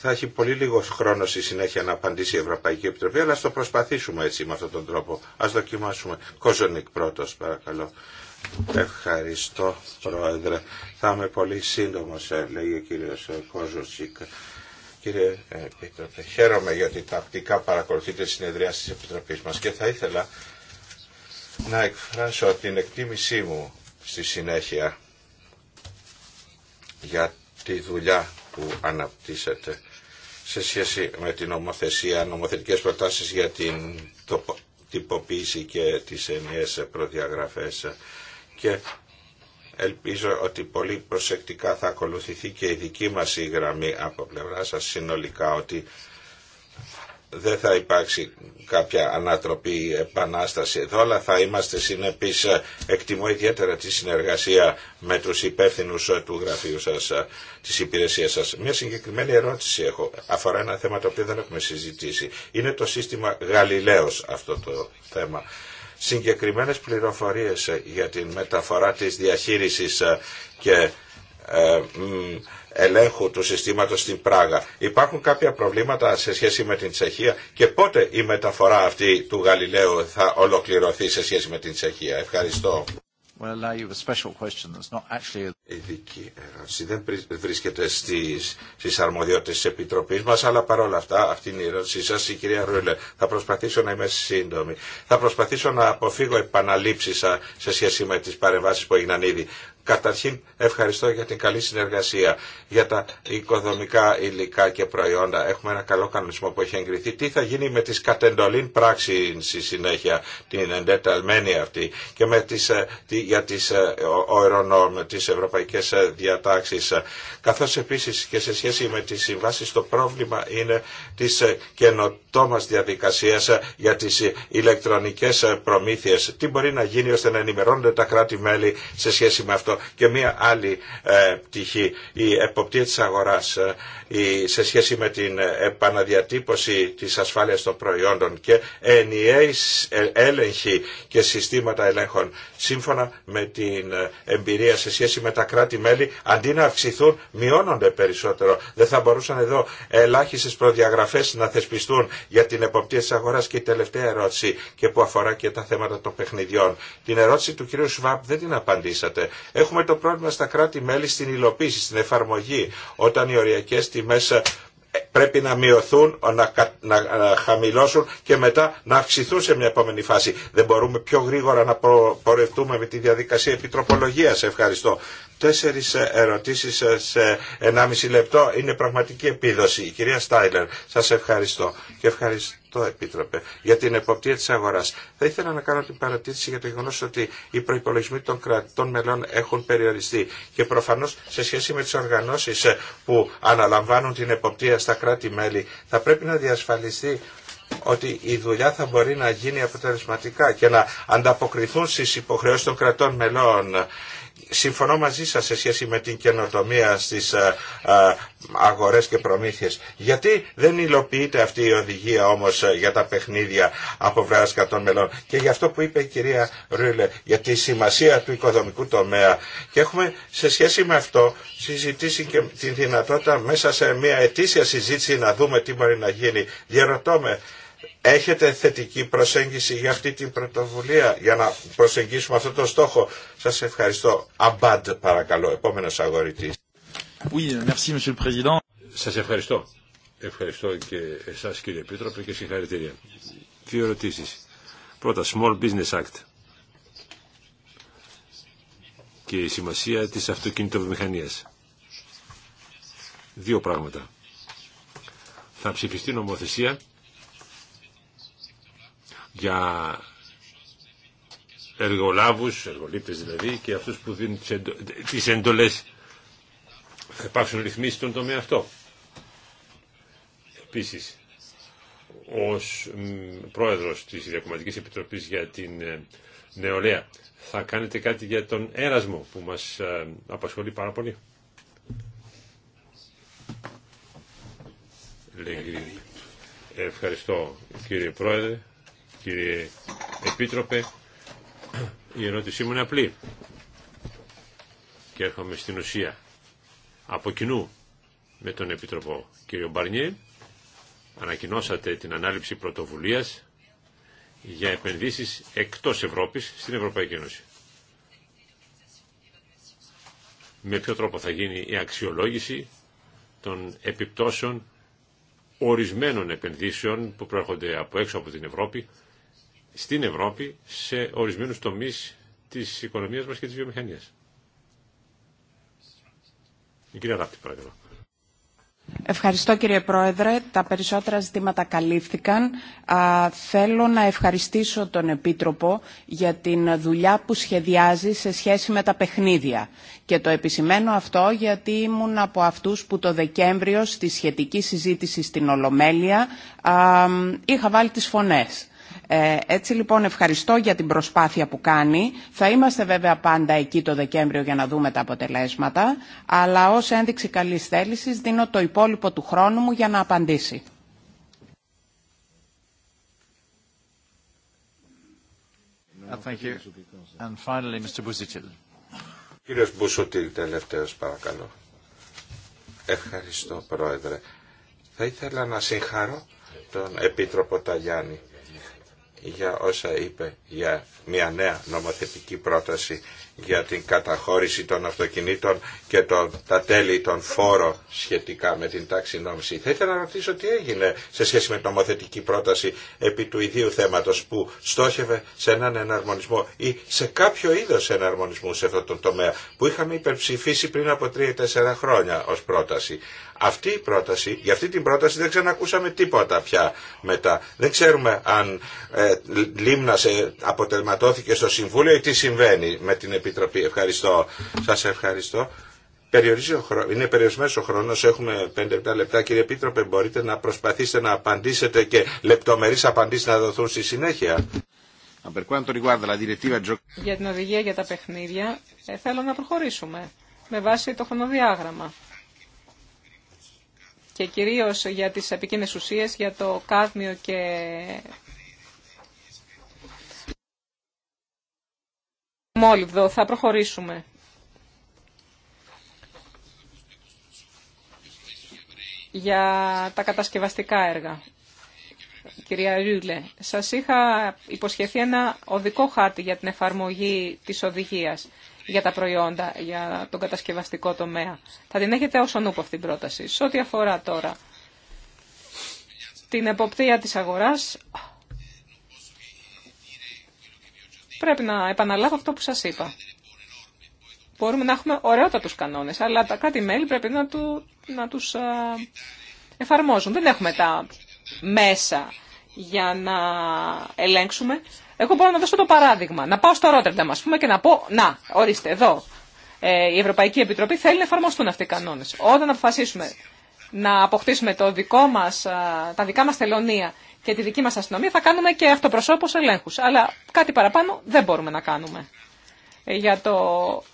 Θα έχει πολύ λίγο χρόνο στη συνέχεια να απαντήσει η Ευρωπαϊκή Επιτροπή, αλλά ας το προσπαθήσουμε έτσι με αυτόν τον τρόπο. Ας δοκιμάσουμε. Κόζονικ πρώτος, παρακαλώ. Ευχαριστώ Πρόεδρε. Θα είμαι πολύ σύντομο, ε, λέγει ο κύριος ε, Κόζοτσικ. Κύριε ε, Επίτροπε, χαίρομαι γιατί τακτικά παρακολουθείτε συνεδρία τη Επιτροπή μα και θα ήθελα να εκφράσω την εκτίμησή μου στη συνέχεια για τη δουλειά που αναπτύσσεται σε σχέση με την νομοθεσία, νομοθετικές προτάσεις για την τυποποίηση και τις ενιαίες προδιαγραφές και ελπίζω ότι πολύ προσεκτικά θα ακολουθηθεί και η δική μας η γραμμή από πλευρά σας συνολικά ότι δεν θα υπάρξει κάποια ανατροπή επανάσταση εδώ, αλλά θα είμαστε συνεπείς. Εκτιμώ ιδιαίτερα τη συνεργασία με τους υπεύθυνου του γραφείου σας, της υπηρεσίας σας. Μια συγκεκριμένη ερώτηση έχω, αφορά ένα θέμα το οποίο δεν έχουμε συζητήσει. Είναι το σύστημα Γαλιλαίος αυτό το θέμα συγκεκριμένες πληροφορίες ε, για την μεταφορά της διαχείρισης ε, και ε, ελέγχου του συστήματος στην Πράγα. Υπάρχουν κάποια προβλήματα σε σχέση με την Τσεχία και πότε η μεταφορά αυτή του Γαλιλαίου θα ολοκληρωθεί σε σχέση με την Τσεχία. Ευχαριστώ will allow Ειδική ερώτηση. Δεν βρίσκεται στις, στις αρμοδιότητες της Επιτροπής μας, αλλά παρόλα αυτά, αυτή είναι η ερώτησή σα, η κυρία Ρούλε. Θα προσπαθήσω να είμαι σύντομη. Θα προσπαθήσω να αποφύγω επαναλήψεις σε σχέση με τις παρεμβάσεις που έγιναν ήδη. Καταρχήν ευχαριστώ για την καλή συνεργασία για τα οικοδομικά υλικά και προϊόντα. Έχουμε ένα καλό κανονισμό που έχει εγκριθεί. Τι θα γίνει με τις κατεντολήν πράξεις στη συνέχεια, την εντεταλμένη αυτή και με τις, ε, για τις ε, οερονόμ, τις ευρωπαϊκές ε, διατάξεις. Καθώς επίσης και σε σχέση με τις συμβάσεις το πρόβλημα είναι της καινοτόμας διαδικασίας για τις ηλεκτρονικές προμήθειες. Τι μπορεί να γίνει ώστε να ενημερώνονται τα κράτη-μέλη σε σχέση με αυτό και μία άλλη ε, πτυχή, η εποπτεία της αγοράς. Ε, σε σχέση με την επαναδιατύπωση της ασφάλειας των προϊόντων και ενιαίοι ε, έλεγχοι και συστήματα ελέγχων σύμφωνα με την εμπειρία σε σχέση με τα κράτη-μέλη αντί να αυξηθούν μειώνονται περισσότερο. Δεν θα μπορούσαν εδώ ελάχιστες προδιαγραφές να θεσπιστούν για την εποπτεία της αγοράς και η τελευταία ερώτηση και που αφορά και τα θέματα των παιχνιδιών. Την ερώτηση του κ. Σουβάπ δεν την απαντήσατε. Έχουμε το πρόβλημα στα κράτη-μέλη στην υλοποίηση, στην εφαρμογή όταν οι οριακές τιμές ε, πρέπει να μειωθούν, να, χαμηλώσουν και μετά να αυξηθούν σε μια επόμενη φάση. Δεν μπορούμε πιο γρήγορα να πορευτούμε με τη διαδικασία επιτροπολογίας. Ευχαριστώ. Τέσσερις ερωτήσεις σε 1,5 λεπτό είναι πραγματική επίδοση. Η κυρία Στάιλερ, σας ευχαριστώ και ευχαριστώ Επίτροπε, για την εποπτεία της αγορά. Θα ήθελα να κάνω την παρατήρηση για το γεγονό ότι οι προπολογισμοί των κρατών μελών έχουν περιοριστεί και προφανώς σε σχέση με τι οργανώσεις που αναλαμβάνουν την εποπτεία στα κράτη-μέλη θα πρέπει να διασφαλιστεί ότι η δουλειά θα μπορεί να γίνει αποτελεσματικά και να ανταποκριθούν στις υποχρεώσεις των κρατών μελών συμφωνώ μαζί σας σε σχέση με την καινοτομία στις ε, ε, αγορές και προμήθειες. Γιατί δεν υλοποιείται αυτή η οδηγία όμως ε, για τα παιχνίδια από βράσκα των μελών. Και για αυτό που είπε η κυρία Ρούλε για τη σημασία του οικοδομικού τομέα. Και έχουμε σε σχέση με αυτό συζητήσει και την δυνατότητα μέσα σε μια ετήσια συζήτηση να δούμε τι μπορεί να γίνει. Διαρωτώ με, Έχετε θετική προσέγγιση για αυτή την πρωτοβουλία, για να προσεγγίσουμε αυτό το στόχο. Σας ευχαριστώ. Αμπάντ, παρακαλώ, επόμενος αγορητής. Oui, merci, Σας ευχαριστώ. Ευχαριστώ και εσάς κύριε Επίτροπε και συγχαρητήρια. Δύο ερωτήσεις. Πρώτα, Small Business Act και η σημασία της αυτοκινητοβιομηχανίας. Δύο πράγματα. Θα ψηφιστεί νομοθεσία για εργολάβους, εργολήπτες δηλαδή, και αυτούς που δίνουν τις εντολές. Θα υπάρξουν ρυθμίσεις στον τομέα αυτό. Επίσης, ως πρόεδρος της Διακομματικής Επιτροπής για την ε, Νεολαία, θα κάνετε κάτι για τον έρασμο που μας ε, απασχολεί πάρα πολύ. Ευχαριστώ κύριε Πρόεδρε κύριε Επίτροπε. Η ερώτησή μου είναι απλή. Και έρχομαι στην ουσία. Από κοινού με τον Επίτροπο κύριο Μπαρνιέ ανακοινώσατε την ανάληψη πρωτοβουλίας για επενδύσεις εκτός Ευρώπης στην Ευρωπαϊκή Ένωση. Με ποιο τρόπο θα γίνει η αξιολόγηση των επιπτώσεων ορισμένων επενδύσεων που προέρχονται από έξω από την Ευρώπη στην Ευρώπη σε ορισμένους τομείς της οικονομίας μας και της βιομηχανίας. Η κυρία Ράπτη, Ευχαριστώ κύριε Πρόεδρε. Τα περισσότερα ζητήματα καλύφθηκαν. Α, θέλω να ευχαριστήσω τον Επίτροπο για την δουλειά που σχεδιάζει σε σχέση με τα παιχνίδια. Και το επισημαίνω αυτό γιατί ήμουν από αυτούς που το Δεκέμβριο στη σχετική συζήτηση στην Ολομέλεια είχα βάλει τις φωνές. Ε, έτσι λοιπόν ευχαριστώ για την προσπάθεια που κάνει. Θα είμαστε βέβαια πάντα εκεί το Δεκέμβριο για να δούμε τα αποτελέσματα, αλλά ως ένδειξη καλής θέλησης δίνω το υπόλοιπο του χρόνου μου για να απαντήσει. Κύριος Μπουσουτήλ, τελευταίος παρακαλώ. Ευχαριστώ Πρόεδρε. Θα ήθελα να συγχαρώ τον Επίτροπο Ταγιάννη για όσα είπε για μια νέα νομοθετική πρόταση για την καταχώρηση των αυτοκινήτων και τα τέλη των φόρων σχετικά με την τάξη νόμιση. Θα ήθελα να ρωτήσω τι έγινε σε σχέση με την νομοθετική πρόταση επί του ιδίου θέματος που στόχευε σε έναν εναρμονισμό ή σε κάποιο είδος εναρμονισμού σε αυτό το τομέα που είχαμε υπερψηφίσει πριν από 3-4 χρόνια ως πρόταση. Αυτή η σε καποιο ειδος εναρμονισμου σε αυτο το τομεα που ειχαμε υπερψηφισει πριν απο τρια η 4 χρονια ως προταση αυτη η προταση για αυτή την πρόταση δεν ξανακούσαμε τίποτα πια μετά. Δεν ξέρουμε αν ε, λίμνασε, αποτελματώθηκε στο Συμβούλιο ή τι συμβαίνει με την Επιτροπή. Ευχαριστώ. Σας ευχαριστώ. Είναι περιορισμένο ο χρόνο, έχουμε 5-7 λεπτά. Κύριε Επίτροπε, μπορείτε να προσπαθήσετε να απαντήσετε και λεπτομερεί απαντήσει να δοθούν στη συνέχεια. Για την οδηγία για τα παιχνίδια, ε, θέλω να προχωρήσουμε με βάση το χρονοδιάγραμμα. Και κυρίως για τις επικίνδυνες ουσίες, για το κάδμιο και Μόλιβδο, θα προχωρήσουμε. Για τα κατασκευαστικά έργα. Κυρία Ρούλε, σας είχα υποσχεθεί ένα οδικό χάρτη για την εφαρμογή της οδηγίας για τα προϊόντα, για τον κατασκευαστικό τομέα. Θα την έχετε ως ονούπο αυτή την πρόταση. Σε ό,τι αφορά τώρα την εποπτεία της αγοράς, Πρέπει να επαναλάβω αυτό που σας είπα. Μπορούμε να έχουμε ωραιότατους κανόνες, αλλά τα κάτι μελη πρέπει να, του, να τους εφαρμόζουν. Δεν έχουμε τα μέσα για να ελέγξουμε. Εγώ μπορώ να δώσω το παράδειγμα. Να πάω στο Ρότερνταμ, μας πούμε, και να πω, να, ορίστε, εδώ, ε, η Ευρωπαϊκή Επιτροπή θέλει να εφαρμοστούν αυτοί οι κανόνες. Όταν αποφασίσουμε να αποκτήσουμε το δικό μας, τα δικά μας τελωνία και τη δική μας αστυνομία θα κάνουμε και αυτοπροσώπους ελέγχους. Αλλά κάτι παραπάνω δεν μπορούμε να κάνουμε. Ε, για το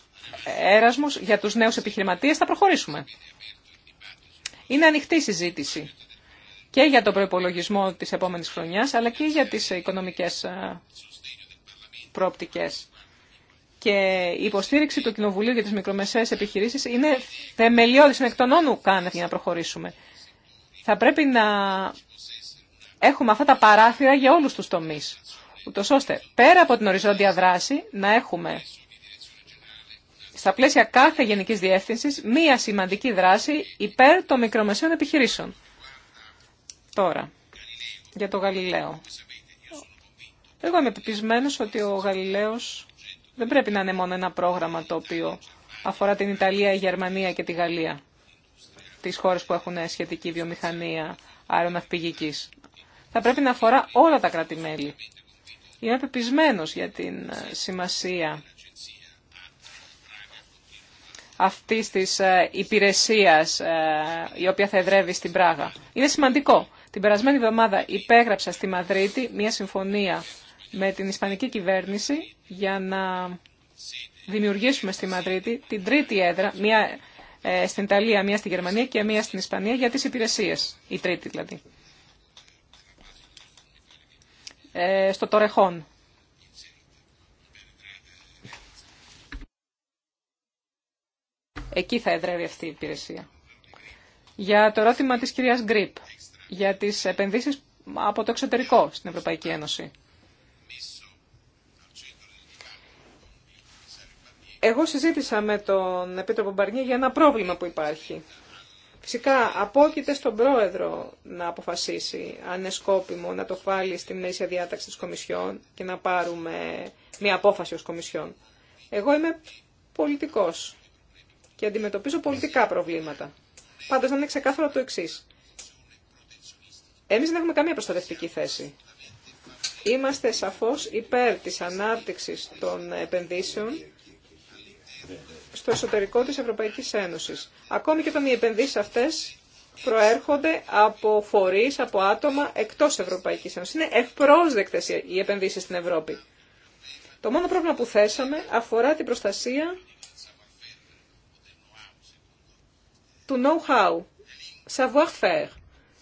έρασμος, για τους νέους επιχειρηματίες θα προχωρήσουμε. Είναι ανοιχτή συζήτηση και για τον προπολογισμό της επόμενης χρονιάς, αλλά και για τις οικονομικές ε, προοπτικές. Και η υποστήριξη του Κοινοβουλίου για τις μικρομεσαίες επιχειρήσεις είναι θεμελιώδης, είναι εκ των όνου για να προχωρήσουμε. Θα πρέπει να έχουμε αυτά τα παράθυρα για όλους τους τομείς, ούτως ώστε πέρα από την οριζόντια δράση να έχουμε στα πλαίσια κάθε γενικής διεύθυνσης μία σημαντική δράση υπέρ των μικρομεσαίων επιχειρήσεων. Τώρα, για το Γαλιλαίο. Εγώ είμαι πεπισμένος ότι ο Γαλιλαίος δεν πρέπει να είναι μόνο ένα πρόγραμμα το οποίο αφορά την Ιταλία, η Γερμανία και τη Γαλλία, τις χώρες που έχουν σχετική βιομηχανία αεροναυπηγικής θα πρέπει να αφορά όλα τα κράτη-μέλη. Είμαι για την σημασία αυτή της ε, υπηρεσίας ε, η οποία θα εδρεύει στην Πράγα. Είναι σημαντικό. Την περασμένη εβδομάδα υπέγραψα στη Μαδρίτη μια συμφωνία με την Ισπανική κυβέρνηση για να δημιουργήσουμε στη Μαδρίτη την τρίτη έδρα, μια ε, στην Ιταλία, μια στη Γερμανία και μια στην Ισπανία για τις υπηρεσίες, η τρίτη δηλαδή. Ε, στο τορεχόν. Εκεί θα εδρεύει αυτή η υπηρεσία. Για το ερώτημα της κυρίας Γκριπ, για τις επενδύσεις από το εξωτερικό στην Ευρωπαϊκή Ένωση. Εγώ συζήτησα με τον Επίτροπο Μπαρνιέ για ένα πρόβλημα που υπάρχει Φυσικά απόκειται στον πρόεδρο να αποφασίσει αν είναι σκόπιμο να το φάλει στη μέση διάταξη της Κομισιόν και να πάρουμε μια απόφαση ως Κομισιόν. Εγώ είμαι πολιτικός και αντιμετωπίζω πολιτικά προβλήματα. Πάντως να είναι ξεκάθαρο το εξή. Εμείς δεν έχουμε καμία προστατευτική θέση. Είμαστε σαφώς υπέρ της ανάπτυξη των επενδύσεων στο εσωτερικό της Ευρωπαϊκής Ένωσης. Ακόμη και όταν οι επενδύσεις αυτές προέρχονται από φορείς, από άτομα εκτός Ευρωπαϊκής Ένωσης. Είναι ευπρόσδεκτες οι επενδύσεις στην Ευρώπη. Το μόνο πρόβλημα που θέσαμε αφορά την προστασία του know-how, savoir-faire,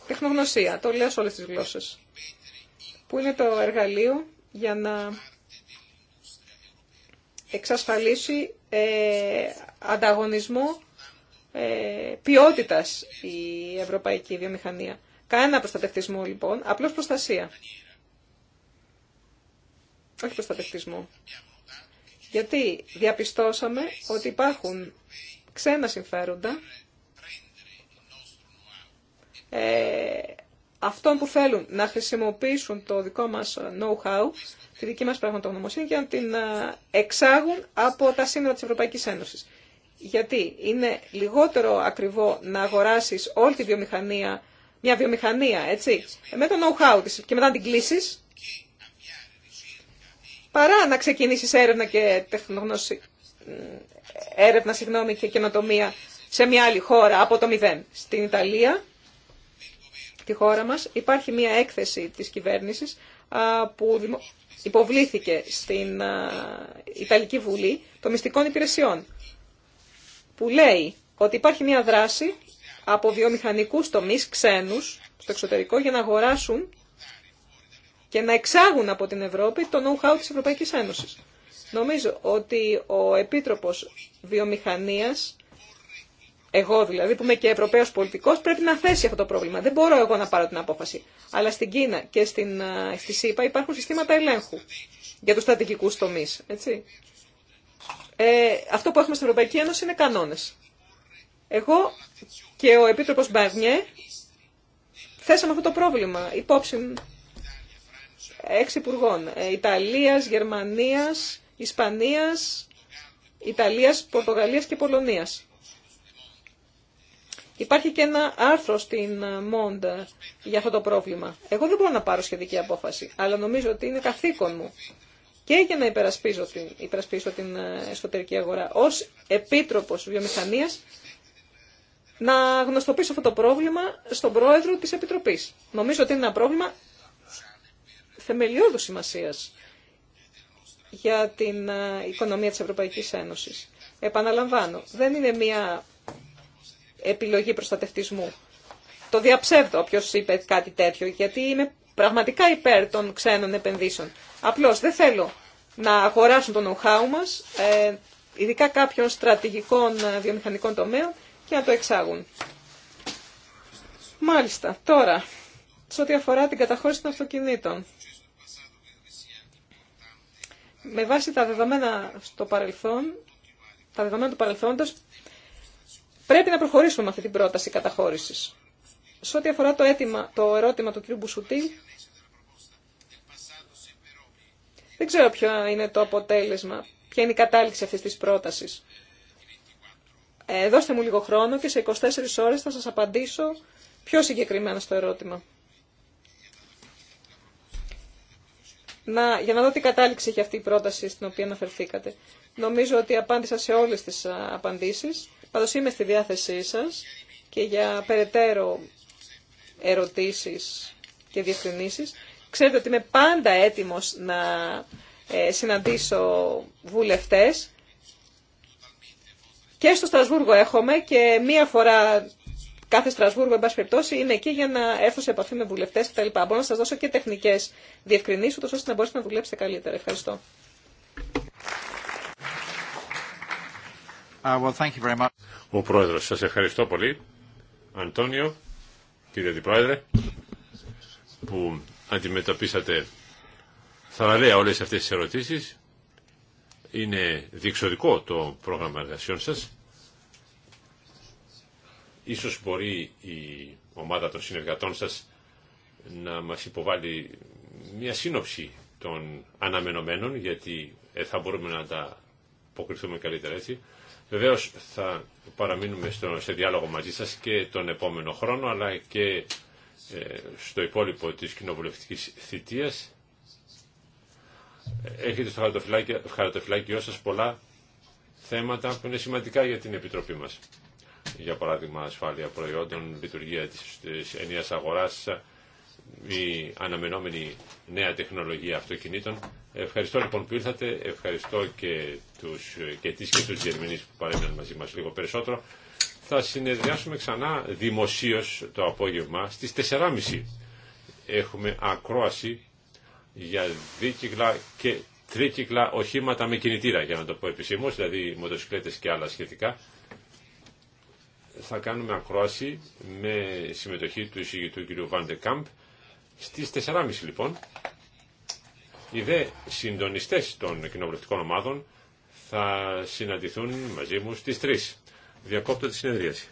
τεχνογνωσία, το λέω σε όλες τις γλώσσες, που είναι το εργαλείο για να εξασφαλίσει ε, ανταγωνισμό ε, ποιότητας η ευρωπαϊκή βιομηχανία. Κανένα προστατευτισμό λοιπόν, απλώς προστασία. Όχι προστατευτισμό. Γιατί διαπιστώσαμε ότι υπάρχουν ξένα συμφέροντα ε, αυτών που θέλουν να χρησιμοποιήσουν το δικό μας know-how τη δική μας πραγματογνωμοσύνη για να την ε, εξάγουν από τα σύνορα της Ευρωπαϊκής Ένωσης. Γιατί είναι λιγότερο ακριβό να αγοράσεις όλη τη βιομηχανία, μια βιομηχανία, έτσι, με το know-how της και μετά την κλείσει. παρά να ξεκινήσεις έρευνα και έρευνα και καινοτομία σε μια άλλη χώρα από το μηδέν. Στην Ιταλία, τη χώρα μας, υπάρχει μια έκθεση της κυβέρνησης που υποβλήθηκε στην Ιταλική Βουλή των Μυστικών Υπηρεσιών, που λέει ότι υπάρχει μια δράση από βιομηχανικούς τομείς ξένους στο εξωτερικό για να αγοράσουν και να εξάγουν από την Ευρώπη το know-how της Ευρωπαϊκής Ένωσης. Νομίζω ότι ο Επίτροπος Βιομηχανίας εγώ δηλαδή που είμαι και Ευρωπαίος πολιτικός, πρέπει να θέσει αυτό το πρόβλημα. Δεν μπορώ εγώ να πάρω την απόφαση. Αλλά στην Κίνα και στην, στη ΣΥΠΑ υπάρχουν συστήματα ελέγχου για του στρατηγικούς τομεί. Έτσι. Ε, αυτό που έχουμε στην Ευρωπαϊκή Ένωση είναι κανόνες. Εγώ και ο Επίτροπος Μπαρνιέ θέσαμε αυτό το πρόβλημα υπόψη έξι υπουργών. Ε, Ιταλίας, Γερμανίας, Ισπανίας, Ιταλίας, Πορτογαλίας και Πολωνία. Υπάρχει και ένα άρθρο στην Μόντα ε, για αυτό το πρόβλημα. Εγώ δεν μπορώ να πάρω σχετική απόφαση, αλλά νομίζω ότι είναι καθήκον μου και για να υπερασπίσω την, υπερασπίσω την ε, εσωτερική αγορά ως Επίτροπος Βιομηχανίας να γνωστοποιήσω αυτό το πρόβλημα στον Πρόεδρο της Επιτροπής. Νομίζω ότι είναι ένα πρόβλημα θεμελιώδου σημασίας για την ε, οικονομία της Ευρωπαϊκής Ένωσης. Επαναλαμβάνω, δεν είναι μια επιλογή προστατευτισμού. Το διαψεύδω όποιο είπε κάτι τέτοιο, γιατί είμαι πραγματικά υπέρ των ξένων επενδύσεων. Απλώ δεν θέλω να αγοράσουν το know-how μα, ε, ειδικά κάποιων στρατηγικών ε, βιομηχανικών τομέων, και να το εξάγουν. Μάλιστα, τώρα, σε ό,τι αφορά την καταχώρηση των αυτοκινήτων. Με βάση τα δεδομένα στο παρελθόν, τα δεδομένα του παρελθόντος Πρέπει να προχωρήσουμε με αυτή την πρόταση καταχώρηση. Σε ό,τι αφορά το, αίτημα, το ερώτημα του κ. Μπουσουτή, δεν ξέρω ποιο είναι το αποτέλεσμα, ποια είναι η κατάληξη αυτής της πρότασης. Ε, δώστε μου λίγο χρόνο και σε 24 ώρες θα σας απαντήσω πιο συγκεκριμένα στο ερώτημα. Να, για να δω τι κατάληξη έχει αυτή η πρόταση στην οποία αναφερθήκατε. Νομίζω ότι απάντησα σε όλες τις απαντήσεις. Πάντως είμαι στη διάθεσή σας και για περαιτέρω ερωτήσεις και διευκρινήσεις. Ξέρετε ότι είμαι πάντα έτοιμος να ε, συναντήσω βουλευτές. Και στο Στρασβούργο έχουμε και μία φορά κάθε Στρασβούργο, εν πάση περιπτώσει, είμαι εκεί για να έρθω σε επαφή με βουλευτέ κτλ. Μπορώ να σας δώσω και τεχνικές διευκρινήσεις ώστε να μπορέσετε να δουλέψετε καλύτερα. Ευχαριστώ. Uh, Ο Πρόεδρος, σας ευχαριστώ πολύ. Αντώνιο, κύριε διπρόεδρε, που αντιμετωπίσατε θαραλέα όλες αυτές τις ερωτήσεις. Είναι διεξοδικό το πρόγραμμα εργασιών σας. Ίσως μπορεί η ομάδα των συνεργατών σας να μας υποβάλει μια σύνοψη των αναμενωμένων, γιατί ε, θα μπορούμε να τα αποκριθούμε καλύτερα έτσι. Βεβαίω θα παραμείνουμε σε διάλογο μαζί σας και τον επόμενο χρόνο αλλά και ε, στο υπόλοιπο της κοινοβουλευτικής θητείας. Έχετε στο χαρατοφυλάκιο, σας πολλά θέματα που είναι σημαντικά για την Επιτροπή μας. Για παράδειγμα ασφάλεια προϊόντων, λειτουργία της ενίας αγοράς, η αναμενόμενη νέα τεχνολογία αυτοκινήτων. Ευχαριστώ λοιπόν που ήρθατε, ευχαριστώ και, τους, και τις και τους Γερμηνείς που παρέμειναν μαζί μας λίγο περισσότερο. Θα συνεδριάσουμε ξανά δημοσίως το απόγευμα στις 4.30. Έχουμε ακρόαση για δίκυκλα και τρίκυκλα οχήματα με κινητήρα, για να το πω επισήμως, δηλαδή μοτοσυκλέτες και άλλα σχετικά. Θα κάνουμε ακρόαση με συμμετοχή του εισηγητού κ. Βαντεκάμπ στις 4.30 λοιπόν, οι δε συντονιστές των κοινοβουλευτικών ομάδων θα συναντηθούν μαζί μου στις 3. Διακόπτω τη συνεδρίαση.